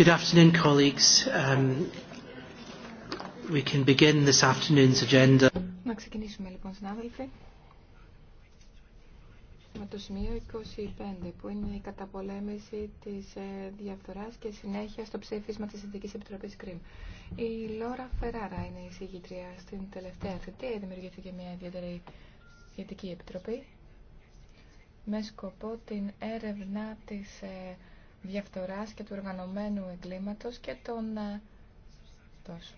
Good afternoon, colleagues. Um, we can begin this afternoon's agenda. Να ξεκινήσουμε λοιπόν, συνάδελφοι, με το σημείο 25, που είναι η καταπολέμηση της ε, διαφθοράς και συνέχεια στο ψήφισμα της Ειδικής Επιτροπής ΚΡΙΜ. Η Λόρα Φεράρα είναι η συγγήτρια στην τελευταία θητεία. Δημιουργήθηκε μια ιδιαίτερη ειδική επιτροπή με σκοπό την έρευνα της ε, διαφθοράς και του οργανωμένου εγκλήματος και των ε, τόσο.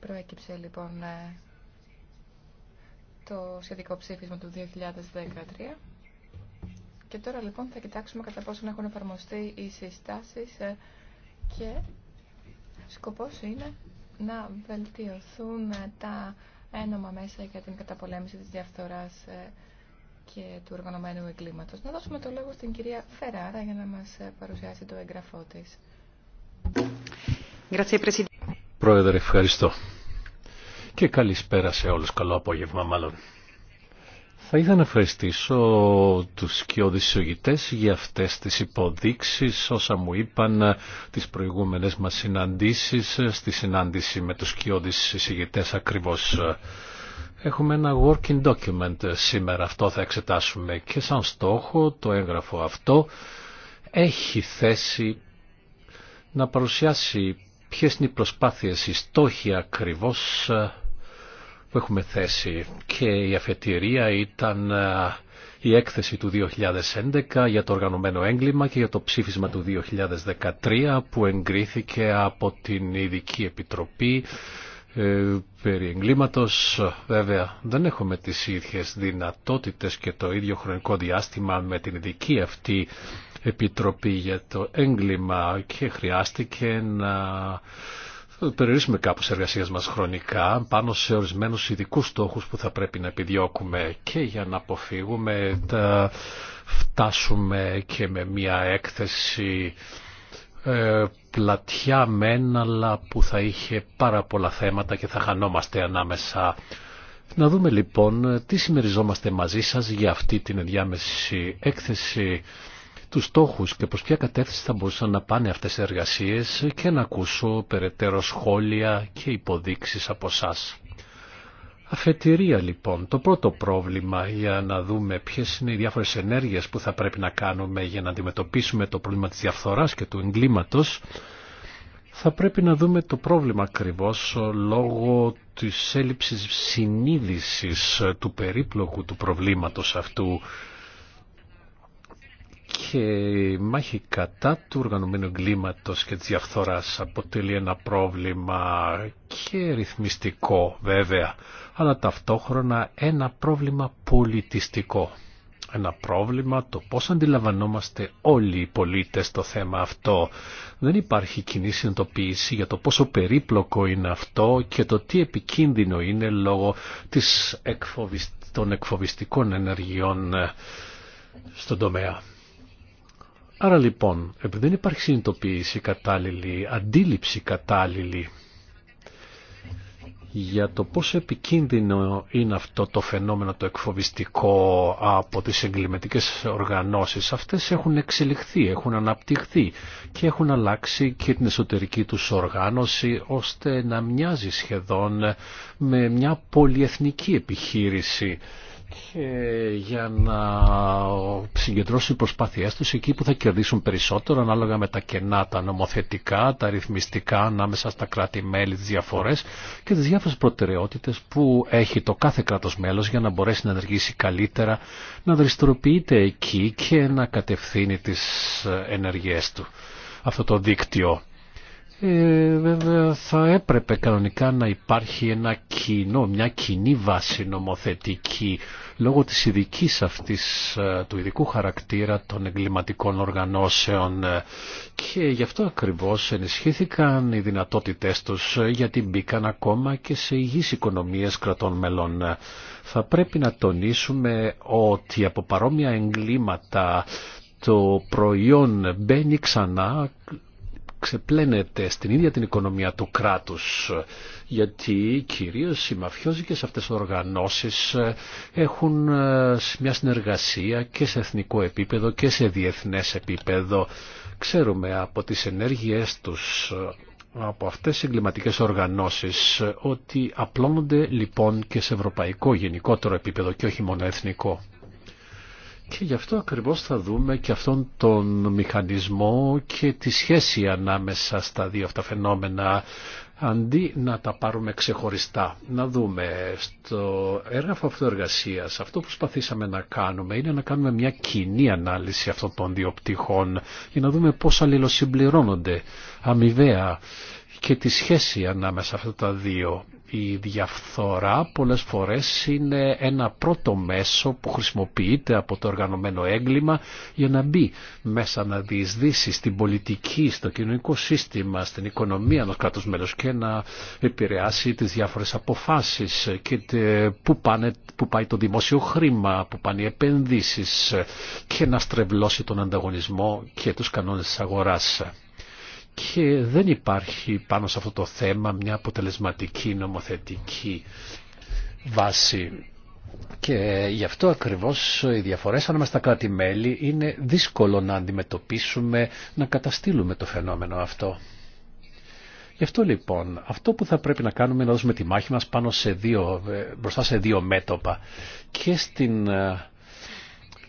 Προέκυψε λοιπόν ε, το σχετικό ψήφισμα του 2013 και τώρα λοιπόν θα κοιτάξουμε κατά πόσο έχουν εφαρμοστεί οι συστάσεις ε, και σκοπός είναι να βελτιωθούν τα ένομα μέσα για την καταπολέμηση της διαφθοράς και του οργανωμένου εγκλήματος. Να δώσουμε το λόγο στην κυρία Φεράρα για να μας ε, παρουσιάσει το εγγραφό της. Πρόεδρε, ευχαριστώ. Και καλησπέρα σε όλους. Καλό απόγευμα μάλλον. Θα ήθελα να ευχαριστήσω τους και οδησιογητές για αυτές τις υποδείξεις όσα μου είπαν ε, τις προηγούμενες μας συναντήσεις ε, στη συνάντηση με τους και οδησιογητές ακριβώς. Έχουμε ένα working document ε, σήμερα, αυτό θα εξετάσουμε και σαν στόχο το έγγραφο αυτό έχει θέση να παρουσιάσει ποιες είναι οι προσπάθειες, οι στόχοι ακριβώς ε, που έχουμε θέσει και η αφετηρία ήταν ε, η έκθεση του 2011 για το οργανωμένο έγκλημα και για το ψήφισμα του 2013 που εγκρίθηκε από την Ειδική Επιτροπή ε, περί εγκλήματος βέβαια δεν έχουμε τις ίδιες δυνατότητες και το ίδιο χρονικό διάστημα με την ειδική αυτή επιτροπή για το έγκλημα και χρειάστηκε να περιορίσουμε κάπως εργασίες μας χρονικά πάνω σε ορισμένους ειδικούς στόχους που θα πρέπει να επιδιώκουμε και για να αποφύγουμε τα φτάσουμε και με μια έκθεση ε, πλατιά μεν αλλά που θα είχε πάρα πολλά θέματα και θα χανόμαστε ανάμεσα. Να δούμε λοιπόν τι συμμεριζόμαστε μαζί σας για αυτή την ενδιάμεση έκθεση τους στόχους και προς ποια κατεύθυνση θα μπορούσαν να πάνε αυτές οι εργασίες και να ακούσω περαιτέρω σχόλια και υποδείξεις από σας. Αφετηρία λοιπόν, το πρώτο πρόβλημα για να δούμε ποιες είναι οι διάφορες ενέργειες που θα πρέπει να κάνουμε για να αντιμετωπίσουμε το πρόβλημα της διαφθοράς και του εγκλήματος, θα πρέπει να δούμε το πρόβλημα ακριβώ λόγω της έλλειψης συνείδησης του περίπλοκου του προβλήματος αυτού και η μάχη κατά του οργανωμένου εγκλήματος και της διαφθοράς αποτελεί ένα πρόβλημα και ρυθμιστικό βέβαια, αλλά ταυτόχρονα ένα πρόβλημα πολιτιστικό. Ένα πρόβλημα το πώς αντιλαμβανόμαστε όλοι οι πολίτες το θέμα αυτό. Δεν υπάρχει κοινή συνειδητοποίηση για το πόσο περίπλοκο είναι αυτό και το τι επικίνδυνο είναι λόγω της των εκφοβιστικών ενεργειών ε, στον τομέα. Άρα λοιπόν, επειδή δεν υπάρχει συνειδητοποίηση κατάλληλη, αντίληψη κατάλληλη για το πόσο επικίνδυνο είναι αυτό το φαινόμενο το εκφοβιστικό από τις εγκληματικές οργανώσεις. Αυτές έχουν εξελιχθεί, έχουν αναπτυχθεί και έχουν αλλάξει και την εσωτερική τους οργάνωση ώστε να μοιάζει σχεδόν με μια πολυεθνική επιχείρηση και για να συγκεντρώσουν οι προσπάθειές τους εκεί που θα κερδίσουν περισσότερο ανάλογα με τα κενά, τα νομοθετικά, τα ρυθμιστικά ανάμεσα στα κράτη-μέλη, τις διαφορές και τις διάφορες προτεραιότητες που έχει το κάθε κράτος μέλος για να μπορέσει να ενεργήσει καλύτερα, να δραστηριοποιείται εκεί και να κατευθύνει τις ενεργειές του. Αυτό το δίκτυο. Ε, βέβαια θα έπρεπε κανονικά να υπάρχει ένα κοινό, μια κοινή βάση νομοθετική λόγω της ειδική αυτής, ε, του ειδικού χαρακτήρα των εγκληματικών οργανώσεων ε, και γι' αυτό ακριβώς ενισχύθηκαν οι δυνατότητές τους ε, γιατί μπήκαν ακόμα και σε υγιείς οικονομίες κρατών μελών. Θα πρέπει να τονίσουμε ότι από παρόμοια εγκλήματα το προϊόν μπαίνει ξανά ξεπλένεται στην ίδια την οικονομία του κράτους γιατί κυρίως οι μαφιόζικες αυτές οργανώσεις ε, έχουν ε, μια συνεργασία και σε εθνικό επίπεδο και σε διεθνές επίπεδο. Ξέρουμε από τις ενέργειές τους ε, από αυτές τις εγκληματικές οργανώσεις ότι απλώνονται λοιπόν και σε ευρωπαϊκό γενικότερο επίπεδο και όχι μόνο εθνικό. Και γι' αυτό ακριβώς θα δούμε και αυτόν τον μηχανισμό και τη σχέση ανάμεσα στα δύο αυτά φαινόμενα αντί να τα πάρουμε ξεχωριστά. Να δούμε, στο έγγραφο αυτοεργασία, αυτό που προσπαθήσαμε να κάνουμε είναι να κάνουμε μια κοινή ανάλυση αυτών των δύο πτυχών για να δούμε πώς αλληλοσυμπληρώνονται αμοιβαία και τη σχέση ανάμεσα αυτά τα δύο η διαφθορά πολλές φορές είναι ένα πρώτο μέσο που χρησιμοποιείται από το οργανωμένο έγκλημα για να μπει μέσα να διεισδύσει στην πολιτική, στο κοινωνικό σύστημα, στην οικονομία ενός κράτους μέλος και να επηρεάσει τις διάφορες αποφάσεις και που, πάνε, που πάει το δημόσιο χρήμα, που πάνε οι επενδύσεις και να στρεβλώσει τον ανταγωνισμό και τους κανόνες της αγοράς και δεν υπάρχει πάνω σε αυτό το θέμα μια αποτελεσματική νομοθετική βάση. Και γι' αυτό ακριβώς οι διαφορές ανάμεσα στα κράτη-μέλη είναι δύσκολο να αντιμετωπίσουμε, να καταστήλουμε το φαινόμενο αυτό. Γι' αυτό λοιπόν, αυτό που θα πρέπει να κάνουμε είναι να δώσουμε τη μάχη μας πάνω σε δύο, ε, μπροστά σε δύο μέτωπα. Και στην ε,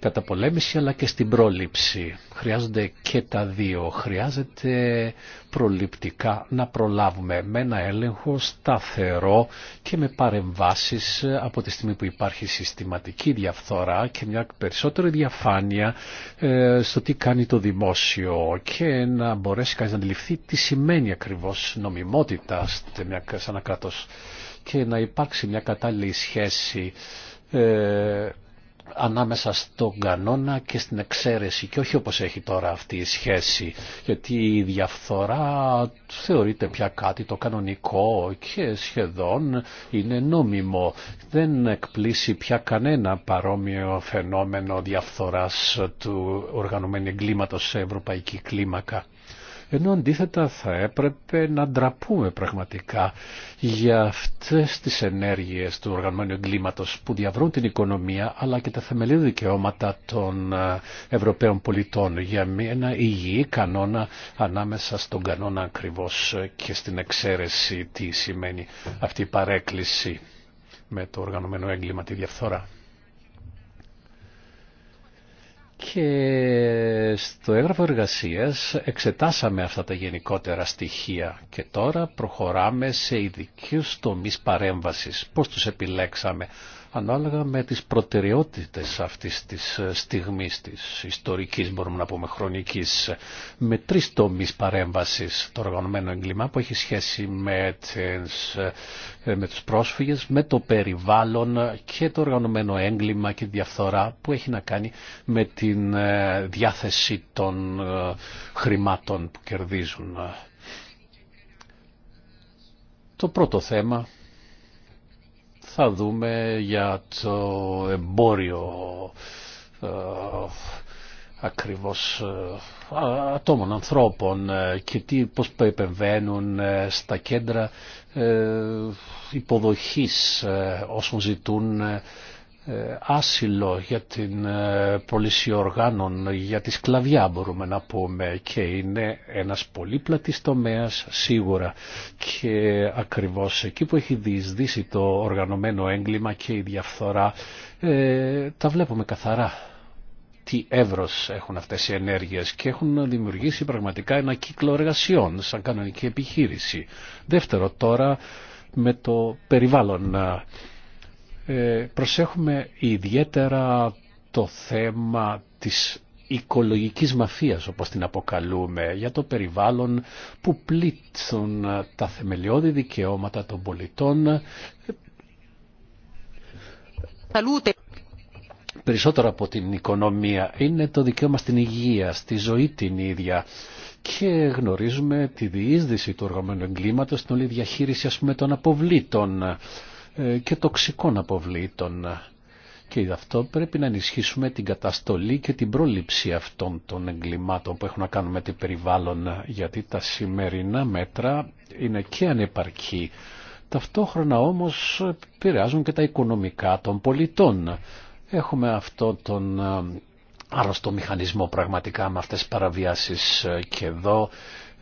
καταπολέμηση αλλά και στην πρόληψη. Χρειάζονται και τα δύο. Χρειάζεται προληπτικά να προλάβουμε με ένα έλεγχο σταθερό και με παρεμβάσεις από τη στιγμή που υπάρχει συστηματική διαφθορά και μια περισσότερη διαφάνεια ε, στο τι κάνει το δημόσιο και να μπορέσει κανείς να αντιληφθεί τι σημαίνει ακριβώς νομιμότητα σε ένα κράτος και να υπάρξει μια κατάλληλη σχέση ε, ανάμεσα στον κανόνα και στην εξαίρεση και όχι όπως έχει τώρα αυτή η σχέση γιατί η διαφθορά θεωρείται πια κάτι το κανονικό και σχεδόν είναι νόμιμο δεν εκπλήσει πια κανένα παρόμοιο φαινόμενο διαφθοράς του οργανωμένου εγκλήματος σε ευρωπαϊκή κλίμακα ενώ αντίθετα θα έπρεπε να ντραπούμε πραγματικά για αυτές τις ενέργειες του οργανωμένου εγκλήματος που διαβρούν την οικονομία αλλά και τα θεμελίδη δικαιώματα των ε, Ευρωπαίων πολιτών για ένα υγιή κανόνα ανάμεσα στον κανόνα ακριβώς ε, και στην εξαίρεση τι σημαίνει αυτή η παρέκκληση με το οργανωμένο έγκλημα τη διαφθορά και στο έγγραφο εργασίας εξετάσαμε αυτά τα γενικότερα στοιχεία και τώρα προχωράμε σε ειδικούς τομείς παρέμβασης. Πώς τους επιλέξαμε ανάλογα με τις προτεραιότητες αυτής της ε, στιγμής της ιστορικής μπορούμε να πούμε χρονικής με τρεις τομείς παρέμβασης το οργανωμένο εγκλημά που έχει σχέση με, τις, ε, με τους πρόσφυγες, με το περιβάλλον και το οργανωμένο έγκλημα και τη διαφθορά που έχει να κάνει με την ε, διάθεση των χρημάτων που κερδίζουν. Το πρώτο θέμα θα δούμε για το εμπόριο ε, ακριβώς ε, ατόμων, ανθρώπων ε, και τι, πώς επεμβαίνουν στα κέντρα υποδοχής όσων ζητούν ε, άσυλο, για την ε, πώληση οργάνων, για τη σκλαβιά μπορούμε να πούμε και είναι ένας πολύπλατης τομέας σίγουρα και ακριβώς εκεί που έχει διεισδύσει το οργανωμένο έγκλημα και η διαφθορά ε, τα βλέπουμε καθαρά τι εύρος έχουν αυτές οι ενέργειες και έχουν δημιουργήσει πραγματικά ένα κύκλο εργασιών σαν κανονική επιχείρηση. Δεύτερο τώρα με το περιβάλλον ε, προσέχουμε ιδιαίτερα το θέμα της οικολογικής μαφίας όπως την αποκαλούμε για το περιβάλλον που πλήττουν τα θεμελιώδη δικαιώματα των πολιτών περισσότερο από την οικονομία είναι το δικαίωμα στην υγεία, στη ζωή την ίδια και γνωρίζουμε τη διείσδυση του οργανωμένου εγκλήματος στην όλη διαχείριση ας πούμε των αποβλήτων ε, και τοξικών αποβλήτων. Και γι' αυτό πρέπει να ενισχύσουμε την καταστολή και την πρόληψη αυτών των εγκλημάτων που έχουν να κάνουν με το περιβάλλον, γιατί τα σημερινά μέτρα είναι και ανεπαρκή. Ταυτόχρονα όμως επηρεάζουν και τα οικονομικά των πολιτών. Έχουμε αυτό τον ε, άρρωστο μηχανισμό πραγματικά με αυτές τις παραβιάσεις ε, και εδώ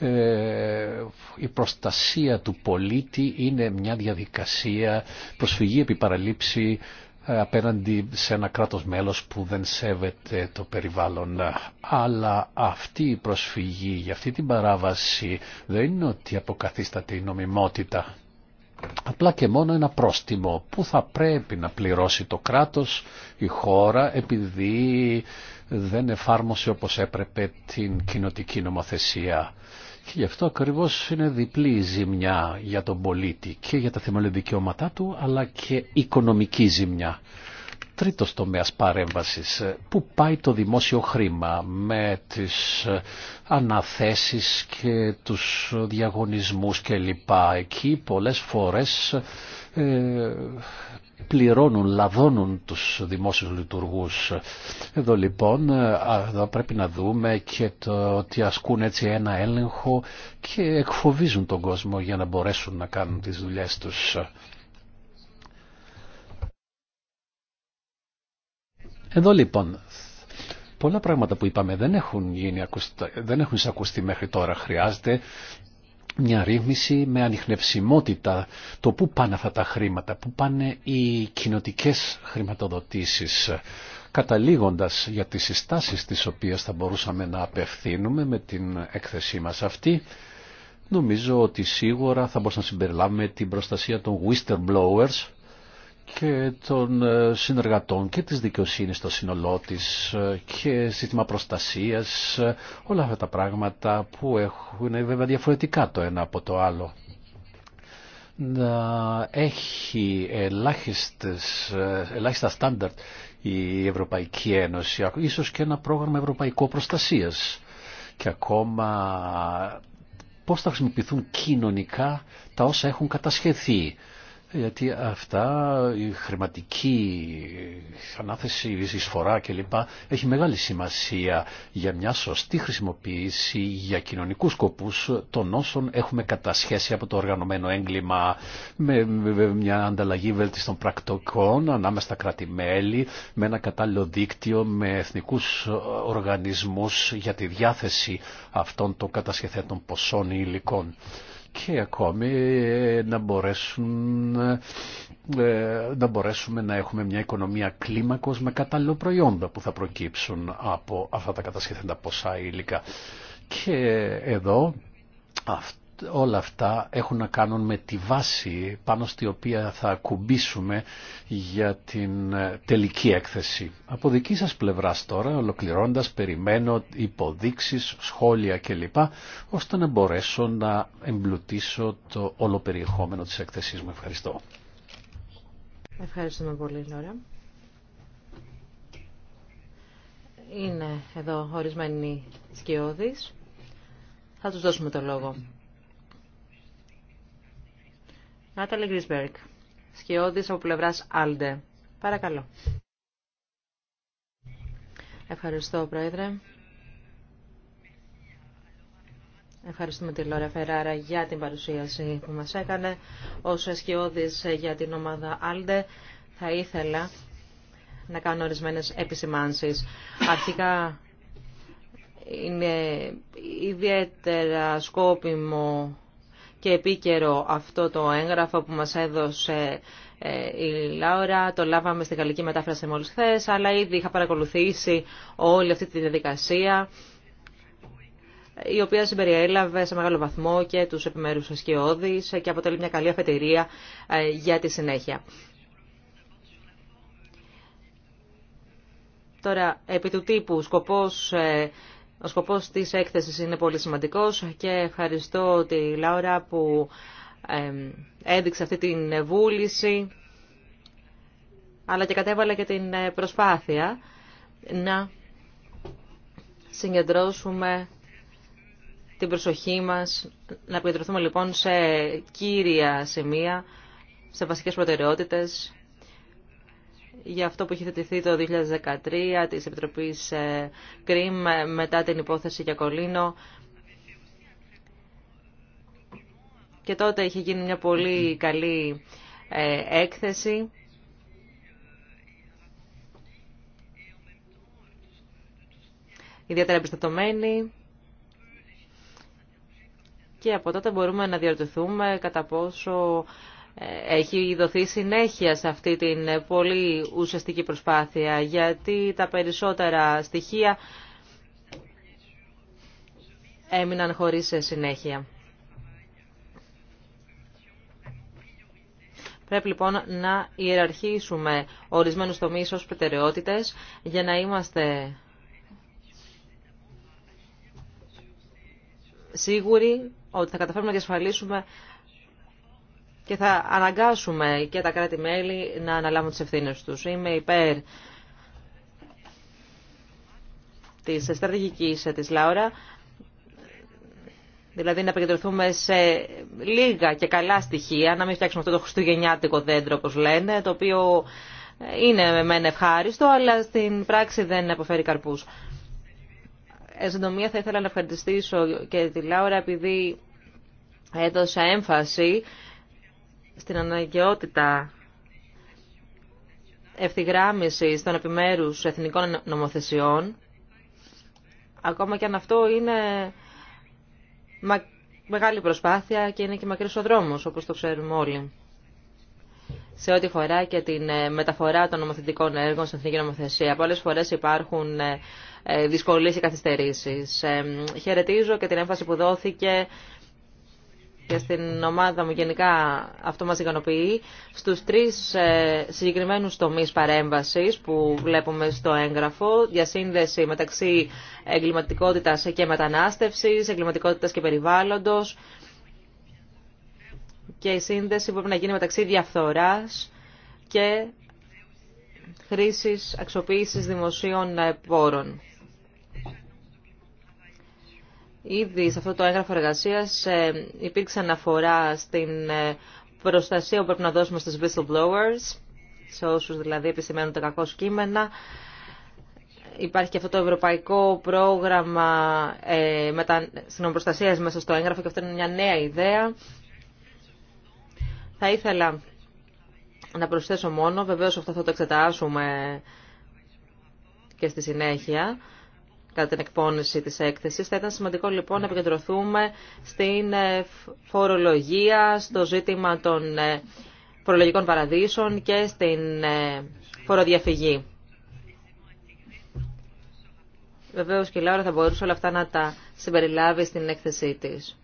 ε, η προστασία του πολίτη είναι μια διαδικασία προσφυγή επί παραλήψη ε, απέναντι σε ένα κράτος μέλος που δεν σέβεται το περιβάλλον. Αλλά αυτή η προσφυγή για αυτή την παράβαση δεν είναι ότι αποκαθίσταται η νομιμότητα. Απλά και μόνο ένα πρόστιμο που θα πρέπει να πληρώσει το κράτος, η χώρα, επειδή δεν εφάρμοσε όπως έπρεπε την κοινοτική νομοθεσία. Και γι' αυτό ακριβώς είναι διπλή ζημιά για τον πολίτη και για τα θεμελιώδη δικαιώματά του αλλά και οικονομική ζημιά. Τρίτος τομέας παρέμβασης ε, που πάει το δημόσιο χρήμα με τις ε, αναθέσεις και τους διαγωνισμούς κλπ. Εκεί πολλές φορές ε, πληρώνουν, λαδώνουν τους δημόσιους λειτουργούς. Εδώ λοιπόν εδώ πρέπει να δούμε και το ότι ασκούν έτσι ένα έλεγχο και εκφοβίζουν τον κόσμο για να μπορέσουν να κάνουν τις δουλειές τους. Εδώ λοιπόν πολλά πράγματα που είπαμε δεν έχουν, γίνει, δεν έχουν εισακουστεί μέχρι τώρα. Χρειάζεται μια ρύθμιση με ανιχνευσιμότητα το πού πάνε αυτά τα χρήματα, πού πάνε οι κοινοτικές χρηματοδοτήσεις καταλήγοντας για τις συστάσεις τις οποίες θα μπορούσαμε να απευθύνουμε με την έκθεσή μας αυτή νομίζω ότι σίγουρα θα μπορούσαμε να συμπεριλάβουμε την προστασία των whistleblowers και των ε, συνεργατών και της δικαιοσύνης στο σύνολό της ε, και σύστημα προστασίας, ε, όλα αυτά τα πράγματα που έχουν βέβαια διαφορετικά το ένα από το άλλο. Να έχει ελάχιστες, ελάχιστα στάνταρτ η Ευρωπαϊκή Ένωση, ίσως και ένα πρόγραμμα ευρωπαϊκό προστασίας και ακόμα πώς θα χρησιμοποιηθούν κοινωνικά τα όσα έχουν κατασχεθεί γιατί αυτά, η χρηματική ανάθεση, η εισφορά κλπ. έχει μεγάλη σημασία για μια σωστή χρησιμοποίηση για κοινωνικούς σκοπούς των όσων έχουμε κατασχέσει από το οργανωμένο έγκλημα με μια ανταλλαγή βέλτιστων πρακτοκών, ανάμεσα στα κράτη-μέλη, με ένα κατάλληλο δίκτυο, με εθνικούς οργανισμούς για τη διάθεση αυτών των κατασχεθέτων ποσών ή υλικών και ακόμη ε, να, μπορέσουν, ε, να μπορέσουμε να έχουμε μια οικονομία κλίμακος με κατάλληλο προϊόντα που θα προκύψουν από αυτά τα κατασκευαστικά ποσά υλικά. Και εδώ αυτό όλα αυτά έχουν να κάνουν με τη βάση πάνω στη οποία θα ακουμπήσουμε για την ε, τελική έκθεση. Από δική σας πλευράς τώρα, ολοκληρώντας, περιμένω υποδείξεις, σχόλια κλπ, ώστε να μπορέσω να εμπλουτίσω το όλο περιεχόμενο της έκθεσής μου. Ευχαριστώ. Ευχαριστούμε πολύ, Λόρα. Είναι εδώ ορισμένοι σκιώδεις. Θα τους δώσουμε το λόγο. Νάταλη Γκρισμπέρκ, σκιώδης από Άλντε. Παρακαλώ. Ευχαριστώ, Πρόεδρε. Ευχαριστούμε τη Λόρα Φεράρα για την παρουσίαση που μας έκανε. Ως ασκιώδης για την ομάδα Άλντε θα ήθελα να κάνω ορισμένες επισημάνσεις. Αρχικά είναι ιδιαίτερα σκόπιμο και επίκαιρο αυτό το έγγραφο που μας έδωσε ε, η Λάουρα. Το λάβαμε στη γαλλική μετάφραση μόλις χθες, αλλά ήδη είχα παρακολουθήσει όλη αυτή τη διαδικασία η οποία συμπεριέλαβε σε μεγάλο βαθμό και τους επιμέρους ασκηώδης και αποτελεί μια καλή αφετηρία ε, για τη συνέχεια. Τώρα, επί του τύπου, σκοπός ε, ο σκοπός της έκθεσης είναι πολύ σημαντικός και ευχαριστώ τη Λάουρα που έδειξε αυτή την βούληση αλλά και κατέβαλε και την ε, προσπάθεια να συγκεντρώσουμε την προσοχή μας, να επικεντρωθούμε λοιπόν σε κύρια σημεία, σε βασικές προτεραιότητες για αυτό που είχε θετηθεί το 2013 της Επιτροπής ε, ΚΡΙΜ ε, μετά την υπόθεση για Κολίνο. Και τότε είχε γίνει μια πολύ καλή ε, έκθεση. Ιδιαίτερα εμπιστευτομένη. Και από τότε μπορούμε να διαρωτηθούμε κατά πόσο ε, έχει δοθεί συνέχεια σε αυτή την πολύ ουσιαστική προσπάθεια, γιατί τα περισσότερα στοιχεία έμειναν χωρίς συνέχεια. Πρέπει λοιπόν να ιεραρχήσουμε ορισμένους τομείς ως προτεραιότητες για να είμαστε σίγουροι ότι θα καταφέρουμε να διασφαλίσουμε και θα αναγκάσουμε και τα κράτη-μέλη να αναλάβουν τις ευθύνες τους. Είμαι υπέρ της στρατηγικής της Λάουρα, δηλαδή να επικεντρωθούμε σε λίγα και καλά στοιχεία, να μην φτιάξουμε αυτό το χριστουγεννιάτικο δέντρο, όπως λένε, το οποίο είναι με μένα ευχάριστο, αλλά στην πράξη δεν αποφέρει καρπούς. Εν συντομία θα ήθελα να ευχαριστήσω και τη Λάουρα επειδή έδωσε έμφαση στην αναγκαιότητα ευθυγράμμισης των επιμέρους εθνικών νομοθεσιών, ακόμα και αν αυτό είναι μεγάλη προσπάθεια και είναι και μακρύς ο δρόμος, όπως το ξέρουμε όλοι. Σε ό,τι φορά και την ε, μεταφορά των νομοθετικών έργων στην εθνική νομοθεσία, πολλές φορές υπάρχουν ε, ε, δυσκολίες και καθυστερήσεις. Χαιρετίζω και την έμφαση που δόθηκε και στην ομάδα μου γενικά αυτό μας ικανοποιεί, στους τρεις ε, συγκεκριμένους τομείς παρέμβασης που βλέπουμε στο έγγραφο, για σύνδεση μεταξύ εγκληματικότητας και μετανάστευσης, εγκληματικότητας και περιβάλλοντος και η σύνδεση που πρέπει να γίνει μεταξύ διαφθοράς και χρήσης αξιοποίησης δημοσίων ε, πόρων. Ήδη σε αυτό το έγγραφο εργασίας ε, υπήρξε αναφορά στην ε, προστασία που πρέπει να δώσουμε στους whistleblowers, σε όσους δηλαδή επισημαίνουν τα κακό κείμενα. Υπάρχει και αυτό το ευρωπαϊκό πρόγραμμα ε, μετα... συνομπροστασία μέσα στο έγγραφο και αυτό είναι μια νέα ιδέα. Θα ήθελα να προσθέσω μόνο, βεβαίως αυτό θα το εξετάσουμε και στη συνέχεια κατά την εκπόνηση της έκθεσης. Θα ήταν σημαντικό λοιπόν να επικεντρωθούμε στην ε, φορολογία, στο ζήτημα των ε, φορολογικών παραδείσων και στην ε, φοροδιαφυγή. Βεβαίω και η Λάουρα θα μπορούσε όλα αυτά να τα συμπεριλάβει στην έκθεσή της.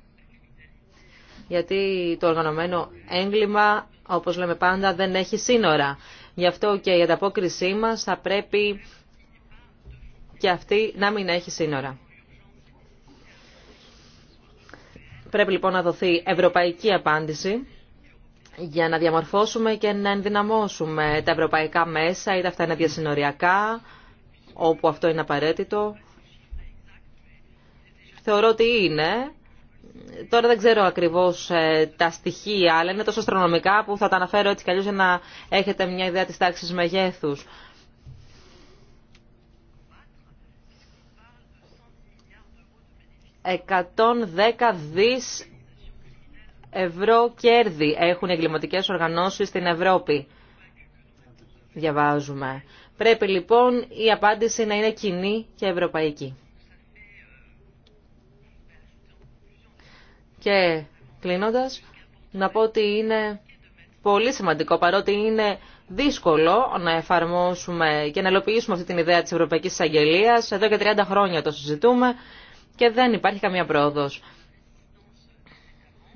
Γιατί το οργανωμένο έγκλημα, όπως λέμε πάντα, δεν έχει σύνορα. Γι' αυτό και η ανταπόκρισή μας θα πρέπει και αυτή να μην έχει σύνορα. Πρέπει λοιπόν να δοθεί ευρωπαϊκή απάντηση για να διαμορφώσουμε και να ενδυναμώσουμε τα ευρωπαϊκά μέσα, είτε αυτά είναι διασυνοριακά, όπου αυτό είναι απαραίτητο. Θεωρώ ότι είναι. Τώρα δεν ξέρω ακριβώς ε, τα στοιχεία, αλλά είναι τόσο αστρονομικά που θα τα αναφέρω έτσι κι για να έχετε μια ιδέα της τάξης μεγέθους. 110 δις ευρώ κέρδη έχουν οι εγκληματικές οργανώσεις στην Ευρώπη. Διαβάζουμε. Πρέπει λοιπόν η απάντηση να είναι κοινή και ευρωπαϊκή. Και κλείνοντας, να πω ότι είναι πολύ σημαντικό, παρότι είναι δύσκολο να εφαρμόσουμε και να ελοποιήσουμε αυτή την ιδέα της Ευρωπαϊκής Εισαγγελίας. Εδώ και 30 χρόνια το συζητούμε και δεν υπάρχει καμία πρόοδος.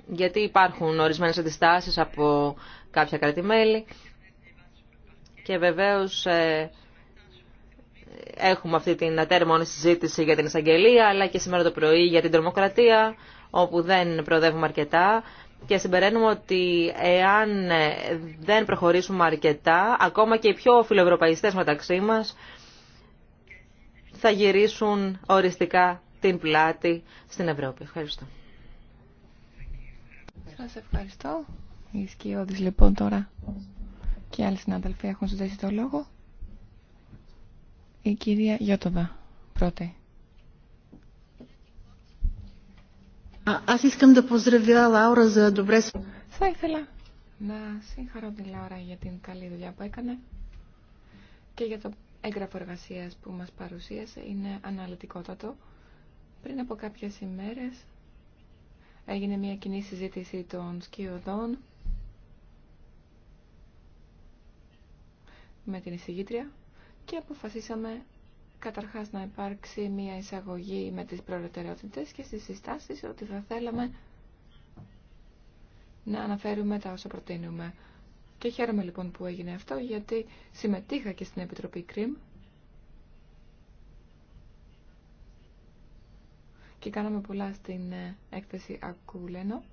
Γιατί υπάρχουν ορισμένες αντιστάσεις από κάποια κρατημέλη και βεβαίως ε, έχουμε αυτή την ατέρμονη συζήτηση για την εισαγγελία αλλά και σήμερα το πρωί για την τρομοκρατία όπου δεν προοδεύουμε αρκετά και συμπεραίνουμε ότι εάν δεν προχωρήσουμε αρκετά ακόμα και οι πιο φιλοευρωπαϊστές μεταξύ μας θα γυρίσουν οριστικά την πλάτη στην Ευρώπη. Ευχαριστώ. Σας ευχαριστώ. Οι σκιώδεις λοιπόν τώρα και άλλοι συναδελφοί έχουν ζητήσει το λόγο. Η κυρία Γιώτοβα πρώτη. Θα ήθελα να συγχαρώ την Λάουρα για την καλή δουλειά που έκανε και για το έγγραφο εργασία που μας παρουσίασε. Είναι αναλυτικότατο πριν από κάποιες ημέρες έγινε μια κοινή συζήτηση των σκιωδών με την εισηγήτρια και αποφασίσαμε καταρχάς να υπάρξει μια εισαγωγή με τις προτεραιότητες και στις συστάσεις ότι θα θέλαμε να αναφέρουμε τα όσα προτείνουμε. Και χαίρομαι λοιπόν που έγινε αυτό γιατί συμμετείχα και στην Επιτροπή ΚΡΙΜ και κάναμε πολλά στην ε, έκθεση Ακούλενο.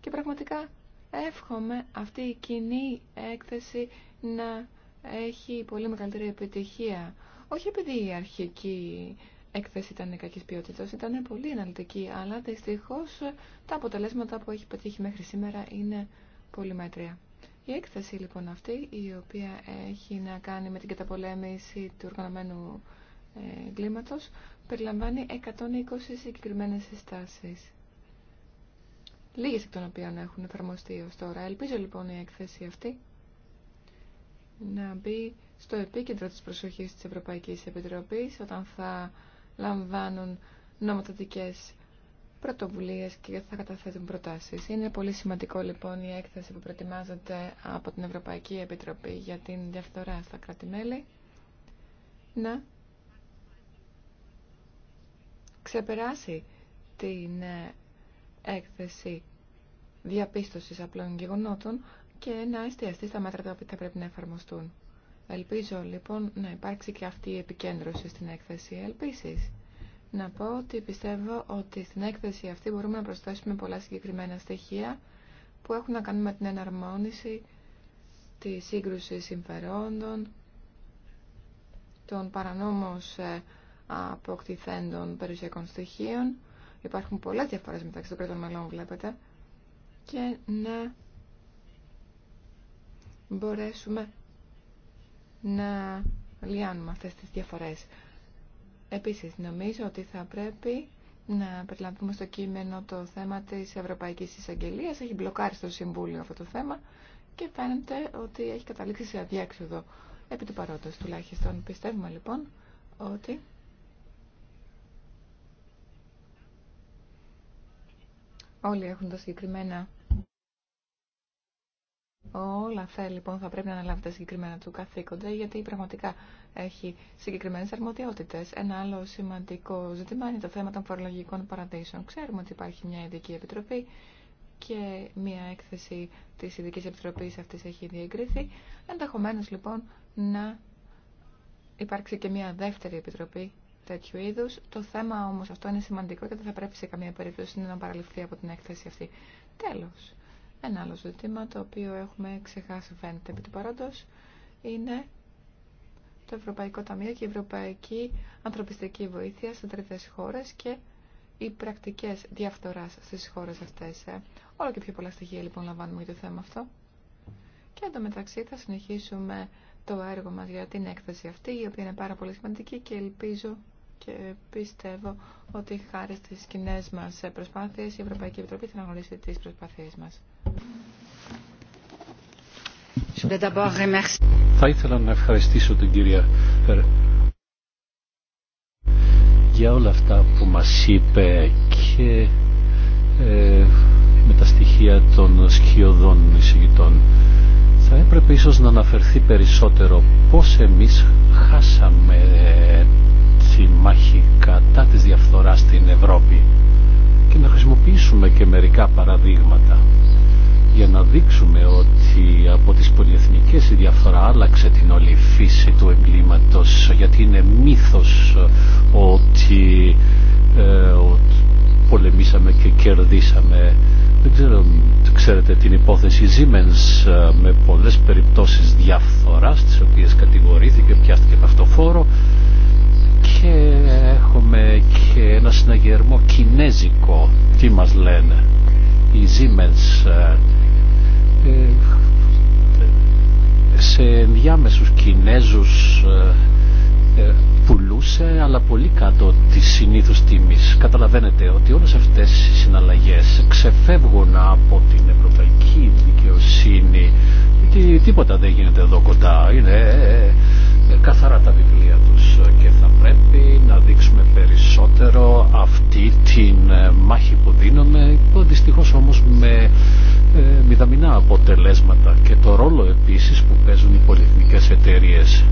Και πραγματικά εύχομαι αυτή η κοινή έκθεση να έχει πολύ μεγαλύτερη επιτυχία. Όχι επειδή η αρχική έκθεση ήταν κακής ποιότητας, ήταν πολύ αναλυτική, αλλά δυστυχώς τα αποτελέσματα που έχει πετύχει μέχρι σήμερα είναι πολύ μέτρια. Η έκθεση λοιπόν αυτή, η οποία έχει να κάνει με την καταπολέμηση του οργανωμένου εγκλήματος περιλαμβάνει 120 συγκεκριμένες συστάσεις. Λίγες εκ των οποίων έχουν εφαρμοστεί ως τώρα. Ελπίζω λοιπόν η έκθεση αυτή να μπει στο επίκεντρο της προσοχής της Ευρωπαϊκής Επιτροπής όταν θα λαμβάνουν νομοθετικές πρωτοβουλίες και θα καταθέτουν προτάσεις. Είναι πολύ σημαντικό λοιπόν η έκθεση που προετοιμάζεται από την Ευρωπαϊκή Επιτροπή για την διαφθορά στα κράτη-μέλη να ξεπεράσει την ε, έκθεση διαπίστωσης απλών γεγονότων και να εστιαστεί στα μέτρα τα οποία θα πρέπει να εφαρμοστούν. Ελπίζω λοιπόν να υπάρξει και αυτή η επικέντρωση στην έκθεση. Ελπίσεις να πω ότι πιστεύω ότι στην έκθεση αυτή μπορούμε να προσθέσουμε πολλά συγκεκριμένα στοιχεία που έχουν να κάνουν με την εναρμόνιση, τη σύγκρουση συμφερόντων, τον παρανόμος ε, αποκτηθέντων περιουσιακών στοιχείων. Υπάρχουν πολλές διαφορές μεταξύ των κρατών μελών, βλέπετε. Και να μπορέσουμε να λιάνουμε αυτές τις διαφορές. Επίσης, νομίζω ότι θα πρέπει να περιλαμβάνουμε στο κείμενο το θέμα της Ευρωπαϊκής Εισαγγελία. Έχει μπλοκάρει στο Συμβούλιο αυτό το θέμα και φαίνεται ότι έχει καταλήξει σε αδιέξοδο επί του παρόντος τουλάχιστον. Πιστεύουμε λοιπόν ότι Όλοι έχουν τα συγκεκριμένα. Όλα αυτά λοιπόν θα πρέπει να αναλάβει τα συγκεκριμένα του καθήκοντα γιατί πραγματικά έχει συγκεκριμένες αρμοδιότητες. Ένα άλλο σημαντικό ζήτημα είναι το θέμα των φορολογικών παραδείσων. Ξέρουμε ότι υπάρχει μια ειδική επιτροπή και μια έκθεση της ειδική επιτροπής αυτής έχει διεγκρίθει. Ενδεχομένω λοιπόν να υπάρξει και μια δεύτερη επιτροπή τέτοιου είδους. Το θέμα όμως αυτό είναι σημαντικό και δεν θα πρέπει σε καμία περίπτωση να παραλυφθεί από την έκθεση αυτή. Τέλος, ένα άλλο ζήτημα το οποίο έχουμε ξεχάσει φαίνεται επί του παρόντος είναι το Ευρωπαϊκό Ταμείο και η Ευρωπαϊκή Ανθρωπιστική Βοήθεια σε τρίτες χώρες και οι πρακτικές διαφθοράς στις χώρες αυτές. Ε. Όλο και πιο πολλά στοιχεία λοιπόν λαμβάνουμε για το θέμα αυτό. Και εντωμεταξύ θα συνεχίσουμε το έργο μας για την έκθεση αυτή, η οποία είναι πάρα πολύ σημαντική και ελπίζω και πιστεύω ότι χάρη στις κοινέ μας προσπάθειες η Ευρωπαϊκή Επιτροπή θα αναγνωρίσει τις προσπάθειές μας. Θα ήθελα να ευχαριστήσω την κυρία Φερ για όλα αυτά που μας είπε και ε, με τα στοιχεία των σκιωδών εισηγητών. Θα έπρεπε ίσως να αναφερθεί περισσότερο πώς εμείς χάσαμε τη μάχη κατά της διαφθοράς στην Ευρώπη και να χρησιμοποιήσουμε και μερικά παραδείγματα για να δείξουμε ότι από τις πολυεθνικές η διαφθορά άλλαξε την όλη φύση του εγκλήματος γιατί είναι μύθος ότι, ότι ε, πολεμήσαμε και κερδίσαμε δεν ξέρω, ξέρετε την υπόθεση Siemens ε, με πολλές περιπτώσεις διαφθοράς τις οποίες κατηγορήθηκε, πιάστηκε με αυτό φόρο και έχουμε και ένα συναγερμό κινέζικο τι μας λένε οι Siemens ε, ε, σε διάμεσους Κινέζους ε, πουλούσε αλλά πολύ κάτω τη συνήθους τιμής. Καταλαβαίνετε ότι όλες αυτές οι συναλλαγές ξεφεύγουν από την ευρωπαϊκή δικαιοσύνη γιατί τίποτα δεν γίνεται εδώ κοντά. Είναι καθαρά τα βιβλία τους πρέπει να δείξουμε περισσότερο αυτή την ε, μάχη που δίνουμε που δυστυχώς όμως με ε, μηδαμινά αποτελέσματα και το ρόλο επίσης που παίζουν οι πολυεθνικές εταιρείες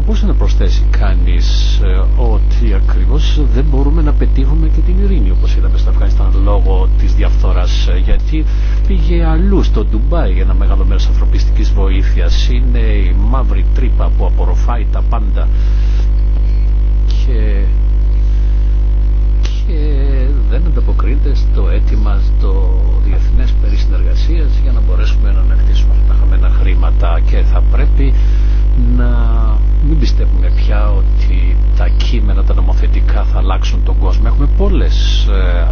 θα μπορούσε να προσθέσει κανείς ε, ότι ακριβώς δεν μπορούμε να πετύχουμε και την ειρήνη όπως είδαμε στο Αφγανιστάν λόγω της διαφθοράς ε, γιατί πήγε αλλού στο Ντουμπάι ένα μεγάλο μέρο ανθρωπιστικής βοήθειας είναι η μαύρη τρύπα που απορροφάει τα πάντα και, και δεν ανταποκρίνεται στο αίτημα στο διεθνές περί συνεργασίας για να μπορέσουμε να ανακτήσουμε αυτά τα χαμένα χρήματα και θα πρέπει να μην πιστεύουμε πια ότι τα κείμενα τα νομοθετικά θα αλλάξουν τον κόσμο. Έχουμε πολλές ε,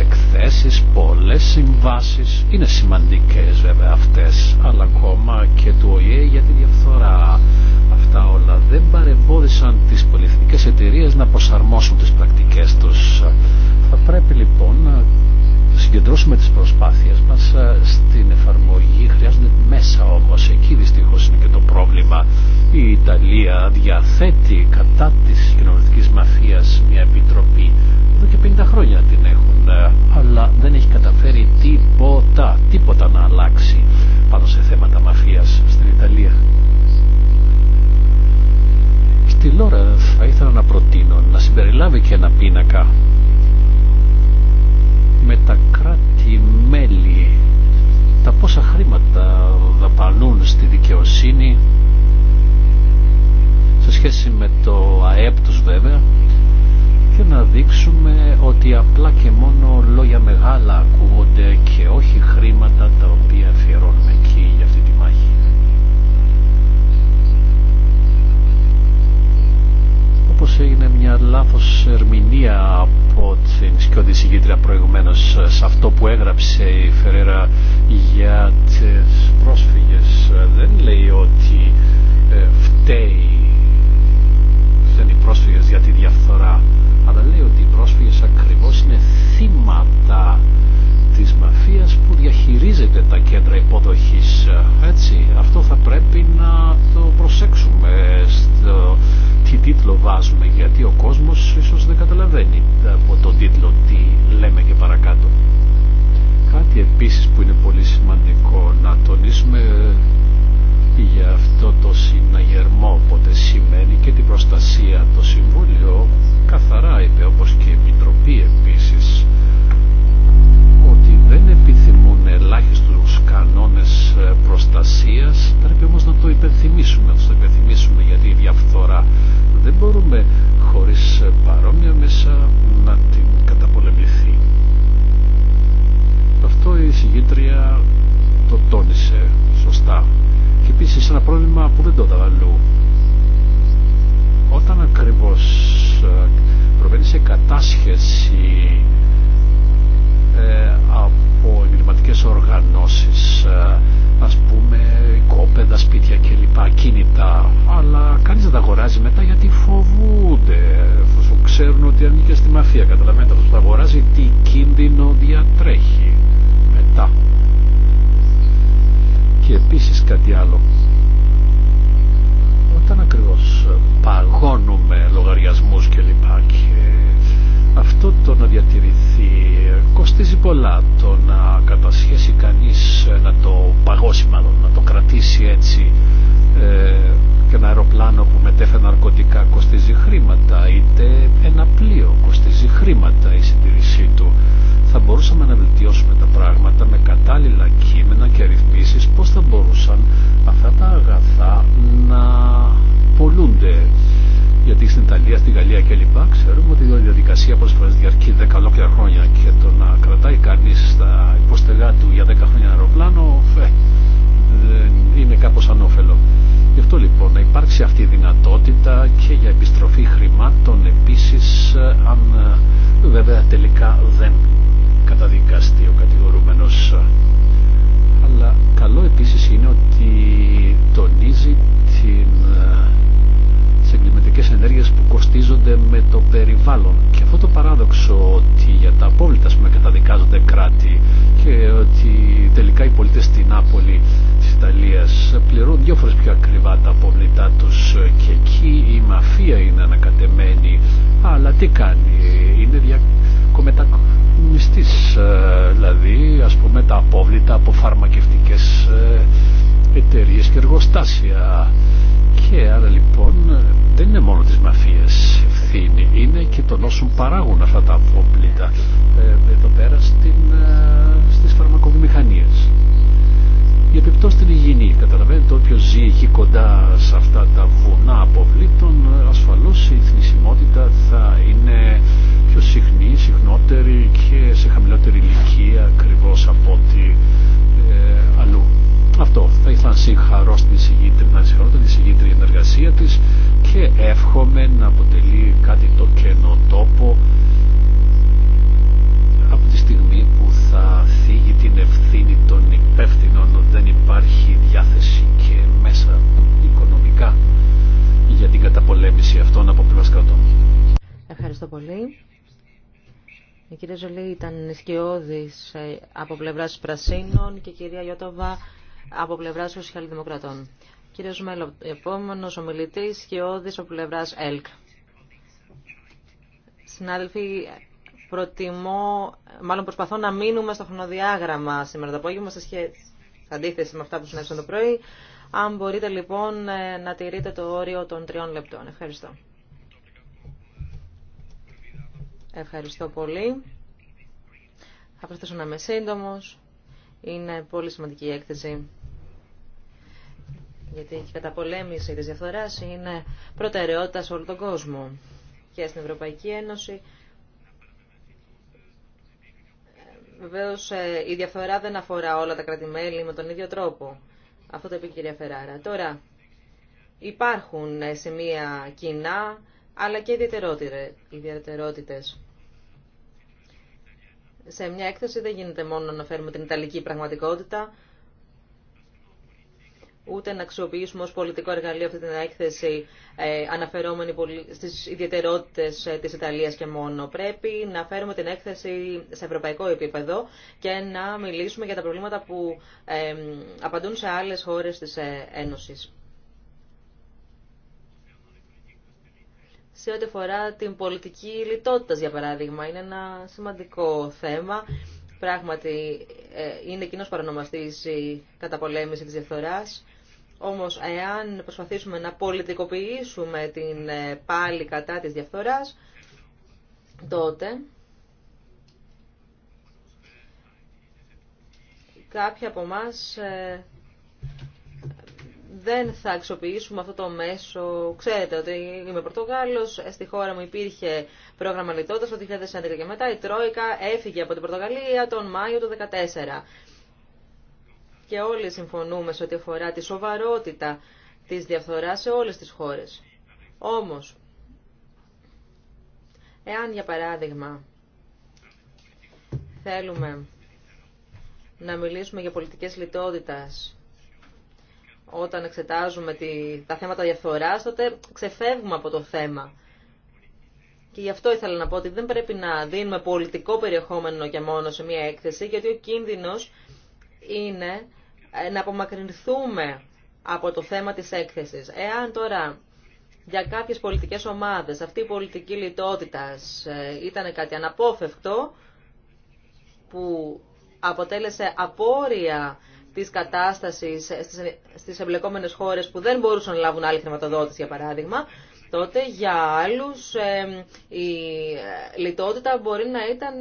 εκθέσεις, πολλές συμβάσεις. Είναι σημαντικές βέβαια αυτές, αλλά ακόμα και του ΟΗΕ για τη διαφθορά. Αυτά όλα δεν παρεμπόδισαν τις πολυεθνικές εταιρείε να προσαρμόσουν τις πρακτικές τους. Θα πρέπει λοιπόν να συγκεντρώσουμε τις προσπάθειες μας ε, στην εφαρμογή. Χρειάζονται μέσα όμως. Εκεί δυστυχώς Ιταλία διαθέτει κατά της κοινωνικής μαφίας μια επιτροπή. Εδώ και 50 χρόνια την έχουν, ε, αλλά δεν έχει καταφέρει τίποτα, τίποτα να αλλάξει πάνω σε θέματα μαφίας στην Ιταλία. Στη ώρα θα ήθελα να προτείνω να συμπεριλάβει και ένα πίνακα με τα κράτη-μέλη τα πόσα χρήματα δαπανούν στη δικαιοσύνη σχέση με το ΑΕΠ τους βέβαια και να δείξουμε ότι απλά και μόνο λόγια μεγάλα ακούγονται και όχι χρήματα τα οποία αφιερώνουμε εκεί για αυτή τη μάχη. Όπως έγινε μια λάθος ερμηνεία από την σκιώδη συγκήτρια προηγουμένως σε αυτό που έγραψε η Φερέρα για τις πρόσφυγες δεν λέει ότι ε, φταίει οι πρόσφυγες για τη διαφθορά αλλά λέει ότι οι πρόσφυγες ακριβώς είναι θύματα της μαφίας που διαχειρίζεται τα κέντρα υποδοχής έτσι αυτό θα πρέπει να το προσέξουμε στο τι τίτλο βάζουμε γιατί ο κόσμος ίσως δεν καταλαβαίνει από τον τίτλο τι λέμε και παρακάτω κάτι επίσης που είναι πολύ σημαντικό να τονίσουμε για αυτό το συναγερμό, ποτέ σημαίνει και την προστασία. Το Συμβούλιο καθαρά είπε, όπως και η Επιτροπή επίσης, ότι δεν επιθυμούν ελάχιστους κανόνες ε, προστασίας, πρέπει όμως να το υπενθυμίσουμε, να το υπενθυμίσουμε γιατί η διαφθορά δεν μπορούμε χωρίς ε, παρόμοια μέσα να την καταπολεμηθεί. Αυτό η συγγήτρια το τόνισε σωστά και επίσης ένα πρόβλημα που δεν το είδα αλλού. Όταν ακριβώς ε, προβαίνει σε κατάσχεση ε, από εγκληματικέ οργανώσεις ε, ας πούμε κόπεδα, σπίτια κλπ. κίνητα αλλά κανείς δεν τα αγοράζει μετά γιατί φοβούνται εφόσον ξέρουν ότι ανήκει στη μαφία καταλαβαίνετε αυτό τα αγοράζει τι κίνδυνο διατρέχει μετά και επίσης κάτι άλλο. Όταν ακριβώς ε, παγώνουμε λογαριασμούς και λοιπά αυτό το να διατηρηθεί ε, κοστίζει πολλά το να κατασχέσει κανείς ε, να το παγώσει μάλλον να το κρατήσει έτσι και ένα αεροπλάνο που μετέφερε ναρκωτικά κοστίζει χρήματα είτε ένα πλοίο κοστίζει χρήματα η συντηρησή του θα μπορούσαμε να βελτιώσουμε τα πράγματα με κατάλληλα κείμενα και ρυθμίσεις πώς θα μπορούσαν αυτά τα αγαθά να πολλούνται. Γιατί στην Ιταλία, στην Γαλλία κλπ. ξέρουμε ότι η διαδικασία πολλές φορές διαρκεί 10 ολόκληρα χρόνια και το να κρατάει κανείς τα υποστεγά του για 10 χρόνια αεροπλάνο ε, είναι κάπως ανώφελο. Γι' αυτό λοιπόν να υπάρξει αυτή η δυνατότητα και για επιστροφή χρημάτων επίσης ε, αν ε, βέβαια τελικά δεν καταδικαστεί ο κατηγορούμενος. Αλλά καλό επίσης είναι ότι τονίζει την ε, τις εγκληματικές ενέργειες που κοστίζονται με το περιβάλλον. Και αυτό το παράδοξο ότι για τα απόβλητα με καταδικάζονται κράτη και ότι τελικά οι πολίτες στην Νάπολη της Ιταλίας πληρούν δύο φορές πιο ακριβά τα απόβλητά τους και εκεί η μαφία είναι ανακατεμένη. Αλλά τι κάνει, είναι δια μετακομιστής ε, δηλαδή ας πούμε τα απόβλητα από φαρμακευτικές ε, εταιρείες και εργοστάσια. Και άρα λοιπόν ε, δεν είναι μόνο τις μαφίες ευθύνη, είναι και των όσων παράγουν αυτά τα απόβλητα εδώ πέρα στην, στις φαρμακοβιομηχανίες η επιπτώση στην υγιεινή. Καταλαβαίνετε όποιο ζει εκεί κοντά σε αυτά τα βουνά αποβλήτων ασφαλώς η θνησιμότητα θα είναι πιο συχνή, συχνότερη και σε χαμηλότερη ηλικία ακριβώ από ότι ε, αλλού. Αυτό. Θα ήθελα να συγχαρώ στην εισηγήτρια, να συγχαρώ την εισηγήτρια την εργασία της και εύχομαι να αποτελεί κάτι το κενό τόπο από τη στιγμή που θα θίγει την ευθύνη των ότι δεν υπάρχει διάθεση και μέσα οικονομικά για την καταπολέμηση αυτών από πλευρά κρατών. Ευχαριστώ πολύ. Η κυρία Ζολή ήταν σκιώδη ε, από πλευράς Πρασίνων και η κυρία Γιώτοβα από πλευράς Σοσιαλδημοκρατών. Κύριο Μέλο, επόμενο ομιλητή σκιώδη από πλευράς ΕΛΚ. Συνάδελφοι, προτιμώ, μάλλον προσπαθώ να μείνουμε στο χρονοδιάγραμμα σήμερα το απόγευμα σε σχέση, αντίθεση με αυτά που συνέβησαν το πρωί. Αν μπορείτε λοιπόν ε, να τηρείτε το όριο των τριών λεπτών. Ευχαριστώ. Ευχαριστώ πολύ. Θα προσθέσω να είμαι σύντομο. Είναι πολύ σημαντική η έκθεση. Γιατί η καταπολέμηση της διαφθοράς είναι προτεραιότητα σε όλο τον κόσμο και στην Ευρωπαϊκή Ένωση Βεβαίω ε, η διαφορά δεν αφορά όλα τα κρατημέλη με τον ίδιο τρόπο. Αυτό το είπε η κυρία Φεράρα. Τώρα, υπάρχουν ε, σημεία κοινά, αλλά και ιδιαιτερότητες. Σε μια έκθεση δεν γίνεται μόνο να φέρουμε την Ιταλική πραγματικότητα, ούτε να αξιοποιήσουμε ως πολιτικό εργαλείο αυτή την έκθεση ε, αναφερόμενη στις ιδιαιτερότητες ε, της Ιταλίας και μόνο. Πρέπει να φέρουμε την έκθεση σε ευρωπαϊκό επίπεδο και να μιλήσουμε για τα προβλήματα που ε, απαντούν σε άλλες χώρες της Ένωσης. Σε ό,τι αφορά την πολιτική λιτότητα, για παράδειγμα, είναι ένα σημαντικό θέμα. Πράγματι, είναι κοινό παρονομαστή η καταπολέμηση τη διαφθορά. Όμως, εάν προσπαθήσουμε να πολιτικοποιήσουμε την ε, πάλι κατά της διαφθοράς, τότε κάποιοι από εμά ε, δεν θα αξιοποιήσουμε αυτό το μέσο. Ξέρετε ότι είμαι Πορτογάλος, ε, στη χώρα μου υπήρχε πρόγραμμα λιτότητας το 2011 και μετά. Η Τρόικα έφυγε από την Πορτογαλία τον Μάιο του 2014 και όλοι συμφωνούμε σε ό,τι αφορά τη σοβαρότητα της διαφθοράς σε όλες τις χώρες. Όμως, εάν για παράδειγμα θέλουμε να μιλήσουμε για πολιτικές λιτότητας όταν εξετάζουμε τη, τα θέματα διαφθοράς, τότε ξεφεύγουμε από το θέμα. Και γι' αυτό ήθελα να πω ότι δεν πρέπει να δίνουμε πολιτικό περιεχόμενο και μόνο σε μία έκθεση, γιατί ο κίνδυνος είναι ε, να απομακρυνθούμε από το θέμα της έκθεσης. Εάν τώρα για κάποιες πολιτικές ομάδες αυτή η πολιτική λιτότητα ε, ήταν κάτι αναπόφευκτο που αποτέλεσε απόρρια της κατάστασης στις εμπλεκόμενες χώρες που δεν μπορούσαν να λάβουν άλλη χρηματοδότηση για παράδειγμα, τότε για άλλους ε, η λιτότητα μπορεί να ήταν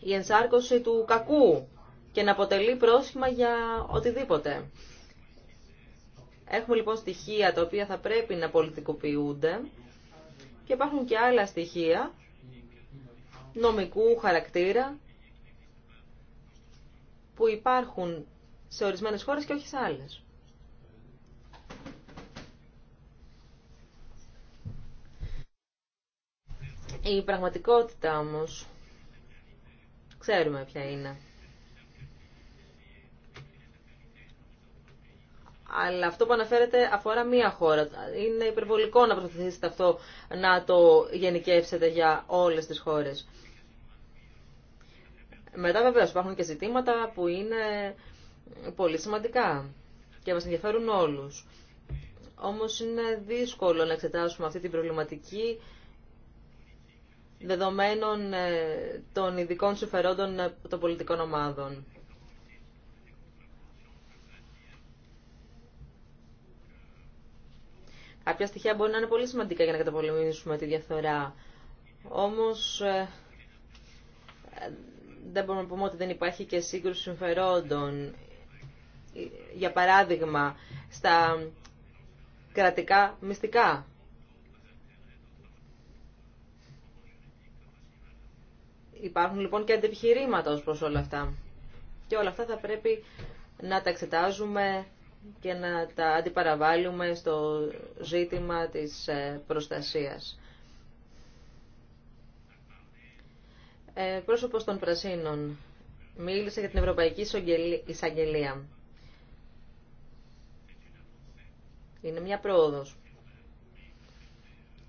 η ενσάρκωση του κακού και να αποτελεί πρόσχημα για οτιδήποτε. Έχουμε λοιπόν στοιχεία τα οποία θα πρέπει να πολιτικοποιούνται και υπάρχουν και άλλα στοιχεία νομικού χαρακτήρα που υπάρχουν σε ορισμένες χώρες και όχι σε άλλες. Η πραγματικότητα όμως ξέρουμε ποια είναι. Αλλά αυτό που αναφέρετε αφορά μία χώρα. Είναι υπερβολικό να προσπαθήσετε αυτό να το γενικεύσετε για όλες τις χώρες. Μετά βεβαίω υπάρχουν και ζητήματα που είναι πολύ σημαντικά και μας ενδιαφέρουν όλους. Όμως είναι δύσκολο να εξετάσουμε αυτή την προβληματική δεδομένων ε, των ειδικών συμφερόντων των πολιτικών ομάδων. Κάποια στοιχεία μπορεί να είναι πολύ σημαντικά για να καταπολεμήσουμε τη διαφθορά. Όμως ε, δεν μπορούμε να πούμε ότι δεν υπάρχει και σύγκρουση συμφερόντων. Για παράδειγμα, στα κρατικά μυστικά. Υπάρχουν λοιπόν και αντιεπιχειρήματα ως προς όλα αυτά. Και όλα αυτά θα πρέπει να τα εξετάζουμε και να τα αντιπαραβάλλουμε στο ζήτημα της ε, προστασίας. Ε, πρόσωπος των Πρασίνων μίλησε για την Ευρωπαϊκή Εισαγγελία. Είναι μια πρόοδος.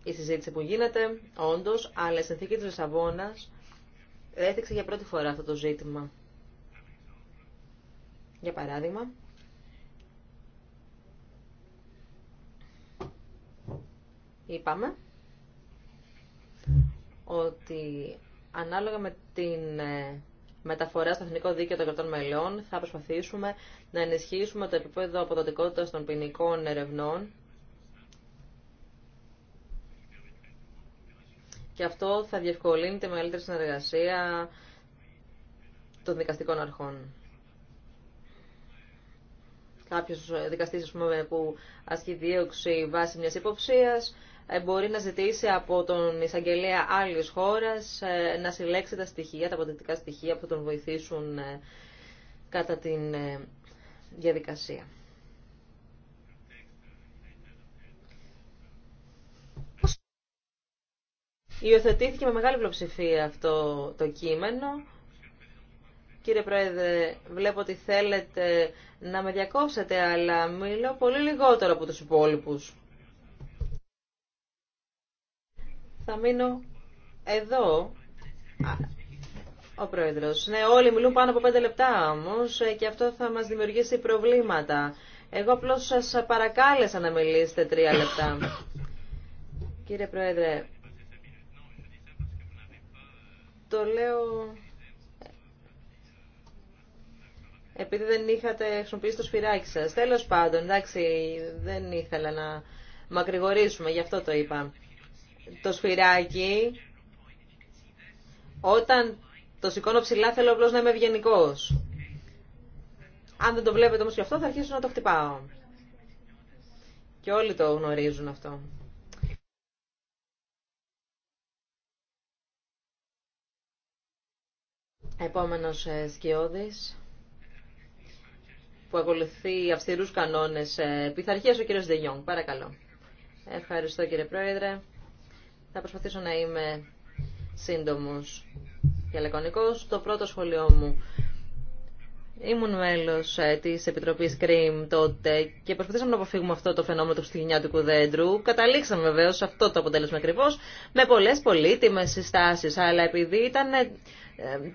Η συζήτηση που γίνεται, όντως, αλλά η συνθήκη της Λισαβόνας έθιξε για πρώτη φορά αυτό το ζήτημα. Για παράδειγμα, είπαμε ότι ανάλογα με την ε, μεταφορά στο Εθνικό Δίκαιο των Κρατών Μελών θα προσπαθήσουμε να ενισχύσουμε το επίπεδο αποδοτικότητας των ποινικών ερευνών και αυτό θα διευκολύνει τη μεγαλύτερη συνεργασία των δικαστικών αρχών. Κάποιος δικαστής που ασκεί δίωξη βάσει μιας υποψίας ε, μπορεί να ζητήσει από τον εισαγγελέα άλλης χώρας ε, να συλλέξει τα στοιχεία, τα αποδεκτικά στοιχεία που τον βοηθήσουν ε, κατά την διαδικασία. Υιοθετήθηκε με μεγάλη πλειοψηφία αυτό το κείμενο. Κύριε Πρόεδρε, βλέπω ότι θέλετε να με διακόψετε, αλλά μιλώ πολύ λιγότερο από τους υπόλοιπους. Θα μείνω εδώ. Ο Πρόεδρος. Ναι, όλοι μιλούν πάνω από πέντε λεπτά όμως ε, και αυτό θα μας δημιουργήσει προβλήματα. Εγώ απλώ σας παρακάλεσα να μιλήσετε τρία λεπτά. Κύριε Πρόεδρε, το λέω επειδή δεν είχατε χρησιμοποιήσει το σφυράκι σας. Τέλος πάντων, εντάξει, δεν ήθελα να μακρηγορήσουμε, γι' αυτό το είπα το σφυράκι, όταν το σηκώνω ψηλά θέλω απλώ να είμαι ευγενικό. Αν δεν το βλέπετε όμως και αυτό θα αρχίσω να το χτυπάω. Και όλοι το γνωρίζουν αυτό. Επόμενος ε, σκιώδης που ακολουθεί αυστηρούς κανόνες ε, πειθαρχίας, ο κύριος Δεγιόγκ Παρακαλώ. Ευχαριστώ κύριε Πρόεδρε. Θα προσπαθήσω να είμαι σύντομος και λεκονικός. Το πρώτο σχολείο μου Ήμουν μέλο ε, τη Επιτροπή ΚΡΙΜ τότε και προσπαθήσαμε να αποφύγουμε αυτό το φαινόμενο του χριστουγεννιάτικου δέντρου. Καταλήξαμε βεβαίως σε αυτό το αποτέλεσμα ακριβώ με πολλές πολύτιμες συστάσεις. Αλλά επειδή ήταν ε,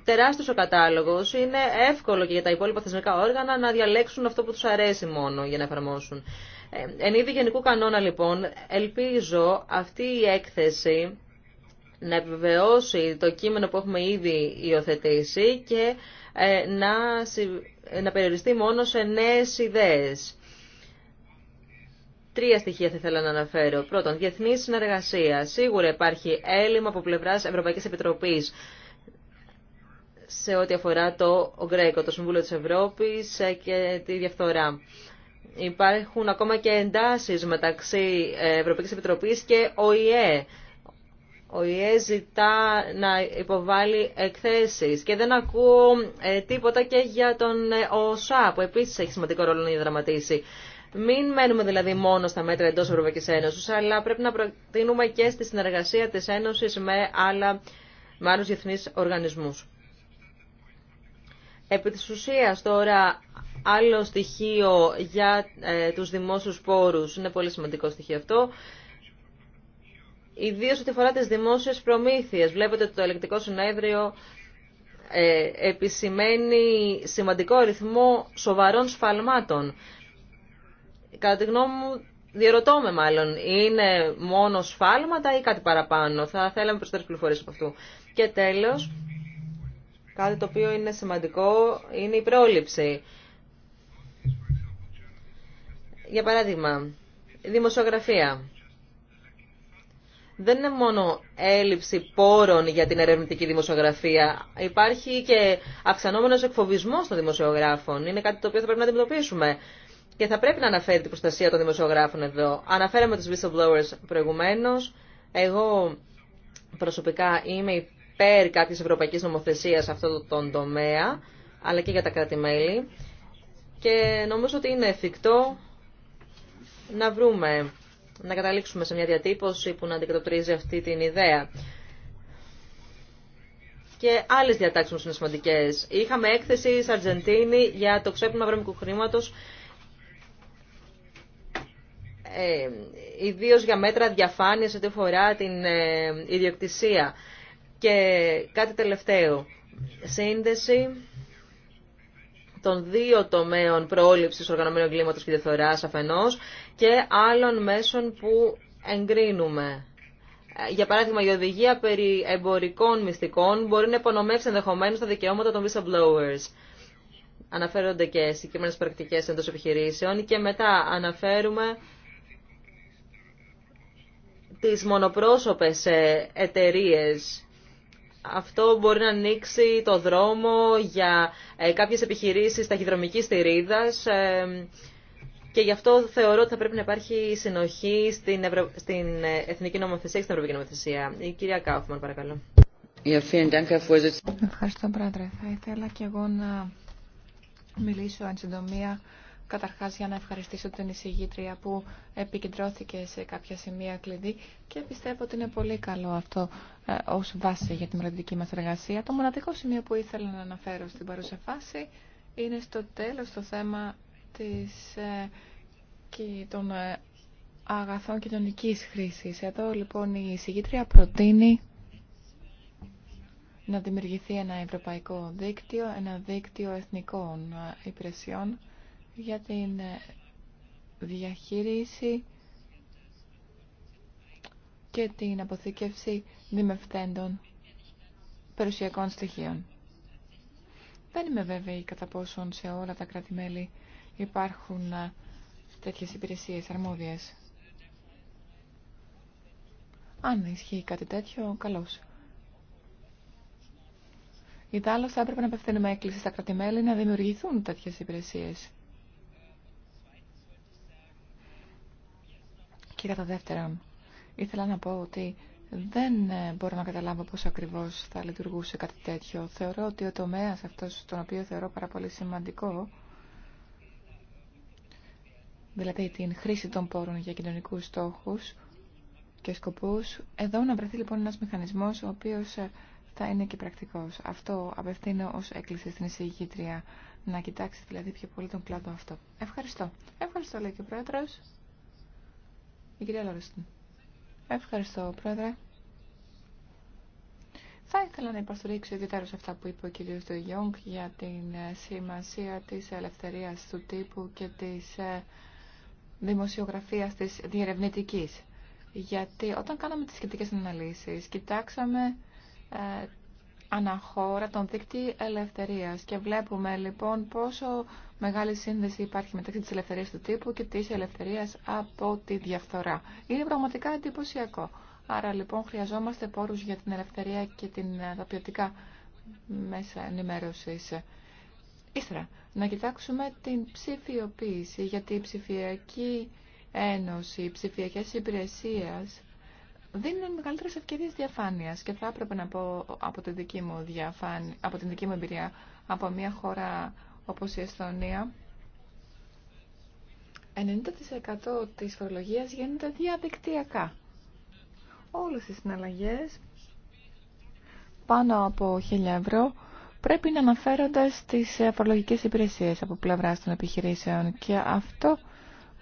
τεράστιο ο κατάλογο, είναι εύκολο και για τα υπόλοιπα θεσμικά όργανα να διαλέξουν αυτό που του αρέσει μόνο για να εφαρμόσουν. Ε, εν είδη γενικού κανόνα λοιπόν, ελπίζω αυτή η έκθεση να επιβεβαιώσει το κείμενο που έχουμε ήδη υιοθετήσει και ε, να, να περιοριστεί μόνο σε νέες ιδέες. Τρία στοιχεία θα ήθελα να αναφέρω. Πρώτον, διεθνή συνεργασία. Σίγουρα υπάρχει έλλειμμα από πλευρά Ευρωπαϊκή Επιτροπή σε ό,τι αφορά το ΟΓΡΕΚΟ, το Συμβούλιο τη Ευρώπη ε, και τη διαφθορά. Υπάρχουν ακόμα και εντάσεις μεταξύ Ευρωπαϊκής Επιτροπής και ΟΗΕ. Ο ΙΕ ζητά να υποβάλει εκθέσεις και δεν ακούω ε, τίποτα και για τον ε, ΟΣΑ που επίσης έχει σημαντικό ρόλο να διαδραματίσει. Μην μένουμε δηλαδή μόνο στα μέτρα εντός Ευρωπαϊκής Ένωσης, αλλά πρέπει να προτείνουμε και στη συνεργασία της Ένωσης με, άλλα, με άλλους οργανισμούς. Επί της ουσίας τώρα άλλο στοιχείο για ε, τους δημόσιους πόρους. Είναι πολύ σημαντικό στοιχείο αυτό. Ιδίω ό,τι αφορά τις δημόσιες προμήθειες. Βλέπετε ότι το ελεκτικό συνέδριο ε, επισημαίνει σημαντικό ρυθμό σοβαρών σφαλμάτων. Κατά τη γνώμη μου, διερωτώ με μάλλον, είναι μόνο σφάλματα ή κάτι παραπάνω. Θα θέλαμε περισσότερες πληροφορίες από αυτού. Και τέλος, Κάτι το οποίο είναι σημαντικό είναι η πρόληψη. Για παράδειγμα, δημοσιογραφία. Δεν είναι μόνο έλλειψη πόρων για την ερευνητική δημοσιογραφία. Υπάρχει και αυξανόμενος εκφοβισμός των δημοσιογράφων. Είναι κάτι το οποίο θα πρέπει να αντιμετωπίσουμε. Και θα πρέπει να αναφέρει την προστασία των δημοσιογράφων εδώ. Αναφέραμε τους whistleblowers προηγουμένως. Εγώ προσωπικά είμαι υπέρ κάποιες ευρωπαϊκής νομοθεσίας σε αυτό τον τομέα, αλλά και για τα κράτη-μέλη. Και νομίζω ότι είναι εφικτό να βρούμε, να καταλήξουμε σε μια διατύπωση που να αντικατοπτρίζει αυτή την ιδέα. Και άλλε διατάξει που είναι σημαντικέ. Είχαμε έκθεση στην Αργεντίνη για το ξέπλυμα βρώμικου χρήματο. Ε, ιδίως για μέτρα διαφάνεια ό,τι αφορά την ε, ιδιοκτησία. Και κάτι τελευταίο. Σύνδεση των δύο τομέων πρόληψης οργανωμένου εγκλήματος και διαφθοράς αφενός και άλλων μέσων που εγκρίνουμε. Για παράδειγμα, η οδηγία περί εμπορικών μυστικών μπορεί να υπονομεύσει ενδεχομένω τα δικαιώματα των whistleblowers. Αναφέρονται και συγκεκριμένε πρακτικέ εντό επιχειρήσεων και μετά αναφέρουμε τι μονοπρόσωπε ε, εταιρείε αυτό μπορεί να ανοίξει το δρόμο για ε, κάποιες επιχειρήσεις ταχυδρομικής στηρίδας ε, και γι' αυτό θεωρώ ότι θα πρέπει να υπάρχει συνοχή στην, στην ε, Εθνική Νομοθεσία και στην Ευρωπαϊκή Νομοθεσία. Η κυρία Κάουφμαν, παρακαλώ. Ευχαριστώ, Πρόεδρε. Θα ήθελα και εγώ να μιλήσω, αν συντομία, Καταρχάς για να ευχαριστήσω την εισηγήτρια που επικεντρώθηκε σε κάποια σημεία κλειδί και πιστεύω ότι είναι πολύ καλό αυτό ε, ως βάση για τη μελλοντική μας εργασία. Το μοναδικό σημείο που ήθελα να αναφέρω στην παρούσα φάση είναι στο τέλος το θέμα της, ε, και των ε, αγαθών κοινωνική χρήση. Εδώ λοιπόν η εισηγήτρια προτείνει να δημιουργηθεί ένα ευρωπαϊκό δίκτυο, ένα δίκτυο εθνικών ε, υπηρεσιών για την ε, διαχείριση και την αποθήκευση δημευθέντων περιουσιακών στοιχείων. Δεν είμαι βέβαιη κατά πόσον σε όλα τα κράτη-μέλη υπάρχουν ε, τέτοιες υπηρεσίες αρμόδιες. Αν ισχύει κάτι τέτοιο, καλώς. Ιδάλλως θα έπρεπε να απευθύνουμε έκκληση στα κράτη-μέλη να δημιουργηθούν τέτοιες υπηρεσίες. Και κατά δεύτερον, ήθελα να πω ότι δεν ε, μπορώ να καταλάβω πώς ακριβώς θα λειτουργούσε κάτι τέτοιο. Θεωρώ ότι ο τομέας αυτός, τον οποίο θεωρώ πάρα πολύ σημαντικό, δηλαδή την χρήση των πόρων για κοινωνικούς στόχους και σκοπούς, εδώ να βρεθεί λοιπόν ένας μηχανισμός ο οποίος ε, θα είναι και πρακτικός. Αυτό απευθύνω ως έκκληση στην εισηγήτρια, να κοιτάξει δηλαδή πιο πολύ τον κλάδο αυτό. Ευχαριστώ. Ευχαριστώ λέει και ο Πρόεδρος. Η κυρία Λόριστον. Ευχαριστώ, Πρόεδρε. Θα ήθελα να υποστηρίξω ιδιαίτερα αυτά που είπε ο κύριος Ντογιόγκ για την ε, σημασία της ελευθερίας του τύπου και της ε, δημοσιογραφίας της διερευνητικής. Γιατί όταν κάναμε τις σχετικές αναλύσεις, κοιτάξαμε ε, αναχώρα τον δίκτυ ελευθερίας και βλέπουμε λοιπόν πόσο μεγάλη σύνδεση υπάρχει μεταξύ της ελευθερίας του τύπου και της ελευθερίας από τη διαφθορά. Είναι πραγματικά εντυπωσιακό. Άρα λοιπόν χρειαζόμαστε πόρους για την ελευθερία και την, ε, τα ποιοτικά μέσα ενημέρωσης. Ύστερα, να κοιτάξουμε την ψηφιοποίηση, γιατί η ψηφιακή ένωση, οι ψηφιακές υπηρεσίες δίνουν μεγαλύτερε ευκαιρίε διαφάνεια. Και θα έπρεπε να πω από την δική μου, από την δική μου εμπειρία από μια χώρα όπω η Εσθονία. 90% της φορολογίας γίνεται διαδικτυακά. Όλες οι συναλλαγές πάνω από 1.000 ευρώ πρέπει να αναφέρονται στις φορολογικές υπηρεσίες από πλευράς των επιχειρήσεων και αυτό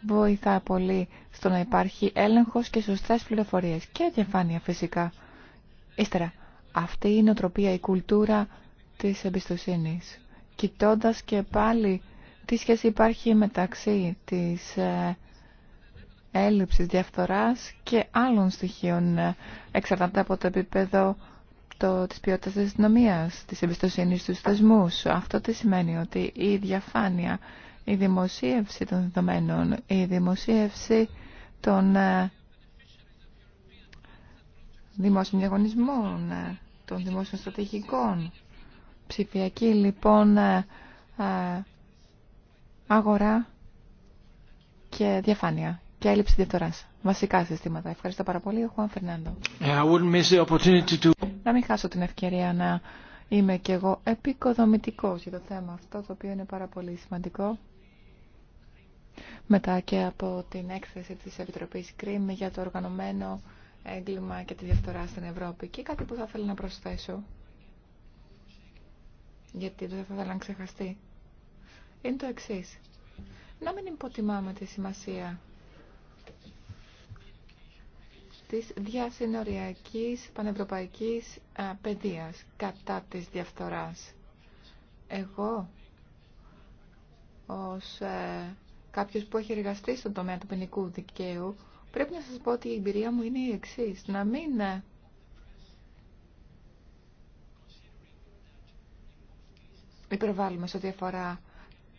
βοηθά πολύ στο να υπάρχει έλεγχος και σωστές πληροφορίες και διαφάνεια φυσικά. Ύστερα, αυτή η νοοτροπία, η κουλτούρα της εμπιστοσύνης. Κοιτώντας και πάλι τι σχέση υπάρχει μεταξύ της ε, έλλειψης διαφθοράς και άλλων στοιχείων ε, εξαρτάται από το επίπεδο το, της ποιότητας της τη της εμπιστοσύνης στους Αυτό τι σημαίνει ότι η διαφάνεια η δημοσίευση των δεδομένων, η δημοσίευση των ε, δημόσιων διαγωνισμών, ε, των δημόσιων στρατηγικών, ψηφιακή λοιπόν ε, αγορά και διαφάνεια και έλλειψη διαφθοράς. Βασικά συστήματα. Ευχαριστώ πάρα πολύ, ο Χουάν Φερνάντο. Να μην χάσω την ευκαιρία να είμαι και εγώ επικοδομητικός για το θέμα αυτό, το οποίο είναι πάρα πολύ σημαντικό μετά και από την έκθεση της Επιτροπής Κρίμη για το οργανωμένο έγκλημα και τη διαφθορά στην Ευρώπη. Και κάτι που θα ήθελα να προσθέσω, γιατί δεν θα ήθελα να ξεχαστεί, είναι το εξή. Να μην υποτιμάμε τη σημασία της διασυνοριακής πανευρωπαϊκής α, παιδείας κατά της διαφθοράς. Εγώ ως ε, κάποιο που έχει εργαστεί στον τομέα του ποινικού δικαίου, πρέπει να σας πω ότι η εμπειρία μου είναι η εξή. Να μην ε, υπερβάλλουμε σε ό,τι αφορά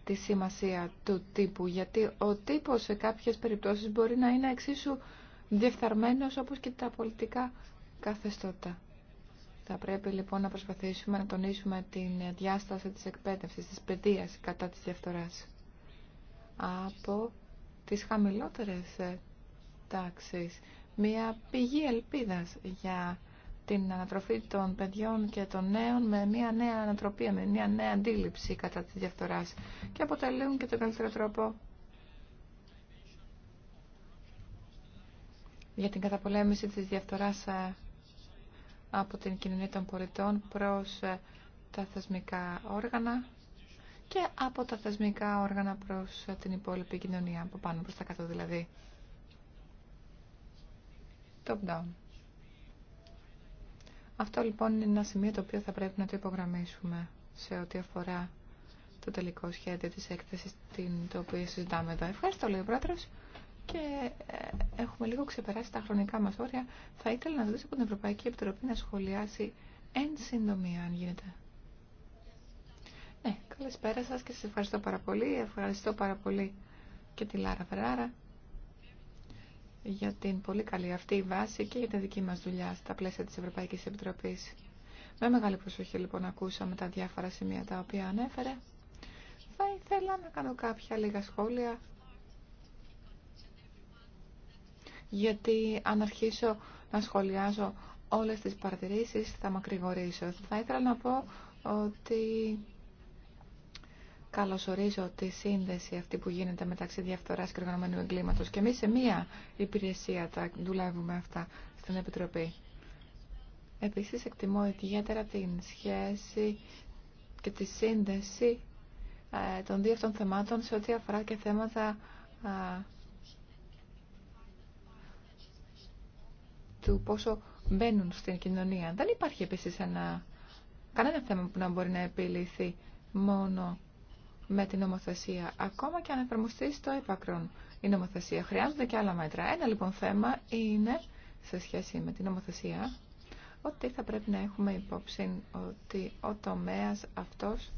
τη σημασία του τύπου, γιατί ο τύπος σε κάποιες περιπτώσεις μπορεί να είναι εξίσου διεφθαρμένος όπως και τα πολιτικά καθεστώτα. Θα πρέπει λοιπόν να προσπαθήσουμε να τονίσουμε την διάσταση της εκπαίδευσης, της παιδείας κατά της διαφθοράς από τις χαμηλότερες ε, τάξεις. Μια πηγή ελπίδας για την ανατροφή των παιδιών και των νέων με μια νέα ανατροπή, με μια νέα αντίληψη κατά τη διαφθοράς και αποτελούν και τον καλύτερο τρόπο για την καταπολέμηση της διαφθοράς ε, από την κοινωνία των πολιτών προς ε, τα θεσμικά όργανα και από τα θεσμικά όργανα προς την υπόλοιπη κοινωνία, από πάνω προς τα κάτω δηλαδή. Top down. Αυτό λοιπόν είναι ένα σημείο το οποίο θα πρέπει να το υπογραμμίσουμε σε ό,τι αφορά το τελικό σχέδιο της έκθεσης την, το οποίο συζητάμε εδώ. Ευχαριστώ λέει ο Πρόεδρος και ε, έχουμε λίγο ξεπεράσει τα χρονικά μας όρια. Θα ήθελα να ζητήσω από την Ευρωπαϊκή Επιτροπή να σχολιάσει εν συντομία αν γίνεται. Ναι, καλησπέρα σας και σας ευχαριστώ πάρα πολύ. Ευχαριστώ πάρα πολύ και τη Λάρα Φεράρα για την πολύ καλή αυτή βάση και για τη δική μας δουλειά στα πλαίσια της Ευρωπαϊκής Επιτροπής. Με μεγάλη προσοχή λοιπόν ακούσαμε τα διάφορα σημεία τα οποία ανέφερε. Θα ήθελα να κάνω κάποια λίγα σχόλια γιατί αν αρχίσω να σχολιάζω όλες τις παρατηρήσεις θα μακρηγορήσω. Θα ήθελα να πω ότι καλωσορίζω τη σύνδεση αυτή που γίνεται μεταξύ διαφθοράς και οργανωμένου εγκλήματος. Και εμείς σε μία υπηρεσία τα δουλεύουμε αυτά στην Επιτροπή. Επίσης εκτιμώ ιδιαίτερα την σχέση και τη σύνδεση ε, των δύο αυτών θεμάτων σε ό,τι αφορά και θέματα ε, του πόσο μπαίνουν στην κοινωνία. Δεν υπάρχει επίσης ένα, κανένα θέμα που να μπορεί να επιληθεί μόνο με την νομοθεσία, ακόμα και αν εφαρμοστεί στο επακρόν η νομοθεσία. Χρειάζονται και άλλα μέτρα. Ένα λοιπόν θέμα είναι, σε σχέση με την νομοθεσία, ότι θα πρέπει να έχουμε υπόψη ότι ο τομέας αυτός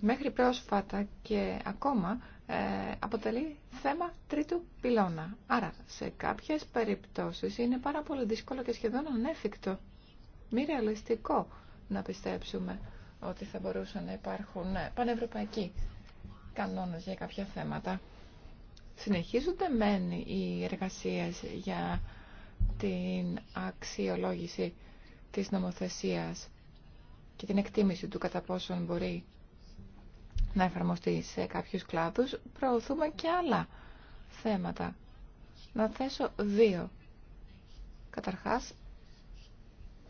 μέχρι πρόσφατα και ακόμα ε, αποτελεί θέμα τρίτου πυλώνα. Άρα, σε κάποιες περιπτώσεις είναι πάρα πολύ δύσκολο και σχεδόν ανέφικτο, μη ρεαλιστικό να πιστέψουμε ότι θα μπορούσαν να υπάρχουν ε, πανευρωπαϊκοί κανόνες για κάποια θέματα. Συνεχίζονται μένει οι εργασίες για την αξιολόγηση της νομοθεσίας και την εκτίμηση του κατά πόσον μπορεί να εφαρμοστεί σε κάποιους κλάδους, προωθούμε και άλλα θέματα. Να θέσω δύο. Καταρχάς,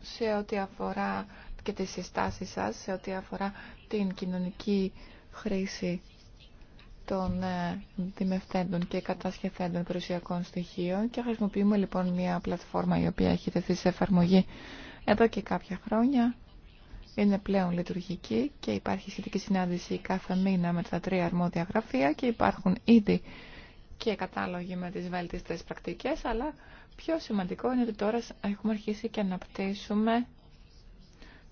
σε ό,τι αφορά και τις συστάσεις σας σε ό,τι αφορά την κοινωνική χρήση των ε, δημευθέντων και κατασχεθέντων περιουσιακών στοιχείων και χρησιμοποιούμε λοιπόν μια πλατφόρμα η οποία έχει τεθεί σε εφαρμογή εδώ και κάποια χρόνια. Είναι πλέον λειτουργική και υπάρχει σχετική συνάντηση κάθε μήνα με τα τρία αρμόδια γραφεία και υπάρχουν ήδη και κατάλογοι με τις βέλτιστες πρακτικές, αλλά πιο σημαντικό είναι ότι τώρα έχουμε αρχίσει και αναπτύσσουμε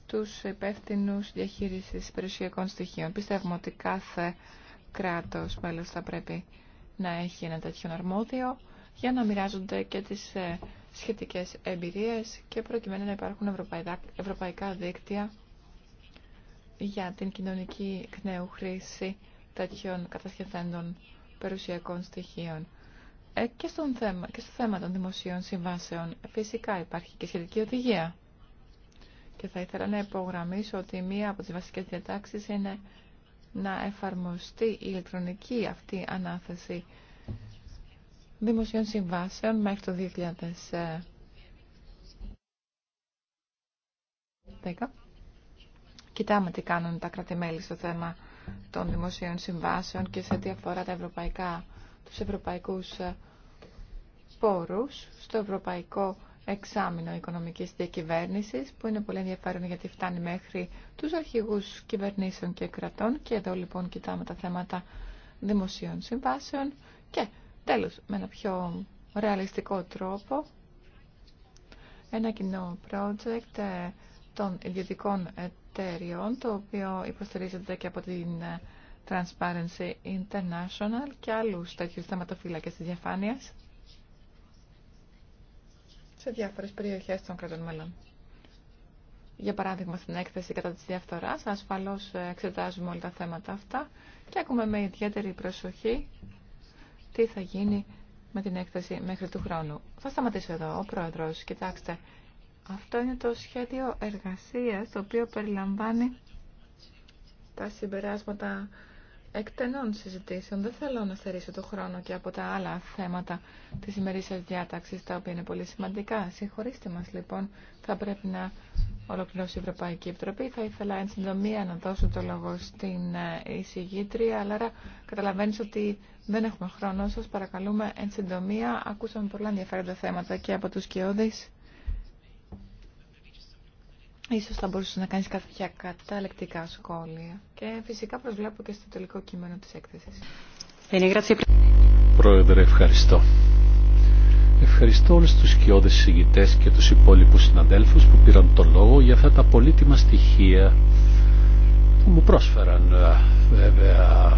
τους υπεύθυνου διαχείρισης περιουσιακών στοιχείων. Πιστεύουμε ότι κάθε κράτος μέλος θα πρέπει να έχει ένα τέτοιο αρμόδιο για να μοιράζονται και τις ε, σχετικές εμπειρίες και προκειμένου να υπάρχουν ευρωπαϊκά δίκτυα για την κοινωνική κνέου χρήση τέτοιων κατασκευθέντων περιουσιακών στοιχείων. Ε, και, θέμα, και στο θέμα των δημοσίων συμβάσεων φυσικά υπάρχει και σχετική οδηγία. Και θα ήθελα να υπογραμμίσω ότι μία από τις βασικές διατάξεις είναι να εφαρμοστεί η ηλεκτρονική αυτή ανάθεση δημοσίων συμβάσεων μέχρι το 2010. Κοιτάμε τι κάνουν τα κράτη-μέλη στο θέμα των δημοσίων συμβάσεων και σε τι αφορά τα ευρωπαϊκά, τους ευρωπαϊκούς ε, πόρους στο ευρωπαϊκό εξάμεινο οικονομικής διακυβέρνησης που είναι πολύ ενδιαφέρον γιατί φτάνει μέχρι τους αρχηγούς κυβερνήσεων και κρατών και εδώ λοιπόν κοιτάμε τα θέματα δημοσίων συμβάσεων και τέλος με ένα πιο ρεαλιστικό τρόπο ένα κοινό project ε, των ιδιωτικών εταιριών το οποίο υποστηρίζεται και από την ε, Transparency International και άλλους τέτοιους θέματοφύλακες της διαφάνειας σε διάφορες περιοχές των κρατών μελών. Για παράδειγμα, στην έκθεση κατά της διαφθοράς, ασφαλώς εξετάζουμε όλα τα θέματα αυτά και ακούμε με ιδιαίτερη προσοχή τι θα γίνει με την έκθεση μέχρι του χρόνου. Θα σταματήσω εδώ, ο Πρόεδρος. Κοιτάξτε, αυτό είναι το σχέδιο εργασίας, το οποίο περιλαμβάνει τα συμπεράσματα εκτενών συζητήσεων. Δεν θέλω να στερήσω το χρόνο και από τα άλλα θέματα τη ημερήσια διάταξη, τα οποία είναι πολύ σημαντικά. Συγχωρήστε μα, λοιπόν, θα πρέπει να ολοκληρώσει η Ευρωπαϊκή Επιτροπή. Θα ήθελα εν συντομία να δώσω το λόγο στην ε, εισηγήτρια, αλλά καταλαβαίνει ότι δεν έχουμε χρόνο. Σας παρακαλούμε εν συντομία. Ακούσαμε πολλά ενδιαφέροντα θέματα και από του Κιώδης. Ίσως θα μπορούσε να κάνεις κάποια καταλεκτικά σχόλια. Και φυσικά προσβλέπω και στο τελικό κείμενο της έκθεσης. Πρόεδρε, ευχαριστώ. Ευχαριστώ όλους τους σκιώδες συγγητές και τους υπόλοιπους συναδέλφους που πήραν το λόγο για αυτά τα πολύτιμα στοιχεία που μου πρόσφεραν. Ε, βέβαια,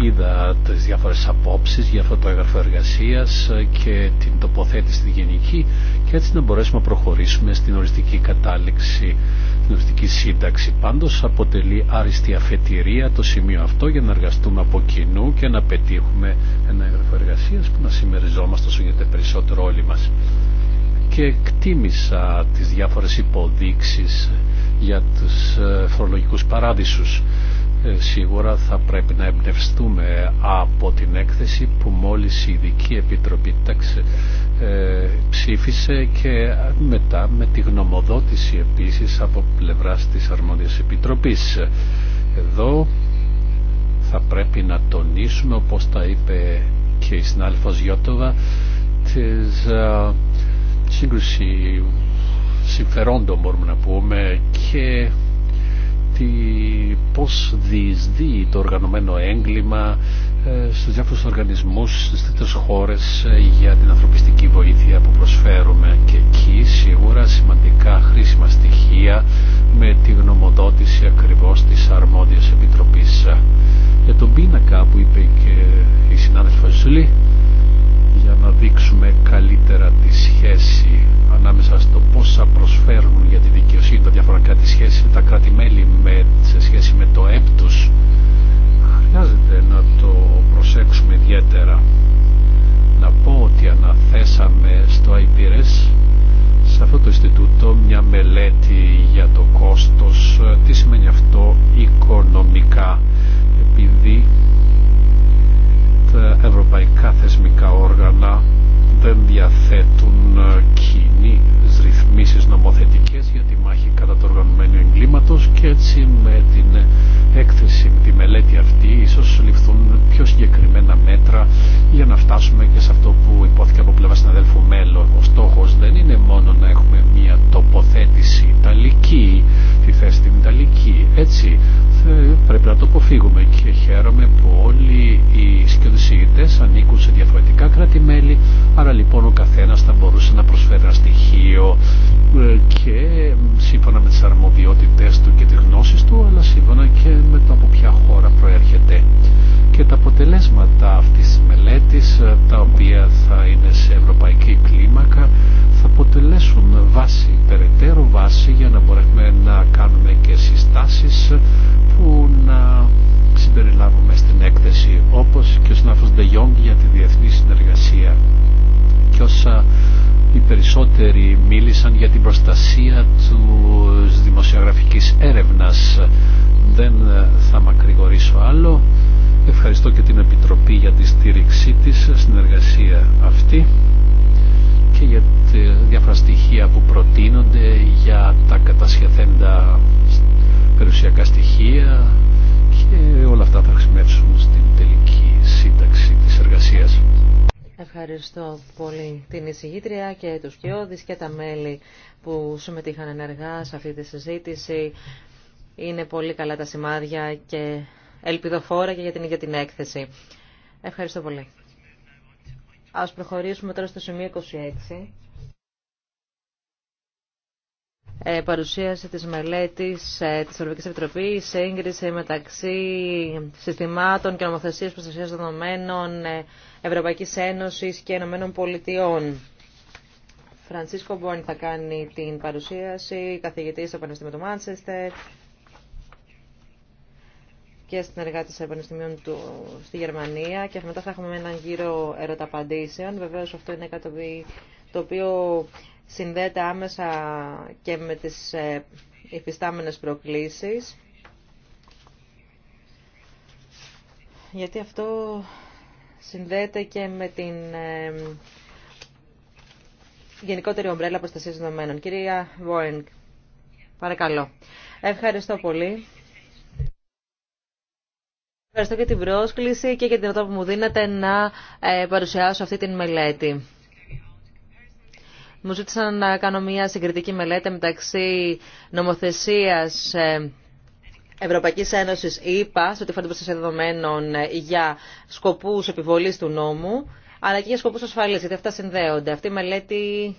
είδα τις διάφορες απόψεις για αυτό το έγγραφο εργασίας και την τοποθέτηση γενική και έτσι να μπορέσουμε να προχωρήσουμε στην οριστική κατάληξη, την οριστική σύνταξη. Πάντως αποτελεί άριστη αφετηρία το σημείο αυτό για να εργαστούμε από κοινού και να πετύχουμε ένα έγγραφο εργασία που να συμμεριζόμαστε όσο γίνεται περισσότερο όλοι μας. Και εκτίμησα τις διάφορες υποδείξεις για τους ε, φορολογικούς παράδεισους ε, σίγουρα θα πρέπει να εμπνευστούμε από την έκθεση που μόλις η Ειδική Επιτροπή ε, ψήφισε και μετά με τη γνωμοδότηση επίσης από πλευράς της Αρμόδιας Επιτροπής. Εδώ θα πρέπει να τονίσουμε όπως τα είπε και η συνάλφος Γιώτοβα της ε, σύγκρουση συμφερόντων μπορούμε να πούμε και ότι πώς διεισδύει το οργανωμένο έγκλημα ε, στους διάφορους οργανισμούς, στις τρίτες χώρες ε, για την ανθρωπιστική βοήθεια που προσφέρουμε και εκεί σίγουρα σημαντικά χρήσιμα στοιχεία με τη γνωμοδότηση ακριβώς της αρμόδιας επιτροπής. Ε, για τον πίνακα που είπε και η συνάδελφα Ζουλή, για να δείξουμε καλύτερα τη σχέση ανάμεσα στο πόσα προσφέρουν για τη δικαιοσύνη τα διάφορα τη σχέση, με τα κράτη-μέλη σε σχέση με το έπτος, χρειάζεται να το προσέξουμε ιδιαίτερα. Να πω ότι αναθέσαμε στο IPRS σε αυτό το Ινστιτούτο μια μελέτη για το κόστος. Τι σημαίνει αυτό οικονομικά, επειδή ευρωπαϊκά θεσμικά όργανα δεν διαθέτουν ε, κοινή ρυθμίσεις νομοθετικές για τη μάχη κατά του οργανωμένου εγκλήματος και έτσι με την έκθεση, με τη μελέτη αυτή ίσως ληφθούν πιο συγκεκριμένα μέτρα για να φτάσουμε και σε αυτό που υπόθηκε από πλευρά συναδέλφου μέλο. Ο στόχος δεν είναι μόνο να έχουμε μια τοποθέτηση ιταλική, τη θέση την ιταλική. Έτσι πρέπει να το αποφύγουμε και χαίρομαι που όλοι οι σκιοδησιητές ανήκουν σε διαφορετικά κράτη-μέλη, Άρα λοιπόν ο καθένας θα μπορούσε να προσφέρει ένα στοιχείο ε, και σύμφωνα με τις αρμοδιότητές του και τις γνώσεις του αλλά σύμφωνα και με το από ποια χώρα προέρχεται. Και τα αποτελέσματα αυτής της μελέτης ε, τα οποία θα είναι σε ευρωπαϊκή κλίμακα θα αποτελέσουν βάση, περαιτέρω βάση για να μπορέσουμε να κάνουμε και συστάσεις που να συμπεριλάβουμε στην έκθεση όπως και ο Σνάφος Ντεγιόγκ για τη διεθνή συνεργασία και όσα οι περισσότεροι μίλησαν για την προστασία του δημοσιογραφικής έρευνας. Δεν θα μακρηγορήσω άλλο. Ευχαριστώ και την Επιτροπή για τη στήριξή της εργασία αυτή και για τη διάφορα στοιχεία που προτείνονται για τα κατασχεθέντα περιουσιακά στοιχεία και όλα αυτά θα χρησιμεύσουν στην τελική σύνταξη της εργασίας. Ευχαριστώ πολύ την εισηγήτρια και τους κοιόδης και τα μέλη που συμμετείχαν ενεργά σε αυτή τη συζήτηση. Είναι πολύ καλά τα σημάδια και ελπιδοφόρα και για την ίδια την έκθεση. Ευχαριστώ πολύ. Ας προχωρήσουμε τώρα στο σημείο 26. Ε, παρουσίαση της μελέτης ε, της Ευρωπαϊκής Επιτροπής σε έγκριση μεταξύ συστημάτων και νομοθεσίας προστασίας δεδομένων ε, Ευρωπαϊκής Ένωσης και Ενωμένων Πολιτειών. Φρανσίσκο Μπόνι θα κάνει την παρουσίαση, καθηγητής στο Πανεπιστήμιο του Μάντσεστερ και συνεργάτη Πανεπιστημίων του στη Γερμανία και μετά θα έχουμε έναν γύρο ερωταπαντήσεων. Βεβαίω αυτό είναι κάτι το οποίο συνδέεται άμεσα και με τις ε, υφιστάμενε προκλήσεις. Γιατί αυτό συνδέεται και με την γενικότερη ομπρέλα προστασία δεδομένων. Κυρία Βόενγκ, παρακαλώ. Ευχαριστώ πολύ. Ευχαριστώ και την πρόσκληση και για την δυνατότητα που μου δίνετε να ε, παρουσιάσω αυτή την μελέτη. Μου ζήτησαν να κάνω μια συγκριτική μελέτη μεταξύ νομοθεσίας ε, Ευρωπαϊκή Ένωσης είπα στο ό,τι αφορά δεδομένων ε, για σκοπούς επιβολής του νόμου, αλλά και για σκοπούς ασφαλείας, γιατί αυτά συνδέονται. Αυτή η μελέτη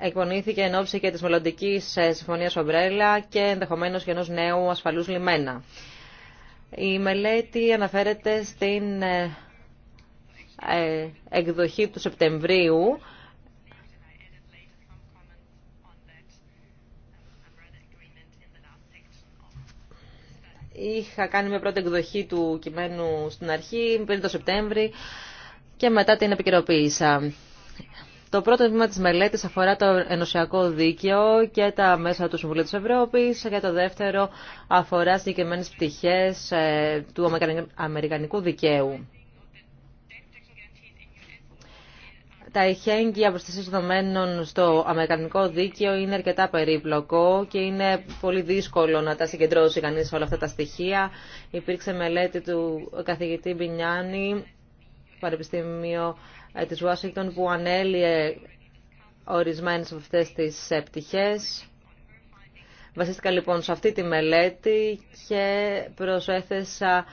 εκπονήθηκε εν ώψη και τη μελλοντική ε, Συμφωνία Ομπρέλα και ενδεχομένω και ενό νέου ασφαλούς λιμένα. Η μελέτη αναφέρεται στην ε, εκδοχή του Σεπτεμβρίου Είχα κάνει μια πρώτη εκδοχή του κειμένου στην αρχή, πριν το Σεπτέμβρη και μετά την επικαιροποίησα. Το πρώτο βήμα της μελέτης αφορά το ενωσιακό δίκαιο και τα μέσα του Συμβουλίου της Ευρώπης και το δεύτερο αφορά συγκεκριμένες πτυχές ε, του αμερικανικού δικαίου. τα ειχέγγυα προστασία δεδομένων στο Αμερικανικό δίκαιο είναι αρκετά περίπλοκο και είναι πολύ δύσκολο να τα συγκεντρώσει κανεί όλα αυτά τα στοιχεία. Υπήρξε μελέτη του καθηγητή Μπινιάνη, Πανεπιστήμιο ε, της Ουάσιγκτον, που ανέλυε ορισμένε από αυτέ τι ε, πτυχέ. Βασίστηκα λοιπόν σε αυτή τη μελέτη και προσέθεσα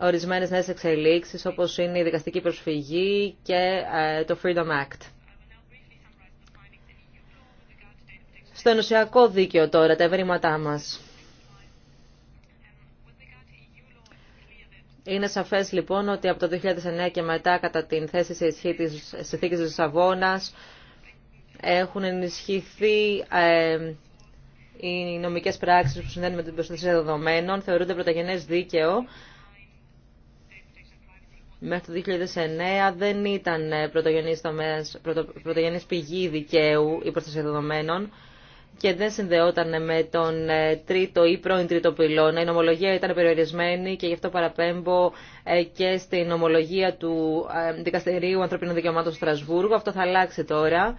ορισμένες νέες εξελίξεις όπως είναι η δικαστική προσφυγή και ε, το Freedom Act. Στο ενωσιακό δίκαιο τώρα, τα ευρήματά μας. Είναι σαφές λοιπόν ότι από το 2009 και μετά κατά την θέση σε ισχύ της συνθήκης της Σαββόνας έχουν ενισχυθεί ε, οι νομικές πράξεις που συνδέονται με την προστασία δεδομένων, θεωρούνται πρωταγενές δίκαιο μέχρι το 2009 δεν ήταν ε, πρωτογενής, τομέας, πρωτογενής πηγή δικαίου ή προστασία και δεν συνδεόταν με τον ε, τρίτο ή πρώην τρίτο πυλώνα. Η νομολογία ήταν περιορισμένη και γι' αυτό παραπέμπω ε, και στην ομολογία του Δικαστηρίου Ανθρωπίνων Δικαιωμάτων του Αυτό θα αλλάξει τώρα.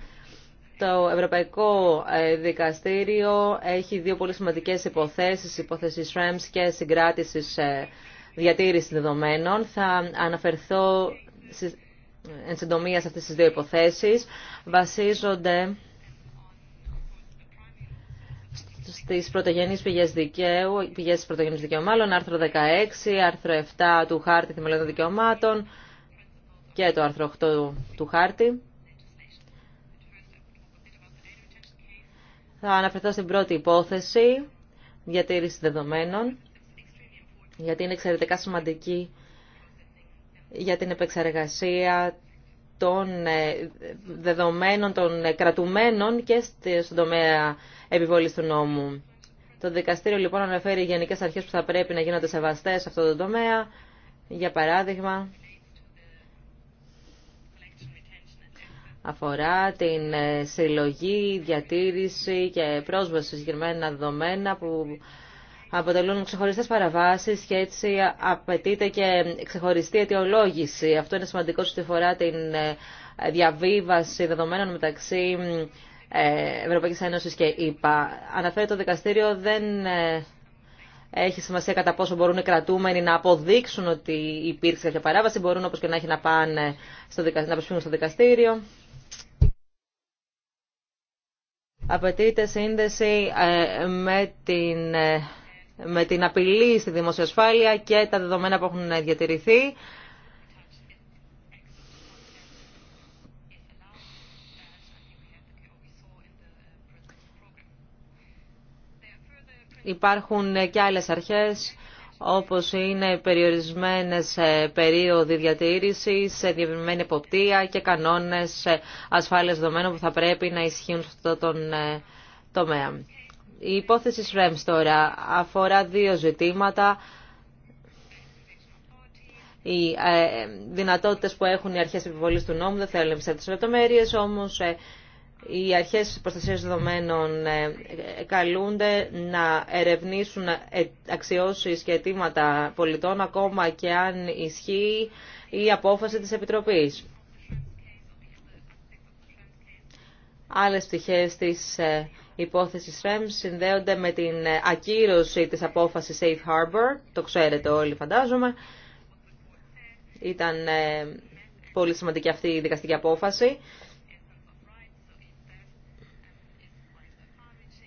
Το Ευρωπαϊκό Δικαστήριο έχει δύο πολύ σημαντικές υποθέσεις, υπόθεση Σρέμς και συγκράτησης διατήρηση δεδομένων. Θα αναφερθώ εν συντομία σε αυτές τις δύο υποθέσεις. Βασίζονται στις πρωτογενείς πηγές δικαίου, πηγές πρωτογενείς δικαιωμάτων, άρθρο 16, άρθρο 7 του Χάρτη των Δικαιωμάτων και το άρθρο 8 του Χάρτη. Θα αναφερθώ στην πρώτη υπόθεση, διατήρηση δεδομένων γιατί είναι εξαιρετικά σημαντική για την επεξεργασία των ε, δεδομένων των ε, κρατουμένων και στον τομέα επιβολής του νόμου. Το δικαστήριο λοιπόν αναφέρει γενικές αρχές που θα πρέπει να γίνονται σεβαστές σε αυτό το τομέα. Για παράδειγμα, αφορά την ε, συλλογή, διατήρηση και πρόσβαση συγκεκριμένα δεδομένα που αποτελούν ξεχωριστές παραβάσεις και έτσι απαιτείται και ξεχωριστή αιτιολόγηση. Αυτό είναι σημαντικό στη φορά την ε, διαβίβαση δεδομένων μεταξύ ε, Ευρωπαϊκής Ένωσης και ΕΠΑ. Αναφέρει το δικαστήριο δεν ε, έχει σημασία κατά πόσο μπορούν οι κρατούμενοι να αποδείξουν ότι υπήρξε κάποια παράβαση. Μπορούν όπως και να έχει να πάνε στο να προσφύγουν στο δικαστήριο. Απαιτείται σύνδεση με την με την απειλή στη δημοσιοσφάλεια και τα δεδομένα που έχουν διατηρηθεί. Υπάρχουν και άλλες αρχές όπως είναι περιορισμένες περίοδοι διατήρησης, διευρυμένη εποπτεία και κανόνες ασφάλειας δεδομένων που θα πρέπει να ισχύουν σε αυτό το ε, τομέα. Η υπόθεση ΣΡΕΜΣ τώρα αφορά δύο ζητήματα. Οι ε, δυνατότητες που έχουν οι αρχές επιβολής του νόμου, δεν θέλω να επιστρέψω λεπτομέρειες, όμως ε, οι αρχές προστασίας δεδομένων ε, καλούνται να ερευνήσουν αξιώσεις και αιτήματα πολιτών ακόμα και αν ισχύει η απόφαση της Επιτροπής. Άλλες πτυχές της Υπόθεση ΣΡΕΜ συνδέονται με την ακύρωση της απόφασης Safe Harbor. Το ξέρετε όλοι φαντάζομαι. Ήταν ε, πολύ σημαντική αυτή η δικαστική απόφαση.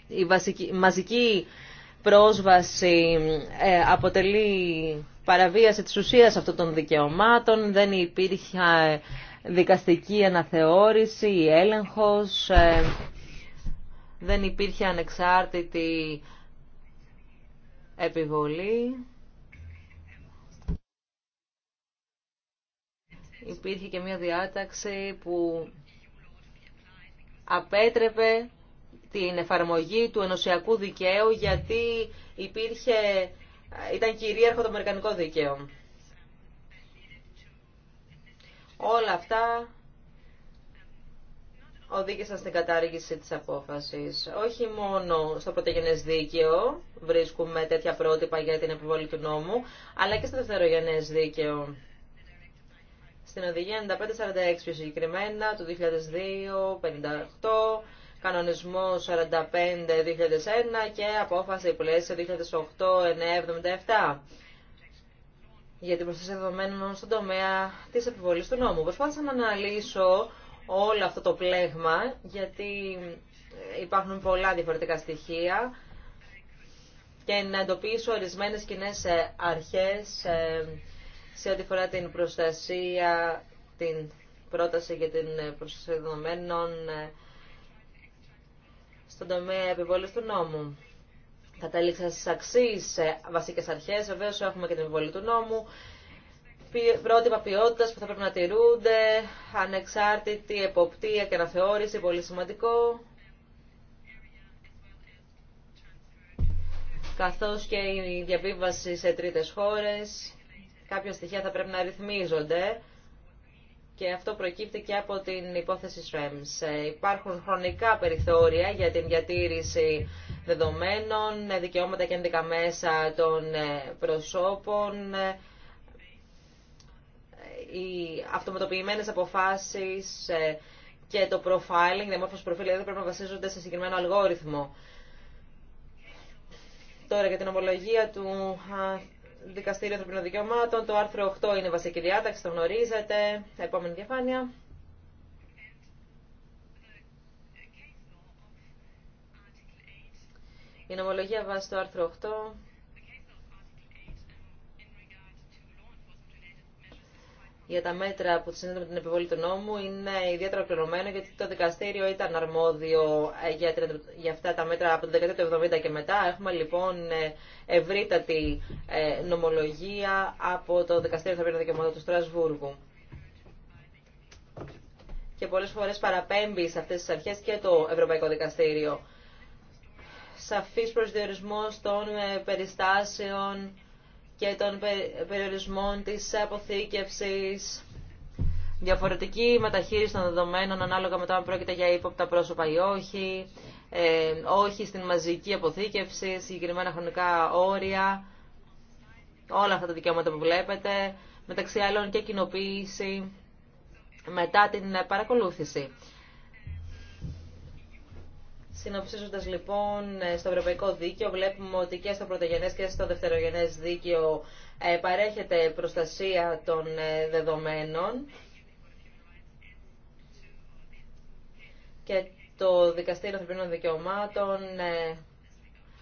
Η βασική, μαζική πρόσβαση ε, αποτελεί παραβίαση της ουσίας αυτών των δικαιωμάτων. Δεν υπήρχε ε, δικαστική αναθεώρηση, ή έλεγχος δεν υπήρχε ανεξάρτητη επιβολή. Υπήρχε και μια διάταξη που απέτρεπε την εφαρμογή του ενωσιακού δικαίου γιατί υπήρχε, ήταν κυρίαρχο το Αμερικανικό δίκαιο. Όλα αυτά οδήγησαν στην κατάργηση της απόφασης. Όχι μόνο στο πρωτογενές δίκαιο βρίσκουμε τέτοια πρότυπα για την επιβολή του νόμου, αλλά και στο δευτερογενές δίκαιο. Στην οδηγία 9546 πιο συγκεκριμένα, του 2002, 58, κανονισμό 45-2001 και απόφαση πλαίσια 2008-977 για την προστασία δεδομένων στον τομέα της επιβολής του νόμου. Προσπάθησα να αναλύσω όλο αυτό το πλέγμα, γιατί ε, υπάρχουν πολλά διαφορετικά στοιχεία και να εντοπίσω ορισμένες κοινέ ε, αρχές ε, σε ό,τι φορά την προστασία, την πρόταση για την προστασία δεδομένων στον τομέα επιβολής του νόμου. Κατάληξα στι αξίε βασικέ αρχέ. Βεβαίω έχουμε και την επιβολή του νόμου, πρότυπα ποιότητα που θα πρέπει να τηρούνται, ανεξάρτητη εποπτεία και αναθεώρηση, πολύ σημαντικό. καθώς και η διαβίβαση σε τρίτες χώρες. Κάποια στοιχεία θα πρέπει να ρυθμίζονται και αυτό προκύπτει και από την υπόθεση SREMS. Ε, υπάρχουν χρονικά περιθώρια για την διατήρηση δεδομένων, δικαιώματα και ένδικα μέσα των ε, προσώπων, ε, οι αυτοματοποιημένες αποφάσεις ε, και το profiling, η διαμόρφωση προφίλ, δεν πρέπει να βασίζονται σε συγκεκριμένο αλγόριθμο. Τώρα για την ομολογία του Δικαστήριου Ανθρωπίνων Δικαιωμάτων, το άρθρο 8 είναι βασική διάταξη, το γνωρίζετε. επόμενη διαφάνεια. Η νομολογία βάσει το άρθρο 8 για τα μέτρα που συνδέονται με την επιβολή του νόμου είναι ιδιαίτερα κληρωμένο γιατί το δικαστήριο ήταν αρμόδιο ε, για, αυτά τα μέτρα από το 1970 και μετά. Έχουμε λοιπόν ε, ευρύτατη ε, νομολογία από το δικαστήριο θα να δικαιωμάτων του Στρασβούργου. Και πολλές φορές παραπέμπει σε αυτές τις αρχές και το Ευρωπαϊκό Δικαστήριο. Σαφής προσδιορισμός των περιστάσεων και των περιορισμών της αποθήκευσης, διαφορετική μεταχείριση των δεδομένων ανάλογα με το αν πρόκειται για ύποπτα πρόσωπα ή όχι, ε, όχι στην μαζική αποθήκευση, συγκεκριμένα χρονικά όρια, όλα αυτά τα δικαιώματα που βλέπετε, μεταξύ άλλων και κοινοποίηση μετά την παρακολούθηση. Συνοψίζοντα λοιπόν ε, στο Ευρωπαϊκό Δίκαιο βλέπουμε ότι και στο πρωτογενέ και στο δεύτερογενέ δίκαιο ε, παρέχεται προστασία των ε, δεδομένων και το Δικαστήριο Ανθρωπίνων Δικαιωμάτων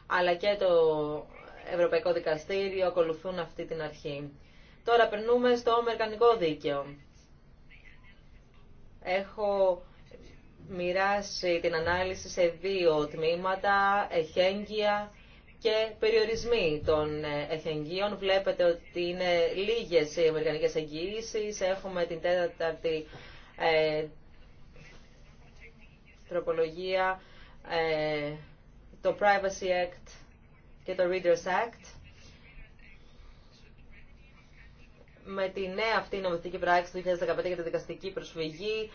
αλλά και το Ευρωπαϊκό Δικαστήριο ακολουθούν αυτή την αρχή. Τώρα περνούμε στο Αμερικανικό Δίκαιο. Έχω μοιράσει την ανάλυση σε δύο τμήματα, εχέγγυα και περιορισμοί των ε, εχεγγύων. Βλέπετε ότι είναι λίγες οι αμερικανικές εγγυήσεις. Έχουμε την τέταρτη ε, τροπολογία, ε, το Privacy Act και το Readers Act. Με τη νέα αυτή νομοθετική πράξη του 2015 για τη δικαστική προσφυγή,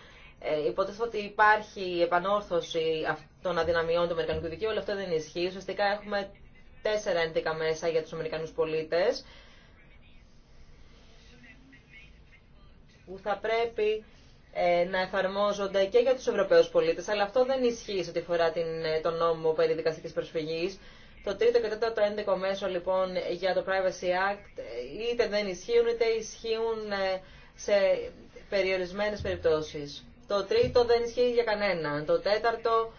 ε, υποτίθεται ότι υπάρχει επανόρθωση των αδυναμιών του Αμερικανικού Δικαίου, αλλά αυτό δεν ισχύει. Ουσιαστικά έχουμε τέσσερα ένδικα μέσα για τους Αμερικανούς πολίτες που θα πρέπει ε, να εφαρμόζονται και για τους Ευρωπαίους πολίτες, αλλά αυτό δεν ισχύει σε ό,τι φορά την, ε, τον νόμο περί δικαστικής προσφυγής. Το τρίτο και τέταρτο ένδικο μέσο λοιπόν για το Privacy Act ε, είτε δεν ισχύουν είτε ισχύουν σε περιορισμένες περιπτώσεις. Το τρίτο δεν ισχύει για κανέναν. Το τέταρτο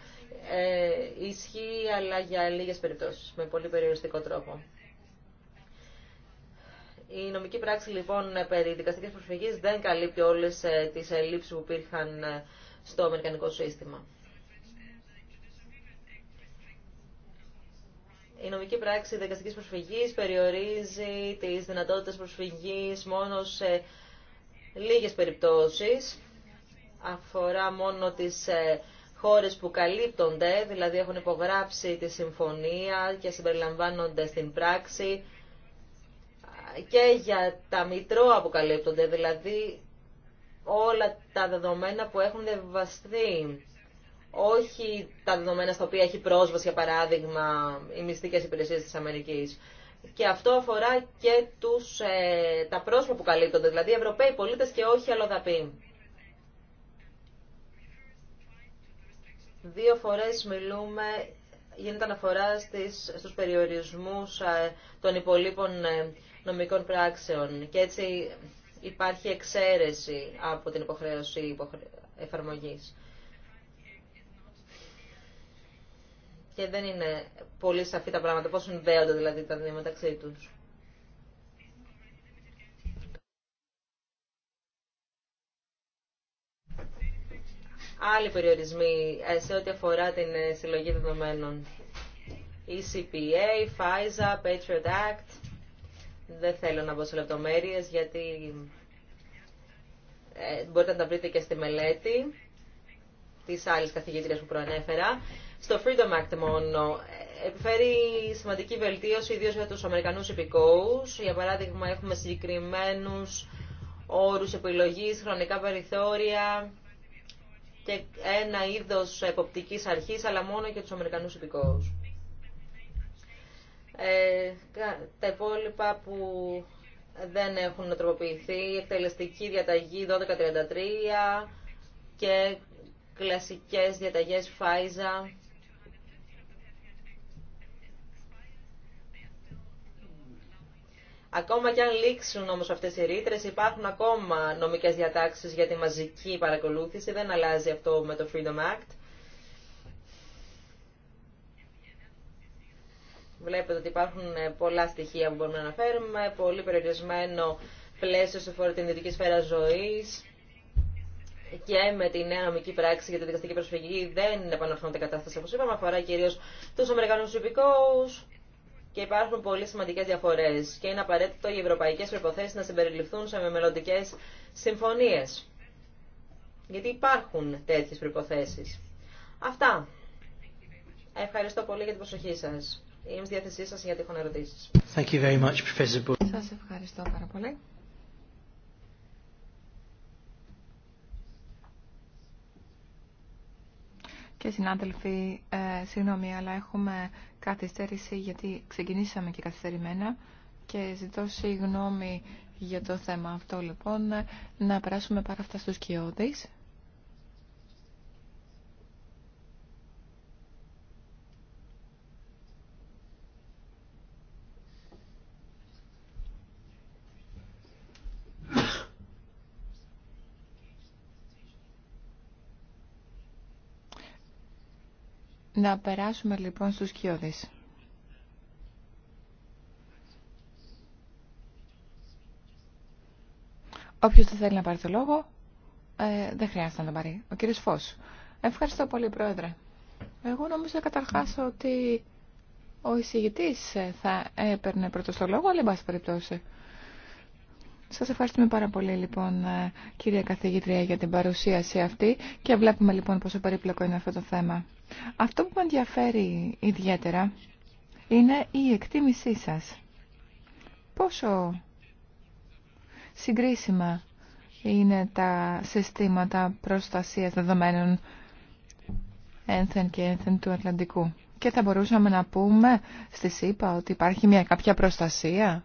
ε, ισχύει αλλά για λίγες περιπτώσεις, με πολύ περιοριστικό τρόπο. Η νομική πράξη λοιπόν περί δικαστικής προσφυγής δεν καλύπτει όλες ε, τις ελλείψεις που υπήρχαν ε, στο αμερικανικό σύστημα. Η νομική πράξη δικαστικής προσφυγής περιορίζει τις δυνατότητες προσφυγής μόνο σε λίγες περιπτώσεις αφορά μόνο τις ε, χώρες που καλύπτονται, δηλαδή έχουν υπογράψει τη συμφωνία και συμπεριλαμβάνονται στην πράξη και για τα μητρώα που καλύπτονται, δηλαδή όλα τα δεδομένα που έχουν διαβαστεί. Όχι τα δεδομένα στα οποία έχει πρόσβαση, για παράδειγμα, οι μυστικές υπηρεσίες της Αμερικής. Και αυτό αφορά και τους, ε, τα πρόσωπα που καλύπτονται, δηλαδή Ευρωπαίοι πολίτες και όχι αλλοδαποί. Δύο φορές μιλούμε, γίνεται αναφορά στις, στους περιορισμούς ε, των υπολείπων ε, νομικών πράξεων και έτσι υπάρχει εξαίρεση από την υποχρέωση εφαρμογής. Και δεν είναι πολύ σαφή τα πράγματα, πώς συνδέονται δηλαδή τα δύο μεταξύ τους. άλλοι περιορισμοί ε, σε ό,τι αφορά την ε, συλλογή δεδομένων. ECPA, FISA, Patriot Act. Δεν θέλω να μπω σε λεπτομέρειες γιατί ε, μπορείτε να τα βρείτε και στη μελέτη της άλλης καθηγήτριας που προανέφερα. Στο Freedom Act μόνο επιφέρει σημαντική βελτίωση ιδίω για τους Αμερικανούς υπηκόους. Για παράδειγμα έχουμε συγκεκριμένους όρους επιλογής, χρονικά περιθώρια, και ένα είδος εποπτική αρχής, αλλά μόνο για τους Αμερικανούς υπηκόους. Ε, τα υπόλοιπα που δεν έχουν τροποποιηθεί, η εκτελεστική διαταγή 1233 και κλασικές διαταγές ΦΑΙΖΑ Ακόμα και αν λήξουν όμως αυτές οι ρήτρες, υπάρχουν ακόμα νομικές διατάξεις για τη μαζική παρακολούθηση. Δεν αλλάζει αυτό με το Freedom Act. Βλέπετε ότι υπάρχουν ε, πολλά στοιχεία που μπορούμε να αναφέρουμε, πολύ περιορισμένο πλαίσιο σε φορά την ειδική σφαίρα ζωής και με τη νέα νομική πράξη για τη δικαστική προσφυγή δεν επαναρθώνεται κατάσταση όπως είπαμε, αφορά κυρίως τους Αμερικανούς υπηκόους και υπάρχουν πολύ σημαντικέ διαφορέ και είναι απαραίτητο οι ευρωπαϊκέ προποθέσει να συμπεριληφθούν σε μελλοντικέ συμφωνίε. Γιατί υπάρχουν τέτοιε προποθέσει. Αυτά. Ευχαριστώ πολύ για την προσοχή σα. Είμαι στη διάθεσή σα για τυχόν ερωτήσει. Σα ευχαριστώ πάρα πολύ. Και συνάδελφοι, ε, συγγνώμη, αλλά έχουμε καθυστέρηση γιατί ξεκινήσαμε και καθυστερημένα και ζητώ συγγνώμη για το θέμα αυτό λοιπόν να περάσουμε πάρα αυτά στους κοιόδης. Να περάσουμε λοιπόν στους κοιόδης. Όποιος δεν θέλει να πάρει το λόγο, ε, δεν χρειάζεται να τον πάρει. Ο κύριος Φως. Ευχαριστώ πολύ, Πρόεδρε. Εγώ νομίζω καταρχάς ότι ο εισηγητής ε, θα έπαιρνε πρώτος το λόγο, αλλά εν πάση περιπτώσει. Σας ευχαριστούμε πάρα πολύ λοιπόν ε, κυρία καθηγήτρια για την παρουσίαση αυτή και βλέπουμε λοιπόν πόσο περίπλοκο είναι αυτό το θέμα. Αυτό που με ενδιαφέρει ιδιαίτερα είναι η εκτίμησή σας. Πόσο συγκρίσιμα είναι τα συστήματα προστασίας δεδομένων ένθεν και ένθεν του Ατλαντικού. Και θα μπορούσαμε να πούμε στη ΣΥΠΑ ότι υπάρχει μια κάποια προστασία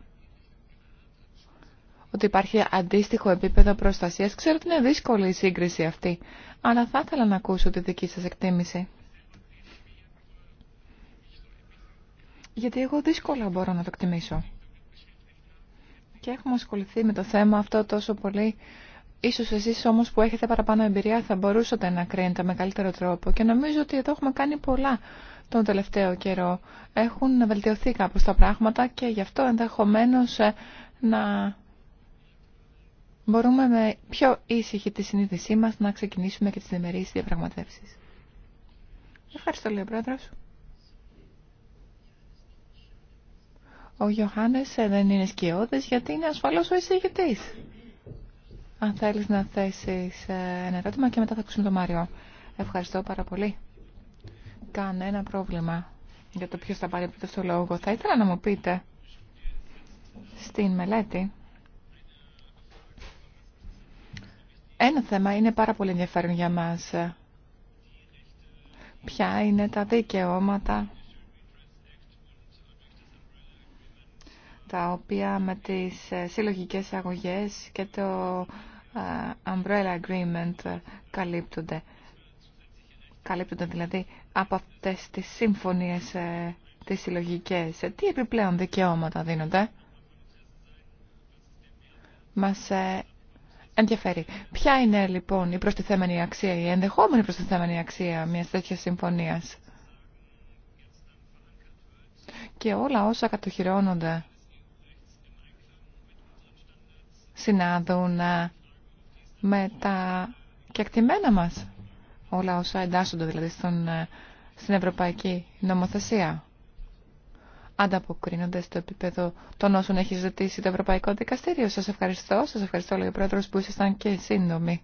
ότι υπάρχει αντίστοιχο επίπεδο προστασίας. Ξέρω ότι είναι δύσκολη η σύγκριση αυτή, αλλά θα ήθελα να ακούσω τη δική σας εκτίμηση. Γιατί εγώ δύσκολα μπορώ να το εκτιμήσω. Και έχουμε ασχοληθεί με το θέμα αυτό τόσο πολύ. Ίσως εσείς όμως που έχετε παραπάνω εμπειρία θα μπορούσατε να κρίνετε με καλύτερο τρόπο και νομίζω ότι εδώ έχουμε κάνει πολλά τον τελευταίο καιρό. Έχουν βελτιωθεί κάπως τα πράγματα και γι' αυτό ενδεχομένως ε, να μπορούμε με πιο ήσυχη τη συνείδησή μας να ξεκινήσουμε και τις δημερίες διαπραγματεύσεις. Ευχαριστώ, λέει ο πρόεδρος. Ο Γιωχάνες ε, δεν είναι σκιώδης γιατί είναι ασφαλώς ο εισηγητής. Αν θέλεις να θέσεις ε, ένα ερώτημα και μετά θα ακούσουμε τον Μάριο. Ευχαριστώ πάρα πολύ. Κανένα πρόβλημα για το ποιος θα πάρει πρώτο στο λόγο. Θα ήθελα να μου πείτε στην μελέτη Ένα θέμα είναι πάρα πολύ ενδιαφέρον για μας. Ποια είναι τα δικαιώματα τα οποία με τις ε, συλλογικές αγωγές και το ε, Umbrella Agreement καλύπτονται. Καλύπτονται δηλαδή από αυτές τις σύμφωνίες ε, τις συλλογικές. Τι επιπλέον δικαιώματα δίνονται. Μας ενδιαφέρει. Ποια είναι λοιπόν η προστιθέμενη αξία, η ενδεχόμενη προστιθέμενη αξία μιας τέτοιας συμφωνίας. Και όλα όσα κατοχυρώνονται συνάδουν ε, με τα κεκτημένα μας. Όλα όσα εντάσσονται δηλαδή στον, ε, στην Ευρωπαϊκή Νομοθεσία ανταποκρίνονται στο επίπεδο των όσων έχει ζητήσει το Ευρωπαϊκό Δικαστήριο. Σας ευχαριστώ. Σας ευχαριστώ, λέει ο Πρόεδρος, που ήσασταν και σύντομοι.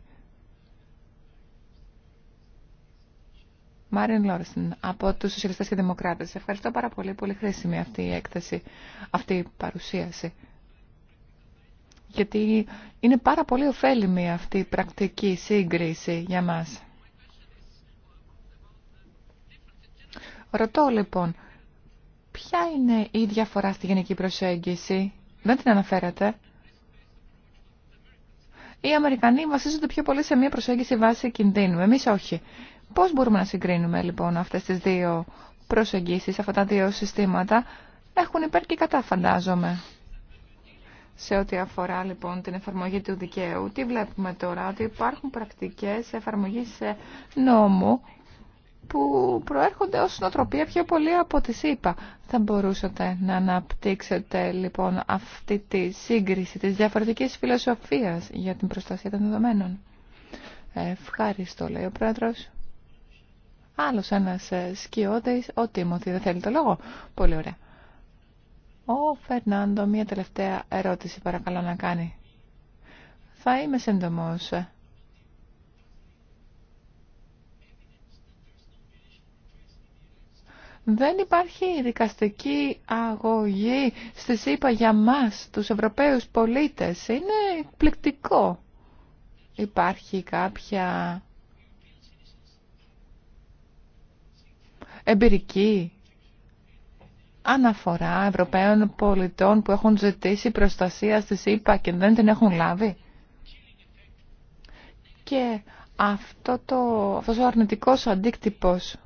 Μάριν Λόρσεν, από τους Σοσιαλιστές και Δημοκράτες. Ευχαριστώ πάρα πολύ. Πολύ χρήσιμη αυτή η έκθεση, αυτή η παρουσίαση. Γιατί είναι πάρα πολύ ωφέλιμη αυτή η πρακτική σύγκριση για μας. Ρωτώ λοιπόν, Ποια είναι η διαφορά στη γενική προσέγγιση, δεν την αναφέρατε. Οι Αμερικανοί βασίζονται πιο πολύ σε μια προσέγγιση βάση κινδύνου, εμείς όχι. Πώς μπορούμε να συγκρίνουμε λοιπόν αυτές τις δύο προσεγγίσεις, αυτά τα δύο συστήματα, έχουν υπέρ και κατά φαντάζομαι. Σε ό,τι αφορά λοιπόν την εφαρμογή του δικαίου, τι βλέπουμε τώρα, ότι υπάρχουν πρακτικές εφαρμογής νόμου που προέρχονται ως νοοτροπία πιο πολύ από τις είπα. Θα μπορούσατε να αναπτύξετε λοιπόν αυτή τη σύγκριση της διαφορετικής φιλοσοφίας για την προστασία των δεδομένων. Ευχαριστώ, λέει ο πρόεδρος. Άλλος ένας ε, σκιώτης, ο Τίμωτη, δεν θέλει το λόγο. Πολύ ωραία. Ο Φερνάντο, μία τελευταία ερώτηση παρακαλώ να κάνει. Θα είμαι σύντομος. Δεν υπάρχει δικαστική αγωγή στη ΣΥΠΑ για μας, τους Ευρωπαίους πολίτες. Είναι εκπληκτικό. Υπάρχει κάποια εμπειρική αναφορά Ευρωπαίων πολιτών που έχουν ζητήσει προστασία στη ΣΥΠΑ και δεν την έχουν λάβει. Και αυτό το, αυτός ο αρνητικός αντίκτυπος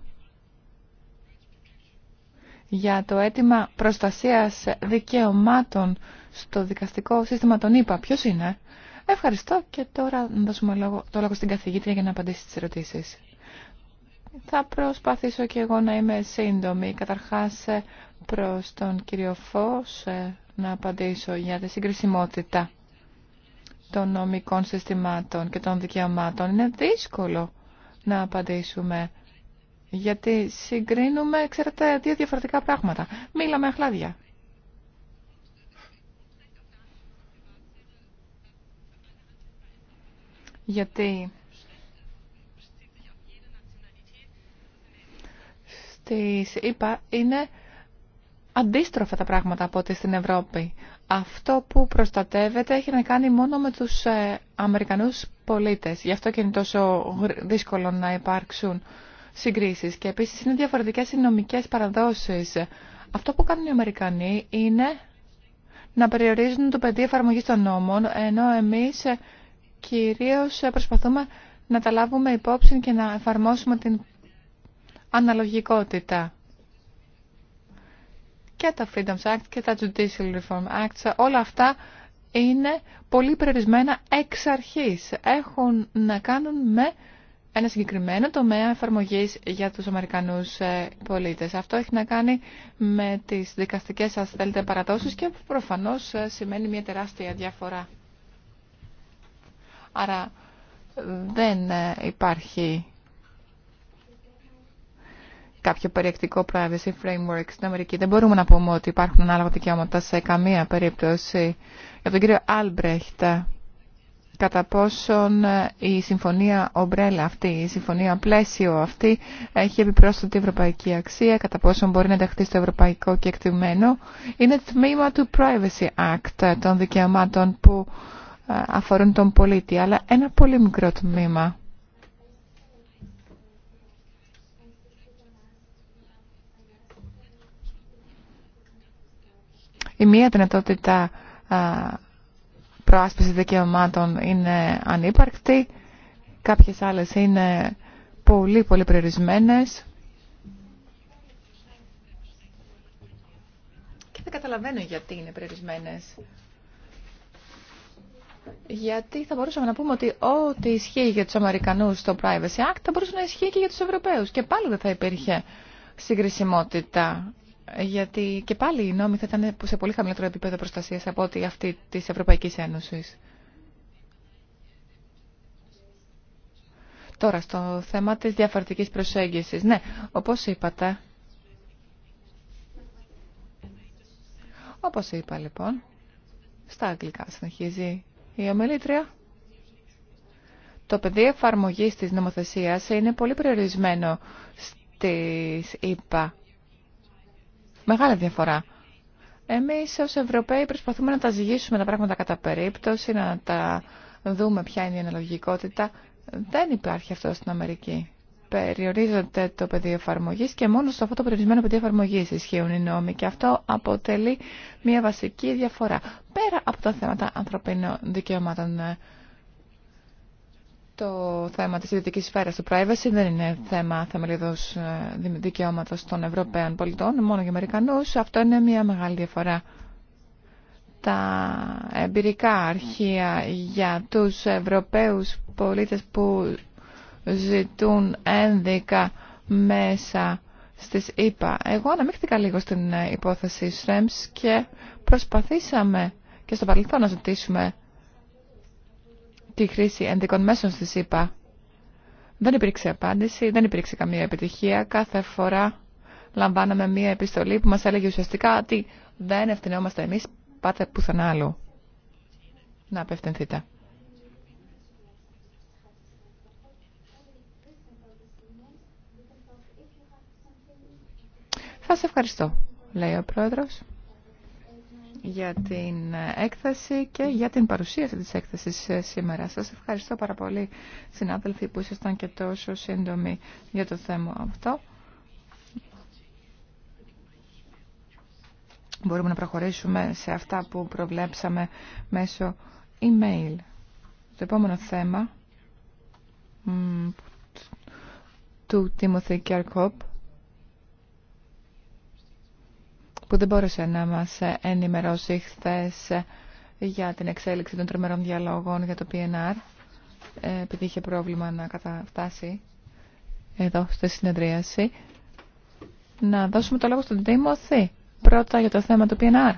για το αίτημα προστασίας δικαιωμάτων στο δικαστικό σύστημα των ΗΠΑ. Ποιος είναι? Ευχαριστώ και τώρα να δώσουμε λόγο, το λόγο στην καθηγήτρια για να απαντήσει τις ερωτήσεις. Θα προσπαθήσω και εγώ να είμαι σύντομη. Καταρχάς προς τον κύριο Φως ε, να απαντήσω για τη συγκρισιμότητα των νομικών συστημάτων και των δικαιωμάτων. Είναι δύσκολο να απαντήσουμε γιατί συγκρίνουμε, ξέρετε, δύο διαφορετικά πράγματα. Μίλαμε αχλάδια. Γιατί στις ΗΠΑ είναι αντίστροφα τα πράγματα από ό,τι στην Ευρώπη. Αυτό που προστατεύεται έχει να κάνει μόνο με τους ε, Αμερικανούς πολίτες. Γι' αυτό και είναι τόσο δύσκολο να υπάρξουν συγκρίσεις και επίσης είναι διαφορετικές οι νομικές παραδόσεις. Αυτό που κάνουν οι Αμερικανοί είναι να περιορίζουν το πεδίο εφαρμογής των νόμων, ενώ εμείς κυρίως προσπαθούμε να τα λάβουμε υπόψη και να εφαρμόσουμε την αναλογικότητα. Και τα Freedom Act και τα Judicial Reform Act, όλα αυτά είναι πολύ περιορισμένα εξ αρχής. Έχουν να κάνουν με ένα συγκεκριμένο τομέα εφαρμογής για τους Αμερικανούς ε, πολίτες. Αυτό έχει να κάνει με τις δικαστικές σας θέλετε και προφανώς ε, σημαίνει μια τεράστια διαφορά. Άρα δεν ε, υπάρχει κάποιο περιεκτικό privacy framework στην Αμερική. Δεν μπορούμε να πούμε ότι υπάρχουν ανάλογα δικαιώματα σε καμία περίπτωση. Για τον κύριο Αλμπρέχτ κατά πόσον ε, η συμφωνία ομπρέλα αυτή, η συμφωνία πλαίσιο αυτή έχει επιπρόσθετη ευρωπαϊκή αξία, κατά πόσον μπορεί να ενταχθεί στο ευρωπαϊκό κεκτημένο, είναι τμήμα του Privacy Act ε, των δικαιωμάτων που ε, αφορούν τον πολίτη, αλλά ένα πολύ μικρό τμήμα. Η μία δυνατότητα προάσπιση δικαιωμάτων είναι ανύπαρκτη, κάποιες άλλες είναι πολύ πολύ περιορισμένες. Και δεν καταλαβαίνω γιατί είναι περιορισμένες. Γιατί θα μπορούσαμε να πούμε ότι ό,τι ισχύει για τους Αμερικανούς στο Privacy Act θα μπορούσε να ισχύει και για τους Ευρωπαίους. Και πάλι δεν θα υπήρχε συγκρισιμότητα γιατί και πάλι οι νόμοι θα ήταν σε πολύ χαμηλότερο επίπεδο προστασίας από ό,τι αυτή της Ευρωπαϊκής Ένωσης. Τώρα, στο θέμα της διαφορετικής προσέγγισης. Ναι, όπως είπατε. Όπως είπα, λοιπόν, στα αγγλικά συνεχίζει η ομιλήτρια. Το πεδίο εφαρμογή της νομοθεσίας είναι πολύ περιορισμένο στις ΗΠΑ. Μεγάλη διαφορά. Εμείς ως Ευρωπαίοι προσπαθούμε να τα ζυγίσουμε τα πράγματα κατά περίπτωση, να τα δούμε ποια είναι η αναλογικότητα. Δεν υπάρχει αυτό στην Αμερική. Περιορίζεται το πεδίο εφαρμογή και μόνο σε αυτό το περιορισμένο πεδίο εφαρμογή ισχύουν οι νόμοι και αυτό αποτελεί μια βασική διαφορά. Πέρα από τα θέματα ανθρωπίνων δικαιωμάτων το θέμα της ιδιωτικής σφαίρας του privacy δεν είναι θέμα θεμελιδός ε, δικαιώματος των Ευρωπαίων πολιτών, μόνο για Αμερικανούς. Αυτό είναι μια μεγάλη διαφορά. Τα εμπειρικά αρχεία για τους Ευρωπαίους πολίτες που ζητούν ένδικα μέσα στις ΗΠΑ. Εγώ αναμίχθηκα λίγο στην ε, υπόθεση ΣΡΕΜΣ και προσπαθήσαμε και στο παρελθόν να ζητήσουμε τη χρήση ενδικών μέσων στη ΣΥΠΑ. Δεν υπήρξε απάντηση, δεν υπήρξε καμία επιτυχία. Κάθε φορά λαμβάναμε μία επιστολή που μας έλεγε ουσιαστικά ότι δεν ευθυνόμαστε εμείς, πάτε πουθενά άλλο. Να απευθυνθείτε. Θα σε ευχαριστώ, λέει ο πρόεδρος για την έκθεση και για την παρουσίαση της έκθεσης σήμερα. Σας ευχαριστώ πάρα πολύ συνάδελφοι που ήσασταν και τόσο σύντομοι για το θέμα αυτό. Μπορούμε να προχωρήσουμε σε αυτά που προβλέψαμε μέσω email. Το επόμενο θέμα του Τίμωθη Κέρκοπ που δεν μπόρεσε να μας ενημερώσει χθε για την εξέλιξη των τριμερών διαλόγων για το PNR, ε, επειδή είχε πρόβλημα να καταφτάσει εδώ στη συνεδρίαση. Να δώσουμε το λόγο στον Τίμο πρώτα για το θέμα του PNR.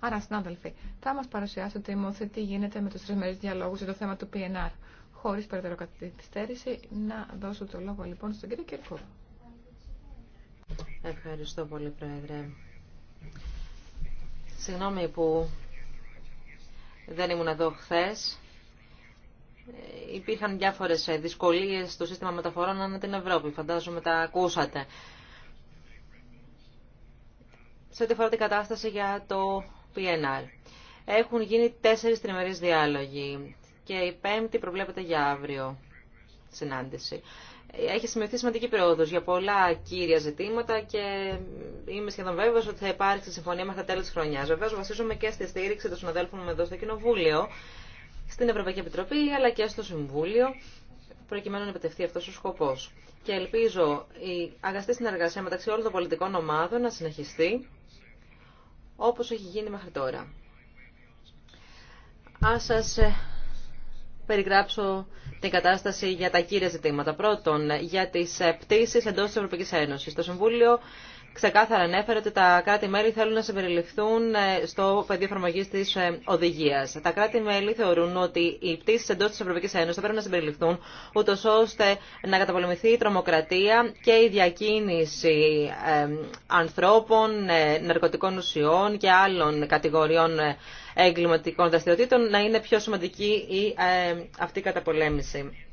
Άρα, συνάδελφοι, θα μας παρουσιάσετε η Θή τι γίνεται με τους τριμερείς διαλόγους για το θέμα του PNR. Χωρίς περαιτέρω καθυστέρηση, να δώσω το λόγο λοιπόν στον κύριο Κυρκόβο. Ευχαριστώ πολύ, Πρόεδρε. Συγγνώμη που δεν ήμουν εδώ χθε. Υπήρχαν διάφορες δυσκολίες στο σύστημα μεταφορών ανά την Ευρώπη. Φαντάζομαι τα ακούσατε. Σε ό,τι αφορά την κατάσταση για το PNR. Έχουν γίνει τέσσερις τριμερείς διάλογοι και η πέμπτη προβλέπεται για αύριο συνάντηση έχει σημειωθεί σημαντική προόδο για πολλά κύρια ζητήματα και είμαι σχεδόν βέβαιο ότι θα υπάρξει συμφωνία μέχρι τα τέλη της χρονιάς. Βεβαίω, βασίζομαι και στη στήριξη των συναδέλφων μου εδώ στο Κοινοβούλιο, στην Ευρωπαϊκή Επιτροπή αλλά και στο Συμβούλιο προκειμένου να επιτευχθεί αυτό ο σκοπό. Και ελπίζω η αγαστή συνεργασία μεταξύ όλων των πολιτικών ομάδων να συνεχιστεί όπω έχει γίνει μέχρι τώρα. Ας σας ε, περιγράψω την κατάσταση για τα κύρια ζητήματα. Πρώτον, για τις πτήσει εντός τη Ευρωπαϊκή Ένωση. Το Συμβούλιο ξεκάθαρα ανέφερε ότι τα κράτη-μέλη θέλουν να συμπεριληφθούν ε, στο πεδίο εφαρμογή τη ε, οδηγία. Τα κράτη-μέλη θεωρούν ότι οι πτήσει εντό τη Ευρωπαϊκή Ένωση θα πρέπει να συμπεριληφθούν, ούτω ώστε να καταπολεμηθεί η τρομοκρατία και η διακίνηση ε, ανθρώπων, ναρκωτικών ουσιών και άλλων κατηγοριών εγκληματικών δραστηριοτήτων να είναι πιο σημαντική η, αυτή η καταπολέμηση.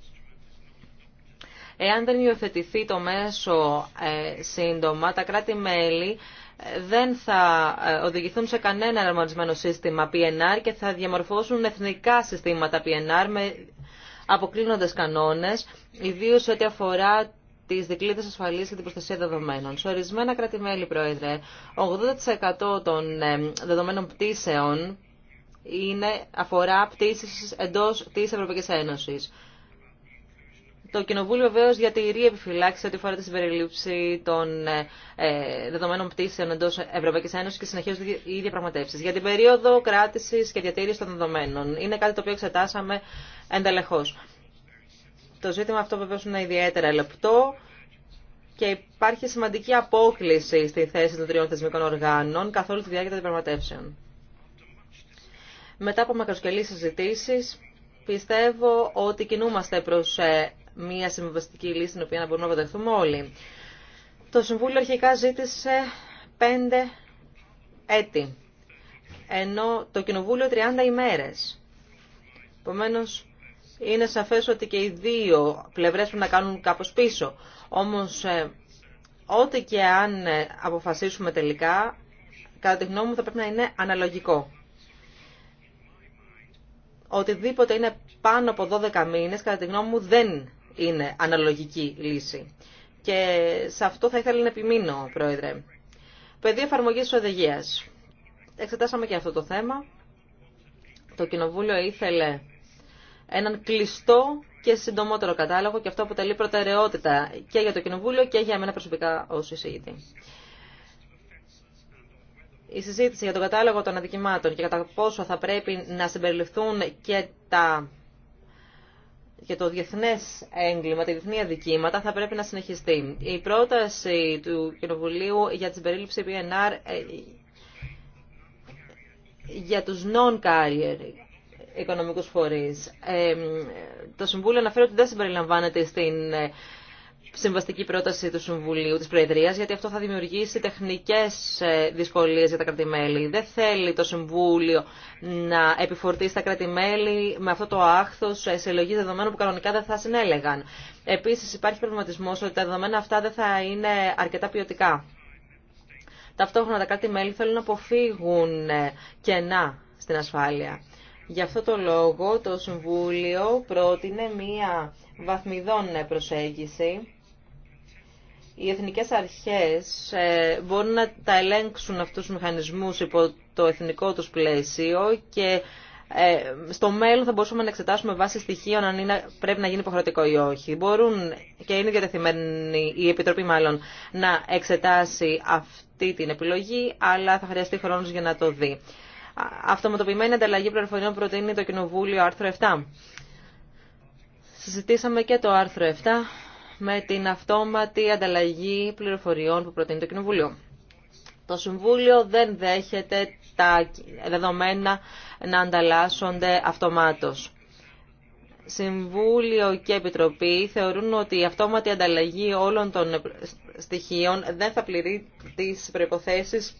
Εάν δεν υιοθετηθεί το μέσο ε, σύντομα, τα κράτη-μέλη ε, δεν θα ε, οδηγηθούν σε κανένα εναρμονισμένο σύστημα PNR και θα διαμορφώσουν εθνικά συστήματα PNR με αποκλίνοντες κανόνες, ιδίως ό,τι αφορά τις δικλείδες ασφαλίσεις και την προστασία δεδομένων. Σε ορισμένα κράτη-μέλη, Πρόεδρε, 80% των δεδομένων πτήσεων είναι, αφορά πτήσεις εντός της Ευρωπαϊκής Ένωσης. Το Κοινοβούλιο βεβαίω διατηρεί επιφυλάξει ό,τι αφορά τη συμπεριλήψη των ε, ε, δεδομένων πτήσεων εντό Ευρωπαϊκή Ένωση και συνεχίζονται οι διαπραγματεύσει. Για την περίοδο κράτηση και διατήρηση των δεδομένων. Είναι κάτι το οποίο εξετάσαμε εντελεχώ. Το ζήτημα αυτό βεβαίω είναι ιδιαίτερα λεπτό και υπάρχει σημαντική απόκληση στη θέση των τριών θεσμικών οργάνων καθ' όλη τη διάρκεια των διαπραγματεύσεων. Μετά από μακροσκελείς συζητήσει, πιστεύω ότι κινούμαστε προς ε, μια συμβαστική λύση στην οποία να μπορούμε να αποτεχθούμε όλοι. Το Συμβούλιο αρχικά ζήτησε πέντε έτη, ενώ το Κοινοβούλιο 30 ημέρες. Επομένω, είναι σαφές ότι και οι δύο πλευρές πρέπει να κάνουν κάπως πίσω. Όμως, ε, ό,τι και αν ε, αποφασίσουμε τελικά, κατά τη γνώμη μου θα πρέπει να είναι αναλογικό. Οτιδήποτε είναι πάνω από 12 μήνες, κατά τη γνώμη μου δεν είναι αναλογική λύση. Και σε αυτό θα ήθελα να επιμείνω, Πρόεδρε. Πεδίο εφαρμογή οδηγία. Εξετάσαμε και αυτό το θέμα. Το Κοινοβούλιο ήθελε έναν κλειστό και συντομότερο κατάλογο και αυτό αποτελεί προτεραιότητα και για το Κοινοβούλιο και για μένα προσωπικά ως εισηγητή. Η συζήτηση για τον κατάλογο των αδικημάτων και κατά πόσο θα πρέπει να συμπεριληφθούν και τα για το διεθνέ έγκλημα, τα διεθνή αδικήματα θα πρέπει να συνεχιστεί. Η πρόταση του Κοινοβουλίου για την συμπερίληψη PNR ε, για τους non-carrier οικονομικούς φορείς. Ε, το Συμβούλιο αναφέρει ότι δεν συμπεριλαμβάνεται στην ε, συμβαστική πρόταση του Συμβουλίου της Προεδρίας, γιατί αυτό θα δημιουργήσει τεχνικές ε, δυσκολίες για τα κρατημέλη. Δεν θέλει το Συμβούλιο να επιφορτήσει τα κρατημέλη με αυτό το άχθος ε, συλλογή δεδομένων που κανονικά δεν θα συνέλεγαν. Επίσης υπάρχει προβληματισμός ότι τα δεδομένα αυτά δεν θα είναι αρκετά ποιοτικά. Ταυτόχρονα τα κράτη-μέλη θέλουν να αποφύγουν ε, κενά στην ασφάλεια. Γι' αυτό το λόγο το Συμβούλιο πρότεινε μία βαθμιδών προσέγγιση οι εθνικές αρχές ε, μπορούν να τα ελέγξουν αυτούς τους μηχανισμούς υπό το εθνικό τους πλαίσιο και ε, στο μέλλον θα μπορούσαμε να εξετάσουμε βάση στοιχείων αν είναι, πρέπει να γίνει υποχρεωτικό ή όχι. Μπορούν και είναι διατεθειμένοι η Επιτροπή μάλλον να εξετάσει αυτή την επιλογή, αλλά θα χρειαστεί χρόνο για να το δει. Αυτοματοποιημένη ανταλλαγή πληροφοριών προτείνει το Κοινοβούλιο άρθρο 7. Συζητήσαμε και το άρθρο 7 με την αυτόματη ανταλλαγή πληροφοριών που προτείνει το Κοινοβούλιο. Το Συμβούλιο δεν δέχεται τα δεδομένα να ανταλλάσσονται αυτομάτως. Συμβούλιο και Επιτροπή θεωρούν ότι η αυτόματη ανταλλαγή όλων των στοιχείων δεν θα πληρεί τις προϋποθέσεις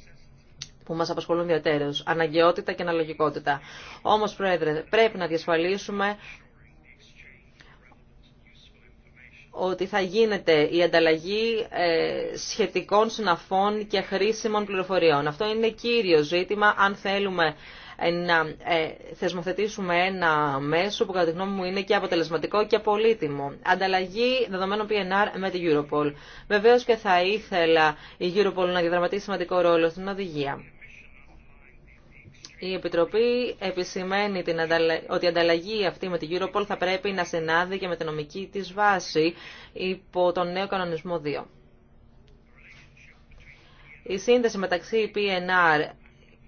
που μας απασχολούν ιδιαίτερως, αναγκαιότητα και αναλογικότητα. Όμως, Πρόεδρε, πρέπει να διασφαλίσουμε ότι θα γίνεται η ανταλλαγή ε, σχετικών συναφών και χρήσιμων πληροφοριών. Αυτό είναι κύριο ζήτημα αν θέλουμε να ε, θεσμοθετήσουμε ένα μέσο που κατά τη γνώμη μου είναι και αποτελεσματικό και πολύτιμο. Ανταλλαγή δεδομένων PNR με την Europol. Βεβαίως και θα ήθελα η Europol να διαδραματίσει σημαντικό ρόλο στην οδηγία. Η Επιτροπή επισημαίνει την ότι η ανταλλαγή αυτή με την Europol θα πρέπει να συνάδει και με την νομική της βάση υπό τον νέο κανονισμό 2. Η σύνδεση μεταξύ PNR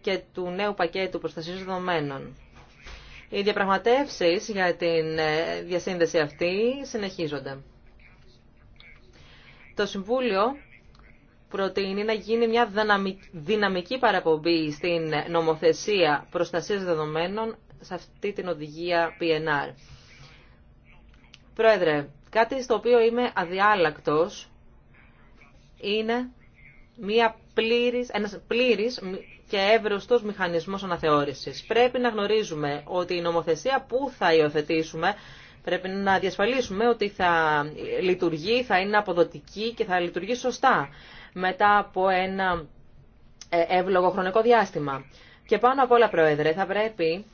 και του νέου πακέτου προστασίας δεδομένων. Οι διαπραγματεύσεις για τη ε, διασύνδεση αυτή συνεχίζονται. Το Συμβούλιο προτείνει να γίνει μια δυναμική παραπομπή στην νομοθεσία προστασίας δεδομένων σε αυτή την οδηγία PNR. Πρόεδρε, κάτι στο οποίο είμαι αδιάλακτος είναι μια πλήρης, ένας πλήρης και εύρωστος μηχανισμός αναθεώρησης. Πρέπει να γνωρίζουμε ότι η νομοθεσία που θα υιοθετήσουμε πρέπει να διασφαλίσουμε ότι θα λειτουργεί, θα είναι αποδοτική και θα λειτουργεί σωστά μετά από ένα ε, εύλογο χρονικό διάστημα. Και πάνω απ' όλα, Πρόεδρε, θα πρέπει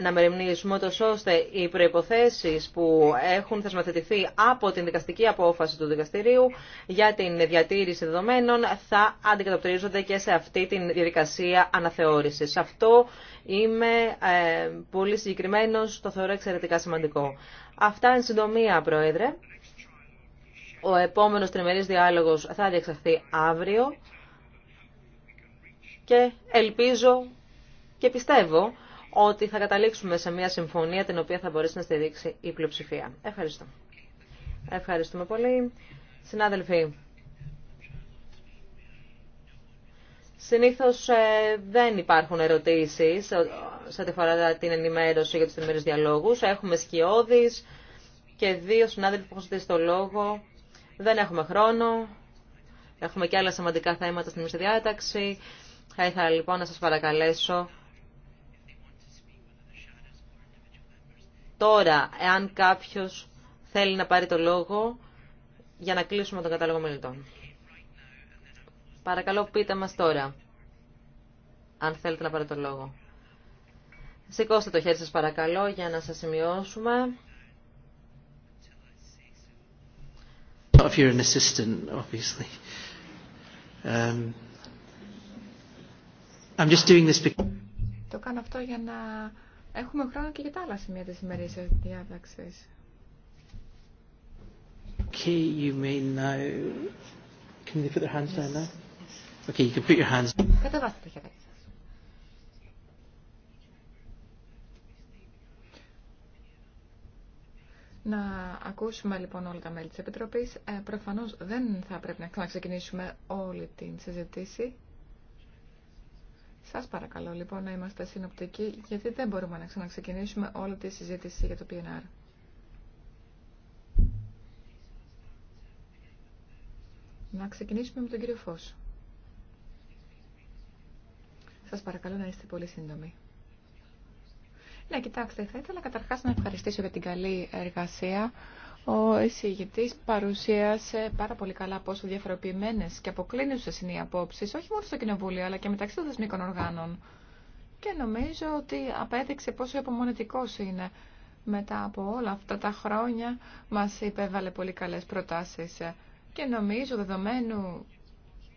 να μεριμνήσουμε ώστε οι προϋποθέσεις που έχουν θεσμοθετηθεί από την δικαστική απόφαση του δικαστηρίου για την διατήρηση δεδομένων θα αντικατοπτρίζονται και σε αυτή τη διαδικασία αναθεώρησης. Αυτό είμαι ε, πολύ συγκεκριμένος, το θεωρώ εξαιρετικά σημαντικό. Αυτά εν συντομία, Πρόεδρε. Ο επόμενος τριμερής διάλογος θα διεξαχθεί αύριο και ελπίζω και πιστεύω ότι θα καταλήξουμε σε μια συμφωνία την οποία θα μπορέσει να στηρίξει η πλειοψηφία. Ευχαριστώ. Ευχαριστούμε πολύ. Συνάδελφοι, συνήθως ε, δεν υπάρχουν ερωτήσεις σε ό,τι φορά την ενημέρωση για τους τριμερείς διαλόγους. Έχουμε σκιώδεις και δύο συνάδελφοι που έχουν ζητήσει το λόγο. Δεν έχουμε χρόνο. Έχουμε και άλλα σημαντικά θέματα στην διάταξη. Θα ήθελα λοιπόν να σας παρακαλέσω τώρα, εάν κάποιος θέλει να πάρει το λόγο για να κλείσουμε τον κατάλογο μελητών. Παρακαλώ πείτε μας τώρα, αν θέλετε να πάρετε το λόγο. Σηκώστε το χέρι σας παρακαλώ για να σας σημειώσουμε. Not if you're an assistant, obviously. Um, I'm just doing this because... Το κάνω αυτό για να έχουμε χρόνο και για τα άλλα σημεία της ημερής διάταξης. Okay, you may now... Can they put their hands yes. down now? Yes. Okay, you can put your hands Κατεβάστε τα χέρια. Να ακούσουμε λοιπόν όλα τα μέλη της Επιτροπής. Ε, προφανώς δεν θα πρέπει να ξαναξεκινήσουμε όλη την συζήτηση. Σας παρακαλώ λοιπόν να είμαστε συνοπτικοί, γιατί δεν μπορούμε να ξαναξεκινήσουμε όλη τη συζήτηση για το PNR. Να ξεκινήσουμε με τον κύριο Φως. Σας παρακαλώ να είστε πολύ σύντομοι. Ναι, κοιτάξτε, θα ήθελα καταρχά να ευχαριστήσω για την καλή εργασία. Ο εισηγητή παρουσίασε πάρα πολύ καλά πόσο διαφοροποιημένε και αποκλίνουσε είναι οι απόψει, όχι μόνο στο Κοινοβούλιο, αλλά και μεταξύ των δεσμικών οργάνων. Και νομίζω ότι απέδειξε πόσο απομονετικό είναι. Μετά από όλα αυτά τα χρόνια μα υπέβαλε πολύ καλέ προτάσει. Και νομίζω δεδομένου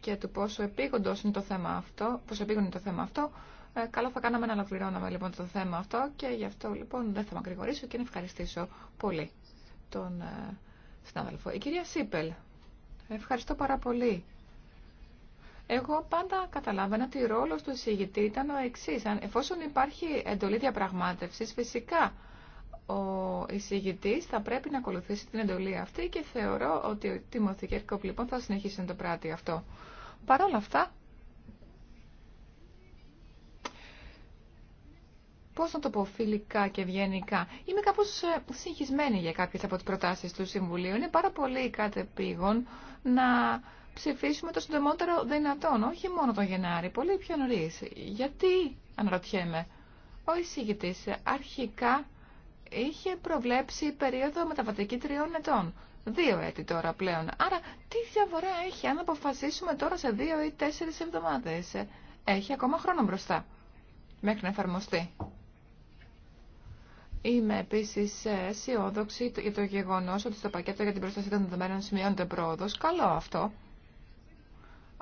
και του πόσο επίγοντο είναι το θέμα αυτό, πόσο επίγοντο είναι το θέμα αυτό, ε, καλό θα κάναμε να ολοκληρώναμε λοιπόν το θέμα αυτό και γι' αυτό λοιπόν δεν θα μακρηγορήσω και να ευχαριστήσω πολύ τον ε, συνάδελφο. Η κυρία Σίπελ, ευχαριστώ πάρα πολύ. Εγώ πάντα καταλάβαινα ότι ρόλος του εισηγητή ήταν ο εξή. Εφόσον υπάρχει εντολή διαπραγμάτευσης, φυσικά ο εισηγητή θα πρέπει να ακολουθήσει την εντολή αυτή και θεωρώ ότι ο Τιμωθή λοιπόν θα συνεχίσει να το πράττει αυτό. Παρ' όλα αυτά, πώς να το πω, φιλικά και ευγενικά. Είμαι κάπως ε, συγχυσμένη για κάποιες από τις προτάσεις του Συμβουλίου. Είναι πάρα πολύ κατεπήγον να ψηφίσουμε το συντομότερο δυνατόν, όχι μόνο τον Γενάρη, πολύ πιο νωρί. Γιατί, αναρωτιέμαι, ο εισηγητής αρχικά είχε προβλέψει περίοδο μεταβατική τριών ετών. Δύο έτη τώρα πλέον. Άρα τι διαφορά έχει αν αποφασίσουμε τώρα σε δύο ή τέσσερις εβδομάδες. Έχει ακόμα χρόνο μπροστά μέχρι να εφαρμοστεί. Είμαι επίση αισιόδοξη για το γεγονό ότι στο πακέτο για την προστασία των δεδομένων σημειώνεται πρόοδο. Καλό αυτό.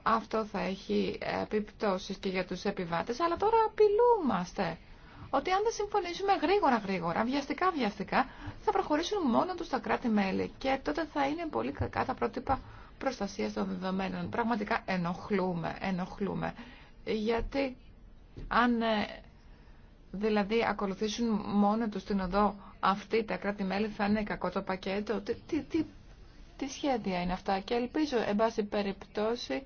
Αυτό θα έχει επιπτώσει και για του επιβάτε, αλλά τώρα απειλούμαστε ότι αν δεν συμφωνήσουμε γρήγορα γρήγορα, βιαστικά βιαστικά, θα προχωρήσουν μόνο του τα κράτη-μέλη και τότε θα είναι πολύ κακά τα πρότυπα προστασία των δεδομένων. Πραγματικά ενοχλούμε, ενοχλούμε. Γιατί αν ε, δηλαδή ακολουθήσουν μόνο τους την οδό αυτή τα κράτη-μέλη θα είναι κακό το πακέτο. Τι, τι, τι, σχέδια είναι αυτά και ελπίζω, εν περιπτώσει,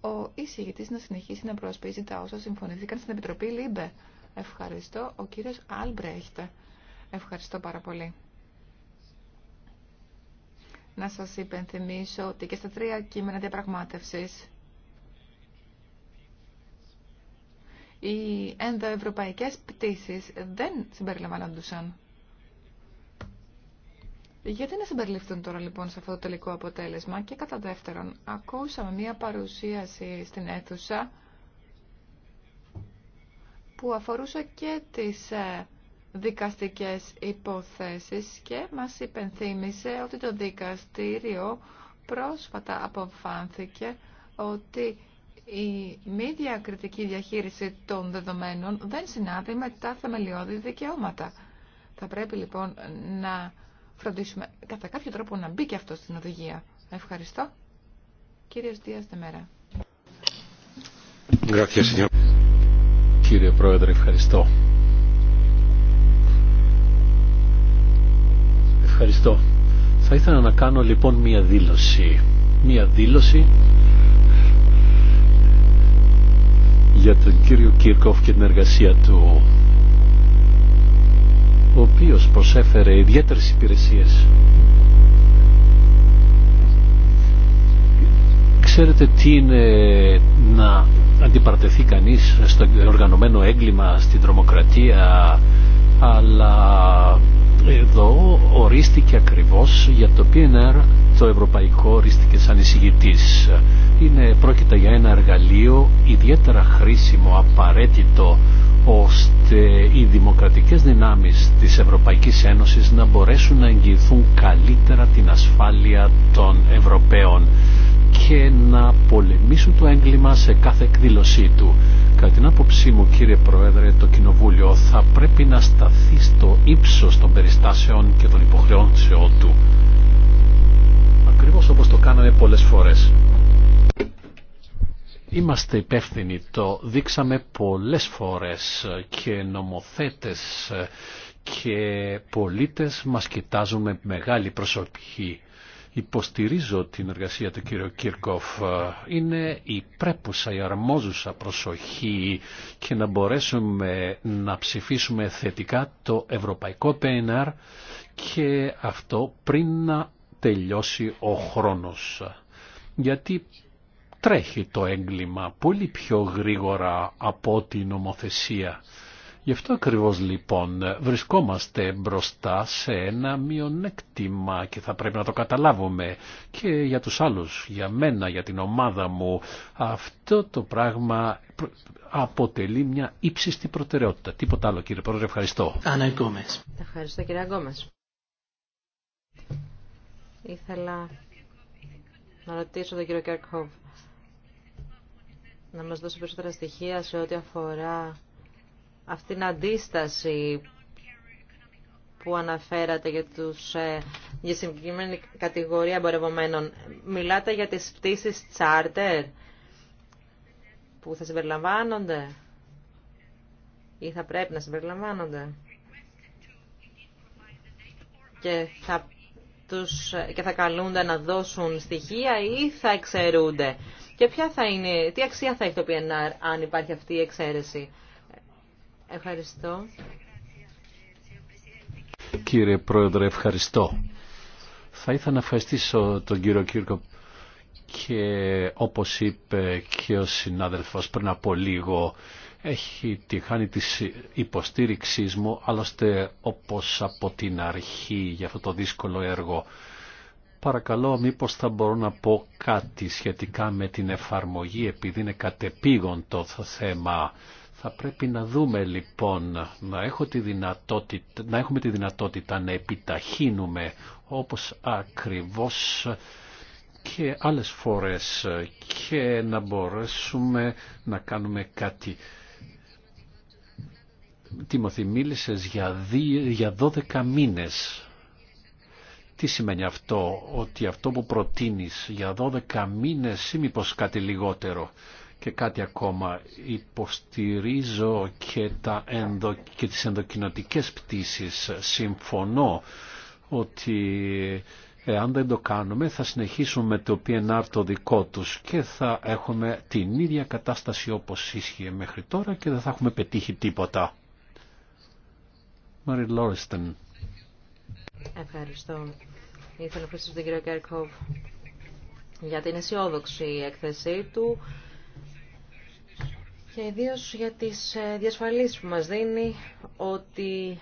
ο εισηγητής να συνεχίσει να προσπίζει τα όσα συμφωνήθηκαν στην Επιτροπή ΛΥΜΠΕ. Ευχαριστώ. Ο κύριος Άλμπρεχτ. Ευχαριστώ πάρα πολύ. Να σας υπενθυμίσω ότι και στα τρία κείμενα διαπραγμάτευσης οι ενδοευρωπαϊκές πτήσεις δεν συμπεριλαμβανόντουσαν. Γιατί να συμπεριληφθούν τώρα λοιπόν σε αυτό το τελικό αποτέλεσμα και κατά δεύτερον, ακούσαμε μία παρουσίαση στην αίθουσα που αφορούσε και τις ε, δικαστικές υποθέσεις και μας υπενθύμησε ότι το δικαστήριο πρόσφατα αποφάνθηκε ότι η μη διακριτική διαχείριση των δεδομένων δεν συνάδει με τα θεμελιώδη δικαιώματα. Θα πρέπει λοιπόν να φροντίσουμε κατά κάποιο τρόπο να μπει και αυτό στην οδηγία. Ευχαριστώ. Στία, Δίας Δεμέρα. Κύριε Πρόεδρε, ευχαριστώ. Ευχαριστώ. Θα ήθελα να κάνω λοιπόν μία δήλωση. Μία δήλωση για τον κύριο Κίρκοφ και την εργασία του ο οποίος προσέφερε ιδιαίτερες υπηρεσίες. Ξέρετε τι είναι να αντιπαρτεθεί κανείς στο οργανωμένο έγκλημα, στην τρομοκρατία, αλλά εδώ ορίστηκε ακριβώς για το PNR το ευρωπαϊκό ορίστηκε σαν εισηγητής είναι, πρόκειται για ένα εργαλείο ιδιαίτερα χρήσιμο, απαραίτητο, ώστε οι δημοκρατικές δυνάμεις της Ευρωπαϊκής Ένωσης να μπορέσουν να εγγυηθούν καλύτερα την ασφάλεια των Ευρωπαίων και να πολεμήσουν το έγκλημα σε κάθε εκδήλωσή του. Κατά την άποψή μου κύριε Πρόεδρε το Κοινοβούλιο θα πρέπει να σταθεί στο ύψος των περιστάσεων και των υποχρεώσεών του. Ακριβώς όπως το κάναμε πολλές φορές. Είμαστε υπεύθυνοι, το δείξαμε πολλές φορές και νομοθέτες και πολίτες μας κοιτάζουν με μεγάλη προσοχή. Υποστηρίζω την εργασία του κύριου Κύρκοφ. Είναι η πρέπουσα, η αρμόζουσα προσοχή και να μπορέσουμε να ψηφίσουμε θετικά το ευρωπαϊκό ΠΕΝΑΡ και αυτό πριν να τελειώσει ο χρόνος. Γιατί τρέχει το έγκλημα πολύ πιο γρήγορα από την νομοθεσία. Γι' αυτό ακριβώς λοιπόν βρισκόμαστε μπροστά σε ένα μειονέκτημα και θα πρέπει να το καταλάβουμε και για τους άλλους, για μένα, για την ομάδα μου. Αυτό το πράγμα αποτελεί μια ύψιστη προτεραιότητα. Τίποτα άλλο κύριε Πρόεδρε, ευχαριστώ. Άννα Ευχαριστώ κύριε Ήθελα να ρωτήσω τον κύριο να μας δώσει περισσότερα στοιχεία σε ό,τι αφορά αυτήν την αντίσταση που αναφέρατε για, τους, ε, για συγκεκριμένη κατηγορία εμπορευομένων. Μιλάτε για τις πτήσεις τσάρτερ που θα συμπεριλαμβάνονται ή θα πρέπει να συμπεριλαμβάνονται και θα, τους, και θα καλούνται να δώσουν στοιχεία ή θα εξαιρούνται. Και ποια θα είναι, τι αξία θα έχει το PNR αν υπάρχει αυτή η εξαίρεση. Ευχαριστώ. Κύριε Πρόεδρε, ευχαριστώ. Θα ήθελα να ευχαριστήσω τον κύριο Κύρκο και όπως είπε και ο συνάδελφος πριν από λίγο έχει τη χάνει της υποστήριξής μου άλλωστε όπως από την αρχή για αυτό το δύσκολο έργο Παρακαλώ μήπως θα μπορώ να πω κάτι σχετικά με την εφαρμογή επειδή είναι κατεπήγον το θέμα. Θα πρέπει να δούμε λοιπόν να, έχω τη δυνατότητα, να έχουμε τη δυνατότητα να επιταχύνουμε όπως ακριβώς και άλλες φορές και να μπορέσουμε να κάνουμε κάτι. Τιμωθή μίλησες για 12 μήνες τι σημαίνει αυτό, ότι αυτό που προτείνεις για 12 μήνες ή μήπως κάτι λιγότερο και κάτι ακόμα υποστηρίζω και, τα ενδο, και τις ενδοκινοτικές πτήσεις. Συμφωνώ ότι ε, αν δεν το κάνουμε θα συνεχίσουμε με το PNR το δικό τους και θα έχουμε την ίδια κατάσταση όπως ίσχυε μέχρι τώρα και δεν θα έχουμε πετύχει τίποτα. Ευχαριστώ. Ήθελα να ευχαριστήσω τον κύριο Κέρκοβ για την αισιόδοξη έκθεσή του και ιδίω για τις ε, διασφαλίσεις που μας δίνει ότι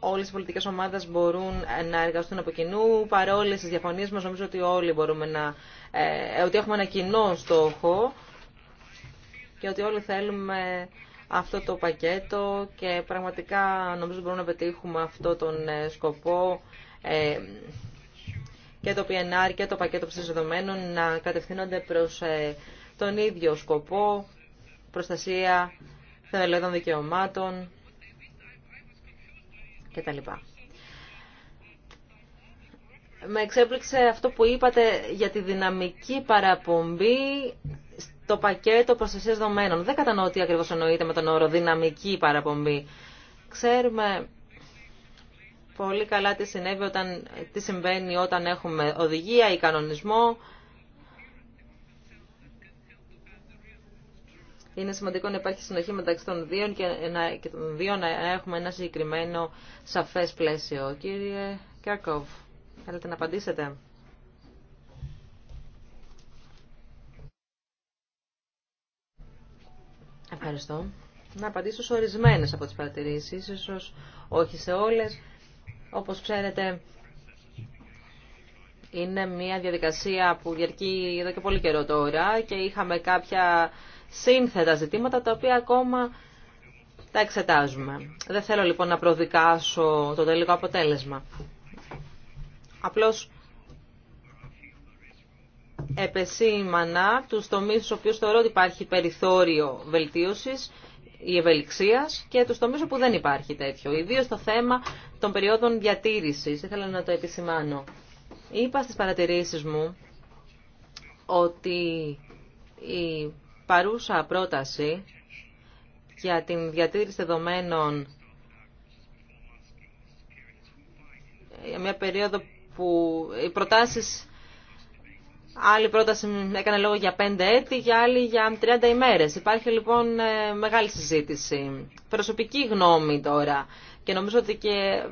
όλες οι πολιτικές ομάδες μπορούν ε, να εργαστούν από κοινού. Παρόλε τι διαφωνίες μας νομίζω ότι όλοι μπορούμε να... Ε, ότι έχουμε ένα κοινό στόχο και ότι όλοι θέλουμε αυτό το πακέτο και πραγματικά νομίζω μπορούμε να πετύχουμε αυτό τον ε, σκοπό ε, και το PNR και το πακέτο ψήσεων να κατευθύνονται προς ε, τον ίδιο σκοπό, προστασία θεμελιωδών δικαιωμάτων κτλ. Με εξέπληξε αυτό που είπατε για τη δυναμική παραπομπή το πακέτο προστασία δομένων. Δεν κατανοώ τι ακριβώς εννοείται με τον όρο δυναμική παραπομπή. Ξέρουμε πολύ καλά τι, συνέβη όταν, τι συμβαίνει όταν έχουμε οδηγία ή κανονισμό. Είναι σημαντικό να υπάρχει συνοχή μεταξύ των δύο και, να, και των δύο να έχουμε ένα συγκεκριμένο σαφές πλαίσιο. Κύριε Κάκοβ, θέλετε να απαντήσετε. Ευχαριστώ. Να απαντήσω σε ορισμένες από τις παρατηρήσεις, ίσως όχι σε όλες. Όπως ξέρετε, είναι μια διαδικασία που διαρκεί εδώ και πολύ καιρό τώρα και είχαμε κάποια σύνθετα ζητήματα τα οποία ακόμα τα εξετάζουμε. Δεν θέλω λοιπόν να προδικάσω το τελικό αποτέλεσμα. Απλώς επεσήμανα του τομείς στους οποίους θεωρώ ότι υπάρχει περιθώριο βελτίωσης ή ευελιξίας και του τομείς όπου δεν υπάρχει τέτοιο. Ιδίω το θέμα των περιόδων διατήρησης. Ήθελα να το επισημάνω. Είπα στις παρατηρήσεις μου ότι η παρούσα πρόταση για την διατήρηση δεδομένων για μια περίοδο που οι προτάσεις Άλλη πρόταση έκανε λόγο για 5 έτη, για άλλη για 30 ημέρες. Υπάρχει λοιπόν ε, μεγάλη συζήτηση. Προσωπική γνώμη τώρα. Και νομίζω ότι και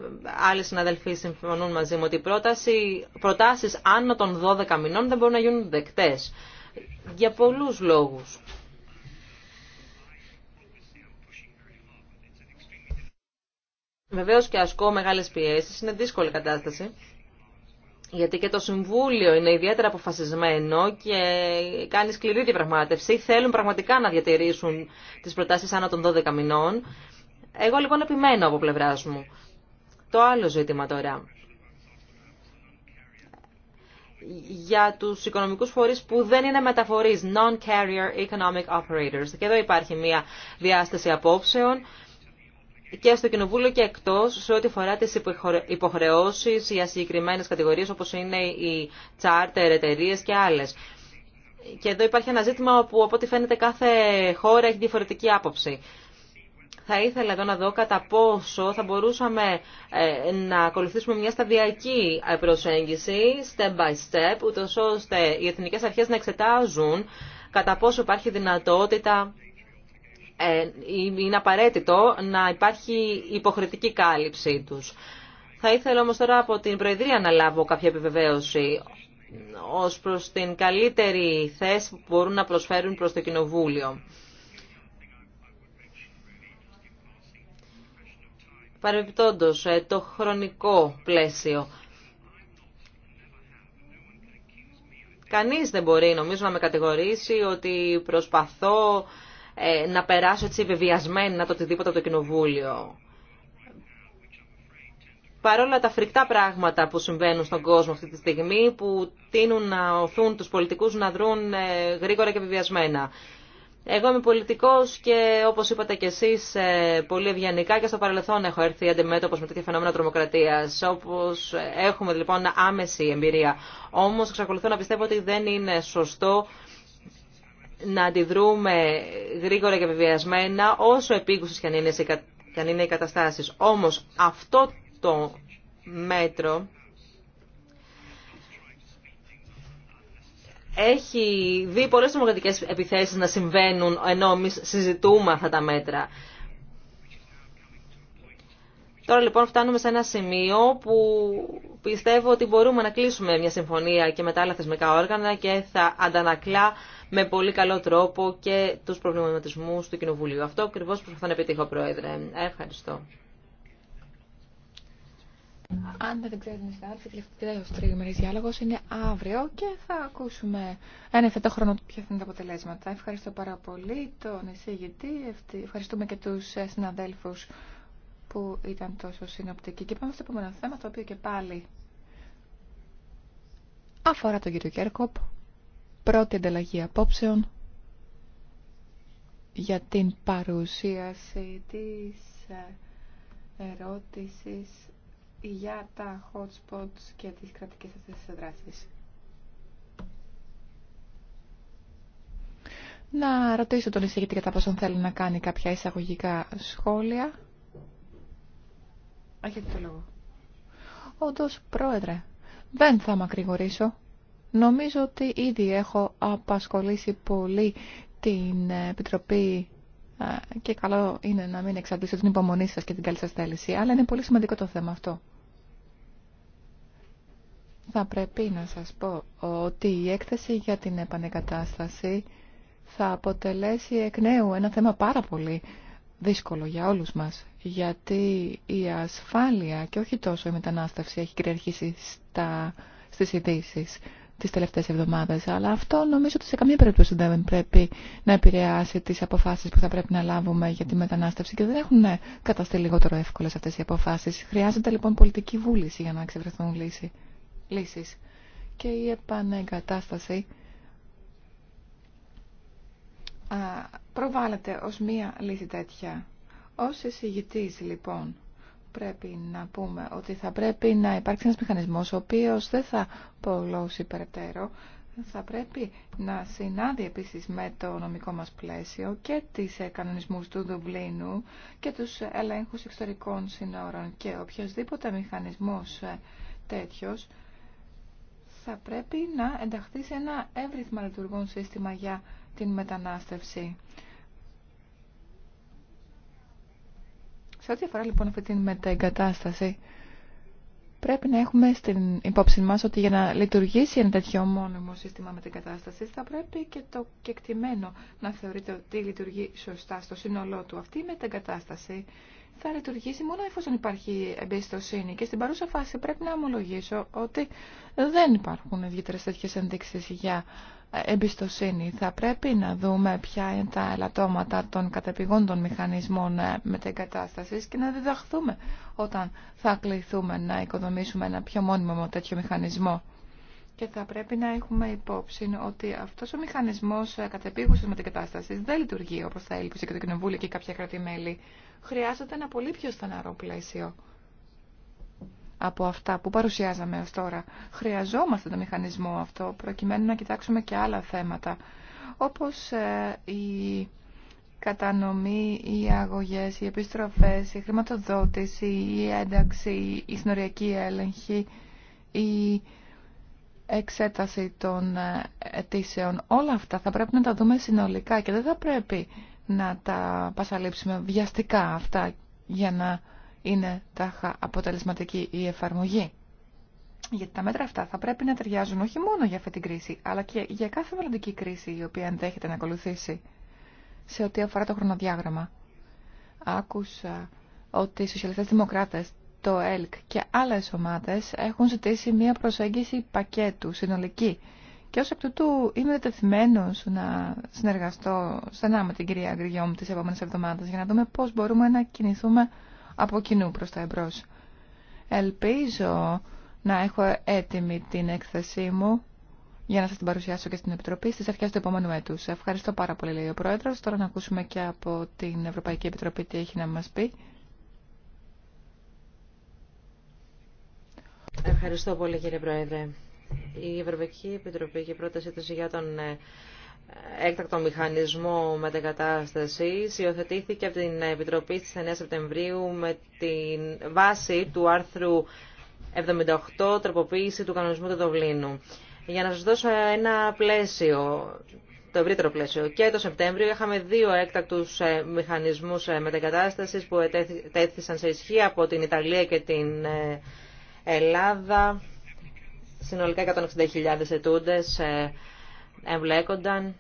άλλοι συναδελφοί συμφωνούν μαζί μου ότι οι πρόταση, προτάσεις άνω των 12 μηνών δεν μπορούν να γίνουν δεκτές. Για πολλούς λόγους. Βεβαίως και ασκώ μεγάλες πιέσεις. Είναι δύσκολη κατάσταση γιατί και το Συμβούλιο είναι ιδιαίτερα αποφασισμένο και κάνει σκληρή διαπραγμάτευση. Θέλουν πραγματικά να διατηρήσουν τις προτάσεις άνω των 12 μηνών. Εγώ λοιπόν επιμένω από πλευρά μου. Το άλλο ζήτημα τώρα. Για τους οικονομικούς φορείς που δεν είναι μεταφορείς, non-carrier economic operators. Και εδώ υπάρχει μια διάσταση απόψεων και στο Κοινοβούλιο και εκτό σε ό,τι αφορά τι υποχρεώσεις για συγκεκριμένε κατηγορίες όπως είναι οι τσάρτερ εταιρείε και άλλες. Και εδώ υπάρχει ένα ζήτημα όπου από ό,τι φαίνεται κάθε χώρα έχει διαφορετική άποψη. Θα ήθελα εδώ να δω κατά πόσο θα μπορούσαμε ε, να ακολουθήσουμε μια σταδιακή ε, προσέγγιση, step by step, ούτως ώστε οι εθνικές αρχές να εξετάζουν κατά πόσο υπάρχει δυνατότητα ε, είναι απαραίτητο να υπάρχει υποχρετική κάλυψή τους. Θα ήθελα όμως τώρα από την Προεδρία να λάβω κάποια επιβεβαίωση ως προς την καλύτερη θέση που μπορούν να προσφέρουν προς το Κοινοβούλιο. Παρεμπιπτόντως, ε, το χρονικό πλαίσιο. Κανείς δεν μπορεί νομίζω να με κατηγορήσει ότι προσπαθώ ε, να περάσω έτσι να το οτιδήποτε από το Κοινοβούλιο. Παρόλα τα φρικτά πράγματα που συμβαίνουν στον κόσμο αυτή τη στιγμή, που τείνουν να οθούν τους πολιτικούς να δρουν ε, γρήγορα και βεβαιασμένα. Εγώ είμαι πολιτικός και όπως είπατε και εσείς ε, πολύ ευγενικά και στο παρελθόν έχω έρθει αντιμέτωπος με τέτοια φαινόμενα τρομοκρατίας όπως έχουμε λοιπόν άμεση εμπειρία. Όμως εξακολουθώ να πιστεύω ότι δεν είναι σωστό να αντιδρούμε γρήγορα και βεβαιασμένα όσο επίγουσες και αν είναι, σε, και οι καταστάσεις. Όμως αυτό το μέτρο έχει δει πολλές δημοκρατικές επιθέσεις να συμβαίνουν ενώ εμεί συζητούμε αυτά τα μέτρα. Τώρα λοιπόν φτάνουμε σε ένα σημείο που πιστεύω ότι μπορούμε να κλείσουμε μια συμφωνία και με τα άλλα θεσμικά όργανα και θα αντανακλά με πολύ καλό τρόπο και τους προβληματισμούς του Κοινοβουλίου. Αυτό ακριβώς προσπαθώ να επιτύχω, Πρόεδρε. Ευχαριστώ. Αν δεν ξέρετε, η τελευταία τρίγμερη διάλογο είναι αύριο και θα ακούσουμε ένα ευθετό χρόνο ποια θα είναι τα αποτελέσματα. Ευχαριστώ πάρα πολύ τον εισηγητή. Ευχαριστούμε και του ε, συναδέλφου που ήταν τόσο συνοπτικοί. Και πάμε στο επόμενο θέμα, το οποίο και πάλι αφορά τον κύριο Κέρκοπ πρώτη ανταλλαγή απόψεων για την παρουσίαση της ε, ερώτησης για τα hotspots και τις κρατικές αυτές δράσεις. Να ρωτήσω τον εισηγητή κατά πόσον θέλει να κάνει κάποια εισαγωγικά σχόλια. Έχετε το λόγο. Όντως, πρόεδρε, δεν θα μακρηγορήσω. Νομίζω ότι ήδη έχω απασχολήσει πολύ την Επιτροπή και καλό είναι να μην εξαντλήσω την υπομονή σας και την καλή σας θέληση, αλλά είναι πολύ σημαντικό το θέμα αυτό. Θα πρέπει να σας πω ότι η έκθεση για την επανεκατάσταση θα αποτελέσει εκ νέου ένα θέμα πάρα πολύ δύσκολο για όλους μας, γιατί η ασφάλεια και όχι τόσο η μετανάστευση έχει κυριαρχήσει στα, στις ειδήσει τις τελευταίες εβδομάδες. Αλλά αυτό νομίζω ότι σε καμία περίπτωση δεν πρέπει να επηρεάσει τις αποφάσεις που θα πρέπει να λάβουμε για τη μετανάστευση και δεν έχουν ναι, καταστεί λιγότερο εύκολες αυτές οι αποφάσεις. Χρειάζεται λοιπόν πολιτική βούληση για να εξευρεθούν λύση, λύσεις. Και η επανεγκατάσταση προβάλλεται ως μία λύση τέτοια. Ως εισηγητής λοιπόν πρέπει να πούμε ότι θα πρέπει να υπάρξει ένας μηχανισμός ο οποίος δεν θα πολλώσει περαιτέρω, θα πρέπει να συνάδει επίσης με το νομικό μας πλαίσιο και τις ε, κανονισμούς του Δουβλίνου και τους ελέγχους εξωτερικών συνόρων και οποιοδήποτε μηχανισμός ε, τέτοιος θα πρέπει να ενταχθεί σε ένα εύρυθμα λειτουργών σύστημα για την μετανάστευση. Σε ό,τι αφορά λοιπόν αυτή την μεταεγκατάσταση, πρέπει να έχουμε στην υπόψη μας ότι για να λειτουργήσει ένα τέτοιο μόνιμο σύστημα μετεγκατάστασης θα πρέπει και το κεκτημένο να θεωρείται ότι λειτουργεί σωστά στο σύνολό του. Αυτή η μετεγκατάσταση θα λειτουργήσει μόνο εφόσον υπάρχει εμπιστοσύνη και στην παρούσα φάση πρέπει να ομολογήσω ότι δεν υπάρχουν ιδιαίτερε τέτοιε ενδείξει για εμπιστοσύνη. Θα πρέπει να δούμε ποια είναι τα ελαττώματα των κατεπηγών των μηχανισμών ε, μετεγκατάστασης και να διδαχθούμε όταν θα κληθούμε να οικοδομήσουμε ένα πιο μόνιμο τέτοιο μηχανισμό. Και θα πρέπει να έχουμε υπόψη ότι αυτός ο μηχανισμός ε, κατεπήγουσης κατάσταση δεν λειτουργεί όπως θα έλειψε και το Κοινοβούλιο και κάποια κρατημέλη. Χρειάζεται ένα πολύ πιο στεναρό πλαίσιο από αυτά που παρουσιάζαμε ως τώρα. Χρειαζόμαστε το μηχανισμό αυτό προκειμένου να κοιτάξουμε και άλλα θέματα όπως ε, η κατανομή, οι αγωγές, οι επιστροφές, η χρηματοδότηση, η ένταξη, η συνοριακή έλεγχη, η εξέταση των ε, αιτήσεων. Όλα αυτά θα πρέπει να τα δούμε συνολικά και δεν θα πρέπει να τα πασαλείψουμε βιαστικά αυτά για να είναι τάχα αποτελεσματική η εφαρμογή. Γιατί τα μέτρα αυτά θα πρέπει να ταιριάζουν όχι μόνο για αυτή την κρίση, αλλά και για κάθε μελλοντική κρίση η οποία ενδέχεται να ακολουθήσει σε ό,τι αφορά το χρονοδιάγραμμα. Άκουσα ότι οι σοσιαλιστές δημοκράτες, το ΕΛΚ και άλλες ομάδες έχουν ζητήσει μία προσέγγιση πακέτου συνολική. Και ως εκ τούτου είμαι να συνεργαστώ στενά με την κυρία Γκριγιόμ τις επόμενες εβδομάδες για να δούμε πώς μπορούμε να κινηθούμε από κοινού προς τα εμπρός. Ελπίζω να έχω έτοιμη την έκθεσή μου για να σας την παρουσιάσω και στην Επιτροπή στις αρχές του επόμενου έτους. Ευχαριστώ πάρα πολύ, λέει ο Πρόεδρος. Τώρα να ακούσουμε και από την Ευρωπαϊκή Επιτροπή τι έχει να μας πει. Ευχαριστώ πολύ, κύριε Πρόεδρε. Η Ευρωπαϊκή Επιτροπή και η πρότασή του για τον ε, έκτακτο μηχανισμό μετακατάστασης υιοθετήθηκε από την Επιτροπή στις 9 Σεπτεμβρίου με τη βάση του άρθρου 78 τροποποίηση του κανονισμού του Δοβλίνου. Για να σας δώσω ένα πλαίσιο, το ευρύτερο πλαίσιο. Και το Σεπτέμβριο είχαμε δύο έκτακτους ε, μηχανισμούς ε, μετακατάστασης που τέθησαν σε ισχύ από την Ιταλία και την ε, Ελλάδα. Συνολικά 160.000 ετούντες εμπλέκονταν.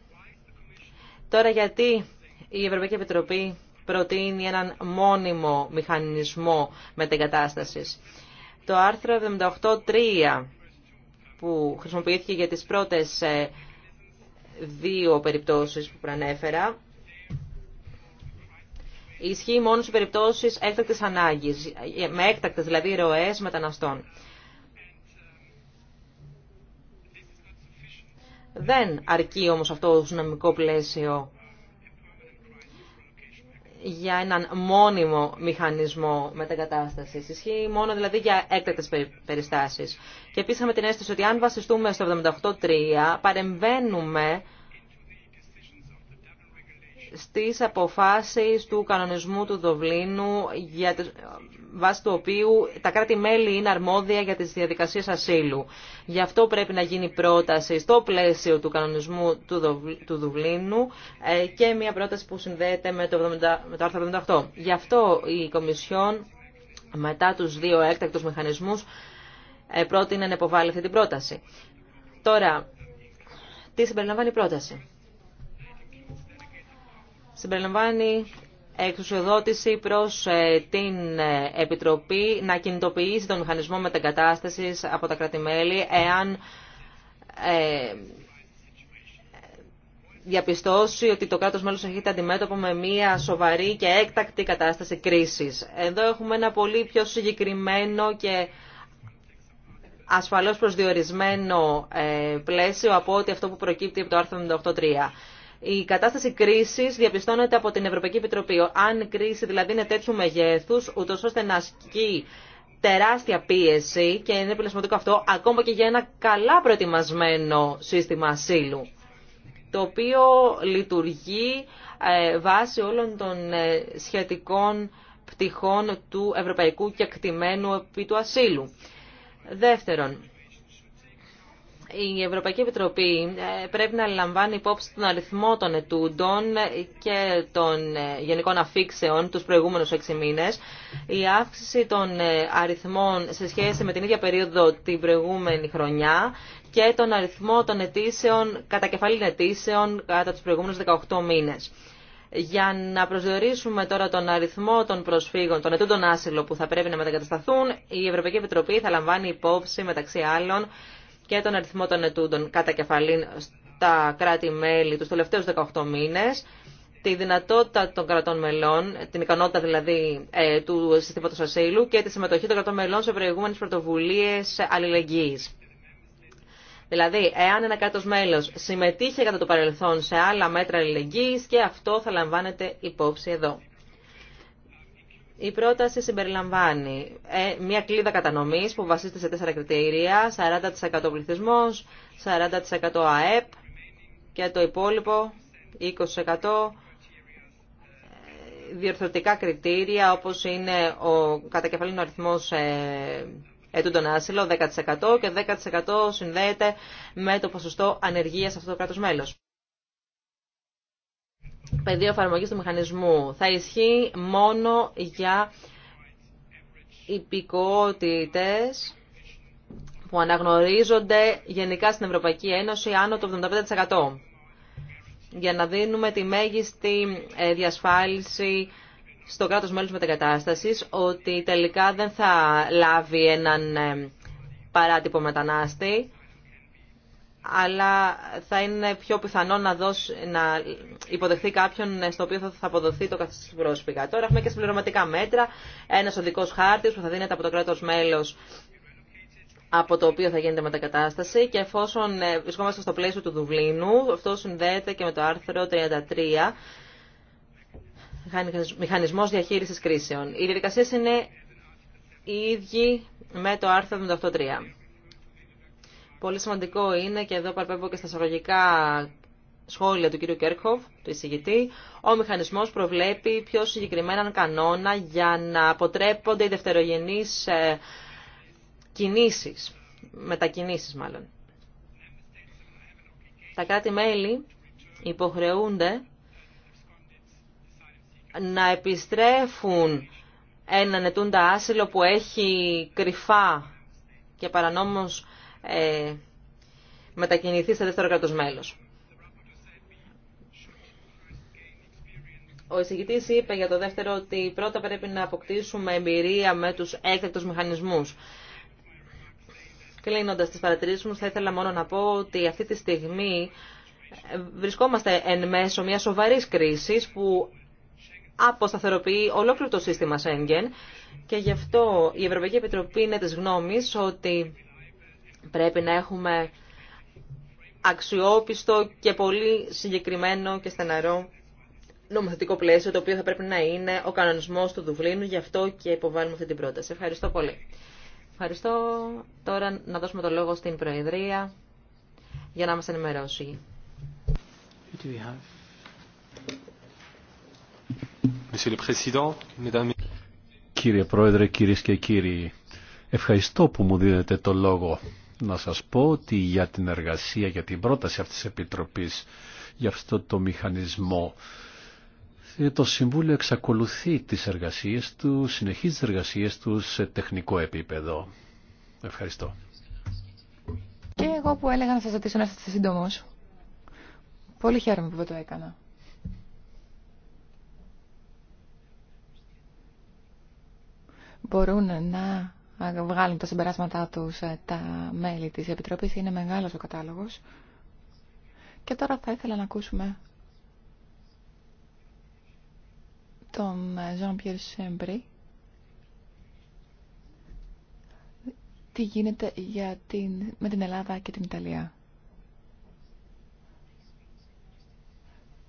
Τώρα γιατί η Ευρωπαϊκή Επιτροπή προτείνει έναν μόνιμο μηχανισμό μετεγκατάστασης. Το άρθρο 78.3 που χρησιμοποιήθηκε για τις πρώτες ε, δύο περιπτώσεις που προανέφερα ισχύει μόνο σε περιπτώσεις έκτακτης ανάγκης, ε, με έκτακτες δηλαδή ροές μεταναστών. Δεν αρκεί όμως αυτό το δυναμικό πλαίσιο για έναν μόνιμο μηχανισμό μετακατάστασης. Ισχύει μόνο δηλαδή για έκτακτες περιστάσεις. Και επίσης είχαμε την αίσθηση ότι αν βασιστούμε στο 78.3 παρεμβαίνουμε στις αποφάσεις του κανονισμού του Δοβλίνου για βάσει του οποίου τα κράτη-μέλη είναι αρμόδια για τις διαδικασίες ασύλου. Γι' αυτό πρέπει να γίνει πρόταση στο πλαίσιο του κανονισμού του, Δουβλίνου ε, και μια πρόταση που συνδέεται με το, 70, με το άρθρο 78. Γι' αυτό η Κομισιόν μετά τους δύο έκτακτους μηχανισμούς ε, πρότεινε να υποβάλει αυτή την πρόταση. Τώρα, τι συμπεριλαμβάνει η πρόταση συμπεριλαμβάνει εξουσιοδότηση προς ε, την ε, Επιτροπή να κινητοποιήσει τον μηχανισμό μετεγκατάστασης από τα κρατημέλη εάν ε, διαπιστώσει ότι το κράτος μέλος έχει αντιμέτωπο με μια σοβαρή και έκτακτη κατάσταση κρίσης. Εδώ έχουμε ένα πολύ πιο συγκεκριμένο και ασφαλώς προσδιορισμένο πλαίσιο από ό,τι αυτό που προκύπτει από το άρθρο 98.3. Η κατάσταση κρίση διαπιστώνεται από την Ευρωπαϊκή Επιτροπή. Αν η κρίση δηλαδή είναι τέτοιου μεγέθου, ούτω ώστε να ασκεί τεράστια πίεση και είναι επιλεσματικό αυτό, ακόμα και για ένα καλά προετοιμασμένο σύστημα ασύλου, το οποίο λειτουργεί ε, βάσει όλων των ε, σχετικών πτυχών του ευρωπαϊκού κεκτημένου επί του ασύλου. Δεύτερον, η Ευρωπαϊκή Επιτροπή ε, πρέπει να λαμβάνει υπόψη τον αριθμό των ετούντων και των ε, γενικών αφήξεων τους προηγούμενους έξι μήνες. Η αύξηση των ε, αριθμών σε σχέση με την ίδια περίοδο την προηγούμενη χρονιά και τον αριθμό των ετήσεων κατά κεφαλήν ετήσεων... κατά τους προηγούμενους 18 μήνες. Για να προσδιορίσουμε τώρα τον αριθμό των προσφύγων, των ετούντων άσυλο που θα πρέπει να μετακατασταθούν, η Ευρωπαϊκή Επιτροπή θα λαμβάνει υπόψη, μεταξύ άλλων, και τον αριθμό των ετούντων κατά κεφαλήν στα κράτη-μέλη τους τελευταίους 18 μήνες, τη δυνατότητα των κρατών μελών, την ικανότητα δηλαδή ε, του συστήματος ασύλου και τη συμμετοχή των κρατών μελών σε προηγούμενες πρωτοβουλίες αλληλεγγύης. Δηλαδή, εάν ένα κράτο μέλο συμμετείχε κατά το παρελθόν σε άλλα μέτρα αλληλεγγύη και αυτό θα λαμβάνεται υπόψη εδώ. Η πρόταση συμπεριλαμβάνει ε, μια κλίδα κατανομής που βασίζεται σε τέσσερα κριτήρια, 40% πληθυσμό, 40% ΑΕΠ και το υπόλοιπο 20% ε, διορθωτικά κριτήρια όπως είναι ο κατακεφαλήν αριθμός ε, τον άσυλο 10% και 10% συνδέεται με το ποσοστό ανεργίας αυτό το κράτος μέλος πεδίο εφαρμογή του μηχανισμού θα ισχύει μόνο για υπηκότητε που αναγνωρίζονται γενικά στην Ευρωπαϊκή Ένωση άνω του 75% για να δίνουμε τη μέγιστη ε, διασφάλιση στο κράτος μέλος μετακατάστασης ότι τελικά δεν θα λάβει έναν ε, παράτυπο μετανάστη αλλά θα είναι πιο πιθανό να, δώσει, να υποδεχθεί κάποιον στο οποίο θα αποδοθεί το καθεστώ του πρόσφυγα. Τώρα έχουμε και συμπληρωματικά μέτρα, ένα οδικό χάρτη που θα δίνεται από το κράτο μέλο από το οποίο θα γίνεται μετακατάσταση και εφόσον ε, βρισκόμαστε στο πλαίσιο του Δουβλίνου, αυτό συνδέεται και με το άρθρο 33, Μηχανισμός διαχείρισης κρίσεων. Οι διαδικασίες είναι οι ίδιοι με το άρθρο 783. Πολύ σημαντικό είναι, και εδώ παρπέμπω και στα σαγωγικά σχόλια του κ. Κέρκοβ, του εισηγητή, ο μηχανισμός προβλέπει πιο συγκεκριμένα κανόνα για να αποτρέπονται οι δευτερογενείς ε, κινήσεις, μετακινήσεις μάλλον. Τα κράτη-μέλη υποχρεούνται να επιστρέφουν έναν ετούντα άσυλο που έχει κρυφά και παρανόμως ε, μετακινηθεί σε δεύτερο κράτος μέλος. Ο εισηγητής είπε για το δεύτερο ότι πρώτα πρέπει να αποκτήσουμε εμπειρία με τους έκτακτους μηχανισμούς. Κλείνοντας τις παρατηρήσεις μου, θα ήθελα μόνο να πω ότι αυτή τη στιγμή βρισκόμαστε εν μέσω μια σοβαρής κρίσης που αποσταθεροποιεί ολόκληρο το σύστημα Σέγγεν και γι' αυτό η Ευρωπαϊκή Επιτροπή είναι της γνώμης ότι Πρέπει να έχουμε αξιόπιστο και πολύ συγκεκριμένο και στεναρό νομοθετικό πλαίσιο, το οποίο θα πρέπει να είναι ο κανονισμός του Δουβλίνου, γι' αυτό και υποβάλλουμε αυτή την πρόταση. Ευχαριστώ πολύ. Ευχαριστώ. Τώρα να δώσουμε το λόγο στην Προεδρία για να μας ενημερώσει. Κύριε Πρόεδρε, κυρίες και κύριοι, ευχαριστώ που μου δίνετε το λόγο να σας πω ότι για την εργασία, για την πρόταση αυτής της Επιτροπής, για αυτό το μηχανισμό, ε, το Συμβούλιο εξακολουθεί τις εργασίες του, συνεχίζει τις εργασίες του σε τεχνικό επίπεδο. Ευχαριστώ. Και εγώ που έλεγα να σας ζητήσω να είστε σύντομος. Πολύ χαίρομαι που το έκανα. Μπορούν να βγάλουν τα συμπεράσματά τους ε, τα μέλη της Επιτροπής. Είναι μεγάλος ο κατάλογος. Και τώρα θα ήθελα να ακούσουμε τον ε, jean Σέμπρι Τι γίνεται για την, με την Ελλάδα και την Ιταλία.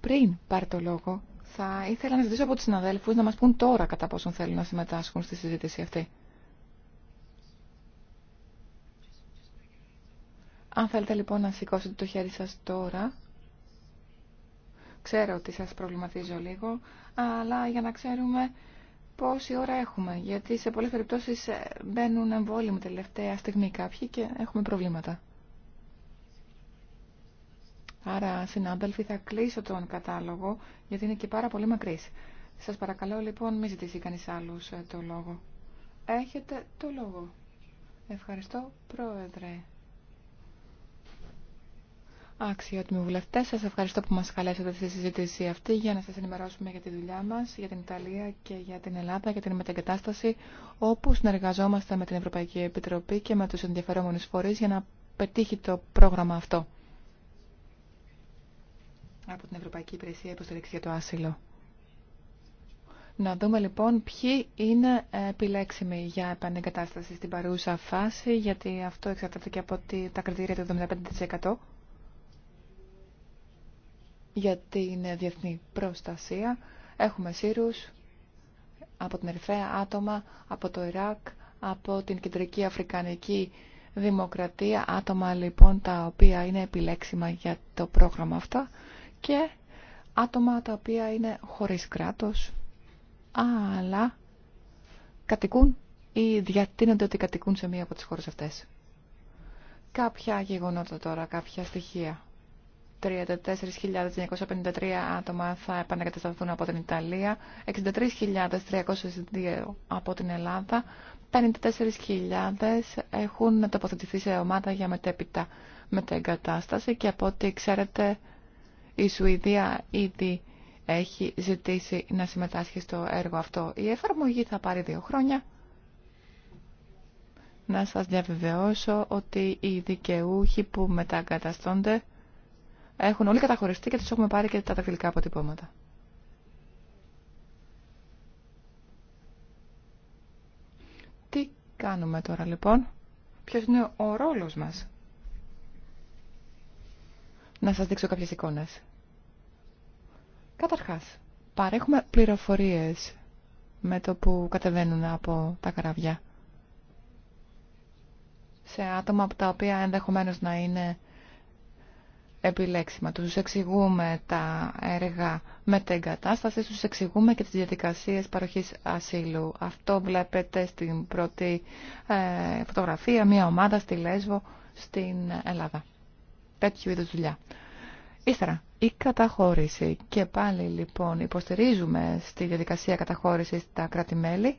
Πριν πάρει το λόγο, θα ήθελα να ζητήσω από τους συναδέλφους να μας πούν τώρα κατά πόσον θέλουν να συμμετάσχουν στη συζήτηση αυτή. Αν θέλετε λοιπόν να σηκώσετε το χέρι σας τώρα, ξέρω ότι σας προβληματίζω λίγο, αλλά για να ξέρουμε πόση ώρα έχουμε, γιατί σε πολλές περιπτώσεις ε, μπαίνουν με τελευταία στιγμή κάποιοι και έχουμε προβλήματα. Άρα, συνάδελφοι, θα κλείσω τον κατάλογο, γιατί είναι και πάρα πολύ μακρύς. Σας παρακαλώ, λοιπόν, μην ζητήσει κανείς άλλους ε, το λόγο. Έχετε το λόγο. Ευχαριστώ, Πρόεδρε. Αξιότιμοι βουλευτέ, σα ευχαριστώ που μα καλέσατε στη συζήτηση αυτή για να σα ενημερώσουμε για τη δουλειά μα, για την Ιταλία και για την Ελλάδα, για την μετεγκατάσταση, όπου συνεργαζόμαστε με την Ευρωπαϊκή Επιτροπή και με του ενδιαφερόμενου φορεί για να πετύχει το πρόγραμμα αυτό από την Ευρωπαϊκή Υπηρεσία Υποστηρίξη για το Άσυλο. Να δούμε λοιπόν ποιοι είναι επιλέξιμοι για επανεγκατάσταση στην παρούσα φάση, γιατί αυτό εξαρτάται και από τα κριτήρια του 75% για την διεθνή προστασία. Έχουμε Σύρους από την Ερυθρέα, άτομα από το Ιράκ, από την Κεντρική Αφρικανική Δημοκρατία, άτομα λοιπόν τα οποία είναι επιλέξιμα για το πρόγραμμα αυτό και άτομα τα οποία είναι χωρίς κράτος, αλλά κατοικούν ή διατείνονται ότι κατοικούν σε μία από τις χώρες αυτές. Κάποια γεγονότα τώρα, κάποια στοιχεία. 34.953 άτομα θα επανακατασταθούν από την Ιταλία, 63.302 από την Ελλάδα, 54.000 έχουν τοποθετηθεί σε ομάδα για μετέπειτα μεταγκατάσταση και από ό,τι ξέρετε η Σουηδία ήδη έχει ζητήσει να συμμετάσχει στο έργο αυτό. Η εφαρμογή θα πάρει δύο χρόνια. Να σας διαβεβαιώσω ότι οι δικαιούχοι που μεταγκαταστώνται έχουν όλοι καταχωριστεί και τους έχουμε πάρει και τα δακτυλικά αποτυπώματα. Τι κάνουμε τώρα λοιπόν, ποιος είναι ο ρόλος μας. Να σας δείξω κάποιες εικόνες. Καταρχάς, παρέχουμε πληροφορίες με το που κατεβαίνουν από τα καραβιά. Σε άτομα από τα οποία ενδεχομένως να είναι επιλέξιμα. Τους εξηγούμε τα έργα με μετεγκατάστασης, τους εξηγούμε και τις διαδικασίες παροχής ασύλου. Αυτό βλέπετε στην πρώτη ε, φωτογραφία, μια ομάδα στη Λέσβο, στην Ελλάδα. Τέτοιου είδους δουλειά. Ύστερα, η καταχώρηση. Και πάλι λοιπόν υποστηρίζουμε στη διαδικασία καταχώρησης τα κράτη-μέλη,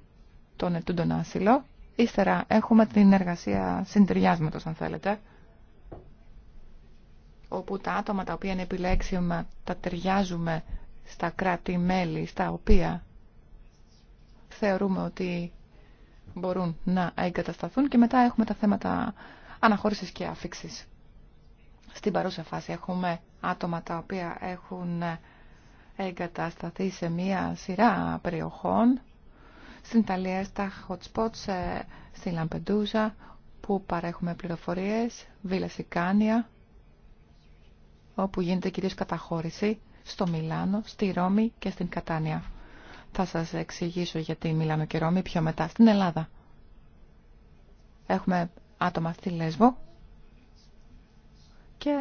τον ετούντον άσυλο. Ύστερα έχουμε την εργασία συντηριάσματος, αν θέλετε όπου τα άτομα τα οποία είναι επιλέξιμα τα ταιριάζουμε στα κράτη-μέλη, στα οποία θεωρούμε ότι μπορούν να εγκατασταθούν και μετά έχουμε τα θέματα αναχώρησης και άφηξης. Στην παρούσα φάση έχουμε άτομα τα οποία έχουν εγκατασταθεί σε μία σειρά περιοχών, στην Ιταλία, στα hot spots, ε, στη Λαμπεντούζα, που παρέχουμε πληροφορίες, Βίλα Σικάνια, όπου γίνεται κυρίως καταχώρηση, στο Μιλάνο, στη Ρώμη και στην Κατάνια. Θα σας εξηγήσω γιατί Μιλάνο και Ρώμη πιο μετά. Στην Ελλάδα. Έχουμε άτομα στη Λέσβο και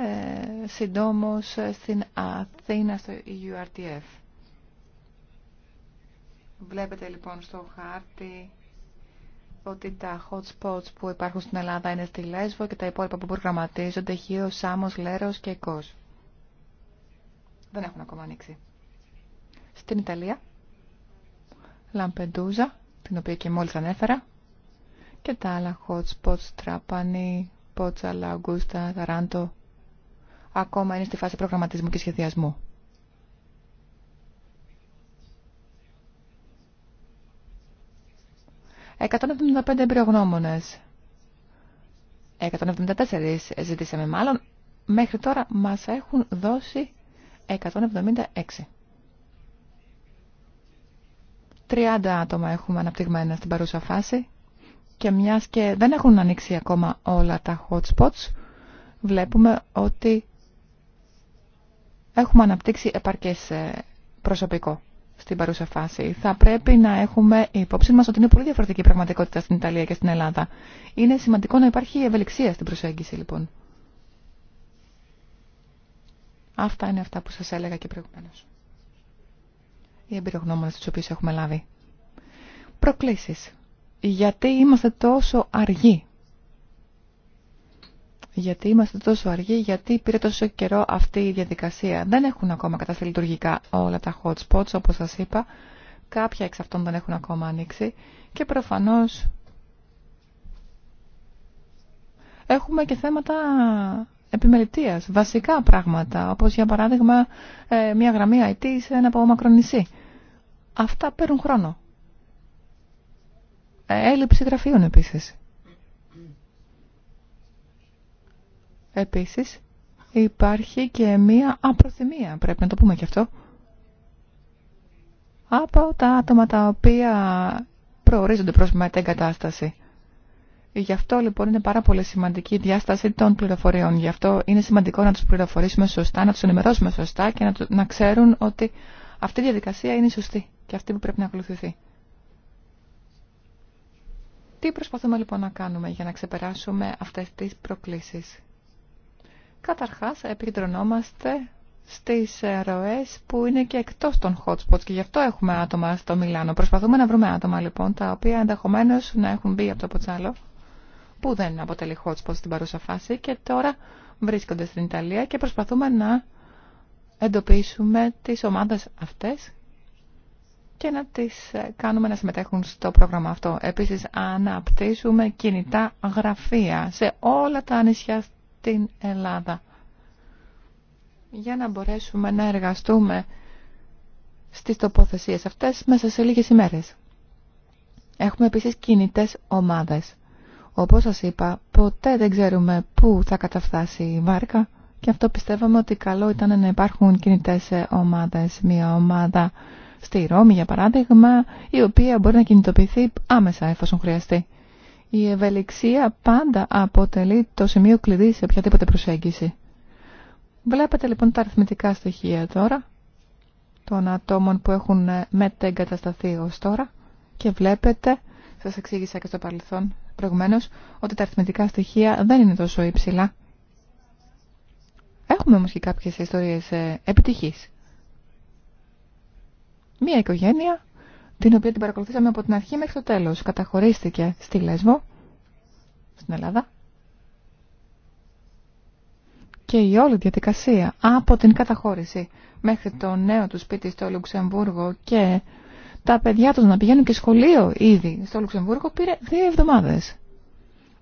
συντόμως στην Αθήνα στο URTF. Βλέπετε λοιπόν στο χάρτη ότι τα hot spots που υπάρχουν στην Ελλάδα είναι στη Λέσβο και τα υπόλοιπα που προγραμματίζονται Χίο, Σάμος, Λέρος και Κος δεν έχουν ακόμα ανοίξει. Στην Ιταλία, Λαμπεντούζα, την οποία και μόλις ανέφερα, και τα άλλα hot spots, Τράπανη, Πότσα, Λαγκούστα, Ταράντο, ακόμα είναι στη φάση προγραμματισμού και σχεδιασμού. «175 εμπειρογνώμονες». 174 ζητήσαμε μάλλον. Μέχρι τώρα μας έχουν δώσει 176. 30 άτομα έχουμε αναπτυγμένα στην παρούσα φάση και μιας και δεν έχουν ανοίξει ακόμα όλα τα hotspots, βλέπουμε ότι έχουμε αναπτύξει επαρκές ε, προσωπικό στην παρούσα φάση. Θα πρέπει να έχουμε υπόψη μας ότι είναι πολύ διαφορετική πραγματικότητα στην Ιταλία και στην Ελλάδα. Είναι σημαντικό να υπάρχει ευελιξία στην προσέγγιση λοιπόν. Αυτά είναι αυτά που σας έλεγα και προηγουμένως. Οι εμπειρογνώμονες τους οποίους έχουμε λάβει. Προκλήσεις. Γιατί είμαστε τόσο αργοί. Γιατί είμαστε τόσο αργοί, γιατί πήρε τόσο καιρό αυτή η διαδικασία. Δεν έχουν ακόμα καταστεί λειτουργικά όλα τα hot spots, όπως σας είπα. Κάποια εξ αυτών δεν έχουν ακόμα ανοίξει. Και προφανώς έχουμε και θέματα επιμελητίας, βασικά πράγματα, όπως για παράδειγμα ε, μια γραμμή IT σε ένα νησί. Αυτά παίρνουν χρόνο. Ε, έλλειψη γραφείων επίσης. Επίσης υπάρχει και μία απροθυμία, πρέπει να το πούμε και αυτό, από τα άτομα τα οποία προορίζονται προς μετεγκατάσταση. Γι' αυτό λοιπόν είναι πάρα πολύ σημαντική η διάσταση των πληροφοριών. Γι' αυτό είναι σημαντικό να τους πληροφορήσουμε σωστά, να τους ενημερώσουμε σωστά και να, το, ξέρουν ότι αυτή η διαδικασία είναι σωστή και αυτή που πρέπει να ακολουθηθεί. Τι προσπαθούμε λοιπόν να κάνουμε για να ξεπεράσουμε αυτές τις προκλήσεις. Καταρχάς επικεντρωνόμαστε στις ε, ροές που είναι και εκτός των hot spots και γι' αυτό έχουμε άτομα στο Μιλάνο. Προσπαθούμε να βρούμε άτομα λοιπόν τα οποία ενδεχομένως να έχουν μπει από το ποτσάλο που δεν αποτελεί hot spot στην παρούσα φάση και τώρα βρίσκονται στην Ιταλία και προσπαθούμε να εντοπίσουμε τις ομάδες αυτές και να τις ε, κάνουμε να συμμετέχουν στο πρόγραμμα αυτό. Επίσης αναπτύσσουμε κινητά γραφεία σε όλα τα νησιά στην Ελλάδα για να μπορέσουμε να εργαστούμε στις τοποθεσίες αυτές μέσα σε λίγες ημέρες. Έχουμε επίσης κινητές ομάδες όπως σας είπα, ποτέ δεν ξέρουμε πού θα καταφτάσει η βάρκα και αυτό πιστεύαμε ότι καλό ήταν να υπάρχουν κινητές ομάδες. Μια ομάδα στη Ρώμη, για παράδειγμα, η οποία μπορεί να κινητοποιηθεί άμεσα εφόσον χρειαστεί. Η ευελιξία πάντα αποτελεί το σημείο κλειδί σε οποιαδήποτε προσέγγιση. Βλέπετε λοιπόν τα αριθμητικά στοιχεία τώρα των ατόμων που έχουν μετεγκατασταθεί ως τώρα και βλέπετε, σας εξήγησα και στο παρελθόν, προηγουμένως ότι τα αριθμητικά στοιχεία δεν είναι τόσο υψηλά. Έχουμε όμως και κάποιες ιστορίες ε, επιτυχής. Μία οικογένεια, την οποία την παρακολουθήσαμε από την αρχή μέχρι το τέλος, καταχωρίστηκε στη Λέσβο, στην Ελλάδα, και η όλη διαδικασία από την καταχώρηση μέχρι το νέο του σπίτι στο Λουξεμβούργο και τα παιδιά τους να πηγαίνουν και σχολείο ήδη στο Λουξεμβούργο πήρε δύο εβδομάδες.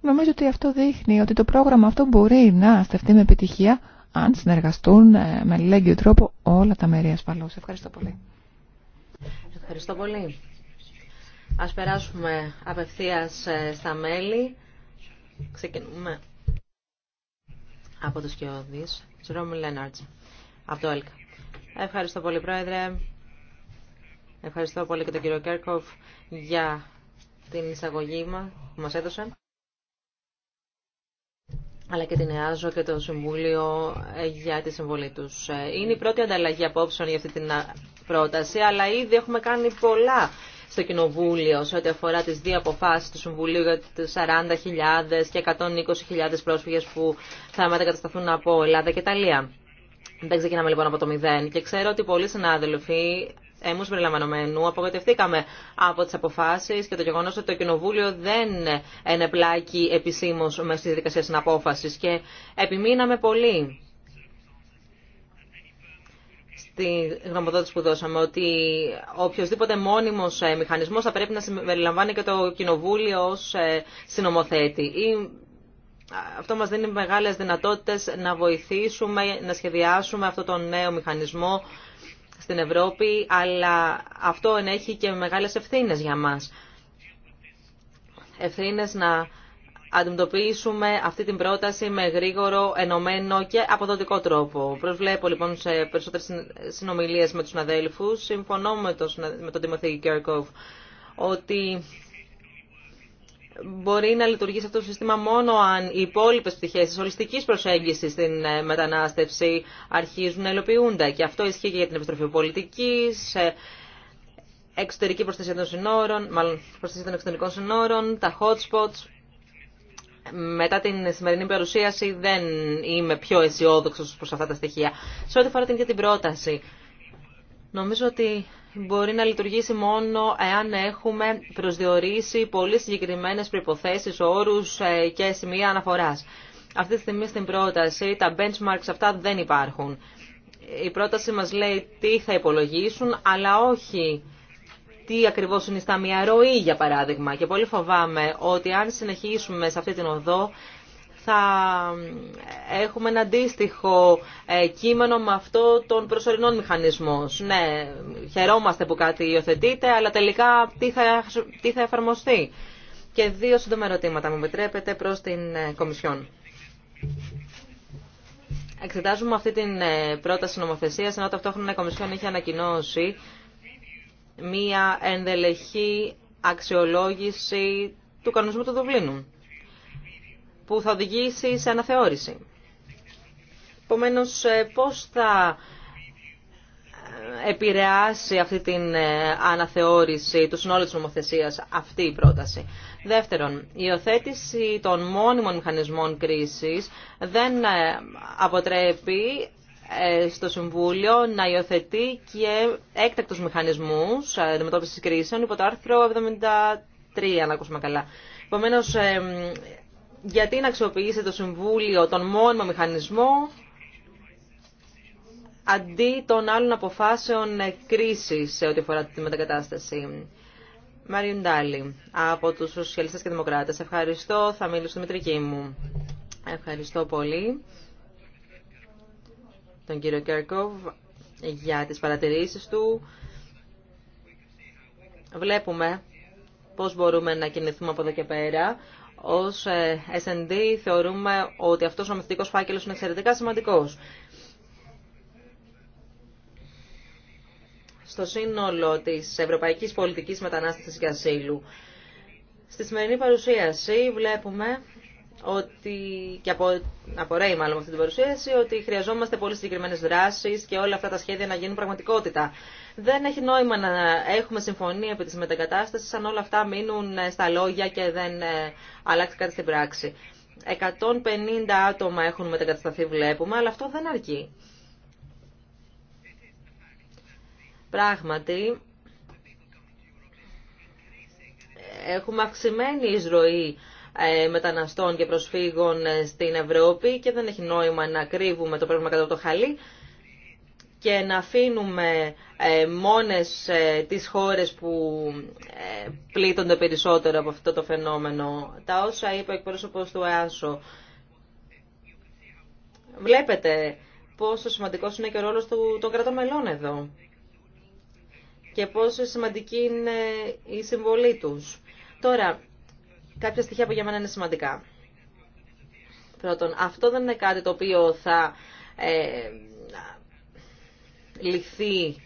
Νομίζω ότι αυτό δείχνει ότι το πρόγραμμα αυτό μπορεί να στεφτεί με επιτυχία αν συνεργαστούν ε, με λέγγυο τρόπο όλα τα μέρη ασφαλώς. Ευχαριστώ πολύ. Ευχαριστώ πολύ. Ας περάσουμε απευθείας ε, στα μέλη. Ξεκινούμε από τους κοιόδης. Τζρόμι Λέναρτς, από το ΕΛΚΑ. Ευχαριστώ πολύ, Πρόεδρε. Ευχαριστώ πολύ και τον κύριο Κέρκοφ για την εισαγωγή μα, που μας έδωσε αλλά και την ΕΑΖΟ και το Συμβούλιο ε, για τη συμβολή του. Ε, είναι η πρώτη ανταλλαγή απόψεων για αυτή την πρόταση, αλλά ήδη έχουμε κάνει πολλά στο Κοινοβούλιο σε ό,τι αφορά τις δύο αποφάσεις του Συμβουλίου για τις 40.000 και 120.000 πρόσφυγες που θα μετακατασταθούν από Ελλάδα και Ιταλία. Δεν ξεκινάμε λοιπόν από το μηδέν και ξέρω ότι πολλοί συνάδελφοι εμού περιλαμβανομένου, απογοητευτήκαμε από τι αποφάσει και το γεγονό ότι το Κοινοβούλιο δεν ενεπλάκει επισήμως με στη δικασία συναπόφασης και επιμείναμε πολύ στη γνωμοδότηση που δώσαμε ότι οποιοδήποτε μόνιμο ε, μηχανισμός θα πρέπει να συμπεριλαμβάνει και το Κοινοβούλιο ω ε, συνομοθέτη. Αυτό μας δίνει μεγάλες δυνατότητες να βοηθήσουμε, να σχεδιάσουμε αυτό το νέο μηχανισμό στην Ευρώπη, αλλά αυτό ενέχει και μεγάλες ευθύνες για μας. Ευθύνες να αντιμετωπίσουμε αυτή την πρόταση με γρήγορο, ενωμένο και αποδοτικό τρόπο. Προσβλέπω λοιπόν σε περισσότερες συνομιλίες με τους αδέλφους, Συμφωνώ με τον, με τον ότι μπορεί να λειτουργήσει αυτό το σύστημα μόνο αν οι υπόλοιπε πτυχέ τη ολιστική προσέγγιση στην ε, μετανάστευση αρχίζουν να υλοποιούνται. Και αυτό ισχύει και για την επιστροφή πολιτική, εξωτερική προστασία των συνόρων, μάλλον προστασία των εξωτερικών συνόρων, τα hot spots. Μετά την σημερινή παρουσίαση δεν είμαι πιο αισιόδοξο προ αυτά τα στοιχεία. Σε ό,τι αφορά την και την πρόταση, Νομίζω ότι μπορεί να λειτουργήσει μόνο εάν έχουμε προσδιορίσει πολύ συγκεκριμένες προϋποθέσεις, όρους ε, και σημεία αναφοράς. Αυτή τη στιγμή στην πρόταση τα benchmarks αυτά δεν υπάρχουν. Η πρόταση μας λέει τι θα υπολογίσουν, αλλά όχι τι ακριβώς είναι στα μία ροή, για παράδειγμα. Και πολύ φοβάμαι ότι αν συνεχίσουμε σε αυτή την οδό, θα έχουμε ένα αντίστοιχο ε, κείμενο με αυτό των προσωρινών μηχανισμών. Ναι, χαιρόμαστε που κάτι υιοθετείτε, αλλά τελικά τι θα, τι εφαρμοστεί. Και δύο σύντομα ερωτήματα μου επιτρέπετε προς την ε, Κομισιόν. Εξετάζουμε αυτή την ε, πρόταση νομοθεσίας, ενώ ταυτόχρονα η Κομισιόν έχει ανακοινώσει μία ενδελεχή αξιολόγηση του κανονισμού του Δουβλίνου που θα οδηγήσει σε αναθεώρηση. Επομένω, ε, πώς θα ε, επηρεάσει αυτή την ε, αναθεώρηση του συνόλου της νομοθεσίας αυτή η πρόταση. Δεύτερον, η υιοθέτηση των μόνιμων μηχανισμών κρίσης δεν αποτρέπει στο Συμβούλιο να υιοθετεί και έκτακτους μηχανισμούς αντιμετώπισης κρίσεων υπό το άρθρο 73, αν ακούσουμε καλά γιατί να αξιοποιήσει το Συμβούλιο τον μόνιμο μηχανισμό αντί των άλλων αποφάσεων κρίσης σε ό,τι αφορά τη μετακατάσταση. Μάριον Ντάλι, από τους Σοσιαλιστές και Δημοκράτες. Ευχαριστώ, θα μιλήσω στη μητρική μου. Ευχαριστώ πολύ τον κύριο Κέρκοβ για τις παρατηρήσεις του. Βλέπουμε πώς μπορούμε να κινηθούμε από εδώ και πέρα. Ως ε, S&D θεωρούμε ότι αυτός ο μυθικός φάκελος είναι εξαιρετικά σημαντικός. στο σύνολο της Ευρωπαϊκής Πολιτικής Μετανάστευσης και Ασύλου. Στη σημερινή παρουσίαση βλέπουμε ότι, και απο, απορρέει μάλλον αυτή την παρουσίαση, ότι χρειαζόμαστε πολύ συγκεκριμένε δράσεις και όλα αυτά τα σχέδια να γίνουν πραγματικότητα. Δεν έχει νόημα να έχουμε συμφωνία επί της μετακατάσταση αν όλα αυτά μείνουν ε, στα λόγια και δεν ε, αλλάξει κάτι στην πράξη. 150 άτομα έχουν μετακατασταθεί βλέπουμε, αλλά αυτό δεν αρκεί. Πράγματι, έχουμε αυξημένη εισρωή ε, μεταναστών και προσφύγων στην Ευρώπη και δεν έχει νόημα να κρύβουμε το πρόβλημα κατά το χαλί και να αφήνουμε ε, μόνες ε, τις χώρες που ε, πλήττονται περισσότερο από αυτό το φαινόμενο. Τα όσα είπε ο εκπρόσωπος του ΕΑΣΟ. Βλέπετε πόσο σημαντικός είναι και ο ρόλος του, των κρατομελών εδώ και πόσο σημαντική είναι η συμβολή τους. Τώρα, κάποια στοιχεία που για μένα είναι σημαντικά. Πρώτον, αυτό δεν είναι κάτι το οποίο θα λυθεί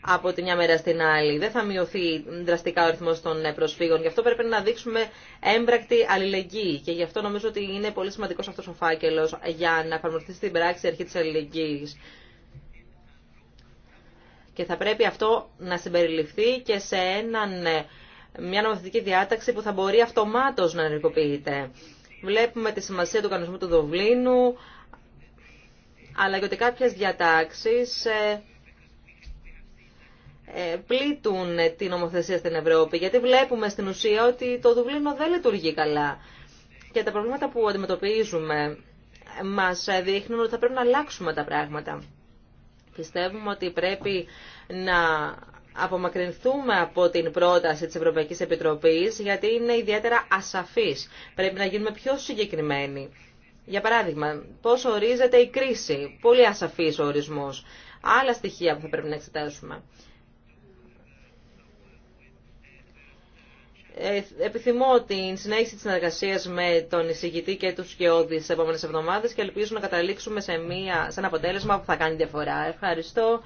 από τη μια μέρα στην άλλη. Δεν θα μειωθεί δραστικά ο αριθμό των ε, προσφύγων. Γι' αυτό πρέπει να δείξουμε έμπρακτη αλληλεγγύη. Και γι' αυτό νομίζω ότι είναι πολύ σημαντικό αυτό ο φάκελο για να εφαρμοστεί στην πράξη η αρχή τη αλληλεγγύη. Και θα πρέπει αυτό να συμπεριληφθεί και σε έναν, ε, μια νομοθετική διάταξη που θα μπορεί αυτομάτως να ενεργοποιείται. Βλέπουμε τη σημασία του κανονισμού του Δοβλίνου, αλλά και ότι κάποιες διατάξεις ε, ε, πλήττουν την νομοθεσία στην Ευρώπη, γιατί βλέπουμε στην ουσία ότι το Δουβλίνο δεν λειτουργεί καλά. Και τα προβλήματα που αντιμετωπίζουμε μας δείχνουν ότι θα πρέπει να αλλάξουμε τα πράγματα. Πιστεύουμε ότι πρέπει να απομακρυνθούμε από την πρόταση της Ευρωπαϊκής Επιτροπής, γιατί είναι ιδιαίτερα ασαφής. Πρέπει να γίνουμε πιο συγκεκριμένοι για παράδειγμα, πώς ορίζεται η κρίση. Πολύ ασαφής ο ορισμός. Άλλα στοιχεία που θα πρέπει να εξετάσουμε. Ε, επιθυμώ την συνέχιση της συνεργασίας με τον εισηγητή και τους σκιώδεις στις επόμενες εβδομάδες και ελπίζω να καταλήξουμε σε, μία, σε ένα αποτέλεσμα που θα κάνει διαφορά. Ευχαριστώ.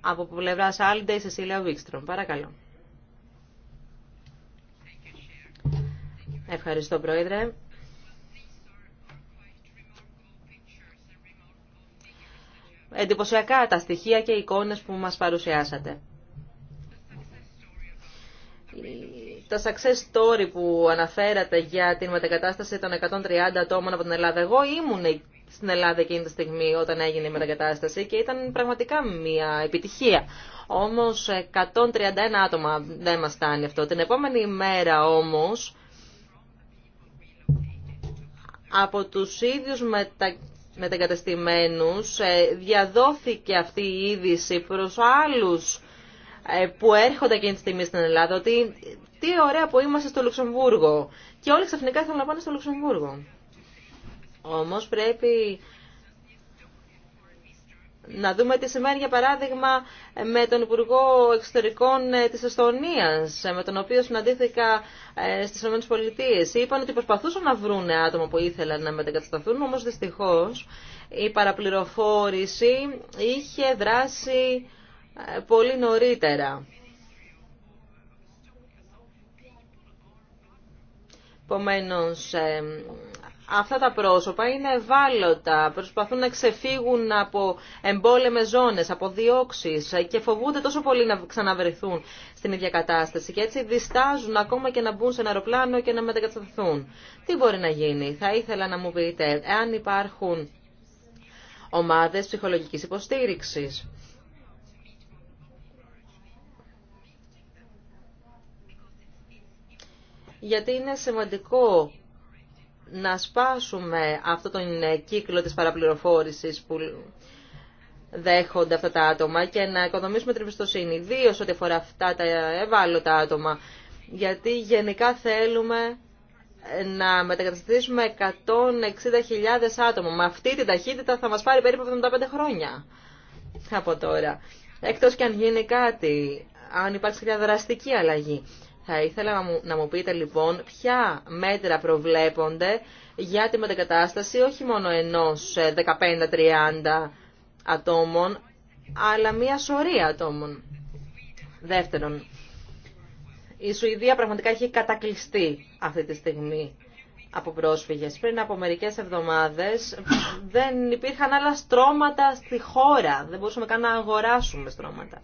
Από πλευρά Άλντε, η Σεσίλια Βίξτρομ. Παρακαλώ. Ευχαριστώ, Πρόεδρε. εντυπωσιακά τα στοιχεία και οι εικόνες που μας παρουσιάσατε. Τα success story που αναφέρατε για την μετακατάσταση των 130 ατόμων από την Ελλάδα. Εγώ ήμουν στην Ελλάδα εκείνη τη στιγμή όταν έγινε η μετακατάσταση και ήταν πραγματικά μια επιτυχία. Όμως 131 άτομα δεν μας στάνει αυτό. Την επόμενη μέρα όμως από τους ίδιους μετα μετεγκατεστημένους ε, διαδόθηκε αυτή η είδηση προς άλλους ε, που έρχονται εκείνη τη στιγμή στην Ελλάδα ότι τι ωραία που είμαστε στο Λουξεμβούργο και όλοι ξαφνικά θέλουν να πάνε στο Λουξεμβούργο. Όμως πρέπει να δούμε τι σημαίνει για παράδειγμα με τον Υπουργό Εξωτερικών ε, της Εστονίας, ε, με τον οποίο συναντήθηκα ε, στις ΗΠΑ. Είπαν ότι προσπαθούσαν να βρουν άτομα που ήθελαν να μετεγκατασταθούν, όμως δυστυχώς η παραπληροφόρηση είχε δράσει πολύ νωρίτερα. Επομένως, αυτά τα πρόσωπα είναι ευάλωτα, προσπαθούν να ξεφύγουν από εμπόλεμες ζώνες, από διώξεις και φοβούνται τόσο πολύ να ξαναβρεθούν στην ίδια κατάσταση και έτσι διστάζουν ακόμα και να μπουν σε ένα αεροπλάνο και να μετακατασταθούν. Τι μπορεί να γίνει, θα ήθελα να μου πείτε, εάν υπάρχουν ομάδες ψυχολογικής υποστήριξης. Γιατί είναι σημαντικό να σπάσουμε αυτό τον κύκλο της παραπληροφόρησης που δέχονται αυτά τα άτομα και να οικοδομήσουμε την εμπιστοσύνη, ιδίω ό,τι αφορά αυτά τα ευάλωτα άτομα. Γιατί γενικά θέλουμε να μετακαταστήσουμε 160.000 άτομα. Με αυτή την ταχύτητα θα μας πάρει περίπου 75 χρόνια από τώρα. Εκτός και αν γίνει κάτι, αν υπάρξει μια δραστική αλλαγή. Θα ήθελα να μου, να πείτε λοιπόν ποια μέτρα προβλέπονται για τη μετακατάσταση όχι μόνο ενός 15-30 ε, ατόμων, αλλά μια σωρία ατόμων. Δεύτερον, η Σουηδία πραγματικά έχει κατακλειστεί αυτή τη στιγμή από πρόσφυγες. Πριν από μερικές εβδομάδες δεν υπήρχαν άλλα στρώματα στη χώρα. Δεν μπορούσαμε καν να αγοράσουμε στρώματα.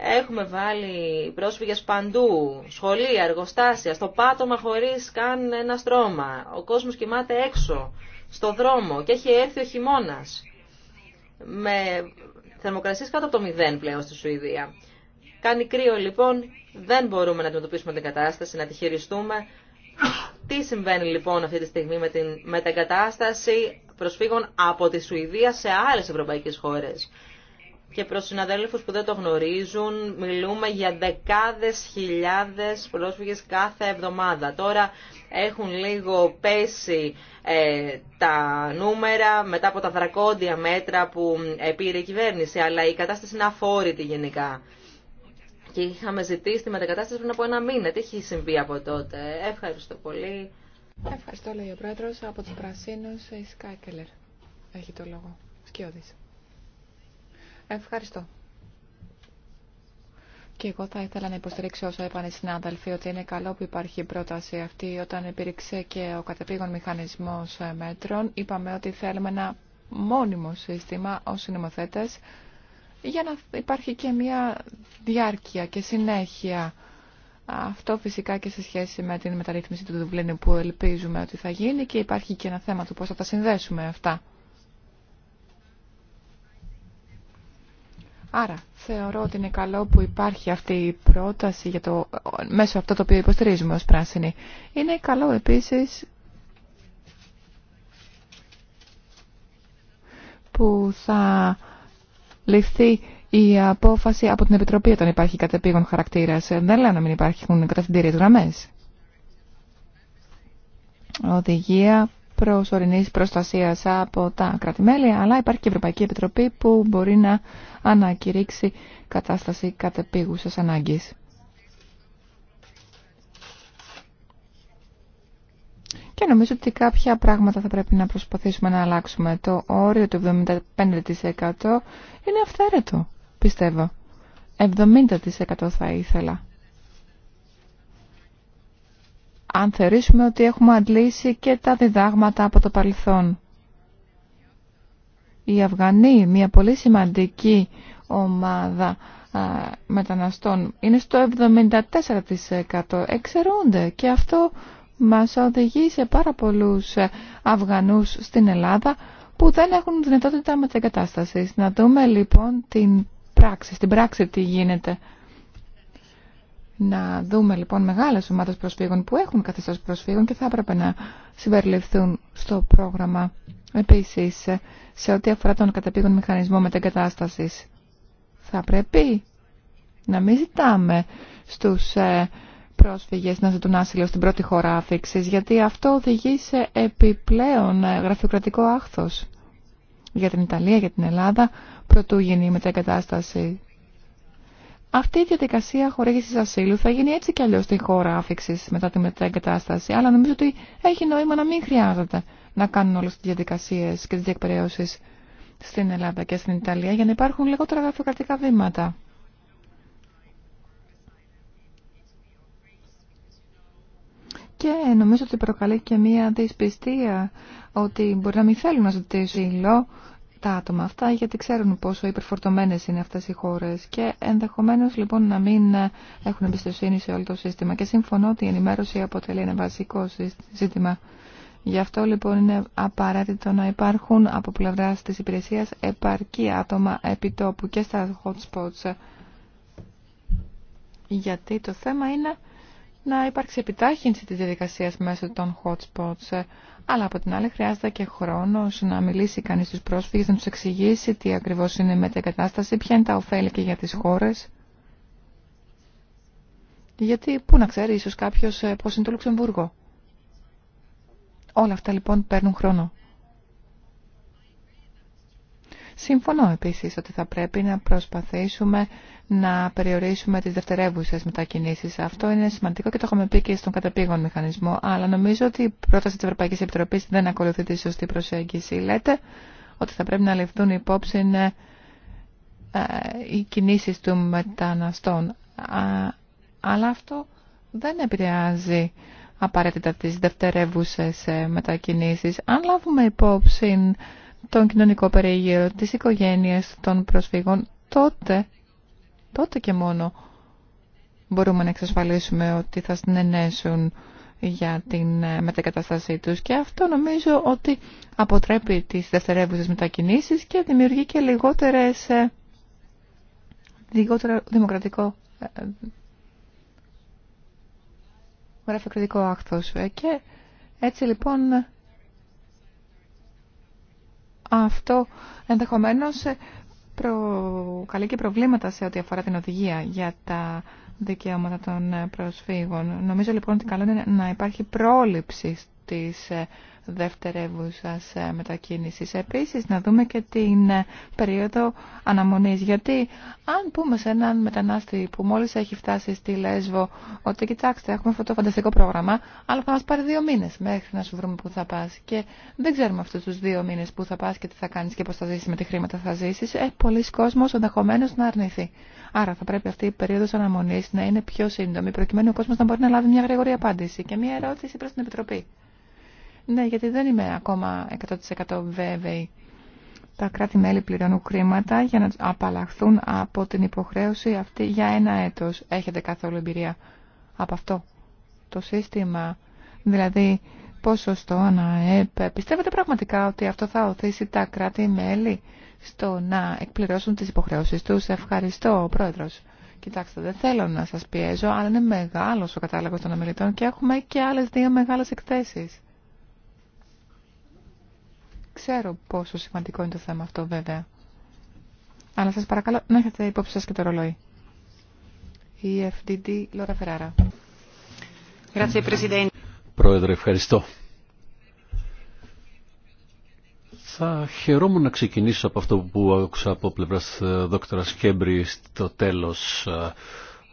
Έχουμε βάλει πρόσφυγες παντού, σχολεία, εργοστάσια, στο πάτωμα χωρίς καν ένα στρώμα. Ο κόσμος κοιμάται έξω, στο δρόμο και έχει έρθει ο χειμώνα. Με θερμοκρασίες κάτω από το μηδέν πλέον στη Σουηδία. Κάνει κρύο λοιπόν, δεν μπορούμε να αντιμετωπίσουμε την κατάσταση, να τη χειριστούμε. Τι συμβαίνει λοιπόν αυτή τη στιγμή με την μετακατάσταση προσφύγων από τη Σουηδία σε άλλες ευρωπαϊκές χώρες και προς συναδέλφους που δεν το γνωρίζουν, μιλούμε για δεκάδες χιλιάδες πρόσφυγες κάθε εβδομάδα. Τώρα έχουν λίγο πέσει ε, τα νούμερα μετά από τα δρακόντια μέτρα που ε, πήρε η κυβέρνηση, αλλά η κατάσταση είναι αφόρητη γενικά. Και είχαμε ζητήσει τη μετακατάσταση πριν από ένα μήνα. Τι έχει συμβεί από τότε. Ευχαριστώ πολύ. Ευχαριστώ, λέει ο Πρόεδρος. Από τους Πρασίνους, η Σκάκελερ έχει το λόγο. Σκιώδης. Ευχαριστώ. Και εγώ θα ήθελα να υποστηρίξω όσο είπαν οι συνάδελφοι ότι είναι καλό που υπάρχει η πρόταση αυτή όταν υπήρξε και ο κατεπήγον μηχανισμός ε, μέτρων. Είπαμε ότι θέλουμε ένα μόνιμο σύστημα ως συνομοθέτες για να υπάρχει και μια διάρκεια και συνέχεια. Αυτό φυσικά και σε σχέση με την μεταρρύθμιση του Δουβλίνου που ελπίζουμε ότι θα γίνει και υπάρχει και ένα θέμα του πώς θα τα συνδέσουμε αυτά. Άρα, θεωρώ ότι είναι καλό που υπάρχει αυτή η πρόταση για το μέσω αυτό το οποίο υποστηρίζουμε ως πράσινοι. Είναι καλό επίσης που θα ληφθεί η απόφαση από την Επιτροπή όταν υπάρχει κατεπήγον χαρακτήρας. Δεν λέω να μην υπάρχουν κατευθυντήριες γραμμές. Οδηγία προσωρινή προστασία από τα κρατημέλια αλλά υπάρχει και η Ευρωπαϊκή Επιτροπή που μπορεί να ανακηρύξει κατάσταση κατεπίγουσας ανάγκης. Και νομίζω ότι κάποια πράγματα θα πρέπει να προσπαθήσουμε να αλλάξουμε. Το όριο του 75% είναι αυθαίρετο, πιστεύω. 70% θα ήθελα. αν θεωρήσουμε ότι έχουμε αντλήσει και τα διδάγματα από το παρελθόν. Οι Αφγανοί, μια πολύ σημαντική ομάδα μεταναστών, είναι στο 74% εξαιρούνται και αυτό μας οδηγεί σε πάρα πολλούς ε, Αφγανούς στην Ελλάδα που δεν έχουν δυνατότητα μετεγκατάστασης. Να δούμε λοιπόν την πράξη, στην πράξη τι γίνεται να δούμε λοιπόν μεγάλες ομάδες προσφύγων που έχουν καθεστώς προσφύγων και θα έπρεπε να συμπεριληφθούν στο πρόγραμμα. Επίσης, σε ό,τι αφορά τον καταπήγον μηχανισμό μετεγκατάστασης, θα πρέπει να μην ζητάμε στους ε, πρόσφυγες να ζητούν άσυλο στην πρώτη χώρα άφηξης, γιατί αυτό οδηγεί σε επιπλέον ε, γραφειοκρατικό άχθος για την Ιταλία, για την Ελλάδα, προτού γίνει η μετεγκατάσταση αυτή η διαδικασία χορήγηση ασύλου θα γίνει έτσι κι αλλιώ στη χώρα άφηξη μετά τη μεταγκατάσταση, αλλά νομίζω ότι έχει νόημα να μην χρειάζεται να κάνουν όλε τι διαδικασίε και τι διεκπαιρεώσει στην Ελλάδα και στην Ιταλία για να υπάρχουν λιγότερα γραφειοκρατικά βήματα. Και νομίζω ότι προκαλεί και μία δυσπιστία ότι μπορεί να μην θέλουν να ζητήσουν υλό τα άτομα αυτά γιατί ξέρουν πόσο υπερφορτωμένες είναι αυτές οι χώρες και ενδεχομένως λοιπόν να μην έχουν εμπιστοσύνη σε όλο το σύστημα και συμφωνώ ότι η ενημέρωση αποτελεί ένα βασικό ζήτημα. Γι' αυτό λοιπόν είναι απαραίτητο να υπάρχουν από πλευρά τη υπηρεσία επαρκή άτομα επιτόπου και στα hot spots. Γιατί το θέμα είναι να υπάρξει επιτάχυνση της διαδικασίας μέσω των hot spots. Αλλά από την άλλη χρειάζεται και χρόνος να μιλήσει κανείς στους πρόσφυγες, να τους εξηγήσει τι ακριβώς είναι η μετακατάσταση, ποια είναι τα ωφέλη και για τις χώρες. Γιατί πού να ξέρει ίσως κάποιος ε, πώς είναι το Λουξεμβούργο. Όλα αυτά λοιπόν παίρνουν χρόνο. Συμφωνώ επίσης ότι θα πρέπει να προσπαθήσουμε να περιορίσουμε τις δευτερεύουσες μετακινήσεις. Αυτό είναι σημαντικό και το έχουμε πει και στον καταπήγον μηχανισμό, αλλά νομίζω ότι η πρόταση της Ευρωπαϊκής Επιτροπής δεν ακολουθεί τη σωστή προσέγγιση. Λέτε ότι θα πρέπει να ληφθούν υπόψη ε, οι κινήσεις του μεταναστών. αλλά αυτό δεν επηρεάζει απαραίτητα τις δευτερεύουσες ε, μετακινήσεις. Αν λάβουμε υπόψη τον κοινωνικό περίγυρο, τις οικογένειες των προσφύγων, τότε, τότε και μόνο μπορούμε να εξασφαλίσουμε ότι θα συνενέσουν για την ε, μετακαταστασή τους και αυτό νομίζω ότι αποτρέπει τις δευτερεύουσες μετακινήσεις και δημιουργεί και λιγότερες ε, λιγότερο δημοκρατικό ε, γραφειοκρατικό άκθος και έτσι λοιπόν αυτό ενδεχομένως ε, προκαλεί και προβλήματα σε ό,τι αφορά την οδηγία για τα δικαιώματα των ε, προσφύγων. Νομίζω λοιπόν ότι καλό είναι να υπάρχει πρόληψη της δευτερεύουσα ε, μετακίνηση. Επίσης, να δούμε και την ε, περίοδο αναμονής. Γιατί αν πούμε σε έναν μετανάστη που μόλις έχει φτάσει στη Λέσβο ότι κοιτάξτε, έχουμε αυτό το φανταστικό πρόγραμμα, αλλά θα μα πάρει δύο μήνες μέχρι να σου βρούμε που θα πας. Και δεν ξέρουμε αυτού τους δύο μήνες που θα πας και τι θα κάνεις και πώς θα ζήσεις με τι χρήματα θα ζήσεις. Ε, πολλοί κόσμος ενδεχομένω να αρνηθεί. Άρα θα πρέπει αυτή η περίοδος αναμονής να είναι πιο σύντομη, προκειμένου ο κόσμος να μπορεί να λάβει μια γρήγορη απάντηση. Και μια ερώτηση προς την Επιτροπή. Ναι, γιατί δεν είμαι ακόμα 100% βέβαιη. Τα κράτη-μέλη πληρώνουν κρίματα για να απαλλαχθούν από την υποχρέωση αυτή για ένα έτος. Έχετε καθόλου εμπειρία από αυτό το σύστημα. Δηλαδή, ποσοστό ΕΠ. Πιστεύετε πραγματικά ότι αυτό θα οθήσει τα κράτη-μέλη στο να εκπληρώσουν τις υποχρεώσεις τους. Ευχαριστώ, ο Πρόεδρος. Κοιτάξτε, δεν θέλω να σας πιέζω, αλλά είναι μεγάλος ο κατάλογος των ομιλητών και έχουμε και άλλες δύο μεγάλες εκθέσεις. Ξέρω πόσο σημαντικό είναι το θέμα αυτό βέβαια. Αλλά σας παρακαλώ να έχετε υπόψη σας και το ρολόι. Η FDD Λόρα Φεράρα. Πρόεδρε, ευχαριστώ. Θα χαιρόμουν να ξεκινήσω από αυτό που άκουσα από πλευράς ε, δόκτωρα Σκέμπρη στο τέλος ε,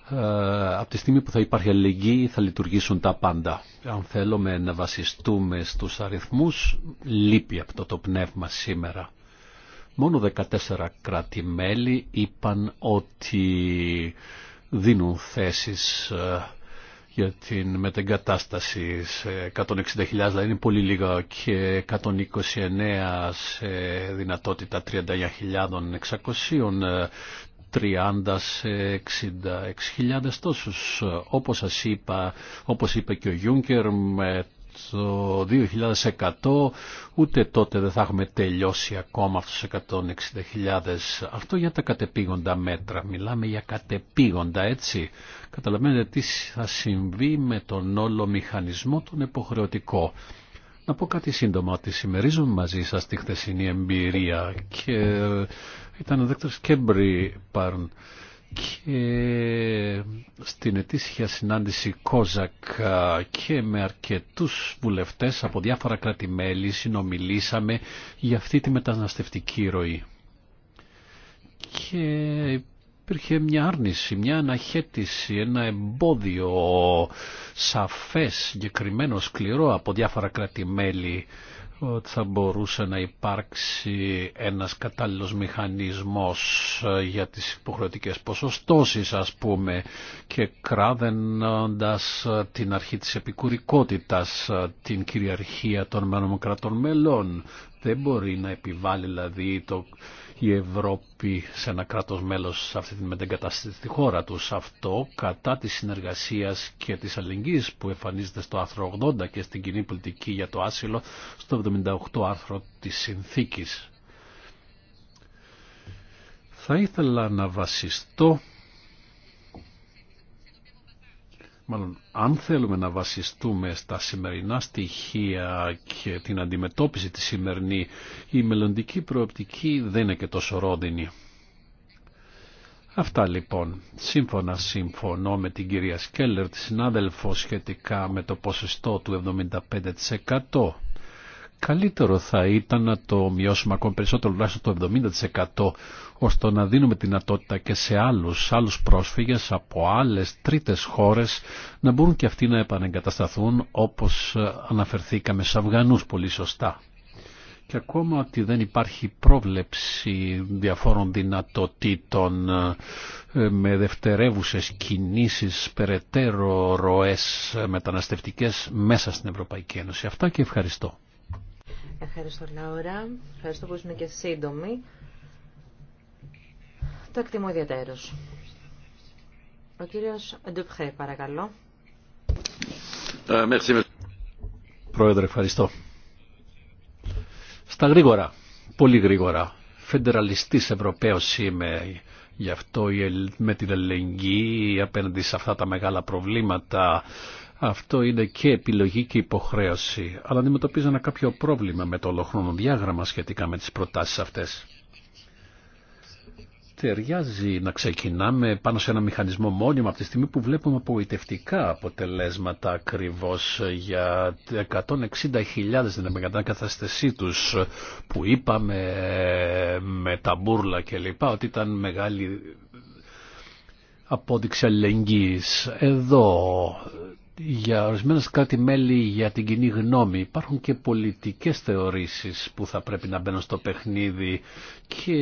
ε, από τη στιγμή που θα υπάρχει αλληλεγγύη θα λειτουργήσουν τα πάντα. Αν θέλουμε να βασιστούμε στους αριθμούς, λείπει αυτό το πνεύμα σήμερα. Μόνο 14 κράτη-μέλη είπαν ότι δίνουν θέσεις ε, για την μετεγκατάσταση σε 160.000, δηλαδή είναι πολύ λίγα και 129 σε δυνατότητα 39.600 30 σε 66.000 τόσους. Όπως σας είπα, όπως είπε και ο Γιούνκερ με το 2100 ούτε τότε δεν θα έχουμε τελειώσει ακόμα αυτούς 160.000. Αυτό για τα κατεπήγοντα μέτρα. Μιλάμε για κατεπήγοντα έτσι. Καταλαβαίνετε τι θα συμβεί με τον όλο μηχανισμό τον υποχρεωτικό. Να πω κάτι σύντομα ότι συμμερίζομαι μαζί σας τη χθεσινή εμπειρία και ήταν ο δέκτωρ Κέμπρι Πάρν και στην ετήσια συνάντηση Κόζακ και με αρκετούς βουλευτές από διάφορα κράτη-μέλη συνομιλήσαμε για αυτή τη μεταναστευτική ροή. Και υπήρχε μια άρνηση, μια αναχέτηση, ένα εμπόδιο σαφές, συγκεκριμένο, σκληρό από διάφορα ότι θα μπορούσε να υπάρξει ένας κατάλληλος μηχανισμός ε, για τις υποχρεωτικές ποσοστώσεις ας πούμε και κράδεντας ε, την αρχή της επικουρικότητας, ε, την κυριαρχία των μενομοκρατών μελών. Δεν μπορεί να επιβάλλει δηλαδή το η Ευρώπη σε ένα κράτος μέλος σε αυτή την μετεγκαταστήτη χώρα του Αυτό κατά της συνεργασίας και της αλληλεγγύης που εμφανίζεται στο άρθρο 80 και στην κοινή πολιτική για το άσυλο στο 78 άρθρο της συνθήκης. Θα ήθελα να βασιστώ Μάλλον, αν θέλουμε να βασιστούμε στα σημερινά στοιχεία και την αντιμετώπιση τη σημερινή, η μελλοντική προοπτική δεν είναι και τόσο ρόδινη. Αυτά λοιπόν. Σύμφωνα συμφωνώ με την κυρία Σκέλλερ, τη συνάδελφο, σχετικά με το ποσοστό του 75% καλύτερο θα ήταν να το μειώσουμε ακόμη περισσότερο, τουλάχιστον το 70%, ώστε να δίνουμε δυνατότητα και σε άλλους, άλλους πρόσφυγες από άλλες τρίτες χώρες να μπορούν και αυτοί να επανεγκατασταθούν όπως ε, αναφερθήκαμε σε Αφγανού πολύ σωστά. Και ακόμα ότι δεν υπάρχει πρόβλεψη διαφόρων δυνατοτήτων ε, με δευτερεύουσες κινήσεις, περαιτέρω ροές ε, μεταναστευτικές μέσα στην Ευρωπαϊκή Ένωση. Αυτά και ευχαριστώ. Ευχαριστώ, Λάουρα. Ευχαριστώ που ήσουν και σύντομη. Το εκτιμώ ιδιαίτερω. Ο κύριος Ντουπχέ, παρακαλώ. Ε, Πρόεδρε, ευχαριστώ. Στα γρήγορα, πολύ γρήγορα, φεντεραλιστής Ευρωπαίος είμαι, γι' αυτό με την ελεγγύη απέναντι σε αυτά τα μεγάλα προβλήματα αυτό είναι και επιλογή και υποχρέωση, αλλά αντιμετωπίζω ένα κάποιο πρόβλημα με το ολοχρόνο διάγραμμα σχετικά με τις προτάσεις αυτές. Ταιριάζει να ξεκινάμε πάνω σε ένα μηχανισμό μόνιμο από τη στιγμή που βλέπουμε απογοητευτικά αποτελέσματα ακριβώς για 160.000 την εγκατάστασή που είπαμε με τα μπουρλα κλπ. ότι ήταν μεγάλη απόδειξη αλληλεγγύης. Εδώ για ορισμένα κρατη κράτη-μέλη για την κοινή γνώμη υπάρχουν και πολιτικές θεωρήσεις που θα πρέπει να μπαίνουν στο παιχνίδι και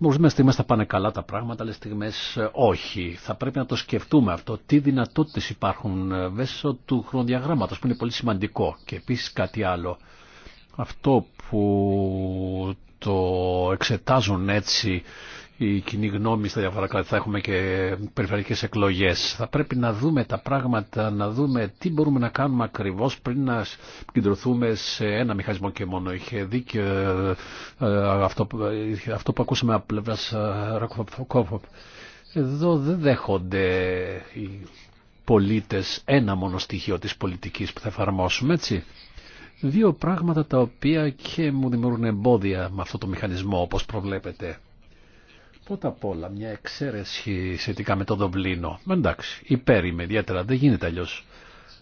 ορισμένες στιγμές θα πάνε καλά τα πράγματα, άλλες στιγμές όχι. Θα πρέπει να το σκεφτούμε αυτό, τι δυνατότητες υπάρχουν μέσω του χρονοδιαγράμματος που είναι πολύ σημαντικό και επίσης κάτι άλλο. Αυτό που το εξετάζουν έτσι η κοινή γνώμη στα διάφορα κράτη, θα έχουμε και περιφερειακές εκλογές. Θα πρέπει να δούμε τα πράγματα, να δούμε τι μπορούμε να κάνουμε ακριβώς πριν να κεντρωθούμε σε ένα μηχανισμό και μόνο. Είχε δίκιο ε, ε, αυτό, ε, αυτό που ακούσαμε από πλευρά Ρακοφοπ. Εδώ δεν δέχονται οι πολίτες ένα μόνο στοιχείο της πολιτικής που θα εφαρμόσουμε, έτσι δύο πράγματα τα οποία και μου δημιουργούν εμπόδια με αυτό το μηχανισμό όπως προβλέπετε. Πρώτα απ' όλα μια εξαίρεση σχετικά με το Δοβλίνο. Εντάξει, υπέρ είμαι ιδιαίτερα, δεν γίνεται αλλιώ.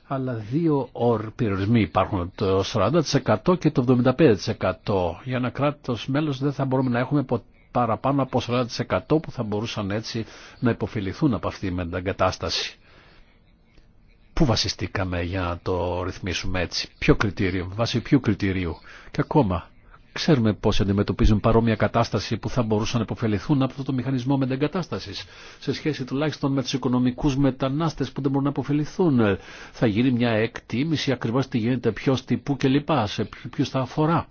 Αλλά δύο ορ περιορισμοί υπάρχουν, το 40% και το 75%. Για ένα κράτο μέλο δεν θα μπορούμε να έχουμε παραπάνω από 40% που θα μπορούσαν έτσι να υποφεληθούν από αυτή την εγκατάσταση. Πού βασιστήκαμε για να το ρυθμίσουμε έτσι, ποιο κριτήριο, βάσει ποιου κριτηρίου. Και ακόμα, ξέρουμε πώς αντιμετωπίζουν παρόμοια κατάσταση που θα μπορούσαν να υποφεληθούν από αυτό το μηχανισμό μεταγκατάστασης σε σχέση τουλάχιστον με τους οικονομικούς μετανάστες που δεν μπορούν να υποφεληθούν. Θα γίνει μια εκτίμηση ακριβώς τι γίνεται, ποιο τι, πού κλπ. Σε ποιους θα αφορά.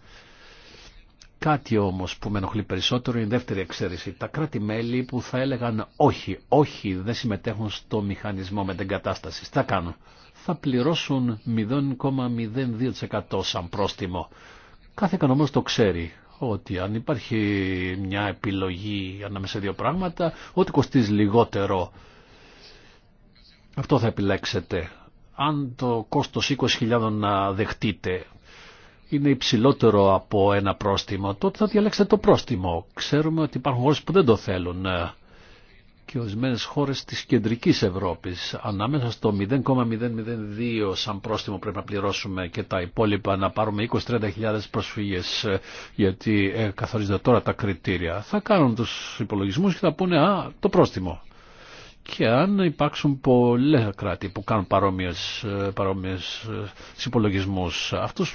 Κάτι όμως που με ενοχλεί περισσότερο είναι η δεύτερη εξαίρεση. Τα κράτη-μέλη που θα έλεγαν όχι, όχι δεν συμμετέχουν στο μηχανισμό μεταγκατάσταση Θα κάνουν. Θα πληρώσουν 0,02% σαν πρόστιμο. Κάθε κανονός το ξέρει ότι αν υπάρχει μια επιλογή ανάμεσα σε δύο πράγματα, ό,τι κοστίζει λιγότερο, αυτό θα επιλέξετε. Αν το κόστος 20.000 να δεχτείτε είναι υψηλότερο από ένα πρόστιμο, τότε θα διαλέξετε το πρόστιμο. Ξέρουμε ότι υπάρχουν χώρες που δεν το θέλουν και ορισμένε χώρε τη κεντρική Ευρώπη. Ανάμεσα στο 0,002 σαν πρόστιμο πρέπει να πληρώσουμε και τα υπόλοιπα να πάρουμε 20-30 προσφύγες ε, γιατί ε, καθορίζονται τώρα τα κριτήρια. Θα κάνουν του υπολογισμού και θα πούνε «Α, το πρόστιμο». Και αν υπάρξουν πολλές κράτη που κάνουν παρόμοιε ε, ε, υπολογισμού, αυτού.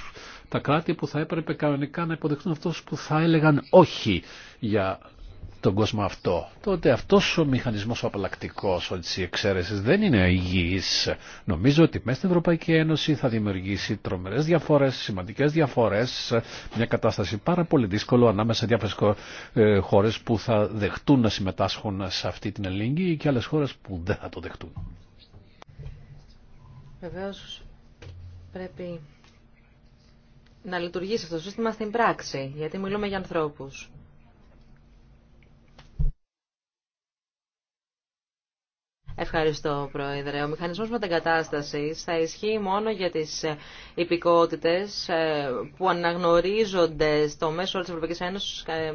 τα κράτη που θα έπρεπε κανονικά να υποδεχτούν αυτού που θα έλεγαν όχι για τον κόσμο αυτό, τότε αυτός ο μηχανισμός ο απαλλακτικός της εξαίρεσης δεν είναι υγιής. Νομίζω ότι μέσα στην Ευρωπαϊκή Ένωση θα δημιουργήσει τρομερές διαφορές, σημαντικές διαφορές, μια κατάσταση πάρα πολύ δύσκολο ανάμεσα σε διάφορες ε, χώρες που θα δεχτούν να συμμετάσχουν σε αυτή την ελληνική και άλλες χώρες που δεν θα το δεχτούν. Βεβαίως πρέπει να λειτουργήσει αυτό το σύστημα στην πράξη, γιατί μιλούμε για ανθρώπους. Ευχαριστώ, Πρόεδρε. Ο μηχανισμός μεταγκατάστασης θα ισχύει μόνο για τις ε, υπηκότητες ε, που αναγνωρίζονται στο μέσο της Ευρωπαϊκής Ένωσης ε,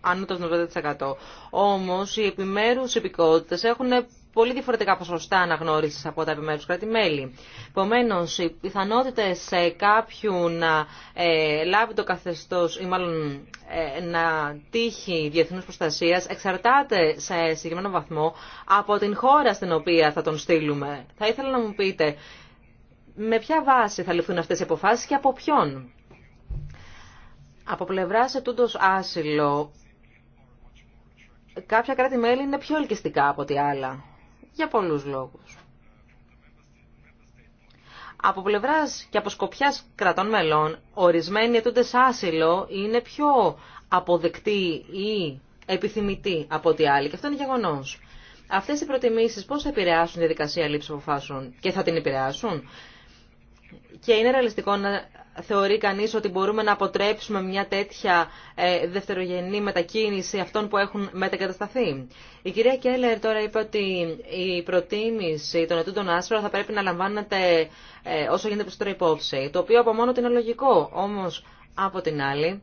άνω των 90%. Όμως, οι επιμέρους υπηκότητες έχουν πολύ διαφορετικά ποσοστά αναγνώρισης από τα επιμέρου κρατη κράτη-μέλη. Επομένω, οι πιθανότητε ε, κάποιου να ε, λάβει το καθεστώς ή μάλλον ε, να τύχει διεθνού προστασίας εξαρτάται σε συγκεκριμένο βαθμό από την χώρα στην οποία θα τον στείλουμε. Θα ήθελα να μου πείτε με ποια βάση θα ληφθούν αυτές οι αποφάσεις και από ποιον. Από πλευρά σε τούτος άσυλο, κάποια κράτη-μέλη είναι πιο ελκυστικά από ό,τι άλλα για πολλούς λόγους. Από πλευρά και από σκοπιά κρατών μελών, ορισμένοι σε άσυλο είναι πιο αποδεκτοί ή επιθυμητοί από ό,τι άλλοι. Και αυτό είναι γεγονό. Αυτέ οι προτιμήσει πώ θα επηρεάσουν τη διαδικασία λήψη αποφάσεων και θα την επηρεάσουν και είναι ρεαλιστικό να θεωρεί κανείς ότι μπορούμε να αποτρέψουμε μια τέτοια ε, δευτερογενή μετακίνηση αυτών που έχουν μετακατασταθεί. Η κυρία Κέλλερ τώρα είπε ότι η προτίμηση των ετούντων άσφαλων θα πρέπει να λαμβάνεται ε, όσο γίνεται τώρα υπόψη, το οποίο από μόνο ότι είναι λογικό. Όμως, από την άλλη,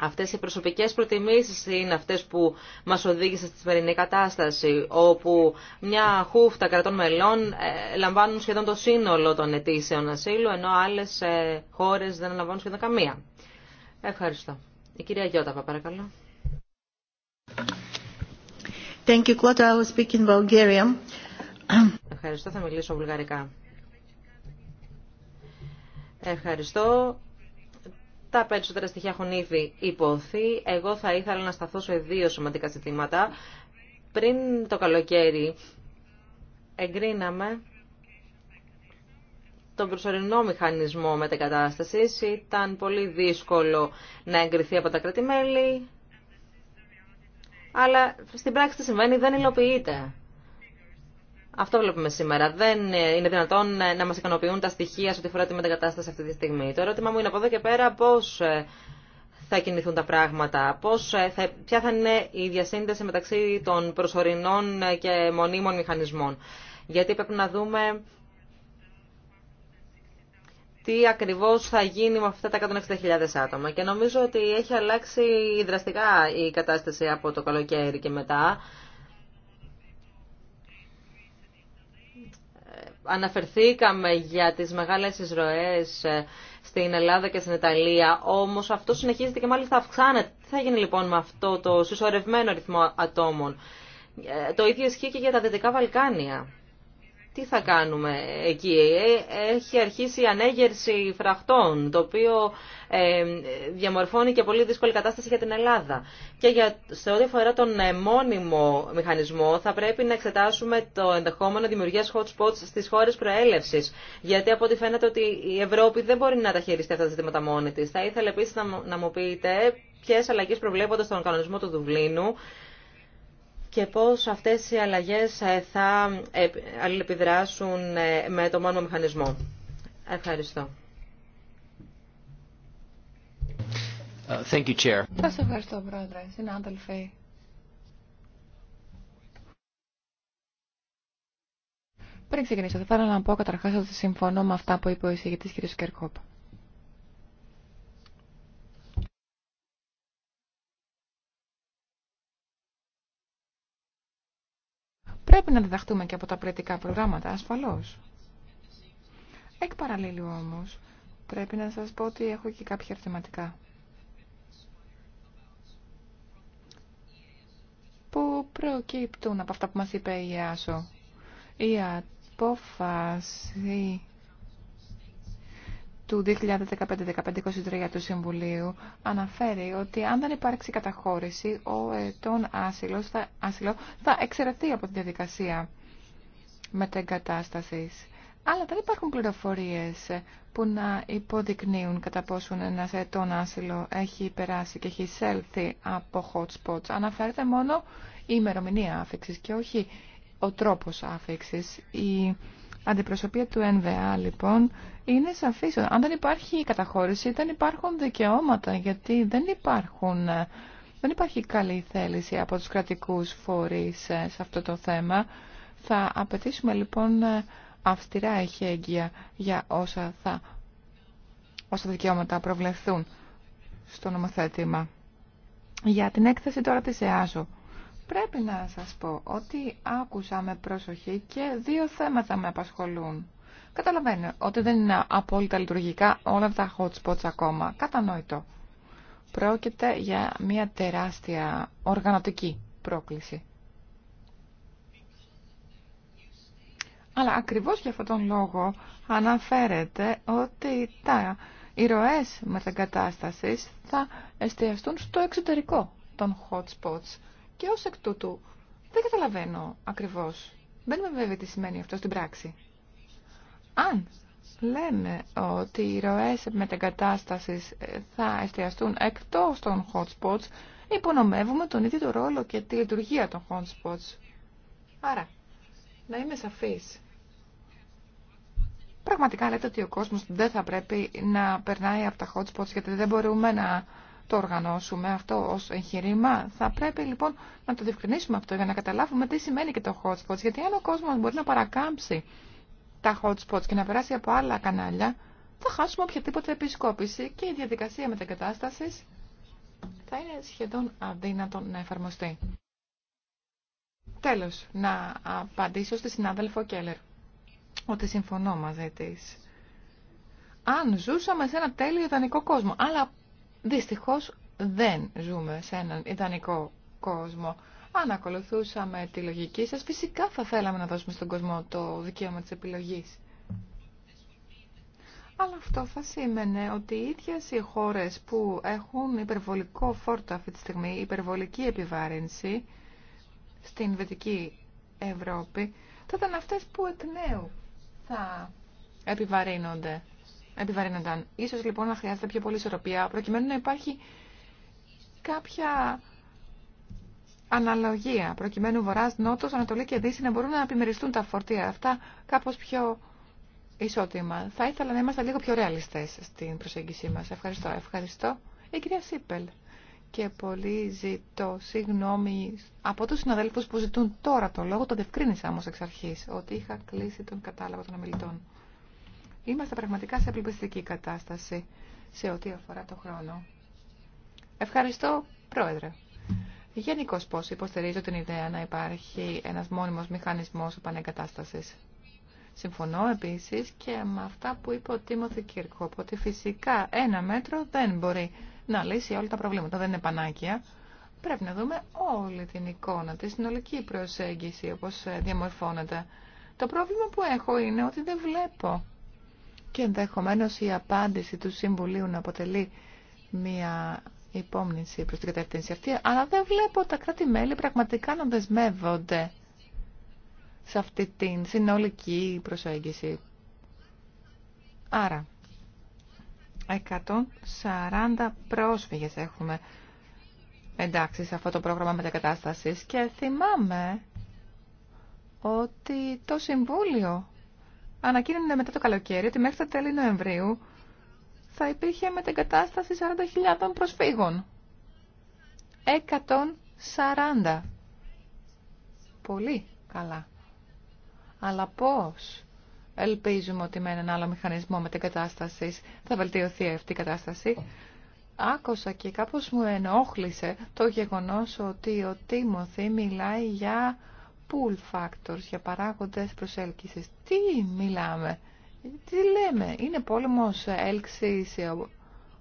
Αυτές οι προσωπικές προτιμήσεις είναι αυτές που μας οδήγησαν στη σημερινή κατάσταση, όπου μια χούφτα κρατών μελών ε, λαμβάνουν σχεδόν το σύνολο των αιτήσεων ασύλου, ενώ άλλες ε, χώρες δεν λαμβάνουν σχεδόν καμία. Ευχαριστώ. Η κυρία Γιώταβα, παρακαλώ. Thank you, Ευχαριστώ, θα μιλήσω βουλγαρικά. Ευχαριστώ τα περισσότερα στοιχεία έχουν ήδη υποθεί. Εγώ θα ήθελα να σταθώ σε δύο σημαντικά ζητήματα. Πριν το καλοκαίρι εγκρίναμε τον προσωρινό μηχανισμό μετεγκατάστασης. Ήταν πολύ δύσκολο να εγκριθεί από τα κρατημέλη, αλλά στην πράξη τι συμβαίνει δεν υλοποιείται. Αυτό βλέπουμε σήμερα. Δεν ε, είναι δυνατόν ε, να μα ικανοποιούν τα στοιχεία σε ό,τι αφορά τη μετακατάσταση αυτή τη στιγμή. Το ερώτημά μου είναι από εδώ και πέρα πώ ε, θα κινηθούν τα πράγματα, πώς θα, ποια θα είναι η διασύνδεση μεταξύ των προσωρινών και μονίμων μηχανισμών. Γιατί πρέπει να δούμε τι ακριβώς θα γίνει με αυτά τα 160.000 άτομα. Και νομίζω ότι έχει αλλάξει δραστικά η κατάσταση από το καλοκαίρι και μετά. Αναφερθήκαμε για τις μεγάλες εισρωές ε, στην Ελλάδα και στην Ιταλία, όμως αυτό συνεχίζεται και μάλιστα αυξάνεται. Τι θα γίνει λοιπόν με αυτό το συσσωρευμένο ρυθμό ατόμων. Ε, το ίδιο ισχύει και για τα Δυτικά Βαλκάνια τι θα κάνουμε εκεί. Ε, έχει αρχίσει η ανέγερση φραχτών, το οποίο ε, διαμορφώνει και πολύ δύσκολη κατάσταση για την Ελλάδα. Και για, σε ό,τι αφορά τον ε, μόνιμο μηχανισμό, θα πρέπει να εξετάσουμε το ενδεχόμενο δημιουργία hot spots στι χώρε προέλευση. Γιατί από ό,τι φαίνεται ότι η Ευρώπη δεν μπορεί να τα χειριστεί αυτά τα ζητήματα μόνη τη. Θα ήθελα επίση να, μου πείτε ποιε αλλαγέ προβλέπονται στον κανονισμό του Δουβλίνου και πώς αυτές οι αλλαγές ε, θα ε, αλληλεπιδράσουν ε, με το μόνο μηχανισμό. Ευχαριστώ. Uh, thank you, Σας ευχαριστώ, Πρόεδρε. Συνάδελφοι. Πριν ξεκινήσω, θα ήθελα να πω καταρχάς ότι συμφωνώ με αυτά που είπε ο εισηγητής κ. Κέρκοπ. Πρέπει να διδαχτούμε και από τα πρετικά προγράμματα, ασφαλώς. Εκ παραλλήλου όμως, πρέπει να σας πω ότι έχω και κάποια ερωτηματικά. Που προκύπτουν από αυτά που μας είπε η ΑΣΟ Η απόφαση του 2015 2023 του Συμβουλίου αναφέρει ότι αν δεν υπάρξει καταχώρηση, ο τον άσυλος θα, άσυλο θα εξαιρεθεί από τη διαδικασία μετεγκατάστασης. Αλλά δεν υπάρχουν πληροφορίες που να υποδεικνύουν κατά πόσον ένα ετών άσυλο έχει περάσει και έχει εισέλθει από hot spots. Αναφέρεται μόνο η ημερομηνία άφηξης και όχι ο τρόπος άφηξης. Η αντιπροσωπεία του ΕΝΒΑ λοιπόν είναι σαφής. Αν δεν υπάρχει καταχώρηση δεν υπάρχουν δικαιώματα γιατί δεν, υπάρχουν, δεν υπάρχει καλή θέληση από τους κρατικούς φορείς ε, σε αυτό το θέμα. Θα απαιτήσουμε λοιπόν ε, αυστηρά εχέγγυα για όσα, θα, όσα δικαιώματα προβλεφθούν στο νομοθέτημα. Για την έκθεση τώρα της ΕΑΖΟ. Πρέπει να σας πω ότι άκουσα με προσοχή και δύο θέματα με απασχολούν. Καταλαβαίνω ότι δεν είναι απόλυτα λειτουργικά όλα αυτά hot spots ακόμα. Κατανοητό. Πρόκειται για μια τεράστια οργανωτική πρόκληση. Αλλά ακριβώς για αυτόν τον λόγο αναφέρεται ότι τα, οι ροές μεταγκατάστασης θα εστιαστούν στο εξωτερικό των hot spots. Και ω εκ τούτου δεν καταλαβαίνω ακριβώς. είμαι βέβαια τι σημαίνει αυτό στην πράξη. Αν λέμε ότι οι ροέ μετεγκατάσταση ε, θα εστιαστούν εκτό των hot spots, υπονομεύουμε τον ίδιο το ρόλο και τη λειτουργία των hot spots. Άρα, να είμαι σαφή. Πραγματικά λέτε ότι ο κόσμος δεν θα πρέπει να περνάει από τα hot spots γιατί δεν μπορούμε να το οργανώσουμε αυτό ως εγχειρήμα. Θα πρέπει λοιπόν να το διευκρινίσουμε αυτό για να καταλάβουμε τι σημαίνει και το hotspots. Γιατί αν ο κόσμος μπορεί να παρακάμψει τα hotspots και να περάσει από άλλα κανάλια, θα χάσουμε οποιαδήποτε επισκόπηση και η διαδικασία μετακατάστασης θα είναι σχεδόν αδύνατο να εφαρμοστεί. Τέλος, να απαντήσω στη συνάδελφο Κέλλερ ότι συμφωνώ μαζί της. Αν ζούσαμε σε ένα τέλειο ιδανικό κόσμο, αλλά Δυστυχώς δεν ζούμε σε έναν ιδανικό κόσμο. Αν ακολουθούσαμε τη λογική σας, φυσικά θα θέλαμε να δώσουμε στον κόσμο το δικαίωμα της επιλογής. Αλλά αυτό θα σήμαινε ότι οι ίδιες οι χώρες που έχουν υπερβολικό φόρτο αυτή τη στιγμή, υπερβολική επιβάρυνση στην Βετική Ευρώπη, θα ήταν αυτές που εκ νέου θα επιβαρύνονται επιβαρύνονταν. Ίσως λοιπόν να χρειάζεται πιο πολύ ισορροπία, προκειμένου να υπάρχει κάποια αναλογία, προκειμένου βορρά, Νότος, Ανατολή και Δύση να μπορούν να επιμεριστούν τα φορτία αυτά κάπω πιο ισότιμα. Θα ήθελα να είμαστε λίγο πιο ρεαλιστέ στην προσέγγιση μα. Ευχαριστώ. Ευχαριστώ. Η κυρία Σίπελ. Και πολύ ζητώ συγγνώμη από του συναδέλφου που ζητούν τώρα το λόγο. Το διευκρίνησα όμω εξ αρχή ότι είχα κλείσει τον κατάλογο των ομιλητών. Είμαστε πραγματικά σε απελπιστική κατάσταση σε ό,τι αφορά το χρόνο. Ευχαριστώ, Πρόεδρε. Γενικώ πώ υποστηρίζω την ιδέα να υπάρχει ένα μόνιμο μηχανισμό επανεγκατάσταση. Συμφωνώ επίση και με αυτά που είπε ο Τίμωθη Κύρκο, ότι φυσικά ένα μέτρο δεν μπορεί να λύσει όλα τα προβλήματα, δεν είναι πανάκια. Πρέπει να δούμε όλη την εικόνα, τη συνολική προσέγγιση, όπω διαμορφώνεται. Το πρόβλημα που έχω είναι ότι δεν βλέπω και ενδεχομένως η απάντηση του Συμβουλίου να αποτελεί μια υπόμνηση προς την κατεύθυνση αυτή, αλλά δεν βλέπω τα κράτη-μέλη πραγματικά να δεσμεύονται σε αυτή την συνολική προσέγγιση. Άρα, 140 πρόσφυγες έχουμε εντάξει σε αυτό το πρόγραμμα μετακατάστασης και θυμάμαι ότι το Συμβούλιο ανακοίνωνε μετά το καλοκαίρι ότι μέχρι τα τέλη Νοεμβρίου θα υπήρχε μετεγκατάσταση 40.000 προσφύγων. 140. Πολύ καλά. Αλλά πώς ελπίζουμε ότι με έναν άλλο μηχανισμό μετεγκατάστασης θα βελτιωθεί αυτή η κατάσταση. Άκουσα και κάπως μου ενόχλησε το γεγονός ότι ο Τίμωθη μιλάει για pull factors, για παράγοντες προσέλκυσης. Τι μιλάμε, τι λέμε, είναι πόλεμος έλξης, ο,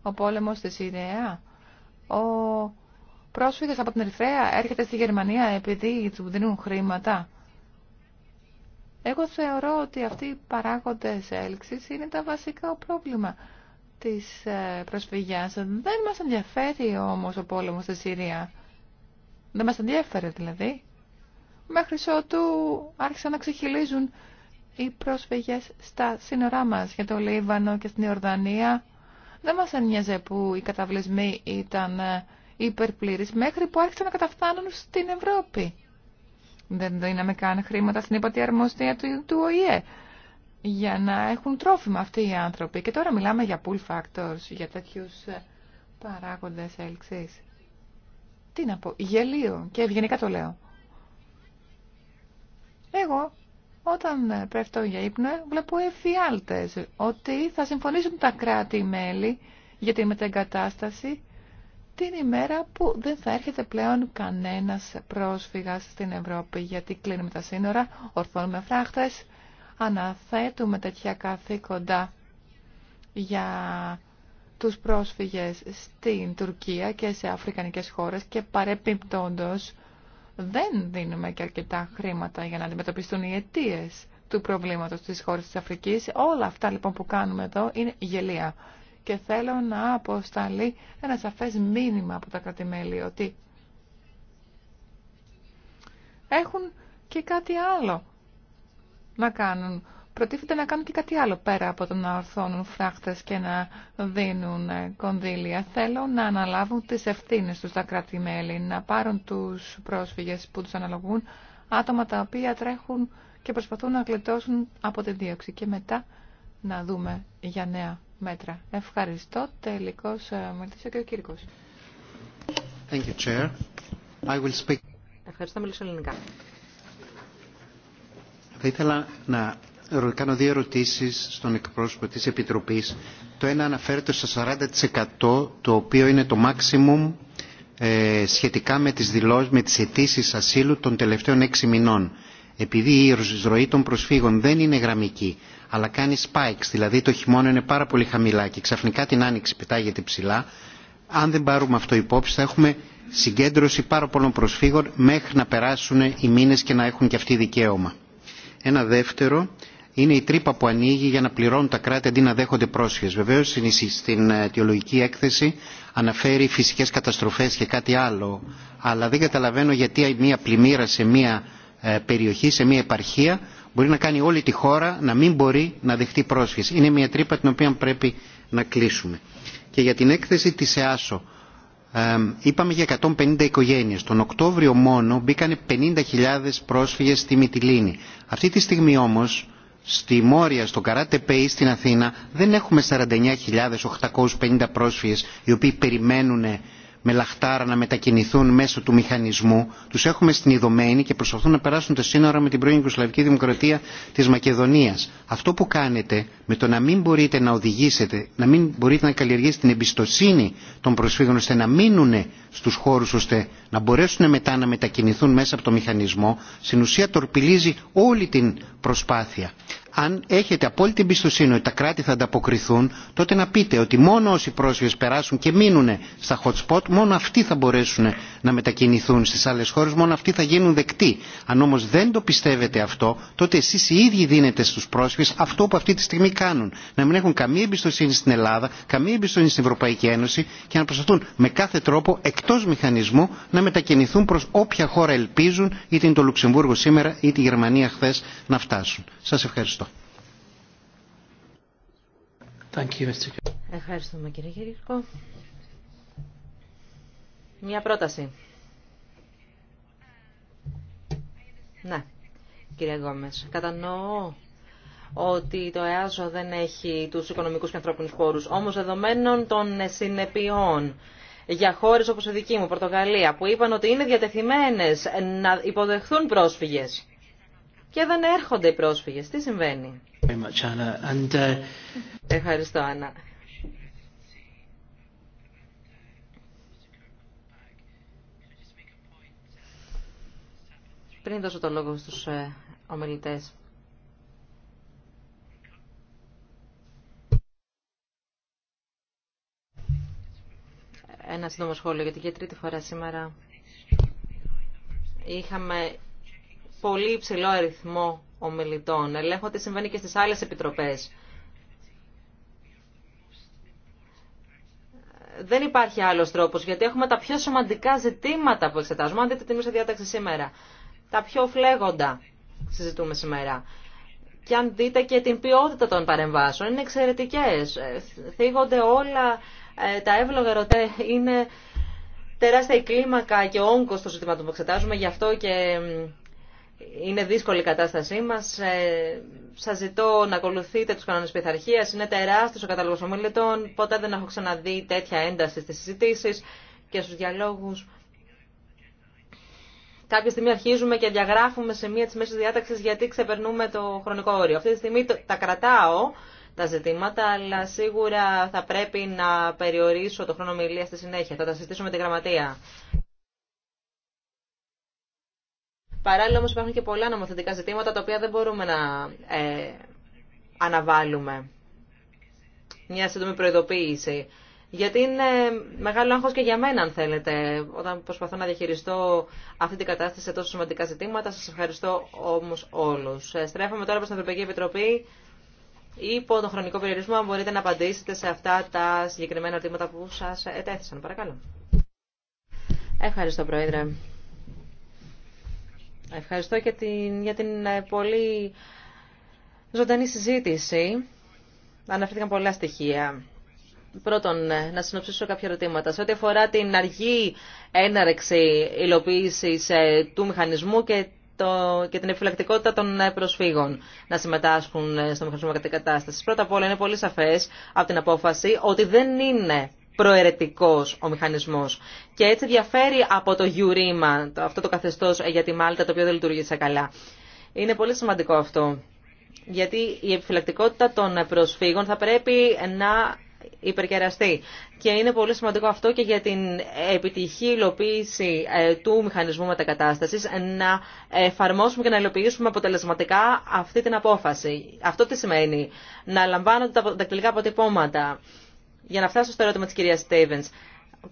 ο πόλεμος της Συρία, ο πρόσφυγας από την Ερυθρέα έρχεται στη Γερμανία επειδή του δίνουν χρήματα. Εγώ θεωρώ ότι αυτοί οι παράγοντες έλξης είναι τα βασικά πρόβλημα της ε, προσφυγιάς. Δεν μας ενδιαφέρει όμως ο πόλεμος στη Συρία. Δεν μας ενδιαφέρει δηλαδή μέχρι ότου άρχισαν να ξεχυλίζουν οι πρόσφυγες στα σύνορά μας για το Λίβανο και στην Ιορδανία. Δεν μας ένοιαζε που οι καταβλισμοί ήταν ε, υπερπλήρης μέχρι που άρχισαν να καταφθάνουν στην Ευρώπη. Δεν δίναμε καν χρήματα στην υπατή αρμοστία του, του ΟΗΕ για να έχουν τρόφιμα αυτοί οι άνθρωποι. Και τώρα μιλάμε για pull factors, για τέτοιους ε, παράγοντες έλξης. Τι να πω, γελίο και ευγενικά το λέω. Εγώ όταν πέφτω για ύπνο βλέπω εφιάλτες ότι θα συμφωνήσουν τα κράτη-μέλη για τη μετεγκατάσταση την ημέρα που δεν θα έρχεται πλέον κανένας πρόσφυγας στην Ευρώπη γιατί κλείνουμε τα σύνορα, ορθώνουμε φράχτες, αναθέτουμε τέτοια καθήκοντα για τους πρόσφυγες στην Τουρκία και σε αφρικανικές χώρες και παρεπιπτόντως δεν δίνουμε και αρκετά χρήματα για να αντιμετωπιστούν οι αιτίε του προβλήματος της χώρας της Αφρικής. Όλα αυτά λοιπόν που κάνουμε εδώ είναι γελία. Και θέλω να αποσταλεί ένα σαφές μήνυμα από τα κρατημέλη ότι έχουν και κάτι άλλο να κάνουν προτίθεται να κάνουν και κάτι άλλο πέρα από το να ορθώνουν φράχτες και να δίνουν κονδύλια. Θέλω να αναλάβουν τις ευθύνε τους τα κράτη-μέλη, να πάρουν τους πρόσφυγες που τους αναλογούν, άτομα τα οποία τρέχουν και προσπαθούν να γλιτώσουν από την δίωξη και μετά να δούμε για νέα μέτρα. Ευχαριστώ. Τελικώς ε, μιλήσε και ο Κύρκος. Ευχαριστώ, μιλήσω ελληνικά. Θα ήθελα να κάνω δύο ερωτήσεις στον εκπρόσωπο της Επιτροπής. Το ένα αναφέρεται στο 40% το οποίο είναι το maximum ε, σχετικά με τις δηλώσεις, με τις αιτήσει ασύλου των τελευταίων έξι μηνών. Επειδή η ροή των προσφύγων δεν είναι γραμμική, αλλά κάνει spikes, δηλαδή το χειμώνα είναι πάρα πολύ χαμηλά και ξαφνικά την άνοιξη πετάγεται ψηλά, αν δεν πάρουμε αυτό υπόψη θα έχουμε συγκέντρωση πάρα πολλών προσφύγων μέχρι να περάσουν οι μήνες και να έχουν και αυτοί δικαίωμα. Ένα δεύτερο, είναι η τρύπα που ανοίγει για να πληρώνουν τα κράτη αντί να δέχονται πρόσφυγες. Βεβαίως στην αιτιολογική έκθεση αναφέρει φυσικές καταστροφές και κάτι άλλο, αλλά δεν καταλαβαίνω γιατί μια πλημμύρα σε μια ε, περιοχή, σε μια επαρχία μπορεί να κάνει όλη τη χώρα να μην μπορεί να δεχτεί πρόσφυγες. Είναι μια τρύπα την οποία πρέπει να κλείσουμε. Και για την έκθεση της ΕΑΣΟ. Είπαμε για 150 οικογένειες. Τον Οκτώβριο μόνο μπήκανε 50.000 πρόσφυγες στη Μητυλίνη. Αυτή τη στιγμή όμως στη Μόρια, στο Καράτε Πέι, στην Αθήνα, δεν έχουμε 49.850 πρόσφυγες οι οποίοι περιμένουν με λαχτάρα να μετακινηθούν μέσω του μηχανισμού. Τους έχουμε στην ειδωμένη και προσπαθούν να περάσουν τα σύνορα με την πρώην Ιουγκοσλαβική Δημοκρατία της Μακεδονίας. Αυτό που κάνετε με το να μην μπορείτε να οδηγήσετε, να μην μπορείτε να καλλιεργήσετε την εμπιστοσύνη των προσφύγων ώστε να μείνουν στους χώρους ώστε να μπορέσουν μετά να μετακινηθούν μέσα από το μηχανισμό, στην ουσία τορπιλίζει όλη την προσπάθεια αν έχετε απόλυτη εμπιστοσύνη ότι τα κράτη θα ανταποκριθούν τότε να πείτε ότι μόνο όσοι πρόσφυγες περάσουν και μείνουν στα hot spot μόνο αυτοί θα μπορέσουν να μετακινηθούν στις άλλες χώρες μόνο αυτοί θα γίνουν δεκτοί. αν όμως δεν το πιστεύετε αυτό τότε εσείς οι ίδιοι δίνετε στους πρόσφυγες αυτό που αυτή τη στιγμή κάνουν να μην έχουν καμία εμπιστοσύνη στην ελλάδα καμία εμπιστοσύνη στην ευρωπαϊκή ένωση και να προσπαθούν με κάθε τρόπο εκτός μηχανισμού να μετακινηθούν προς όποια χώρα ελπίζουν είτε είναι το λουξεμβούργο σήμερα είτε η γερμανία χθε να φτάσουν. σας ευχαριστώ. Ευχαριστούμε κύριε Γερικό. Μια πρόταση. Ναι, κύριε Γκόμες. Κατανοώ ότι το ΕΑΖΟ δεν έχει τους οικονομικούς και ανθρώπινους πόρους, όμως δεδομένων των συνεπειών για χώρες όπως η δική μου, Πορτογαλία, που είπαν ότι είναι διατεθειμένες να υποδεχθούν πρόσφυγες και δεν έρχονται οι πρόσφυγες. Τι συμβαίνει. Uh, Ευχαριστώ, Άννα. Πριν δώσω το λόγο στους ε, ομιλητές. Ένα σύντομο σχόλιο, γιατί για τρίτη φορά σήμερα είχαμε πολύ υψηλό αριθμό ομιλητών. Ελέγχω τι συμβαίνει και στις άλλες επιτροπές. Δεν υπάρχει άλλος τρόπος, γιατί έχουμε τα πιο σημαντικά ζητήματα που εξετάζουμε. Αν δείτε την μισή διάταξη σήμερα, τα πιο φλέγοντα συζητούμε σήμερα. Και αν δείτε και την ποιότητα των παρεμβάσεων, είναι εξαιρετικές. Ε, θίγονται όλα ε, τα εύλογα ρωτέ. Είναι τεράστια η κλίμακα και ο όγκος των ζητημάτων που εξετάζουμε, γι' αυτό και είναι δύσκολη η κατάστασή μα. Ε, ζητώ να ακολουθείτε του κανόνες πειθαρχία. Είναι τεράστιο ο κατάλογος ομιλητών. Ποτέ δεν έχω ξαναδεί τέτοια ένταση στι συζητήσει και στου διαλόγους. Κάποια στιγμή αρχίζουμε και διαγράφουμε σε μία της μέσης διάταξη γιατί ξεπερνούμε το χρονικό όριο. Αυτή τη στιγμή τα κρατάω τα ζητήματα, αλλά σίγουρα θα πρέπει να περιορίσω το χρόνο ομιλία στη συνέχεια. Θα τα συζητήσουμε με τη γραμματεία. Παράλληλα όμως υπάρχουν και πολλά νομοθετικά ζητήματα τα οποία δεν μπορούμε να ε, αναβάλουμε. Μια σύντομη προειδοποίηση. Γιατί είναι μεγάλο άγχος και για μένα, αν θέλετε, όταν προσπαθώ να διαχειριστώ αυτή την κατάσταση σε τόσο σημαντικά ζητήματα. Σας ευχαριστώ όμως όλους. Ε, Στρέφουμε τώρα προς την Ευρωπαϊκή Επιτροπή. Υπό τον χρονικό περιορισμό, μπορείτε να απαντήσετε σε αυτά τα συγκεκριμένα ερωτήματα που σας ετέθησαν. Παρακαλώ. Ευχαριστώ, Πρόεδρε. Ευχαριστώ και την, για την ε, πολύ ζωντανή συζήτηση. Αναφέρθηκαν πολλά στοιχεία. Πρώτον, ε, να συνοψίσω κάποια ερωτήματα. Σε ό,τι αφορά την αργή έναρξη υλοποίηση ε, του μηχανισμού και, το, και την επιφυλακτικότητα των προσφύγων να συμμετάσχουν στο μηχανισμό κατά κατάσταση. Πρώτα απ' όλα, είναι πολύ σαφέ από την απόφαση ότι δεν είναι προαιρετικός ο μηχανισμός. Και έτσι διαφέρει από το γιουρίμα, αυτό το καθεστώς ε, για τη Μάλτα, το οποίο δεν λειτουργήσε καλά. Είναι πολύ σημαντικό αυτό, γιατί η επιφυλακτικότητα των προσφύγων θα πρέπει να υπερκεραστεί. Και είναι πολύ σημαντικό αυτό και για την επιτυχή υλοποίηση ε, του μηχανισμού μετακατάστασης να εφαρμόσουμε και να υλοποιήσουμε αποτελεσματικά αυτή την απόφαση. Αυτό τι σημαίνει. Να λαμβάνονται τα την αποτυπώματα για να φτάσω στο ερώτημα της κυρίας Στέιβενς,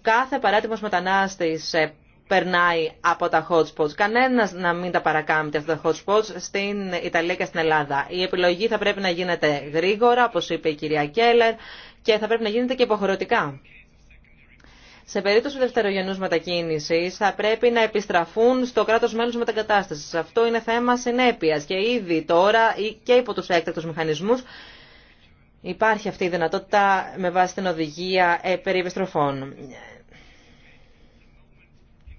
κάθε παράτιμος μετανάστης ε, περνάει από τα hot spots. Κανένας να μην τα παρακάμπτει αυτά τα hot spots στην Ιταλία και στην Ελλάδα. Η επιλογή θα πρέπει να γίνεται γρήγορα, όπως είπε η κυρία Κέλλερ, και θα πρέπει να γίνεται και υποχρεωτικά. Σε περίπτωση δευτερογενούς μετακίνησης θα πρέπει να επιστραφούν στο κράτος μέλους μετακατάστασης. Αυτό είναι θέμα συνέπειας και ήδη τώρα και υπό τους έκτακτους μηχανισμούς Υπάρχει αυτή η δυνατότητα με βάση την οδηγία ε, περί επιστροφών.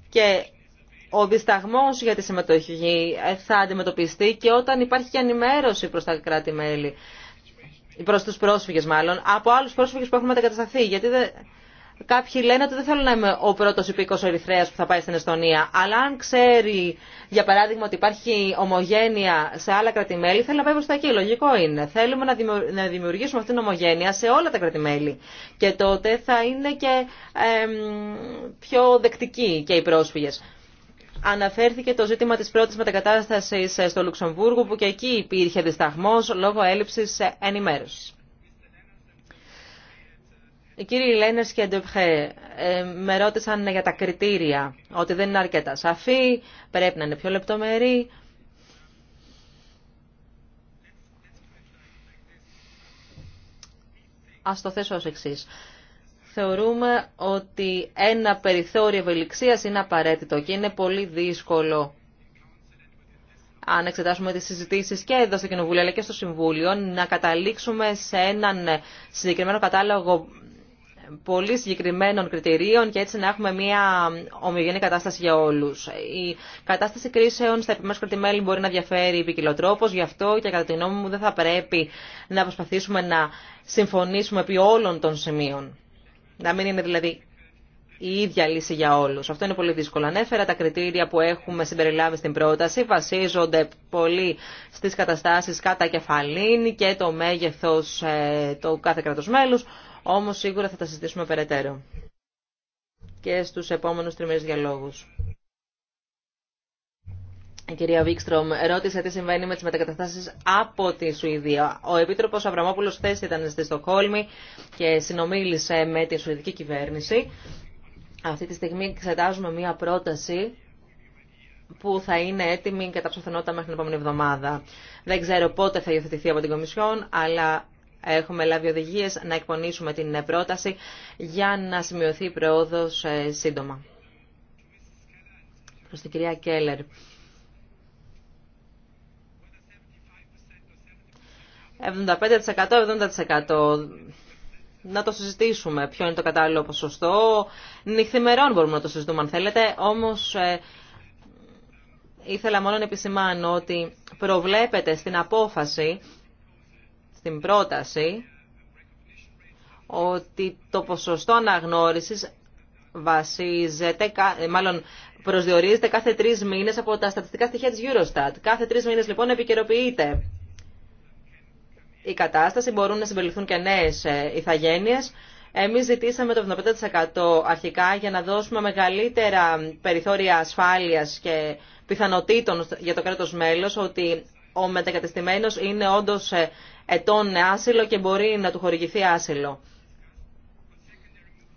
Και ο δισταγμός για τη συμμετοχή ε, θα αντιμετωπιστεί και όταν υπάρχει και ενημέρωση προς τα κράτη-μέλη, προς τους πρόσφυγες μάλλον, από άλλους πρόσφυγες που έχουν μετακατασταθεί. Γιατί δεν... Κάποιοι λένε ότι δεν θέλουν να είμαι ο πρώτο υπήκο Ερυθρέα που θα πάει στην Εστονία. Αλλά αν ξέρει, για παράδειγμα, ότι υπάρχει ομογένεια σε άλλα κρατημέλη, θέλει να πάει προ τα εκεί. Λογικό είναι. Θέλουμε να δημιουργήσουμε αυτήν την ομογένεια σε όλα τα κρατημέλη. Και τότε θα είναι και ε, πιο δεκτικοί και οι πρόσφυγε. Αναφέρθηκε το ζήτημα τη πρώτη μετακατάσταση στο Λουξεμβούργο, που και εκεί υπήρχε δισταγμό λόγω έλλειψη ενημέρωση. Οι ε, κύριοι Λένερς και Ντεπχέ ε, με ρώτησαν ε, για τα κριτήρια, ότι δεν είναι αρκετά σαφή, πρέπει να είναι πιο λεπτομερή. Ας το θέσω ως εξής. Θεωρούμε ότι ένα περιθώριο ευελιξίας είναι απαραίτητο και είναι πολύ δύσκολο αν εξετάσουμε τις συζητήσεις και εδώ στο Κοινοβούλιο αλλά και στο Συμβούλιο, να καταλήξουμε σε έναν συγκεκριμένο κατάλογο πολύ συγκεκριμένων κριτηρίων και έτσι να έχουμε μια ομοιογενή κατάσταση για όλου. Η κατάσταση κρίσεων στα επιμέρου κρατημέλη μπορεί να διαφέρει επικοινοτρόπω, γι' αυτό και κατά τη γνώμη μου δεν θα πρέπει να προσπαθήσουμε να συμφωνήσουμε επί όλων των σημείων. Να μην είναι δηλαδή η ίδια λύση για όλου. Αυτό είναι πολύ δύσκολο. Ανέφερα τα κριτήρια που έχουμε συμπεριλάβει στην πρόταση. Βασίζονται πολύ στι καταστάσει κατά κεφαλήν και το μέγεθο ε, του κάθε κράτο μέλου όμως σίγουρα θα τα συζητήσουμε περαιτέρω και στους επόμενους τριμμένους διαλόγους. Η κυρία Βίξτρομ ρώτησε τι συμβαίνει με τι μετακαταστάσει από τη Σουηδία. Ο επίτροπο Αβραμόπουλο χθες ήταν στη Στοκχόλμη και συνομίλησε με τη Σουηδική κυβέρνηση. Αυτή τη στιγμή εξετάζουμε μία πρόταση που θα είναι έτοιμη κατά ψωθενότητα μέχρι την επόμενη εβδομάδα. Δεν ξέρω πότε θα υιοθετηθεί από την Κομισιόν, αλλά έχουμε λάβει οδηγίες να εκπονήσουμε την πρόταση για να σημειωθεί η προόδος ε, σύντομα. Προς την κυρία Κέλλερ. «75%-70%» να το συζητήσουμε ποιο είναι το κατάλληλο ποσοστό. Νυχθημερών μπορούμε να το συζητούμε αν θέλετε, όμως ε, ήθελα μόνο να επισημάνω ότι προβλέπεται στην απόφαση στην πρόταση ότι το ποσοστό αναγνώρισης βασίζεται, ε, μάλλον προσδιορίζεται κάθε τρεις μήνες από τα στατιστικά στοιχεία της Eurostat. Κάθε τρεις μήνες λοιπόν επικαιροποιείται η κατάσταση, μπορούν να συμπεριληφθούν και νέες ε, ηθαγένειες. Εμείς ζητήσαμε το 75% αρχικά για να δώσουμε μεγαλύτερα περιθώρια ασφάλειας και πιθανότητων για το κράτος μέλος ότι ο μετακατεστημένος είναι όντως ε, ετών άσυλο και μπορεί να του χορηγηθεί άσυλο.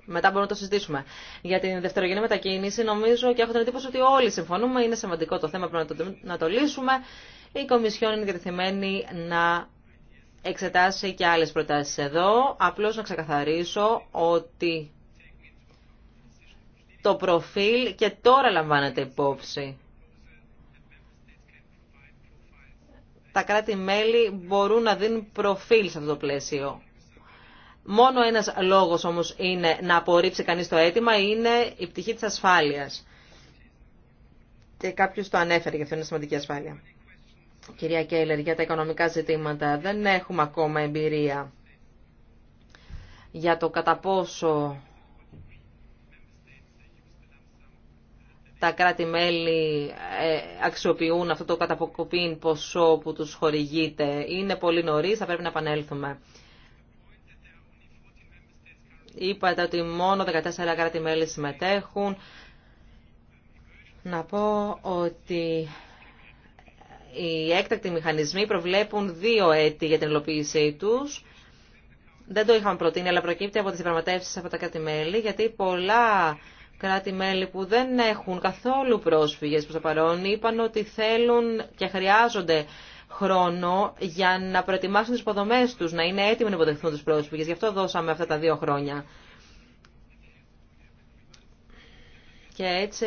Μετά μπορούμε να το συζητήσουμε. Για την δευτερογενή μετακίνηση νομίζω και έχω την εντύπωση ότι όλοι συμφωνούμε. Είναι σημαντικό το θέμα πρέπει να το, το λύσουμε. Η Κομισιόν είναι διατεθειμένη να εξετάσει και άλλες προτάσεις εδώ. Απλώς να ξεκαθαρίσω ότι το προφίλ και τώρα λαμβάνεται υπόψη τα κράτη-μέλη μπορούν να δίνουν προφίλ σε αυτό το πλαίσιο. Μόνο ένας λόγος όμως είναι να απορρίψει κανείς το αίτημα είναι η πτυχή της ασφάλειας. Και κάποιος το ανέφερε γιατί αυτό είναι σημαντική ασφάλεια. Κυρία Κέιλερ, για τα οικονομικά ζητήματα δεν έχουμε ακόμα εμπειρία για το κατά πόσο τα κράτη-μέλη ε, αξιοποιούν αυτό το καταποκοπήν ποσό που τους χορηγείται. Είναι πολύ νωρίς, θα πρέπει να επανέλθουμε. Είπατε ότι μόνο 14 κράτη-μέλη συμμετέχουν. Να πω ότι οι έκτακτοι μηχανισμοί προβλέπουν δύο έτη για την υλοποίησή τους. Δεν το είχαμε προτείνει, αλλά προκύπτει από τις διαπραγματεύσεις από τα κράτη-μέλη, γιατί πολλά κράτη-μέλη που δεν έχουν καθόλου πρόσφυγες προς το παρόν είπαν ότι θέλουν και χρειάζονται χρόνο για να προετοιμάσουν τις υποδομές τους, να είναι έτοιμοι να υποδεχθούν τους πρόσφυγες. Γι' αυτό δώσαμε αυτά τα δύο χρόνια. Και έτσι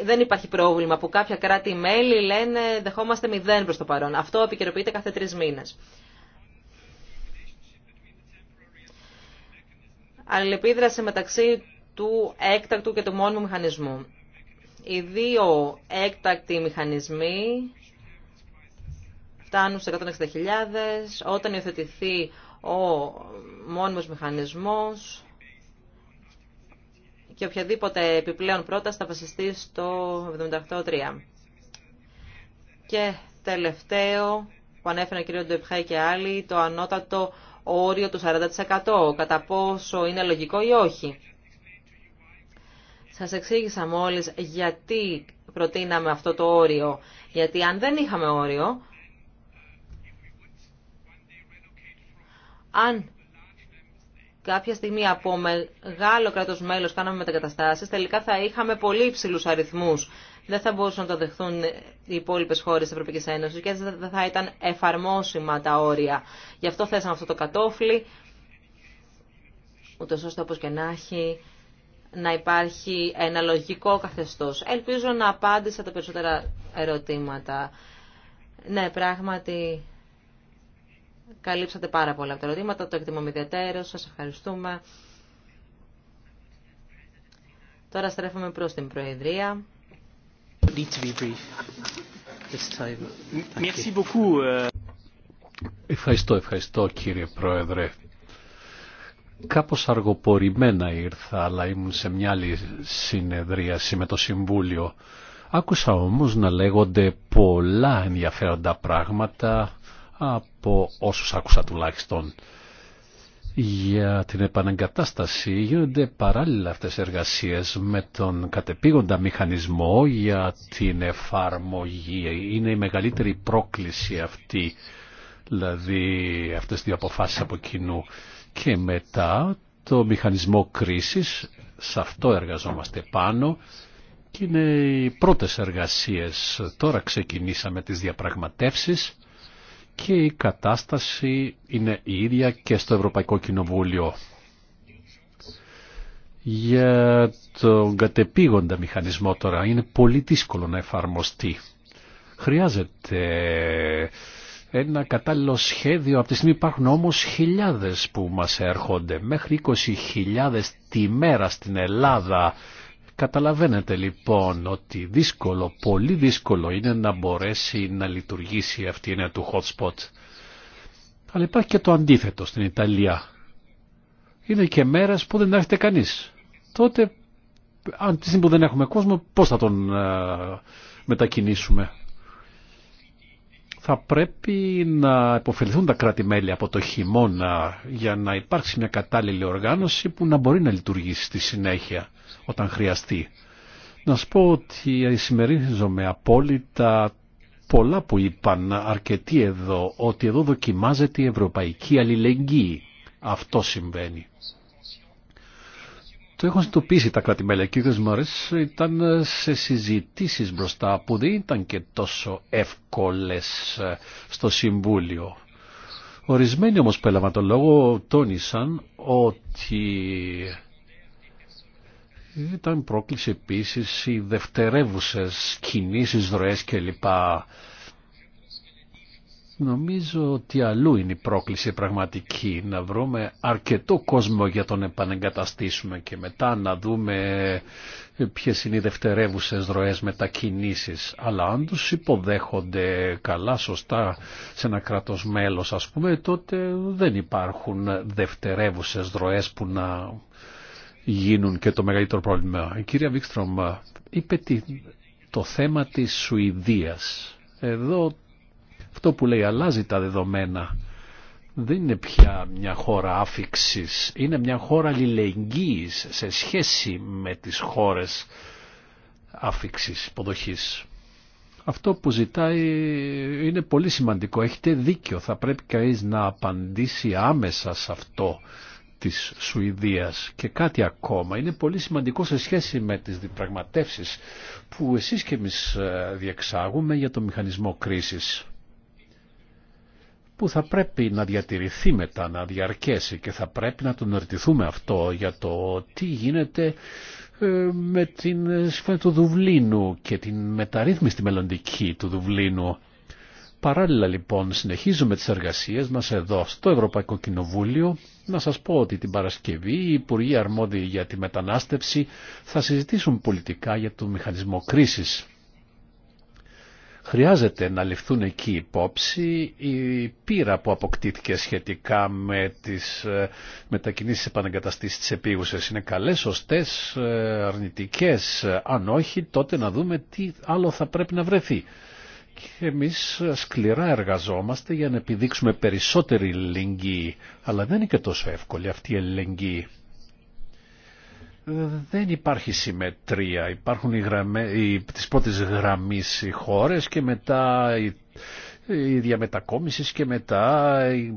ε, δεν υπάρχει πρόβλημα που κάποια κράτη-μέλη λένε δεχόμαστε μηδέν προς το παρόν. Αυτό επικαιροποιείται κάθε τρεις μήνες. αλληλεπίδραση μεταξύ του έκτακτου και του μόνιμου μηχανισμού. Οι δύο έκτακτοι μηχανισμοί φτάνουν σε 160.000 όταν υιοθετηθεί ο μόνιμος μηχανισμός και οποιαδήποτε επιπλέον πρόταση θα βασιστεί στο 78.3. Και τελευταίο που ανέφερε ο κ. Ντεπχάη και άλλοι, το ανώτατο όριο του 40%, κατά πόσο είναι λογικό ή όχι. Σας εξήγησα μόλις γιατί προτείναμε αυτό το όριο. Γιατί αν δεν είχαμε όριο, αν κάποια στιγμή από μεγάλο κράτο μέλο κάναμε μετακαταστάσει, τελικά θα είχαμε πολύ υψηλού αριθμούς. Δεν θα μπορούσαν να το δεχθούν οι υπόλοιπε χώρε τη Ευρωπαϊκή Ένωση και δεν θα ήταν εφαρμόσιμα τα όρια. Γι' αυτό θέσαμε αυτό το κατόφλι, ούτω ώστε όπω και να έχει να υπάρχει ένα λογικό καθεστώς. Ελπίζω να απάντησα τα περισσότερα ερωτήματα. Ναι, πράγματι καλύψατε πάρα πολλά από τα ερωτήματα. Το εκτιμάμε ιδιαίτερο. Σας ευχαριστούμε. Τώρα στρέφουμε προς την Προεδρία. Ε. Ευχαριστώ, ευχαριστώ κύριε Πρόεδρε. Κάπως αργοπορημένα ήρθα, αλλά ήμουν σε μια άλλη συνεδρίαση με το Συμβούλιο. Άκουσα όμως να λέγονται πολλά ενδιαφέροντα πράγματα από όσους άκουσα τουλάχιστον για την επαναγκατάσταση γίνονται παράλληλα αυτές οι εργασίες με τον κατεπήγοντα μηχανισμό για την εφαρμογή. Είναι η μεγαλύτερη πρόκληση αυτή, δηλαδή αυτές τις δύο αποφάσεις από κοινού. Και μετά το μηχανισμό κρίσης, σε αυτό εργαζόμαστε πάνω και είναι οι πρώτες εργασίες. Τώρα ξεκινήσαμε τις διαπραγματεύσεις και η κατάσταση είναι η ίδια και στο Ευρωπαϊκό Κοινοβούλιο. Για τον κατεπήγοντα μηχανισμό τώρα είναι πολύ δύσκολο να εφαρμοστεί. Χρειάζεται ένα κατάλληλο σχέδιο. Από τη στιγμή υπάρχουν όμως χιλιάδες που μας έρχονται. Μέχρι 20.000 τη μέρα στην Ελλάδα Καταλαβαίνετε λοιπόν ότι δύσκολο, πολύ δύσκολο είναι να μπορέσει να λειτουργήσει αυτή η έννοια του hot spot. Αλλά υπάρχει και το αντίθετο στην Ιταλία. Είναι και μέρες που δεν έρχεται κανείς. Τότε, αν τη στιγμή που δεν έχουμε κόσμο, πώς θα τον ε, μετακινήσουμε. Θα πρέπει να υποφελθούν τα κράτη-μέλη από το χειμώνα για να υπάρξει μια κατάλληλη οργάνωση που να μπορεί να λειτουργήσει στη συνέχεια όταν χρειαστεί. Να σου πω ότι συμμερίζομαι απόλυτα πολλά που είπαν αρκετοί εδώ, ότι εδώ δοκιμάζεται η ευρωπαϊκή αλληλεγγύη. Αυτό συμβαίνει. Το έχουν συντοπίσει τα κράτη-μέλη και ο ήταν σε συζητήσεις μπροστά που δεν ήταν και τόσο εύκολες ε, στο Συμβούλιο. Ορισμένοι όμως που τον λόγο τόνισαν ότι ήταν πρόκληση επίσης οι δευτερεύουσες κινήσεις, δροές κλπ. Νομίζω ότι αλλού είναι η πρόκληση πραγματική, να βρούμε αρκετό κόσμο για τον επανεγκαταστήσουμε και μετά να δούμε ποιες είναι οι δευτερεύουσες δροές μετακινήσεις. Αλλά αν τους υποδέχονται καλά, σωστά, σε ένα κράτος μέλος ας πούμε, τότε δεν υπάρχουν δευτερεύουσες δροές που να γίνουν και το μεγαλύτερο πρόβλημα. Η κυρία Βίξτρομ ε, είπε το θέμα της Σουηδίας. Εδώ αυτό που λέει αλλάζει τα δεδομένα. Δεν είναι πια μια χώρα άφηξης, είναι μια χώρα αλληλεγγύης σε σχέση με τις χώρες άφηξης, υποδοχής. Αυτό που ζητάει είναι πολύ σημαντικό. Έχετε δίκιο. Θα πρέπει κανείς να απαντήσει άμεσα σε αυτό της Σουηδίας και κάτι ακόμα είναι πολύ σημαντικό σε σχέση με τις διπραγματεύσεις που εσείς και εμείς ε, διεξάγουμε για το μηχανισμό κρίσης που θα πρέπει να διατηρηθεί μετά, να διαρκέσει και θα πρέπει να τον ερτηθούμε αυτό για το τι γίνεται ε, με την ε, συμφωνία του Δουβλίνου και την μεταρρύθμιση μελλοντική του Δουβλίνου Παράλληλα λοιπόν συνεχίζουμε τις εργασίες μας εδώ στο Ευρωπαϊκό Κοινοβούλιο. Να σας πω ότι την Παρασκευή οι Υπουργοί Αρμόδιοι για τη Μετανάστευση θα συζητήσουν πολιτικά για το μηχανισμό κρίσης. Χρειάζεται να ληφθούν εκεί υπόψη η πείρα που αποκτήθηκε σχετικά με τις ε, μετακινήσεις επαναγκαταστήσεις της επίγουσες. Είναι καλές, ε, αρνητικές. Αν όχι, τότε να δούμε τι άλλο θα πρέπει να βρεθεί και εμείς σκληρά εργαζόμαστε για να επιδείξουμε περισσότερη ελληνική, Αλλά δεν είναι και τόσο εύκολη αυτή η ελληνική. Δεν υπάρχει συμμετρία. Υπάρχουν οι γραμμέ, οι, τις πρώτες οι χώρες και μετά η, διαμετακόμισης και μετά η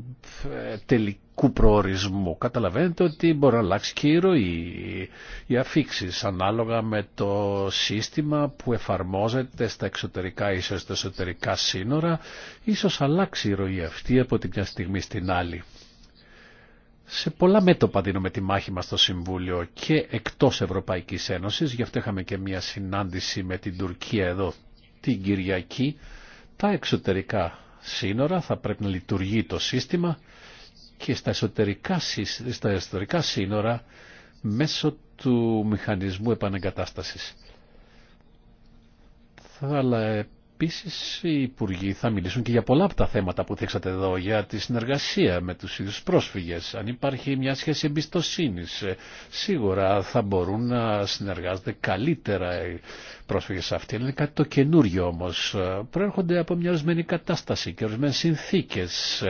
ε, τελική γεωγραφικού προορισμού. Καταλαβαίνετε ότι μπορεί να αλλάξει και η ροή, οι αφήξει ανάλογα με το σύστημα που εφαρμόζεται στα εξωτερικά ή στα εσωτερικά σύνορα. Ίσως αλλάξει η ροή αυτή από την μια στιγμή στην άλλη. Σε πολλά μέτωπα δίνουμε τη μάχη μας στο Συμβούλιο και εκτός Ευρωπαϊκής Ένωσης, γι' αυτό είχαμε και μια συνάντηση με την Τουρκία εδώ την Κυριακή, τα εξωτερικά σύνορα θα πρέπει να λειτουργεί το σύστημα και στα εσωτερικά, στα εσωτερικά σύνορα μέσω του μηχανισμού επανεγκατάστασης. Αλλά επίσης οι υπουργοί θα μιλήσουν και για πολλά από τα θέματα που θέξατε εδώ, για τη συνεργασία με τους ίδιους πρόσφυγες. Αν υπάρχει μια σχέση εμπιστοσύνης, ε, σίγουρα θα μπορούν να συνεργάζονται καλύτερα ε, πρόσφυγες αυτοί, είναι κάτι το καινούριο όμως. Προέρχονται από μια ορισμένη κατάσταση και ορισμένες συνθήκες,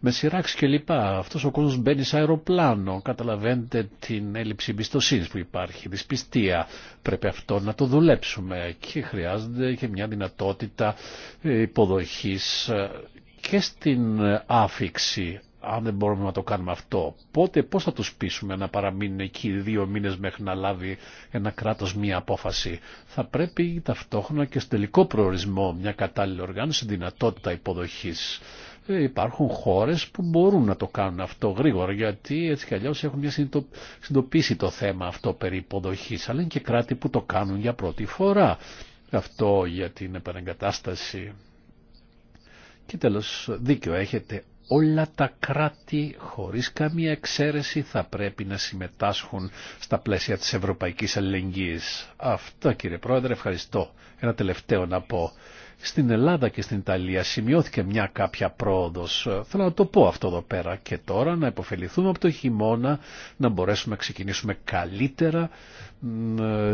με σειράξει κλπ. Αυτός ο κόσμος μπαίνει σε αεροπλάνο, καταλαβαίνετε την έλλειψη εμπιστοσύνη που υπάρχει, δυσπιστία. Πρέπει αυτό να το δουλέψουμε και χρειάζεται και μια δυνατότητα ε, υποδοχής ε, και στην άφηξη αν δεν μπορούμε να το κάνουμε αυτό, πότε πώς θα τους πείσουμε να παραμείνουν εκεί δύο μήνες μέχρι να λάβει ένα κράτος μία απόφαση. Θα πρέπει ταυτόχρονα και στο τελικό προορισμό μια κατάλληλη οργάνωση δυνατότητα υποδοχής. Ε, υπάρχουν χώρες που μπορούν να το κάνουν αυτό γρήγορα γιατί έτσι κι αλλιώς έχουν μια συνειδητοποιήσει το θέμα αυτό περί υποδοχής αλλά είναι και κράτη που το κάνουν για πρώτη φορά αυτό για την επαναγκατάσταση και τέλος δίκιο έχετε όλα τα κράτη χωρίς καμία εξαίρεση θα πρέπει να συμμετάσχουν στα πλαίσια της Ευρωπαϊκής Αλληλεγγύης. Αυτό κύριε Πρόεδρε ευχαριστώ. Ένα τελευταίο να πω. Στην Ελλάδα και στην Ιταλία σημειώθηκε μια κάποια πρόοδος. Θέλω να το πω αυτό εδώ πέρα και τώρα να υποφεληθούμε από το χειμώνα, να μπορέσουμε να ξεκινήσουμε καλύτερα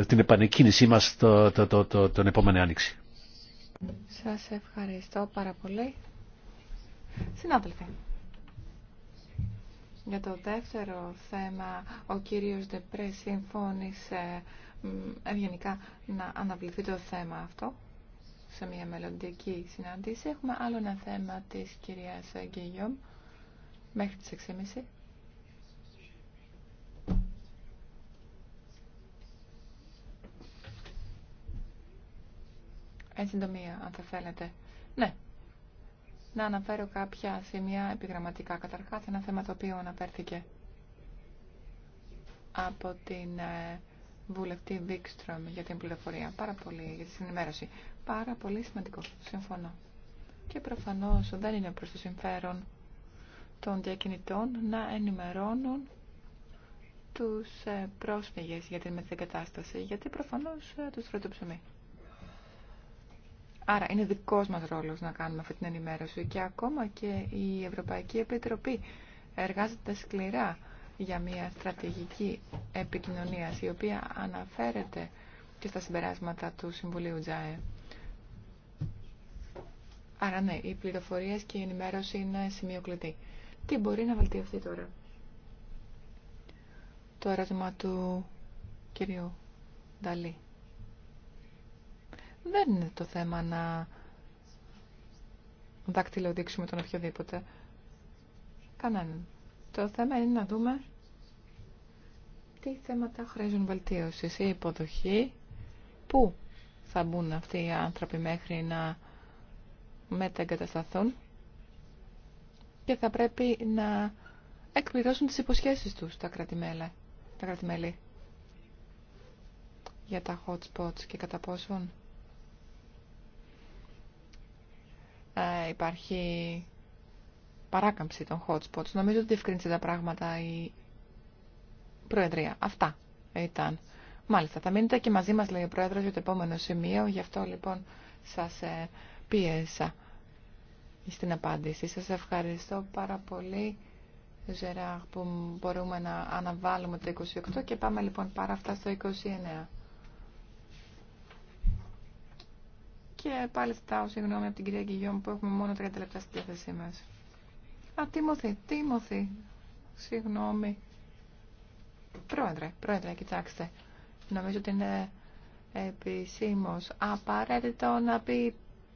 την επανεκκίνησή μας τον επόμενο άνοιξη. Σας ευχαριστώ πάρα πολύ. Συνάδελφοι, για το δεύτερο θέμα, ο κύριος Ντεπρέ συμφώνησε ευγενικά να αναβληθεί το θέμα αυτό σε μια μελλοντική συνάντηση. Έχουμε άλλο ένα θέμα της κυρίας Γκίγιομ μέχρι τις 6.30. Εν συντομία, αν θα θέλετε. Ναι, να αναφέρω κάποια σημεία επιγραμματικά. Καταρχάς, ένα θέμα το οποίο αναφέρθηκε από την ε, βουλευτή Βίκστρομ για την πληροφορία. Πάρα πολύ, για τη συνημέρωση. Πάρα πολύ σημαντικό. Συμφωνώ. Και προφανώς δεν είναι προς το συμφέρον των διακινητών να ενημερώνουν τους ε, πρόσφυγες για την μετεγκατάσταση, γιατί προφανώς ε, τους τρώει το ψωμί. Άρα είναι δικός μας ρόλος να κάνουμε αυτή την ενημέρωση και ακόμα και η Ευρωπαϊκή Επιτροπή εργάζεται σκληρά για μια στρατηγική επικοινωνία η οποία αναφέρεται και στα συμπεράσματα του Συμβουλίου Τζάε. Άρα ναι, οι πληροφορίε και η ενημέρωση είναι σημείο κλειδί. Τι μπορεί να βελτιωθεί τώρα. Το ερώτημα του κυρίου Νταλή. Δεν είναι το θέμα να δακτυλοδείξουμε τον οποιοδήποτε. Κανέναν. Το θέμα είναι να δούμε τι θέματα χρειάζουν βελτίωση ή υποδοχή, πού θα μπουν αυτοί οι άνθρωποι μέχρι να μεταγκατασταθούν και θα πρέπει να εκπληρώσουν τις υποσχέσεις τους τα κρατημέλα, τα κρατημέλη για τα hot spots και κατά πόσον ε, υπάρχει παράκαμψη των hot spots. Νομίζω ότι διευκρίνησε τα πράγματα η Προεδρία. Αυτά ήταν. Μάλιστα, θα μείνετε και μαζί μας, λέει ο Πρόεδρος, για το επόμενο σημείο. Γι' αυτό, λοιπόν, σας ε, πίεσα στην απάντηση. Σας ευχαριστώ πάρα πολύ, Ζεράχ, που μπορούμε να αναβάλουμε το 28 και πάμε, λοιπόν, πάρα αυτά στο 29. Και πάλι ζητάω συγγνώμη από την κυρία Κιγιόμ που έχουμε μόνο 30 λεπτά στη διάθεσή μα. Α, Τίμωθη, Τίμωθη. Συγγνώμη. Πρόεδρε, πρόεδρε, κοιτάξτε. Νομίζω ότι είναι επισήμω απαραίτητο να πει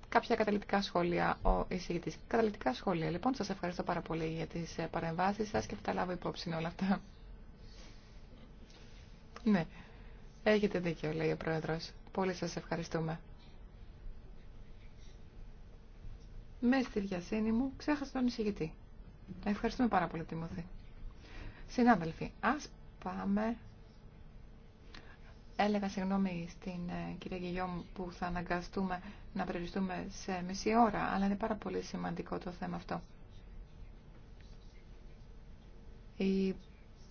κάποια καταληπτικά σχόλια ο εισηγητή. Καταληπτικά σχόλια, λοιπόν. Σα ευχαριστώ πάρα πολύ για τι παρεμβάσει σα και θα τα λάβω υπόψη όλα αυτά. Ναι, έχετε δίκιο, λέει ο πρόεδρο. Πολύ σα ευχαριστούμε. με στη διασύνη μου ξέχασα τον εισηγητή. Ευχαριστούμε πάρα πολύ, Τιμωθή. Συνάδελφοι, ας πάμε... Έλεγα συγγνώμη στην ε, κυρία Γεγιόμ που θα αναγκαστούμε να περιοριστούμε σε μισή ώρα, αλλά είναι πάρα πολύ σημαντικό το θέμα αυτό. Η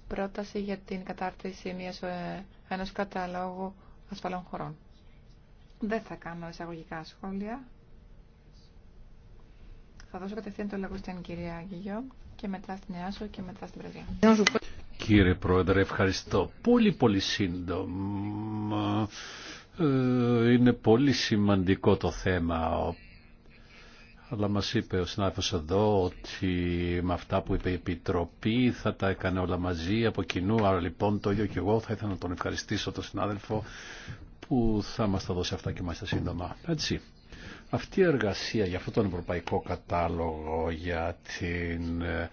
πρόταση για την κατάρτιση μιας, ε, ενός καταλόγου ασφαλών χωρών. Δεν θα κάνω εισαγωγικά σχόλια, θα δώσω κατευθείαν το λόγο στην κυρία Γιγιό και μετά στην ΕΑΣΟ και μετά στην πρεδια. Κύριε Πρόεδρε, ευχαριστώ. Πολύ πολύ σύντομα. Ε, είναι πολύ σημαντικό το θέμα αλλά μας είπε ο συνάδελφος εδώ ότι με αυτά που είπε η Επιτροπή θα τα έκανε όλα μαζί από κοινού. Άρα λοιπόν το ίδιο και εγώ θα ήθελα να τον ευχαριστήσω τον συνάδελφο που θα μας τα δώσει αυτά και μας τα σύντομα. Έτσι. Αυτή η εργασία για αυτόν τον ευρωπαϊκό κατάλογο για την ε,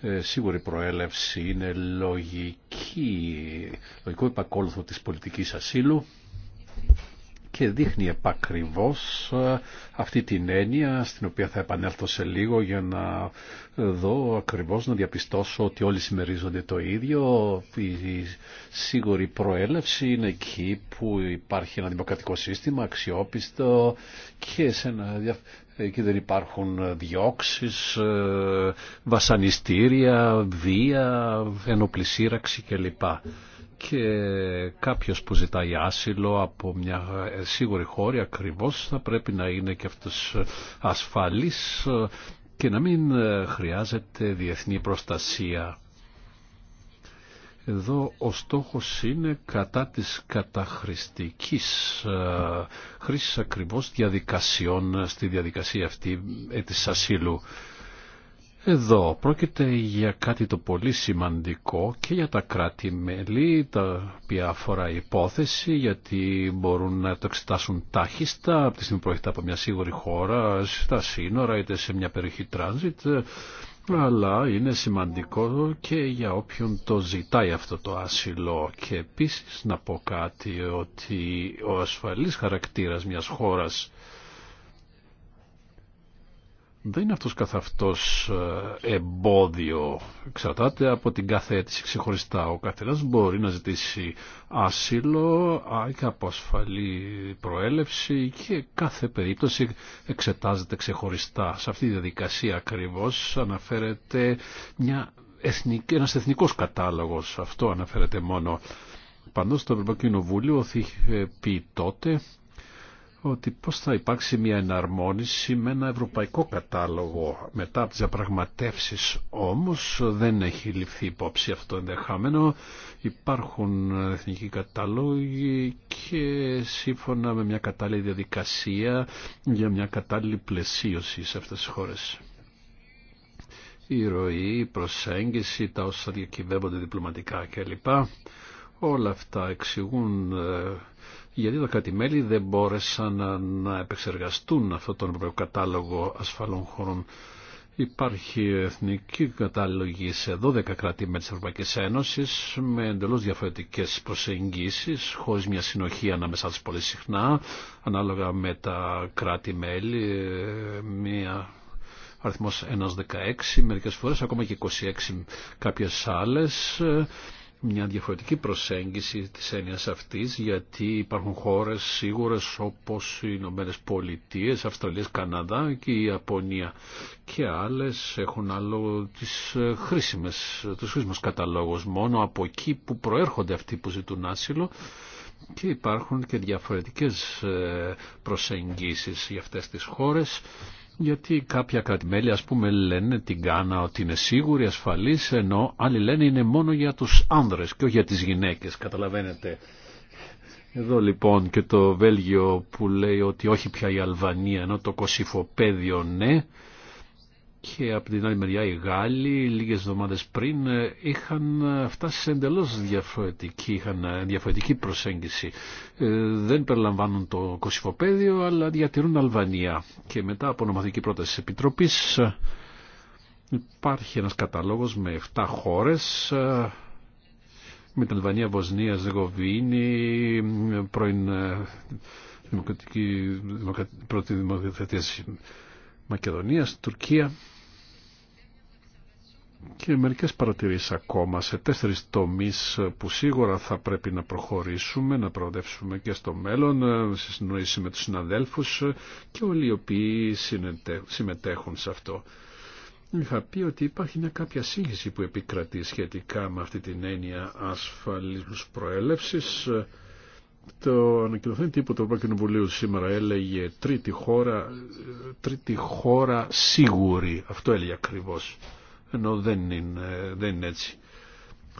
ε, σίγουρη προέλευση είναι λογική, λογικό υπακόλουθο της πολιτικής ασύλου και δείχνει επακριβώς ε, αυτή την έννοια στην οποία θα επανέλθω σε λίγο για να δω ακριβώς να διαπιστώσω ότι όλοι συμμερίζονται το ίδιο. Η σίγουρη προέλευση είναι εκεί που υπάρχει ένα δημοκρατικό σύστημα αξιόπιστο και σε ένα Εκεί δεν υπάρχουν διώξεις, ε, βασανιστήρια, βία, σύραξη κλπ και κάποιος που ζητάει άσυλο από μια σίγουρη χώρα ακριβώς θα πρέπει να είναι και αυτός ασφαλής και να μην χρειάζεται διεθνή προστασία. Εδώ ο στόχος είναι κατά της καταχρηστικής ε, χρήσης ακριβώς διαδικασιών στη διαδικασία αυτή ε, της ασύλου. Εδώ πρόκειται για κάτι το πολύ σημαντικό και για τα κράτη-μέλη, τα οποία αφορά υπόθεση, γιατί μπορούν να το εξετάσουν τάχιστα από τη στιγμή που από μια σίγουρη χώρα, στα σύνορα, είτε σε μια περιοχή τράνζιτ, αλλά είναι σημαντικό και για όποιον το ζητάει αυτό το άσυλο. Και επίσης να πω κάτι ότι ο ασφαλής χαρακτήρας μιας χώρας δεν είναι αυτός καθ' αυτός ε, εμπόδιο. Εξαρτάται από την κάθε αίτηση ξεχωριστά. Ο καθένας μπορεί να ζητήσει άσυλο και από ασφαλή προέλευση και κάθε περίπτωση εξετάζεται ξεχωριστά. Σε αυτή τη διαδικασία ακριβώς αναφέρεται μια εθνική, ένας εθνικός κατάλογος. Αυτό αναφέρεται μόνο. Παντός το Ευρωπαϊκό Κοινοβούλιο είχε πει τότε ότι πώς θα υπάρξει μια εναρμόνιση με ένα ευρωπαϊκό κατάλογο μετά από τις διαπραγματεύσεις όμως δεν έχει ληφθεί υπόψη αυτό ενδεχάμενο υπάρχουν εθνικοί κατάλογοι και σύμφωνα με μια κατάλληλη διαδικασία για μια κατάλληλη πλαισίωση σε αυτές τις χώρες η ροή, η προσέγγιση, τα όσα διακυβεύονται διπλωματικά κλπ. Όλα αυτά εξηγούν ε, γιατί τα κράτη-μέλη δεν μπόρεσαν να επεξεργαστούν αυτόν τον ευρωπαϊκό κατάλογο ασφαλών χωρών. Υπάρχει εθνική κατάλογη σε 12 κράτη-μέλη της Ευρωπαϊκής Ένωσης με εντελώς διαφορετικές προσεγγίσεις, χωρίς μια συνοχή ανάμεσά τους πολύ συχνά, ανάλογα με τα κράτη-μέλη, μια αριθμός 1-16, μερικές φορές ακόμα και 26 κάποιες άλλες μια διαφορετική προσέγγιση της έννοιας αυτής γιατί υπάρχουν χώρες σίγουρες όπως οι Ηνωμένε Πολιτείε, Αυστραλία, Καναδά και η Ιαπωνία και άλλες έχουν άλλο τις ε, χρήσιμες, τους χρήσιμους καταλόγους μόνο από εκεί που προέρχονται αυτοί που ζητούν άσυλο και υπάρχουν και διαφορετικές ε, προσεγγίσεις για αυτές τις χώρες γιατί κάποια κρατημέλη ας πούμε λένε την Κάνα ότι είναι σίγουρη, ασφαλής, ενώ άλλοι λένε είναι μόνο για τους άνδρες και όχι για τις γυναίκες, καταλαβαίνετε. Εδώ λοιπόν και το Βέλγιο που λέει ότι όχι πια η Αλβανία, ενώ το Κωσυφοπέδιο ναι, και από την άλλη μεριά οι Γάλλοι λίγες εβδομάδες πριν είχαν φτάσει σε εντελώς διαφορετική, είχαν διαφορετική προσέγγιση. Ε, δεν περιλαμβάνουν το κοσυφοπέδιο αλλά διατηρούν Αλβανία. Και μετά από νομοθετική πρόταση Επιτροπής υπάρχει ένας καταλόγος με 7 χώρες με την Αλβανία, Βοσνία, Ζεγοβίνη, πρώην ε, Δημοκρατική, Δημοκρατία Μακεδονίας, Τουρκία και μερικές παρατηρήσεις ακόμα σε τέσσερις τομείς που σίγουρα θα πρέπει να προχωρήσουμε, να προοδεύσουμε και στο μέλλον, ε, σε συνοήση με τους συναδέλφους και όλοι οι οποίοι συμμετέχουν σε αυτό. Είχα πει ότι υπάρχει μια κάποια σύγχυση που επικρατεί σχετικά με αυτή την έννοια ασφαλής προέλευσης. Το ανακοινωθέν τύπο του Ευρωπαϊκού σήμερα έλεγε τρίτη χώρα, τρίτη χώρα σίγουρη. Αυτό έλεγε ακριβώς ενώ δεν είναι, δεν είναι έτσι.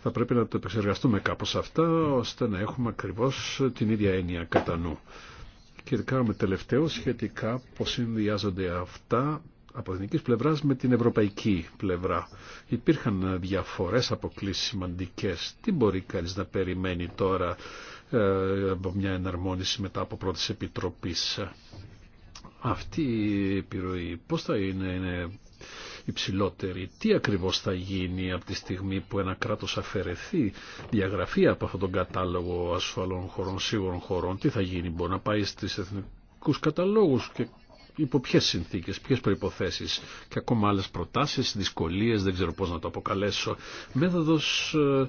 Θα πρέπει να το επεξεργαστούμε κάπως αυτά, ώστε να έχουμε ακριβώς την ίδια έννοια κατά νου. Και κάνουμε τελευταίο σχετικά πώς συνδυάζονται αυτά από εθνικής πλευράς με την ευρωπαϊκή πλευρά. Υπήρχαν διαφορές αποκλήσεις σημαντικές. Τι μπορεί κανείς να περιμένει τώρα ε, από μια εναρμόνιση μετά από πρώτης επιτροπής. Αυτή η επιρροή πώς θα είναι υψηλότερη. Τι ακριβώς θα γίνει από τη στιγμή που ένα κράτος αφαιρεθεί, διαγραφή από αυτόν τον κατάλογο ασφαλών χωρών, σίγουρων χωρών, τι θα γίνει, μπορεί να πάει στις εθνικούς καταλόγους και υπό ποιε συνθήκες, ποιε προποθέσει και ακόμα άλλε προτάσεις, δυσκολίες, δεν ξέρω πώς να το αποκαλέσω. Μέθοδο ε,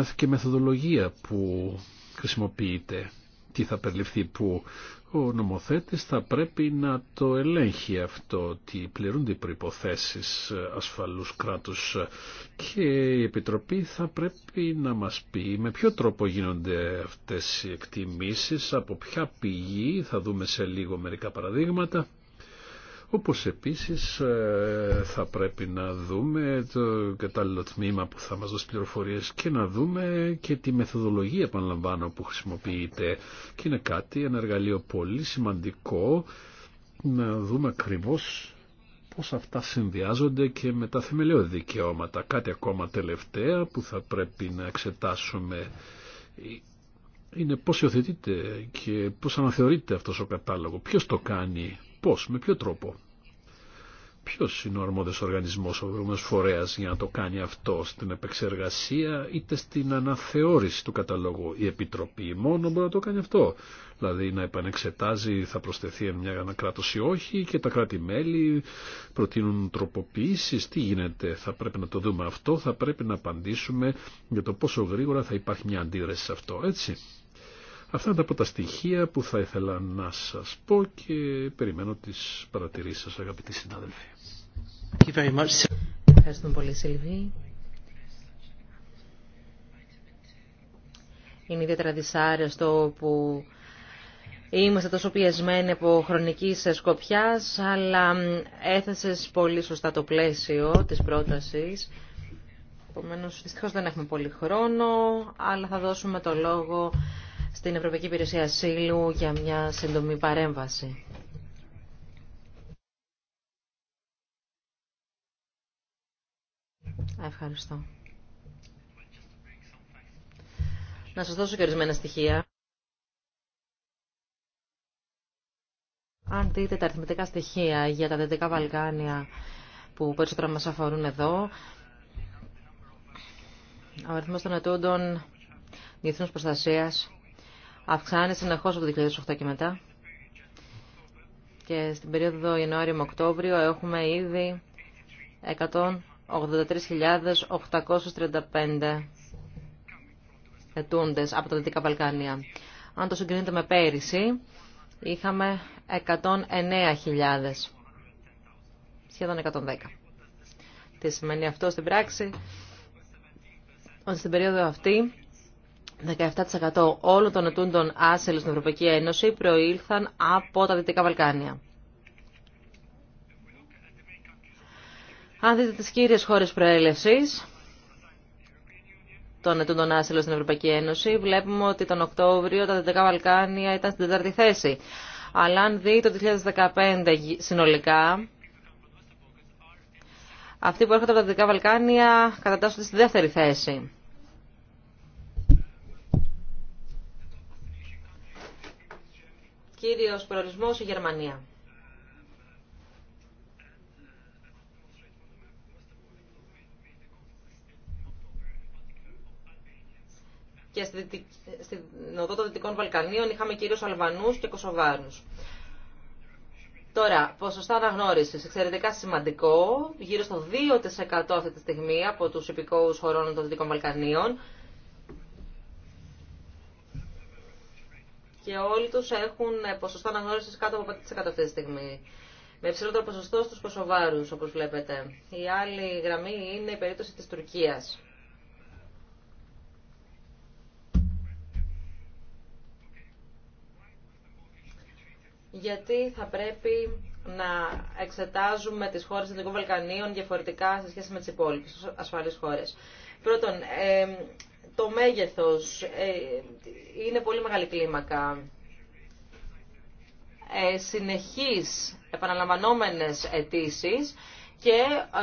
ε, και μεθοδολογία που χρησιμοποιείται, τι θα περιληφθεί που ο νομοθέτης θα πρέπει να το ελέγχει αυτό ότι πληρούνται οι προϋποθέσεις ασφαλούς κράτους και η Επιτροπή θα πρέπει να μας πει με ποιο τρόπο γίνονται αυτές οι εκτιμήσεις, από ποια πηγή, θα δούμε σε λίγο μερικά παραδείγματα όπως επίσης ε, θα πρέπει να δούμε το κατάλληλο τμήμα που θα μας δώσει πληροφορίες και να δούμε και τη μεθοδολογία επαναλαμβάνω που χρησιμοποιείται και είναι κάτι, ένα εργαλείο πολύ σημαντικό να δούμε ακριβώ πώς αυτά συνδυάζονται και με τα θεμελιώδη δικαιώματα. Κάτι ακόμα τελευταία που θα πρέπει να εξετάσουμε είναι πώς υιοθετείται και πώς αναθεωρείται αυτός ο κατάλογο, ποιος το κάνει Πώς, με ποιο τρόπο. Ποιος είναι ο αρμόδιος οργανισμός, ο αρμόδιος φορέας για να το κάνει αυτό στην επεξεργασία είτε στην αναθεώρηση του καταλόγου. Η Επιτροπή μόνο μπορεί να το κάνει αυτό. Δηλαδή να επανεξετάζει θα προσθεθεί μια ανακράτωση ή όχι και τα κράτη-μέλη προτείνουν τροποποιήσεις. Τι γίνεται, θα πρέπει να το δούμε αυτό, θα πρέπει να απαντήσουμε για το πόσο γρήγορα θα υπάρχει μια αντίδραση σε αυτό, έτσι. Αυτά είναι από τα στοιχεία που θα ήθελα να σας πω και περιμένω τις παρατηρήσεις σας αγαπητοί συνάδελφοι. Ευχαριστούμε πολύ Σιλβί. Είναι ιδιαίτερα δυσάρεστο που είμαστε τόσο πιεσμένοι από χρονική σκοπιά, αλλά έθεσες πολύ σωστά το πλαίσιο της πρότασης. Επομένω, δυστυχώ δεν έχουμε πολύ χρόνο, αλλά θα δώσουμε το λόγο στην Ευρωπαϊκή Υπηρεσία Ασύλου για μια σύντομη παρέμβαση. Ευχαριστώ. Να σας δώσω και ορισμένα στοιχεία. Αν δείτε τα αριθμητικά στοιχεία για τα Δυτικά Βαλκάνια που περισσότερα μας αφορούν εδώ, ο αριθμός των ετούντων διεθνούς προστασίας αυξάνει συνεχώ από το 2008 και μετά. Και στην περίοδο Ιανουάριο με Οκτώβριο έχουμε ήδη 183.835 ετούντε από τα Δυτικά Βαλκάνια. Αν το συγκρίνετε με πέρυσι, είχαμε 109.000, σχεδόν 110. Τι σημαίνει αυτό στην πράξη, ότι στην περίοδο αυτή 17% όλων των ετούντων άσυλου στην Ευρωπαϊκή Ένωση προήλθαν από τα Δυτικά Βαλκάνια. Αν δείτε τις κύριες χώρες προέλευσης των ετούντων άσελων στην Ευρωπαϊκή Ένωση, βλέπουμε ότι τον Οκτώβριο τα Δυτικά Βαλκάνια ήταν στην τέταρτη θέση. Αλλά αν δείτε το 2015 συνολικά, αυτοί που έρχονται από τα Δυτικά Βαλκάνια κατατάσσονται στη δεύτερη θέση. κύριος προορισμός η Γερμανία. και στην οδό των Δυτικών Βαλκανίων είχαμε κυρίως Αλβανούς και Κωσοβάρους. Τώρα, ποσοστά αναγνώριση. Εξαιρετικά σημαντικό, γύρω στο 2% αυτή τη στιγμή από του υπηκόου χωρών των Δυτικών Βαλκανίων. και όλοι τους έχουν ποσοστό αναγνώρισης κάτω από 5% αυτή τη στιγμή. Με υψηλότερο ποσοστό στους Ποσοβάρους, όπως βλέπετε. Η άλλη γραμμή είναι η περίπτωση της Τουρκίας. Γιατί θα πρέπει να εξετάζουμε τις χώρες των Δυτικών Βαλκανίων διαφορετικά σε σχέση με τις υπόλοιπες ασφαλείς χώρες. Πρώτον, ε, το μέγεθος ε, είναι πολύ μεγάλη κλίμακα. Ε, συνεχείς επαναλαμβανόμενες αιτήσει και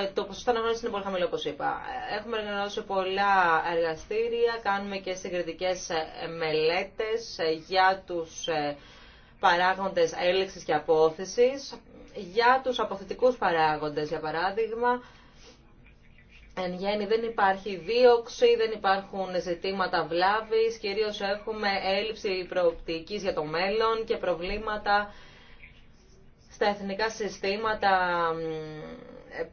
ε, το ποσοστό αναγνώρισης είναι πολύ χαμηλό, όπως είπα. Έχουμε οργανώσει πολλά εργαστήρια, κάνουμε και συγκριτικές μελέτες για τους παράγοντες έλεξης και απόθεσης, για τους αποθετικούς παράγοντες, για παράδειγμα, Εν γέννη δεν υπάρχει δίωξη, δεν υπάρχουν ζητήματα βλάβης, κυρίως έχουμε έλλειψη προοπτικής για το μέλλον και προβλήματα στα εθνικά συστήματα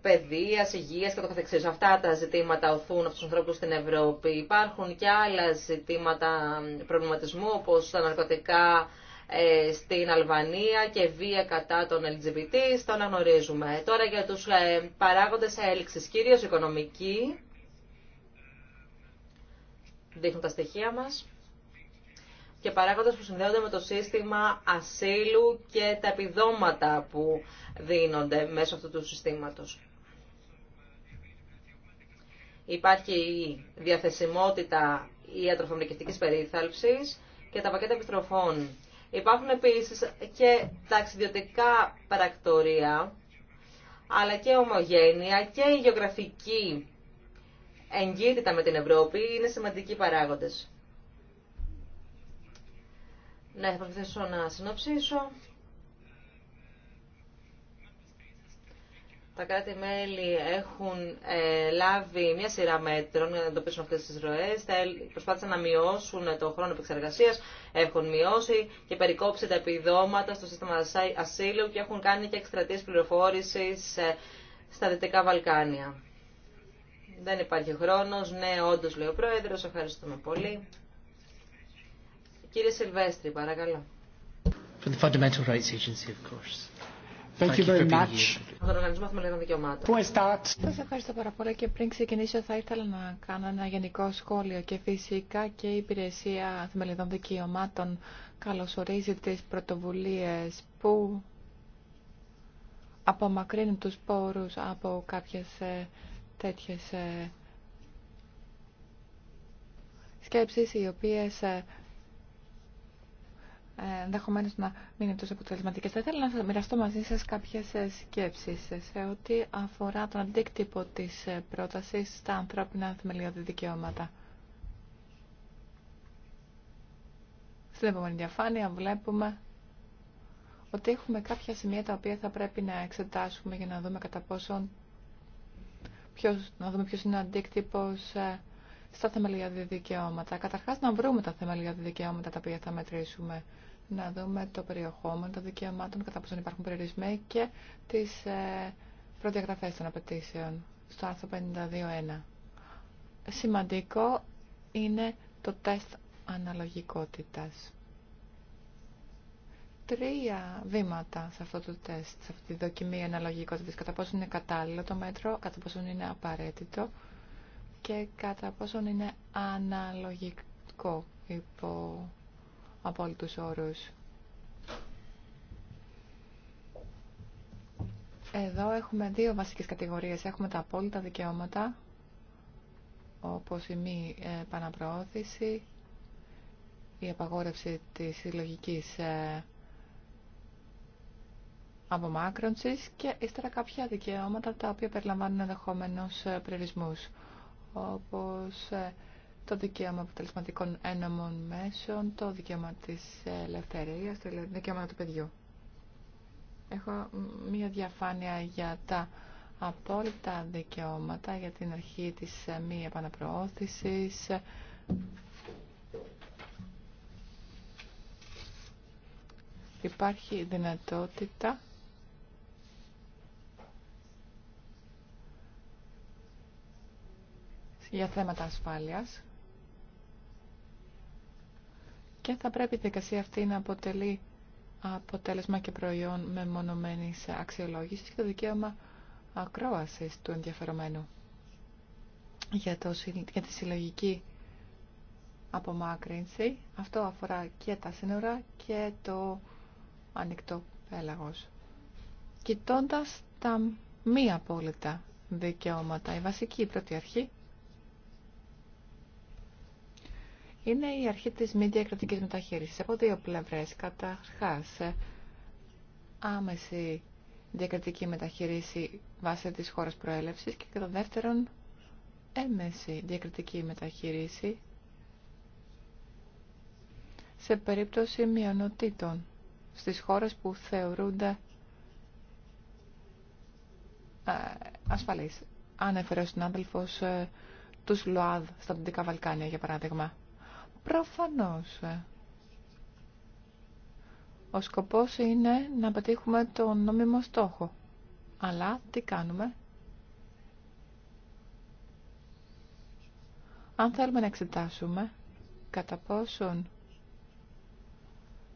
παιδείας, υγείας και το καθεξής. Αυτά τα ζητήματα οθούν από τους ανθρώπους στην Ευρώπη. Υπάρχουν και άλλα ζητήματα προβληματισμού όπως τα ναρκωτικά, ε, στην Αλβανία και βία κατά των LGBT, το αναγνωρίζουμε. Τώρα για τους ε, παράγοντες έλξης, κυρίως οικονομική, δείχνουν τα στοιχεία μας, και παράγοντες που συνδέονται με το σύστημα ασύλου και τα επιδόματα που δίνονται μέσω αυτού του συστήματος. Υπάρχει η διαθεσιμότητα ιατροφαμιλικευτικής περίθαλψης και τα πακέτα επιστροφών Υπάρχουν επίσης και ταξιδιωτικά παρακτορία, αλλά και ομογένεια και η γεωγραφική εγκύτητα με την Ευρώπη είναι σημαντικοί παράγοντες. Ναι, θα προσπαθήσω να συνοψίσω. Τα κράτη-μέλη έχουν ε, λάβει μια σειρά μέτρων για να εντοπίσουν αυτέ τι ροέ. Προσπάθησαν να μειώσουν το χρόνο επεξεργασίας. έχουν μειώσει και περικόψει τα επιδόματα στο σύστημα ασύλου και έχουν κάνει και εκστρατείε πληροφόρηση ε, στα Δυτικά Βαλκάνια. Δεν υπάρχει χρόνος. Ναι, όντω, λέει ο Πρόεδρο. Ευχαριστούμε πολύ. Κύριε Σιλβέστρη, παρακαλώ. the Fundamental Rights Agency, of course. Thank you very much. Πού εστάτ. Σα ευχαριστώ πάρα πολύ και πριν ξεκινήσω θα ήθελα να κάνω ένα γενικό σχόλιο και φυσικά και η Υπηρεσία θεμελιδών Δικαιωμάτων καλωσορίζει τι πρωτοβουλίες που απομακρύνουν τους πόρους από κάποιες ε, τέτοιες ε, σκέψεις οι οποίες ε, ε, ενδεχομένω να μην είναι τόσο αποτελεσματικέ. Θα ήθελα να μοιραστώ μαζί σα κάποιε σκέψει σε ό,τι αφορά τον αντίκτυπο τη ε, πρόταση στα ανθρώπινα θεμελιώδη δικαιώματα. Στην επόμενη διαφάνεια βλέπουμε ότι έχουμε κάποια σημεία τα οποία θα πρέπει να εξετάσουμε για να δούμε κατά πόσον ποιος, να δούμε ποιος είναι ο αντίκτυπος ε, στα θεμελιώδη δικαιώματα. Καταρχάς να βρούμε τα θεμελιώδη δικαιώματα τα οποία θα μετρήσουμε. Να δούμε το περιεχόμενο των δικαιωμάτων, κατά πόσο υπάρχουν περιορισμοί και τις ε, προδιαγραφές των απαιτήσεων στο άρθρο 52.1. Σημαντικό είναι το τεστ αναλογικότητας. Τρία βήματα σε αυτό το τεστ, σε αυτή τη δοκιμή αναλογικότητας, κατά πόσο είναι κατάλληλο το μέτρο, κατά πόσο είναι απαραίτητο και κατά πόσον είναι αναλογικό υπό απόλυτους όρους. Εδώ έχουμε δύο βασικές κατηγορίες. Έχουμε τα απόλυτα δικαιώματα, όπως η μη επαναπροώθηση, η απαγόρευση της συλλογική ε, απομάκρυνσης και ύστερα κάποια δικαιώματα τα οποία περιλαμβάνουν ενδεχόμενους ε, περιορισμούς όπως ε, το δικαίωμα αποτελεσματικών έναμων μέσων, το δικαίωμα της ελευθερίας, το δικαίωμα του παιδιού. Έχω μία διαφάνεια για τα απόλυτα δικαιώματα, για την αρχή της ε, μη επαναπροώθησης, υπάρχει δυνατότητα για θέματα ασφάλειας και θα πρέπει η δικασία αυτή να αποτελεί αποτέλεσμα και προϊόν μεμονωμένης αξιολόγησης και το δικαίωμα ακρόασης του ενδιαφερομένου για, το, για τη συλλογική απομάκρυνση. Αυτό αφορά και τα σύνορα και το ανοιχτό πέλαγος. Κοιτώντας τα μη απόλυτα δικαιώματα, η βασική πρώτη αρχή είναι η αρχή της μη διακριτικής μεταχείρισης από δύο πλευρές. Καταρχάς, άμεση διακριτική μεταχείριση βάσει της χώρας προέλευσης και κατά δεύτερον, έμεση διακριτική μεταχείριση σε περίπτωση μειονοτήτων στις χώρες που θεωρούνται ε, ασφαλείς. Αν ο συνάδελφος ε, τους ΛΟΑΔ στα Δυτικά Βαλκάνια, για παράδειγμα. Προφανώς. Ο σκοπός είναι να πετύχουμε τον νόμιμο στόχο. Αλλά τι κάνουμε. Αν θέλουμε να εξετάσουμε κατά πόσον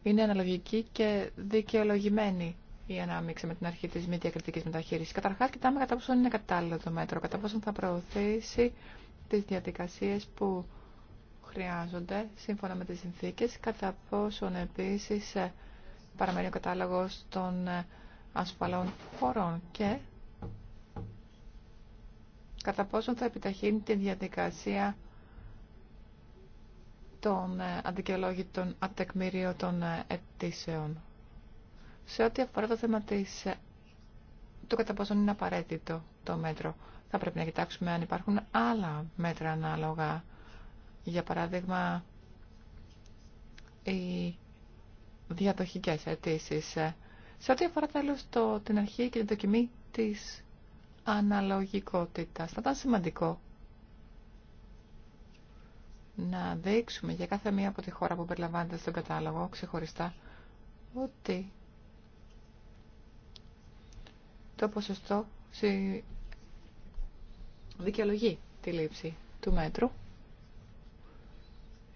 είναι αναλογική και δικαιολογημένη η ανάμειξη με την αρχή της μη διακριτικής μεταχείρισης. Καταρχάς, κοιτάμε κατά πόσον είναι κατάλληλο το μέτρο, κατά πόσον θα προωθήσει τις διαδικασίες που χρειάζονται σύμφωνα με τις συνθήκες κατά πόσον επίσης ε, παραμένει ο κατάλογος των ε, ασφαλών χωρών και κατά πόσον θα επιταχύνει τη διαδικασία των ε, αντικαιολόγητων των αιτήσεων. Σε ό,τι αφορά το θέμα της, το κατά πόσον είναι απαραίτητο το μέτρο, θα πρέπει να κοιτάξουμε αν υπάρχουν άλλα μέτρα ανάλογα για παράδειγμα, οι διαδοχικές αιτήσει. Ε, σε ό,τι αφορά τέλος την αρχή και την δοκιμή της αναλογικότητας. Θα ήταν σημαντικό να δείξουμε για κάθε μία από τη χώρα που περιλαμβάνεται στον κατάλογο ξεχωριστά ότι το ποσοστό δικαιολογεί τη λήψη του μέτρου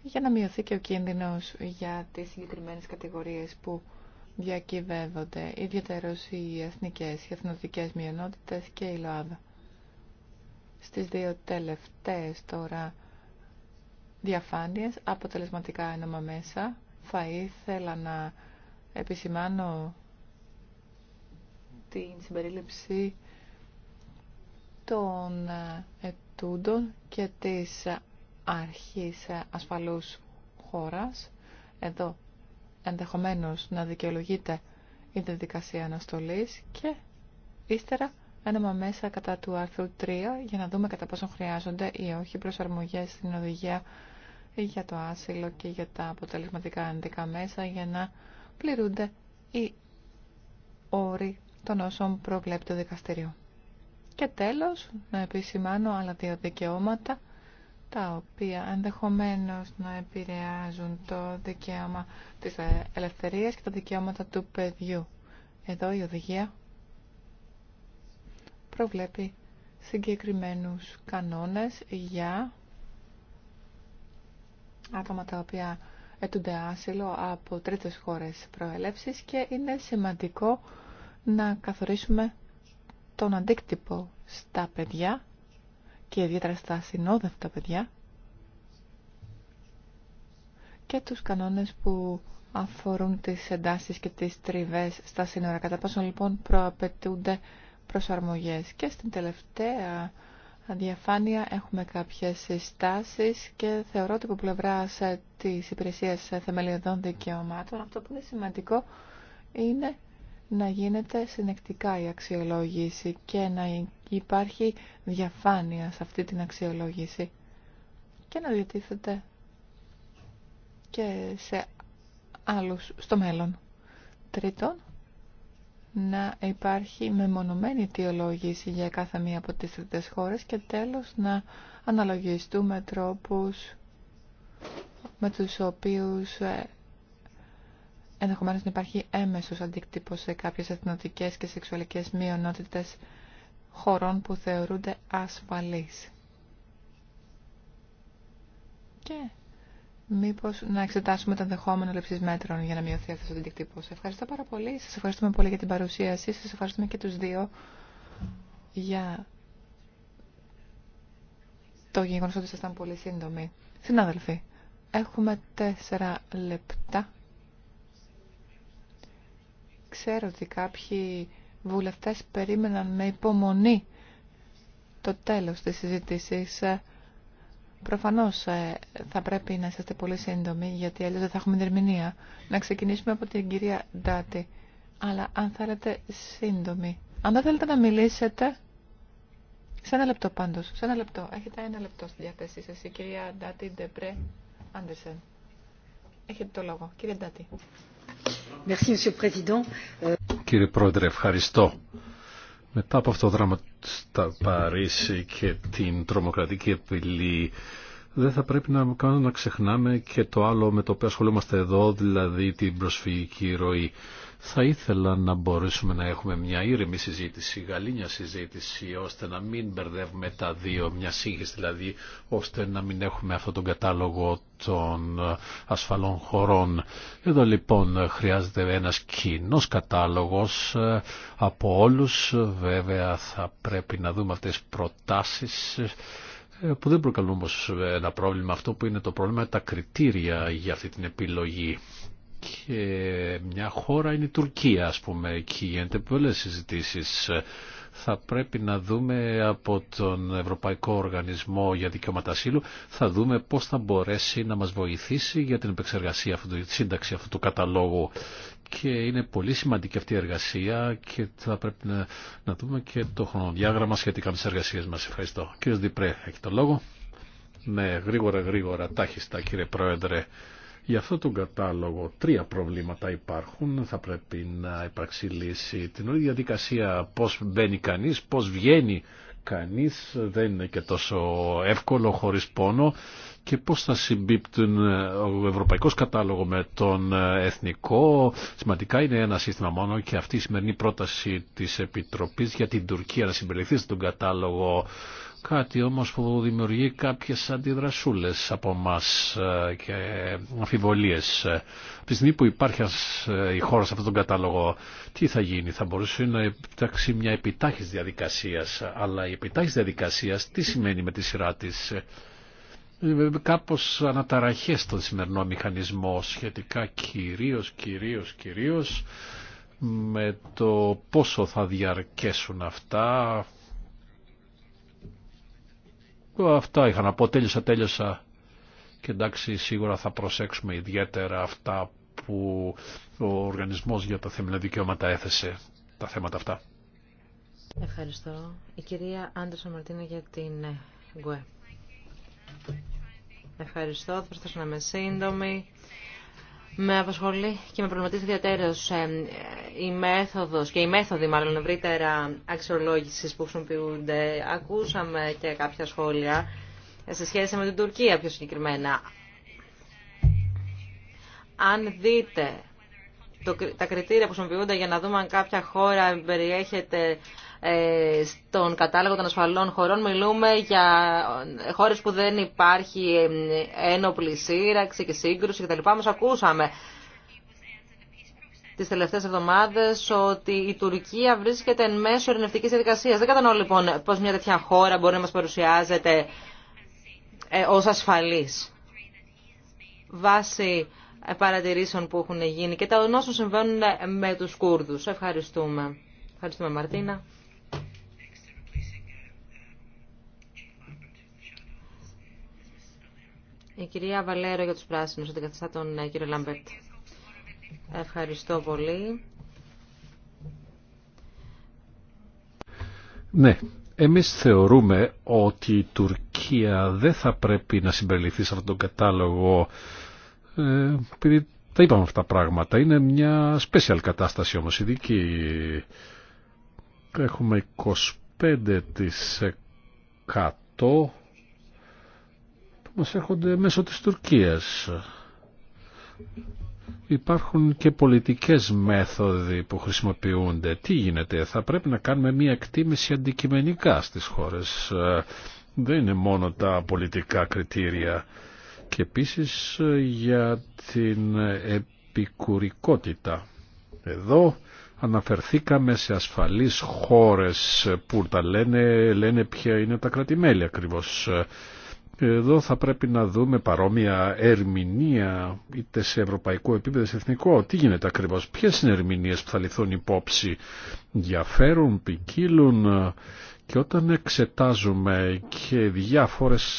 για να μειωθεί και ο κίνδυνος για τις συγκεκριμένες κατηγορίες που διακυβεύονται, ιδιαίτερως οι εθνικές, οι εθνοτικές μειονότητες και η ΛΟΑΔΑ. Στις δύο τελευταίες τώρα διαφάνειες, αποτελεσματικά ένωμα μέσα, θα ήθελα να επισημάνω την συμπερίληψη των ετούντων και της αρχής ασφαλούς χώρας. Εδώ ενδεχομένως να δικαιολογείται η διαδικασία αναστολής και ύστερα ένα μέσα κατά του άρθρου 3 για να δούμε κατά πόσο χρειάζονται ή όχι προσαρμογές στην οδηγία για το άσυλο και για τα αποτελεσματικά ενδικά μέσα για να πληρούνται οι όροι των όσων προβλέπει το δικαστήριο. Και τέλος, να επισημάνω άλλα δύο δικαιώματα τα οποία ενδεχομένως να επηρεάζουν το δικαίωμα της ελευθερίας και τα δικαιώματα του παιδιού. Εδώ η οδηγία προβλέπει συγκεκριμένους κανόνες για άτομα τα οποία ετούνται άσυλο από τρίτες χώρες προέλευσης και είναι σημαντικό να καθορίσουμε τον αντίκτυπο στα παιδιά και ιδιαίτερα στα συνόδευτα παιδιά και τους κανόνες που αφορούν τις εντάσεις και τις τριβές στα σύνορα. Κατά πόσο λοιπόν προαπαιτούνται προσαρμογές. Και στην τελευταία διαφάνεια έχουμε κάποιες συστάσεις και θεωρώ ότι από πλευρά της Υπηρεσίας Θεμελιωδών Δικαιωμάτων αυτό που είναι σημαντικό είναι να γίνεται συνεκτικά η αξιολόγηση και να υπάρχει διαφάνεια σε αυτή την αξιολόγηση και να διατίθεται και σε άλλους στο μέλλον. Τρίτον, να υπάρχει μεμονωμένη αιτιολόγηση για κάθε μία από τις τρίτες χώρες και τέλος να αναλογιστούμε τρόπους με τους οποίους ε, ενδεχομένω να υπάρχει έμεσο αντίκτυπο σε κάποιε εθνοτικέ και σεξουαλικέ μειονότητε χωρών που θεωρούνται ασφαλεί. Και μήπω να εξετάσουμε το ενδεχόμενο λήψη μέτρων για να μειωθεί αυτό ο αντίκτυπο. Ευχαριστώ πάρα πολύ. Σα ευχαριστούμε πολύ για την παρουσίαση. Σα ευχαριστούμε και του δύο για το γεγονό ότι ήσασταν πολύ σύντομοι. Συνάδελφοι, έχουμε τέσσερα λεπτά Ξέρω ότι κάποιοι βουλευτές περίμεναν με υπομονή το τέλος της συζήτησης. Ε, προφανώς ε, θα πρέπει να είσαστε πολύ σύντομοι, γιατί αλλιώς δεν θα έχουμε ερμηνεία. Να ξεκινήσουμε από την κυρία Ντάτη. Αλλά αν θέλετε σύντομοι. Αν δεν θέλετε να μιλήσετε, σε ένα λεπτό πάντως, σε ένα λεπτό. Έχετε ένα λεπτό στη διάθεσή σας, η κυρία Ντάτη Ντεπρέ Άντερσεν. Έχετε το λόγο, κύριε Ντάτη. Euh, Κύριε Πρόεδρε, ευχαριστώ. Μετά από αυτό το δράμα στα Παρίσι και την τρομοκρατική επιλή δεν θα πρέπει να κάνουμε να ξεχνάμε και το άλλο με το οποίο ασχολούμαστε εδώ, δηλαδή την προσφυγική ροή. Θα ήθελα να μπορέσουμε να έχουμε μια ήρεμη συζήτηση, γαλήνια συζήτηση, ώστε να μην μπερδεύουμε τα δύο, μια σύγχυση δηλαδή, ώστε να μην έχουμε αυτόν τον κατάλογο των ασφαλών χωρών. Εδώ λοιπόν χρειάζεται ένας κοινό κατάλογος ε, από όλους. Βέβαια θα πρέπει να δούμε αυτές τις προτάσεις που δεν προκαλούν όμως ένα πρόβλημα αυτό που είναι το πρόβλημα τα κριτήρια για αυτή την επιλογή. Και μια χώρα είναι η Τουρκία ας πούμε, εκεί γίνεται πολλές συζητήσεις θα πρέπει να δούμε από τον Ευρωπαϊκό Οργανισμό για Δικαιώματα Ασύλου, θα δούμε πώς θα μπορέσει να μας βοηθήσει για την επεξεργασία αυτού, τη σύνταξη αυτού του καταλόγου και είναι πολύ σημαντική αυτή η εργασία και θα πρέπει να, να δούμε και το χρονοδιάγραμμα σχετικά με τις εργασίες μας. Ευχαριστώ. Κύριε Διπρέ, έχει το λόγο. Ναι, γρήγορα, γρήγορα, τάχιστα κύριε Πρόεδρε. Για αυτό τον κατάλογο τρία προβλήματα υπάρχουν. Θα πρέπει να υπάρξει λύση. Την όλη διαδικασία πώς μπαίνει κανείς, πώς βγαίνει κανείς δεν είναι και τόσο εύκολο χωρίς πόνο και πώς θα συμπίπτουν ο ευρωπαϊκός κατάλογο με τον εθνικό. Σημαντικά είναι ένα σύστημα μόνο και αυτή η σημερινή πρόταση της Επιτροπής για την Τουρκία να συμπεριληφθεί στον κατάλογο Κάτι όμως που δημιουργεί κάποιες αντιδρασούλες από μας ε, και αμφιβολίες. Ε, τη στιγμή που υπάρχει ε, η χώρα σε αυτόν τον κατάλογο, τι θα γίνει, θα μπορούσε να επιτάξει μια επιτάχυνση διαδικασίας. Αλλά η επιτάχυνση διαδικασίας τι σημαίνει με τη σειρά της. Κάπως αναταραχές στον σημερινό μηχανισμό σχετικά κυρίως, κυρίως, κυρίως με το πόσο θα διαρκέσουν αυτά ε, αυτά είχα να πω. Τέλειωσα, τέλειωσα. Και εντάξει, σίγουρα θα προσέξουμε ιδιαίτερα αυτά που ο Οργανισμός για τα θέματα Δικαιώματα έθεσε τα θέματα αυτά. Ευχαριστώ. Η κυρία Άντρασα Μαρτίνα για την ΓΟΕ. Ευχαριστώ. Θα προσπαθήσω να είμαι σύντομη. Με απασχολεί και με προβληματίζει ιδιαίτερω ε, η μέθοδο και η μέθοδοι, μάλλον ευρύτερα, αξιολόγηση που χρησιμοποιούνται. Ακούσαμε και κάποια σχόλια σε σχέση με την Τουρκία πιο συγκεκριμένα. Αν δείτε τα κριτήρια που χρησιμοποιούνται για να δούμε αν κάποια χώρα περιέχεται ε, στον κατάλογο των ασφαλών χωρών μιλούμε για ε, χώρες που δεν υπάρχει ε, ένοπλη σύραξη και σύγκρουση λοιπά μας ακούσαμε τις τελευταίες εβδομάδες ότι η Τουρκία βρίσκεται εν μέσω ειρηνευτικής διαδικασίας. Δεν κατανοώ λοιπόν πώς μια τέτοια χώρα μπορεί να μας παρουσιάζεται ως ασφαλής. Βάσει παρατηρήσεων που έχουν γίνει και τα όσων συμβαίνουν με τους Κούρδους. Ευχαριστούμε. Ευχαριστούμε Μαρτίνα. Η κυρία Βαλέρο για τους πράσινους, αντικαθιστά τον ε, κύριο Λαμπέρτ. Ευχαριστώ πολύ. Ναι, εμείς θεωρούμε ότι η Τουρκία δεν θα πρέπει να συμπεριληφθεί σε αυτόν τον κατάλογο ε, επειδή τα είπαμε αυτά τα πράγματα. Είναι μια special κατάσταση όμως ειδική. Έχουμε 25% μας έρχονται μέσω της Τουρκίας. Υπάρχουν και πολιτικές μέθοδοι που χρησιμοποιούνται. Τι γίνεται, θα πρέπει να κάνουμε μια εκτίμηση αντικειμενικά στις χώρες. Δεν είναι μόνο τα πολιτικά κριτήρια. Και επίσης για την επικουρικότητα. Εδώ αναφερθήκαμε σε ασφαλείς χώρες που τα λένε, λένε ποια είναι τα κρατημέλη ακριβώς. Εδώ θα πρέπει να δούμε παρόμοια ερμηνεία είτε σε ευρωπαϊκό επίπεδο, σε εθνικό. Τι γίνεται ακριβώς, ποιες είναι ερμηνείες που θα λυθούν υπόψη, διαφέρουν, ποικίλουν και όταν εξετάζουμε και διάφορες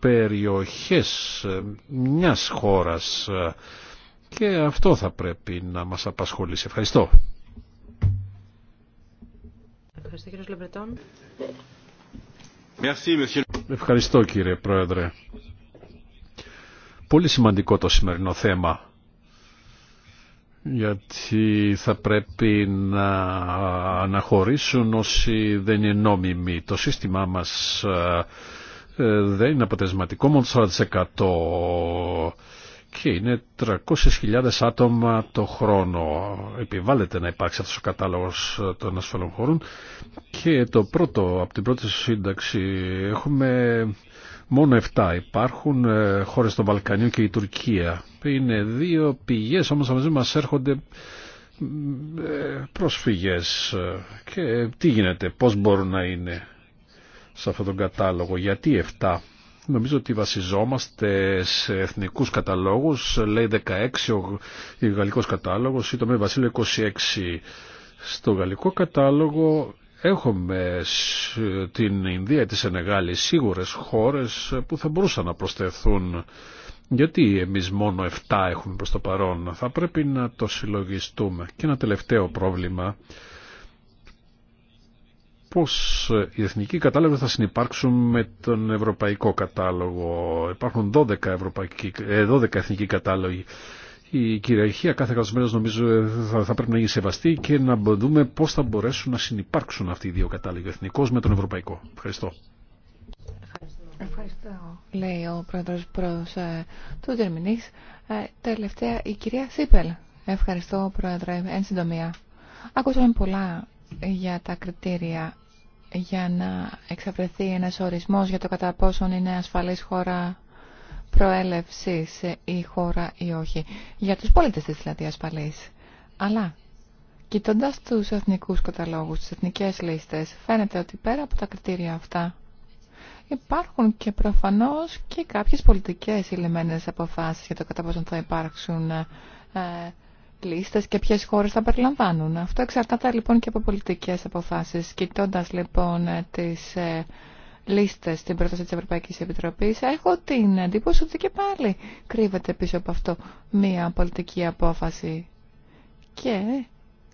περιοχές μιας χώρας και αυτό θα πρέπει να μας απασχολήσει. Ευχαριστώ. Ευχαριστώ Ευχαριστώ κύριε Πρόεδρε. Πολύ σημαντικό το σημερινό θέμα γιατί θα πρέπει να αναχωρήσουν όσοι δεν είναι νόμιμοι. Το σύστημά μας ε, ε, δεν είναι αποτελεσματικό, μόνο το 40% και είναι 300.000 άτομα το χρόνο. Επιβάλλεται να υπάρξει αυτός ο κατάλογος των ασφαλών χωρών και το πρώτο, από την πρώτη σύνταξη έχουμε μόνο 7 υπάρχουν ε, χώρες των Βαλκανίων και η Τουρκία. Είναι δύο πηγές όμως μαζί μας έρχονται ε, πρόσφυγες και τι γίνεται, πώς μπορούν να είναι σε αυτόν τον κατάλογο, γιατί 7 Νομίζω ότι βασιζόμαστε σε εθνικούς καταλόγους, λέει 16 ο γαλλικός κατάλογος ή το με βασίλειο 26. Στο γαλλικό κατάλογο έχουμε την Ινδία, τη Ενεγάλης σίγουρες χώρες που θα μπορούσαν να προσθεθούν. Γιατί εμείς μόνο 7 έχουμε προς το παρόν. Θα πρέπει να το συλλογιστούμε. Και ένα τελευταίο πρόβλημα πώς οι εθνικοί κατάλογοι θα συνεπάρξουν με τον ευρωπαϊκό κατάλογο. Υπάρχουν 12, ευρωπαϊκοί, 12 ε, εθνικοί κατάλογοι. Η κυριαρχία κάθε καθοσμένος νομίζω ε, θα, θα πρέπει να γίνει σεβαστή και να δούμε πώς θα μπορέσουν να συνεπάρξουν αυτοί οι δύο κατάλογοι, ο εθνικός με τον ευρωπαϊκό. Ευχαριστώ. Ευχαριστώ, λέει ο πρόεδρος προς ε, του Τερμινής. Ε, τελευταία, η κυρία Σίπελ. Ευχαριστώ, πρόεδρε, εν συντομία. Ακούσαμε πολλά για τα κριτήρια για να εξαπρεθεί ένας ορισμός για το κατά πόσον είναι ασφαλής χώρα προέλευσης ε, η χώρα ή όχι. Για τους πολίτες της δηλαδή ασφαλής. Αλλά κοιτώντας τους εθνικούς καταλόγους, τις εθνικές λίστες, φαίνεται ότι πέρα από τα κριτήρια αυτά υπάρχουν και προφανώς και κάποιες πολιτικές ηλεμένες αποφάσεις για το κατά πόσον θα υπάρξουν ε, Λίστε και ποιε χώρε θα περιλαμβάνουν. Αυτό εξαρτάται λοιπόν και από πολιτικέ αποφάσει, κοιτώντα λοιπόν τις ε, λίστε στην πρόταση τη Ευρωπαϊκή Επιτροπή, έχω την εντύπωση ότι και πάλι κρύβεται πίσω από αυτό μία πολιτική απόφαση. Και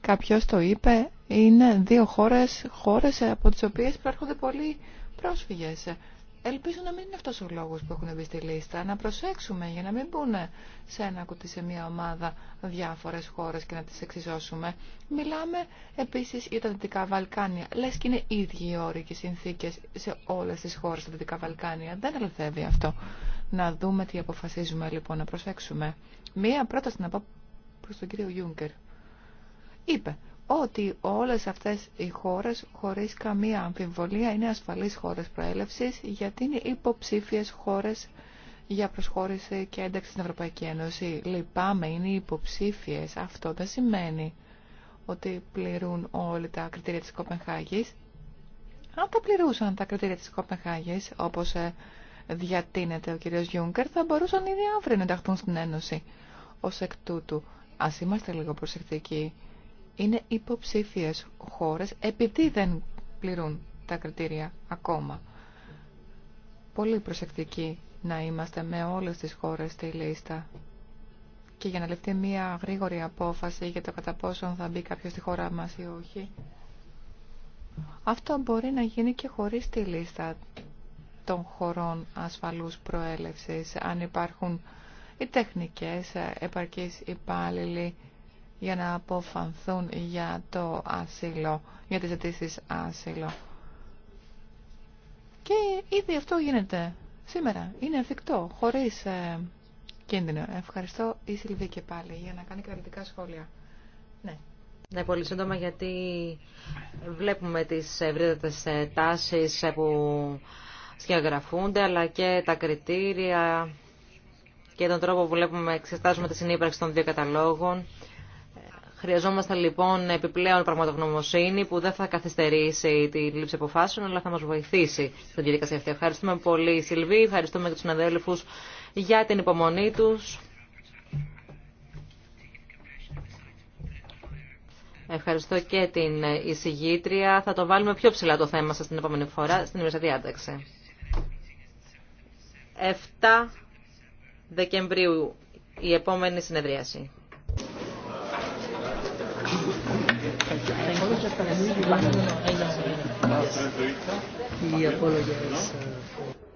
κάποιο το είπε, είναι δύο χώρε χώρες ε, από τι οποίε προέρχονται πολλοί πρόσφυγε. Ελπίζω να μην είναι αυτός ο λόγος που έχουν μπει στη λίστα. Να προσέξουμε για να μην μπουν σε ένα κουτί σε μια ομάδα διάφορες χώρες και να τις εξισώσουμε. Μιλάμε επίσης για τα Δυτικά Βαλκάνια. Λες και είναι ίδιοι οι όροι και οι συνθήκες σε όλες τις χώρες στα Δυτικά Βαλκάνια. Δεν αληθεύει αυτό. Να δούμε τι αποφασίζουμε λοιπόν, να προσέξουμε. Μία πρόταση να πάω προς τον κύριο Γιούγκερ. Είπε ότι όλες αυτές οι χώρες χωρίς καμία αμφιβολία είναι ασφαλείς χώρες προέλευσης γιατί είναι υποψήφιες χώρες για προσχώρηση και ένταξη στην Ευρωπαϊκή Ένωση. Λυπάμαι, είναι υποψήφιες. Αυτό δεν σημαίνει ότι πληρούν όλα τα κριτήρια της Κοπενχάγης. Αν τα πληρούσαν τα κριτήρια της Κοπενχάγης, όπως ε, διατείνεται ο κ. Γιούγκερ, θα μπορούσαν ήδη αύριο να ενταχθούν στην Ένωση. Ως εκ τούτου, ας είμαστε λίγο προσεκτικοί είναι υποψήφιες χώρες επειδή δεν πληρούν τα κριτήρια ακόμα. Πολύ προσεκτικοί να είμαστε με όλες τις χώρες στη λίστα. Και για να λεφτεί μια γρήγορη απόφαση για το κατά πόσο θα μπει κάποιος στη χώρα μας ή όχι. Αυτό μπορεί να γίνει και χωρίς τη λίστα των χωρών ασφαλούς προέλευσης, αν υπάρχουν οι τεχνικές, επαρκείς υπάλληλοι, για να αποφανθούν για το άσυλο, για τις αιτήσει άσυλο. Και ήδη αυτό γίνεται σήμερα. Είναι εφικτό, χωρίς ε, κίνδυνο. Ευχαριστώ η Σιλβή και πάλι για να κάνει κρατικά σχόλια. Ναι. Ναι, πολύ σύντομα γιατί βλέπουμε τις ευρύτερες ε, τάσεις ε, που σχεδιαγραφούνται, αλλά και τα κριτήρια και τον τρόπο που βλέπουμε εξετάζουμε τη συνύπαρξη των δύο καταλόγων. Χρειαζόμαστε λοιπόν επιπλέον πραγματογνωμοσύνη που δεν θα καθυστερήσει τη λήψη αποφάσεων αλλά θα μα βοηθήσει στην διαδικασία αυτή. Ευχαριστούμε πολύ, Σιλβί. Ευχαριστούμε και του συναδέλφου για την υπομονή του. Ευχαριστώ και την εισηγήτρια. Θα το βάλουμε πιο ψηλά το θέμα σας την επόμενη φορά στην ημερήσια διάταξη. 7 Δεκεμβρίου η επόμενη συνεδρίαση. I know,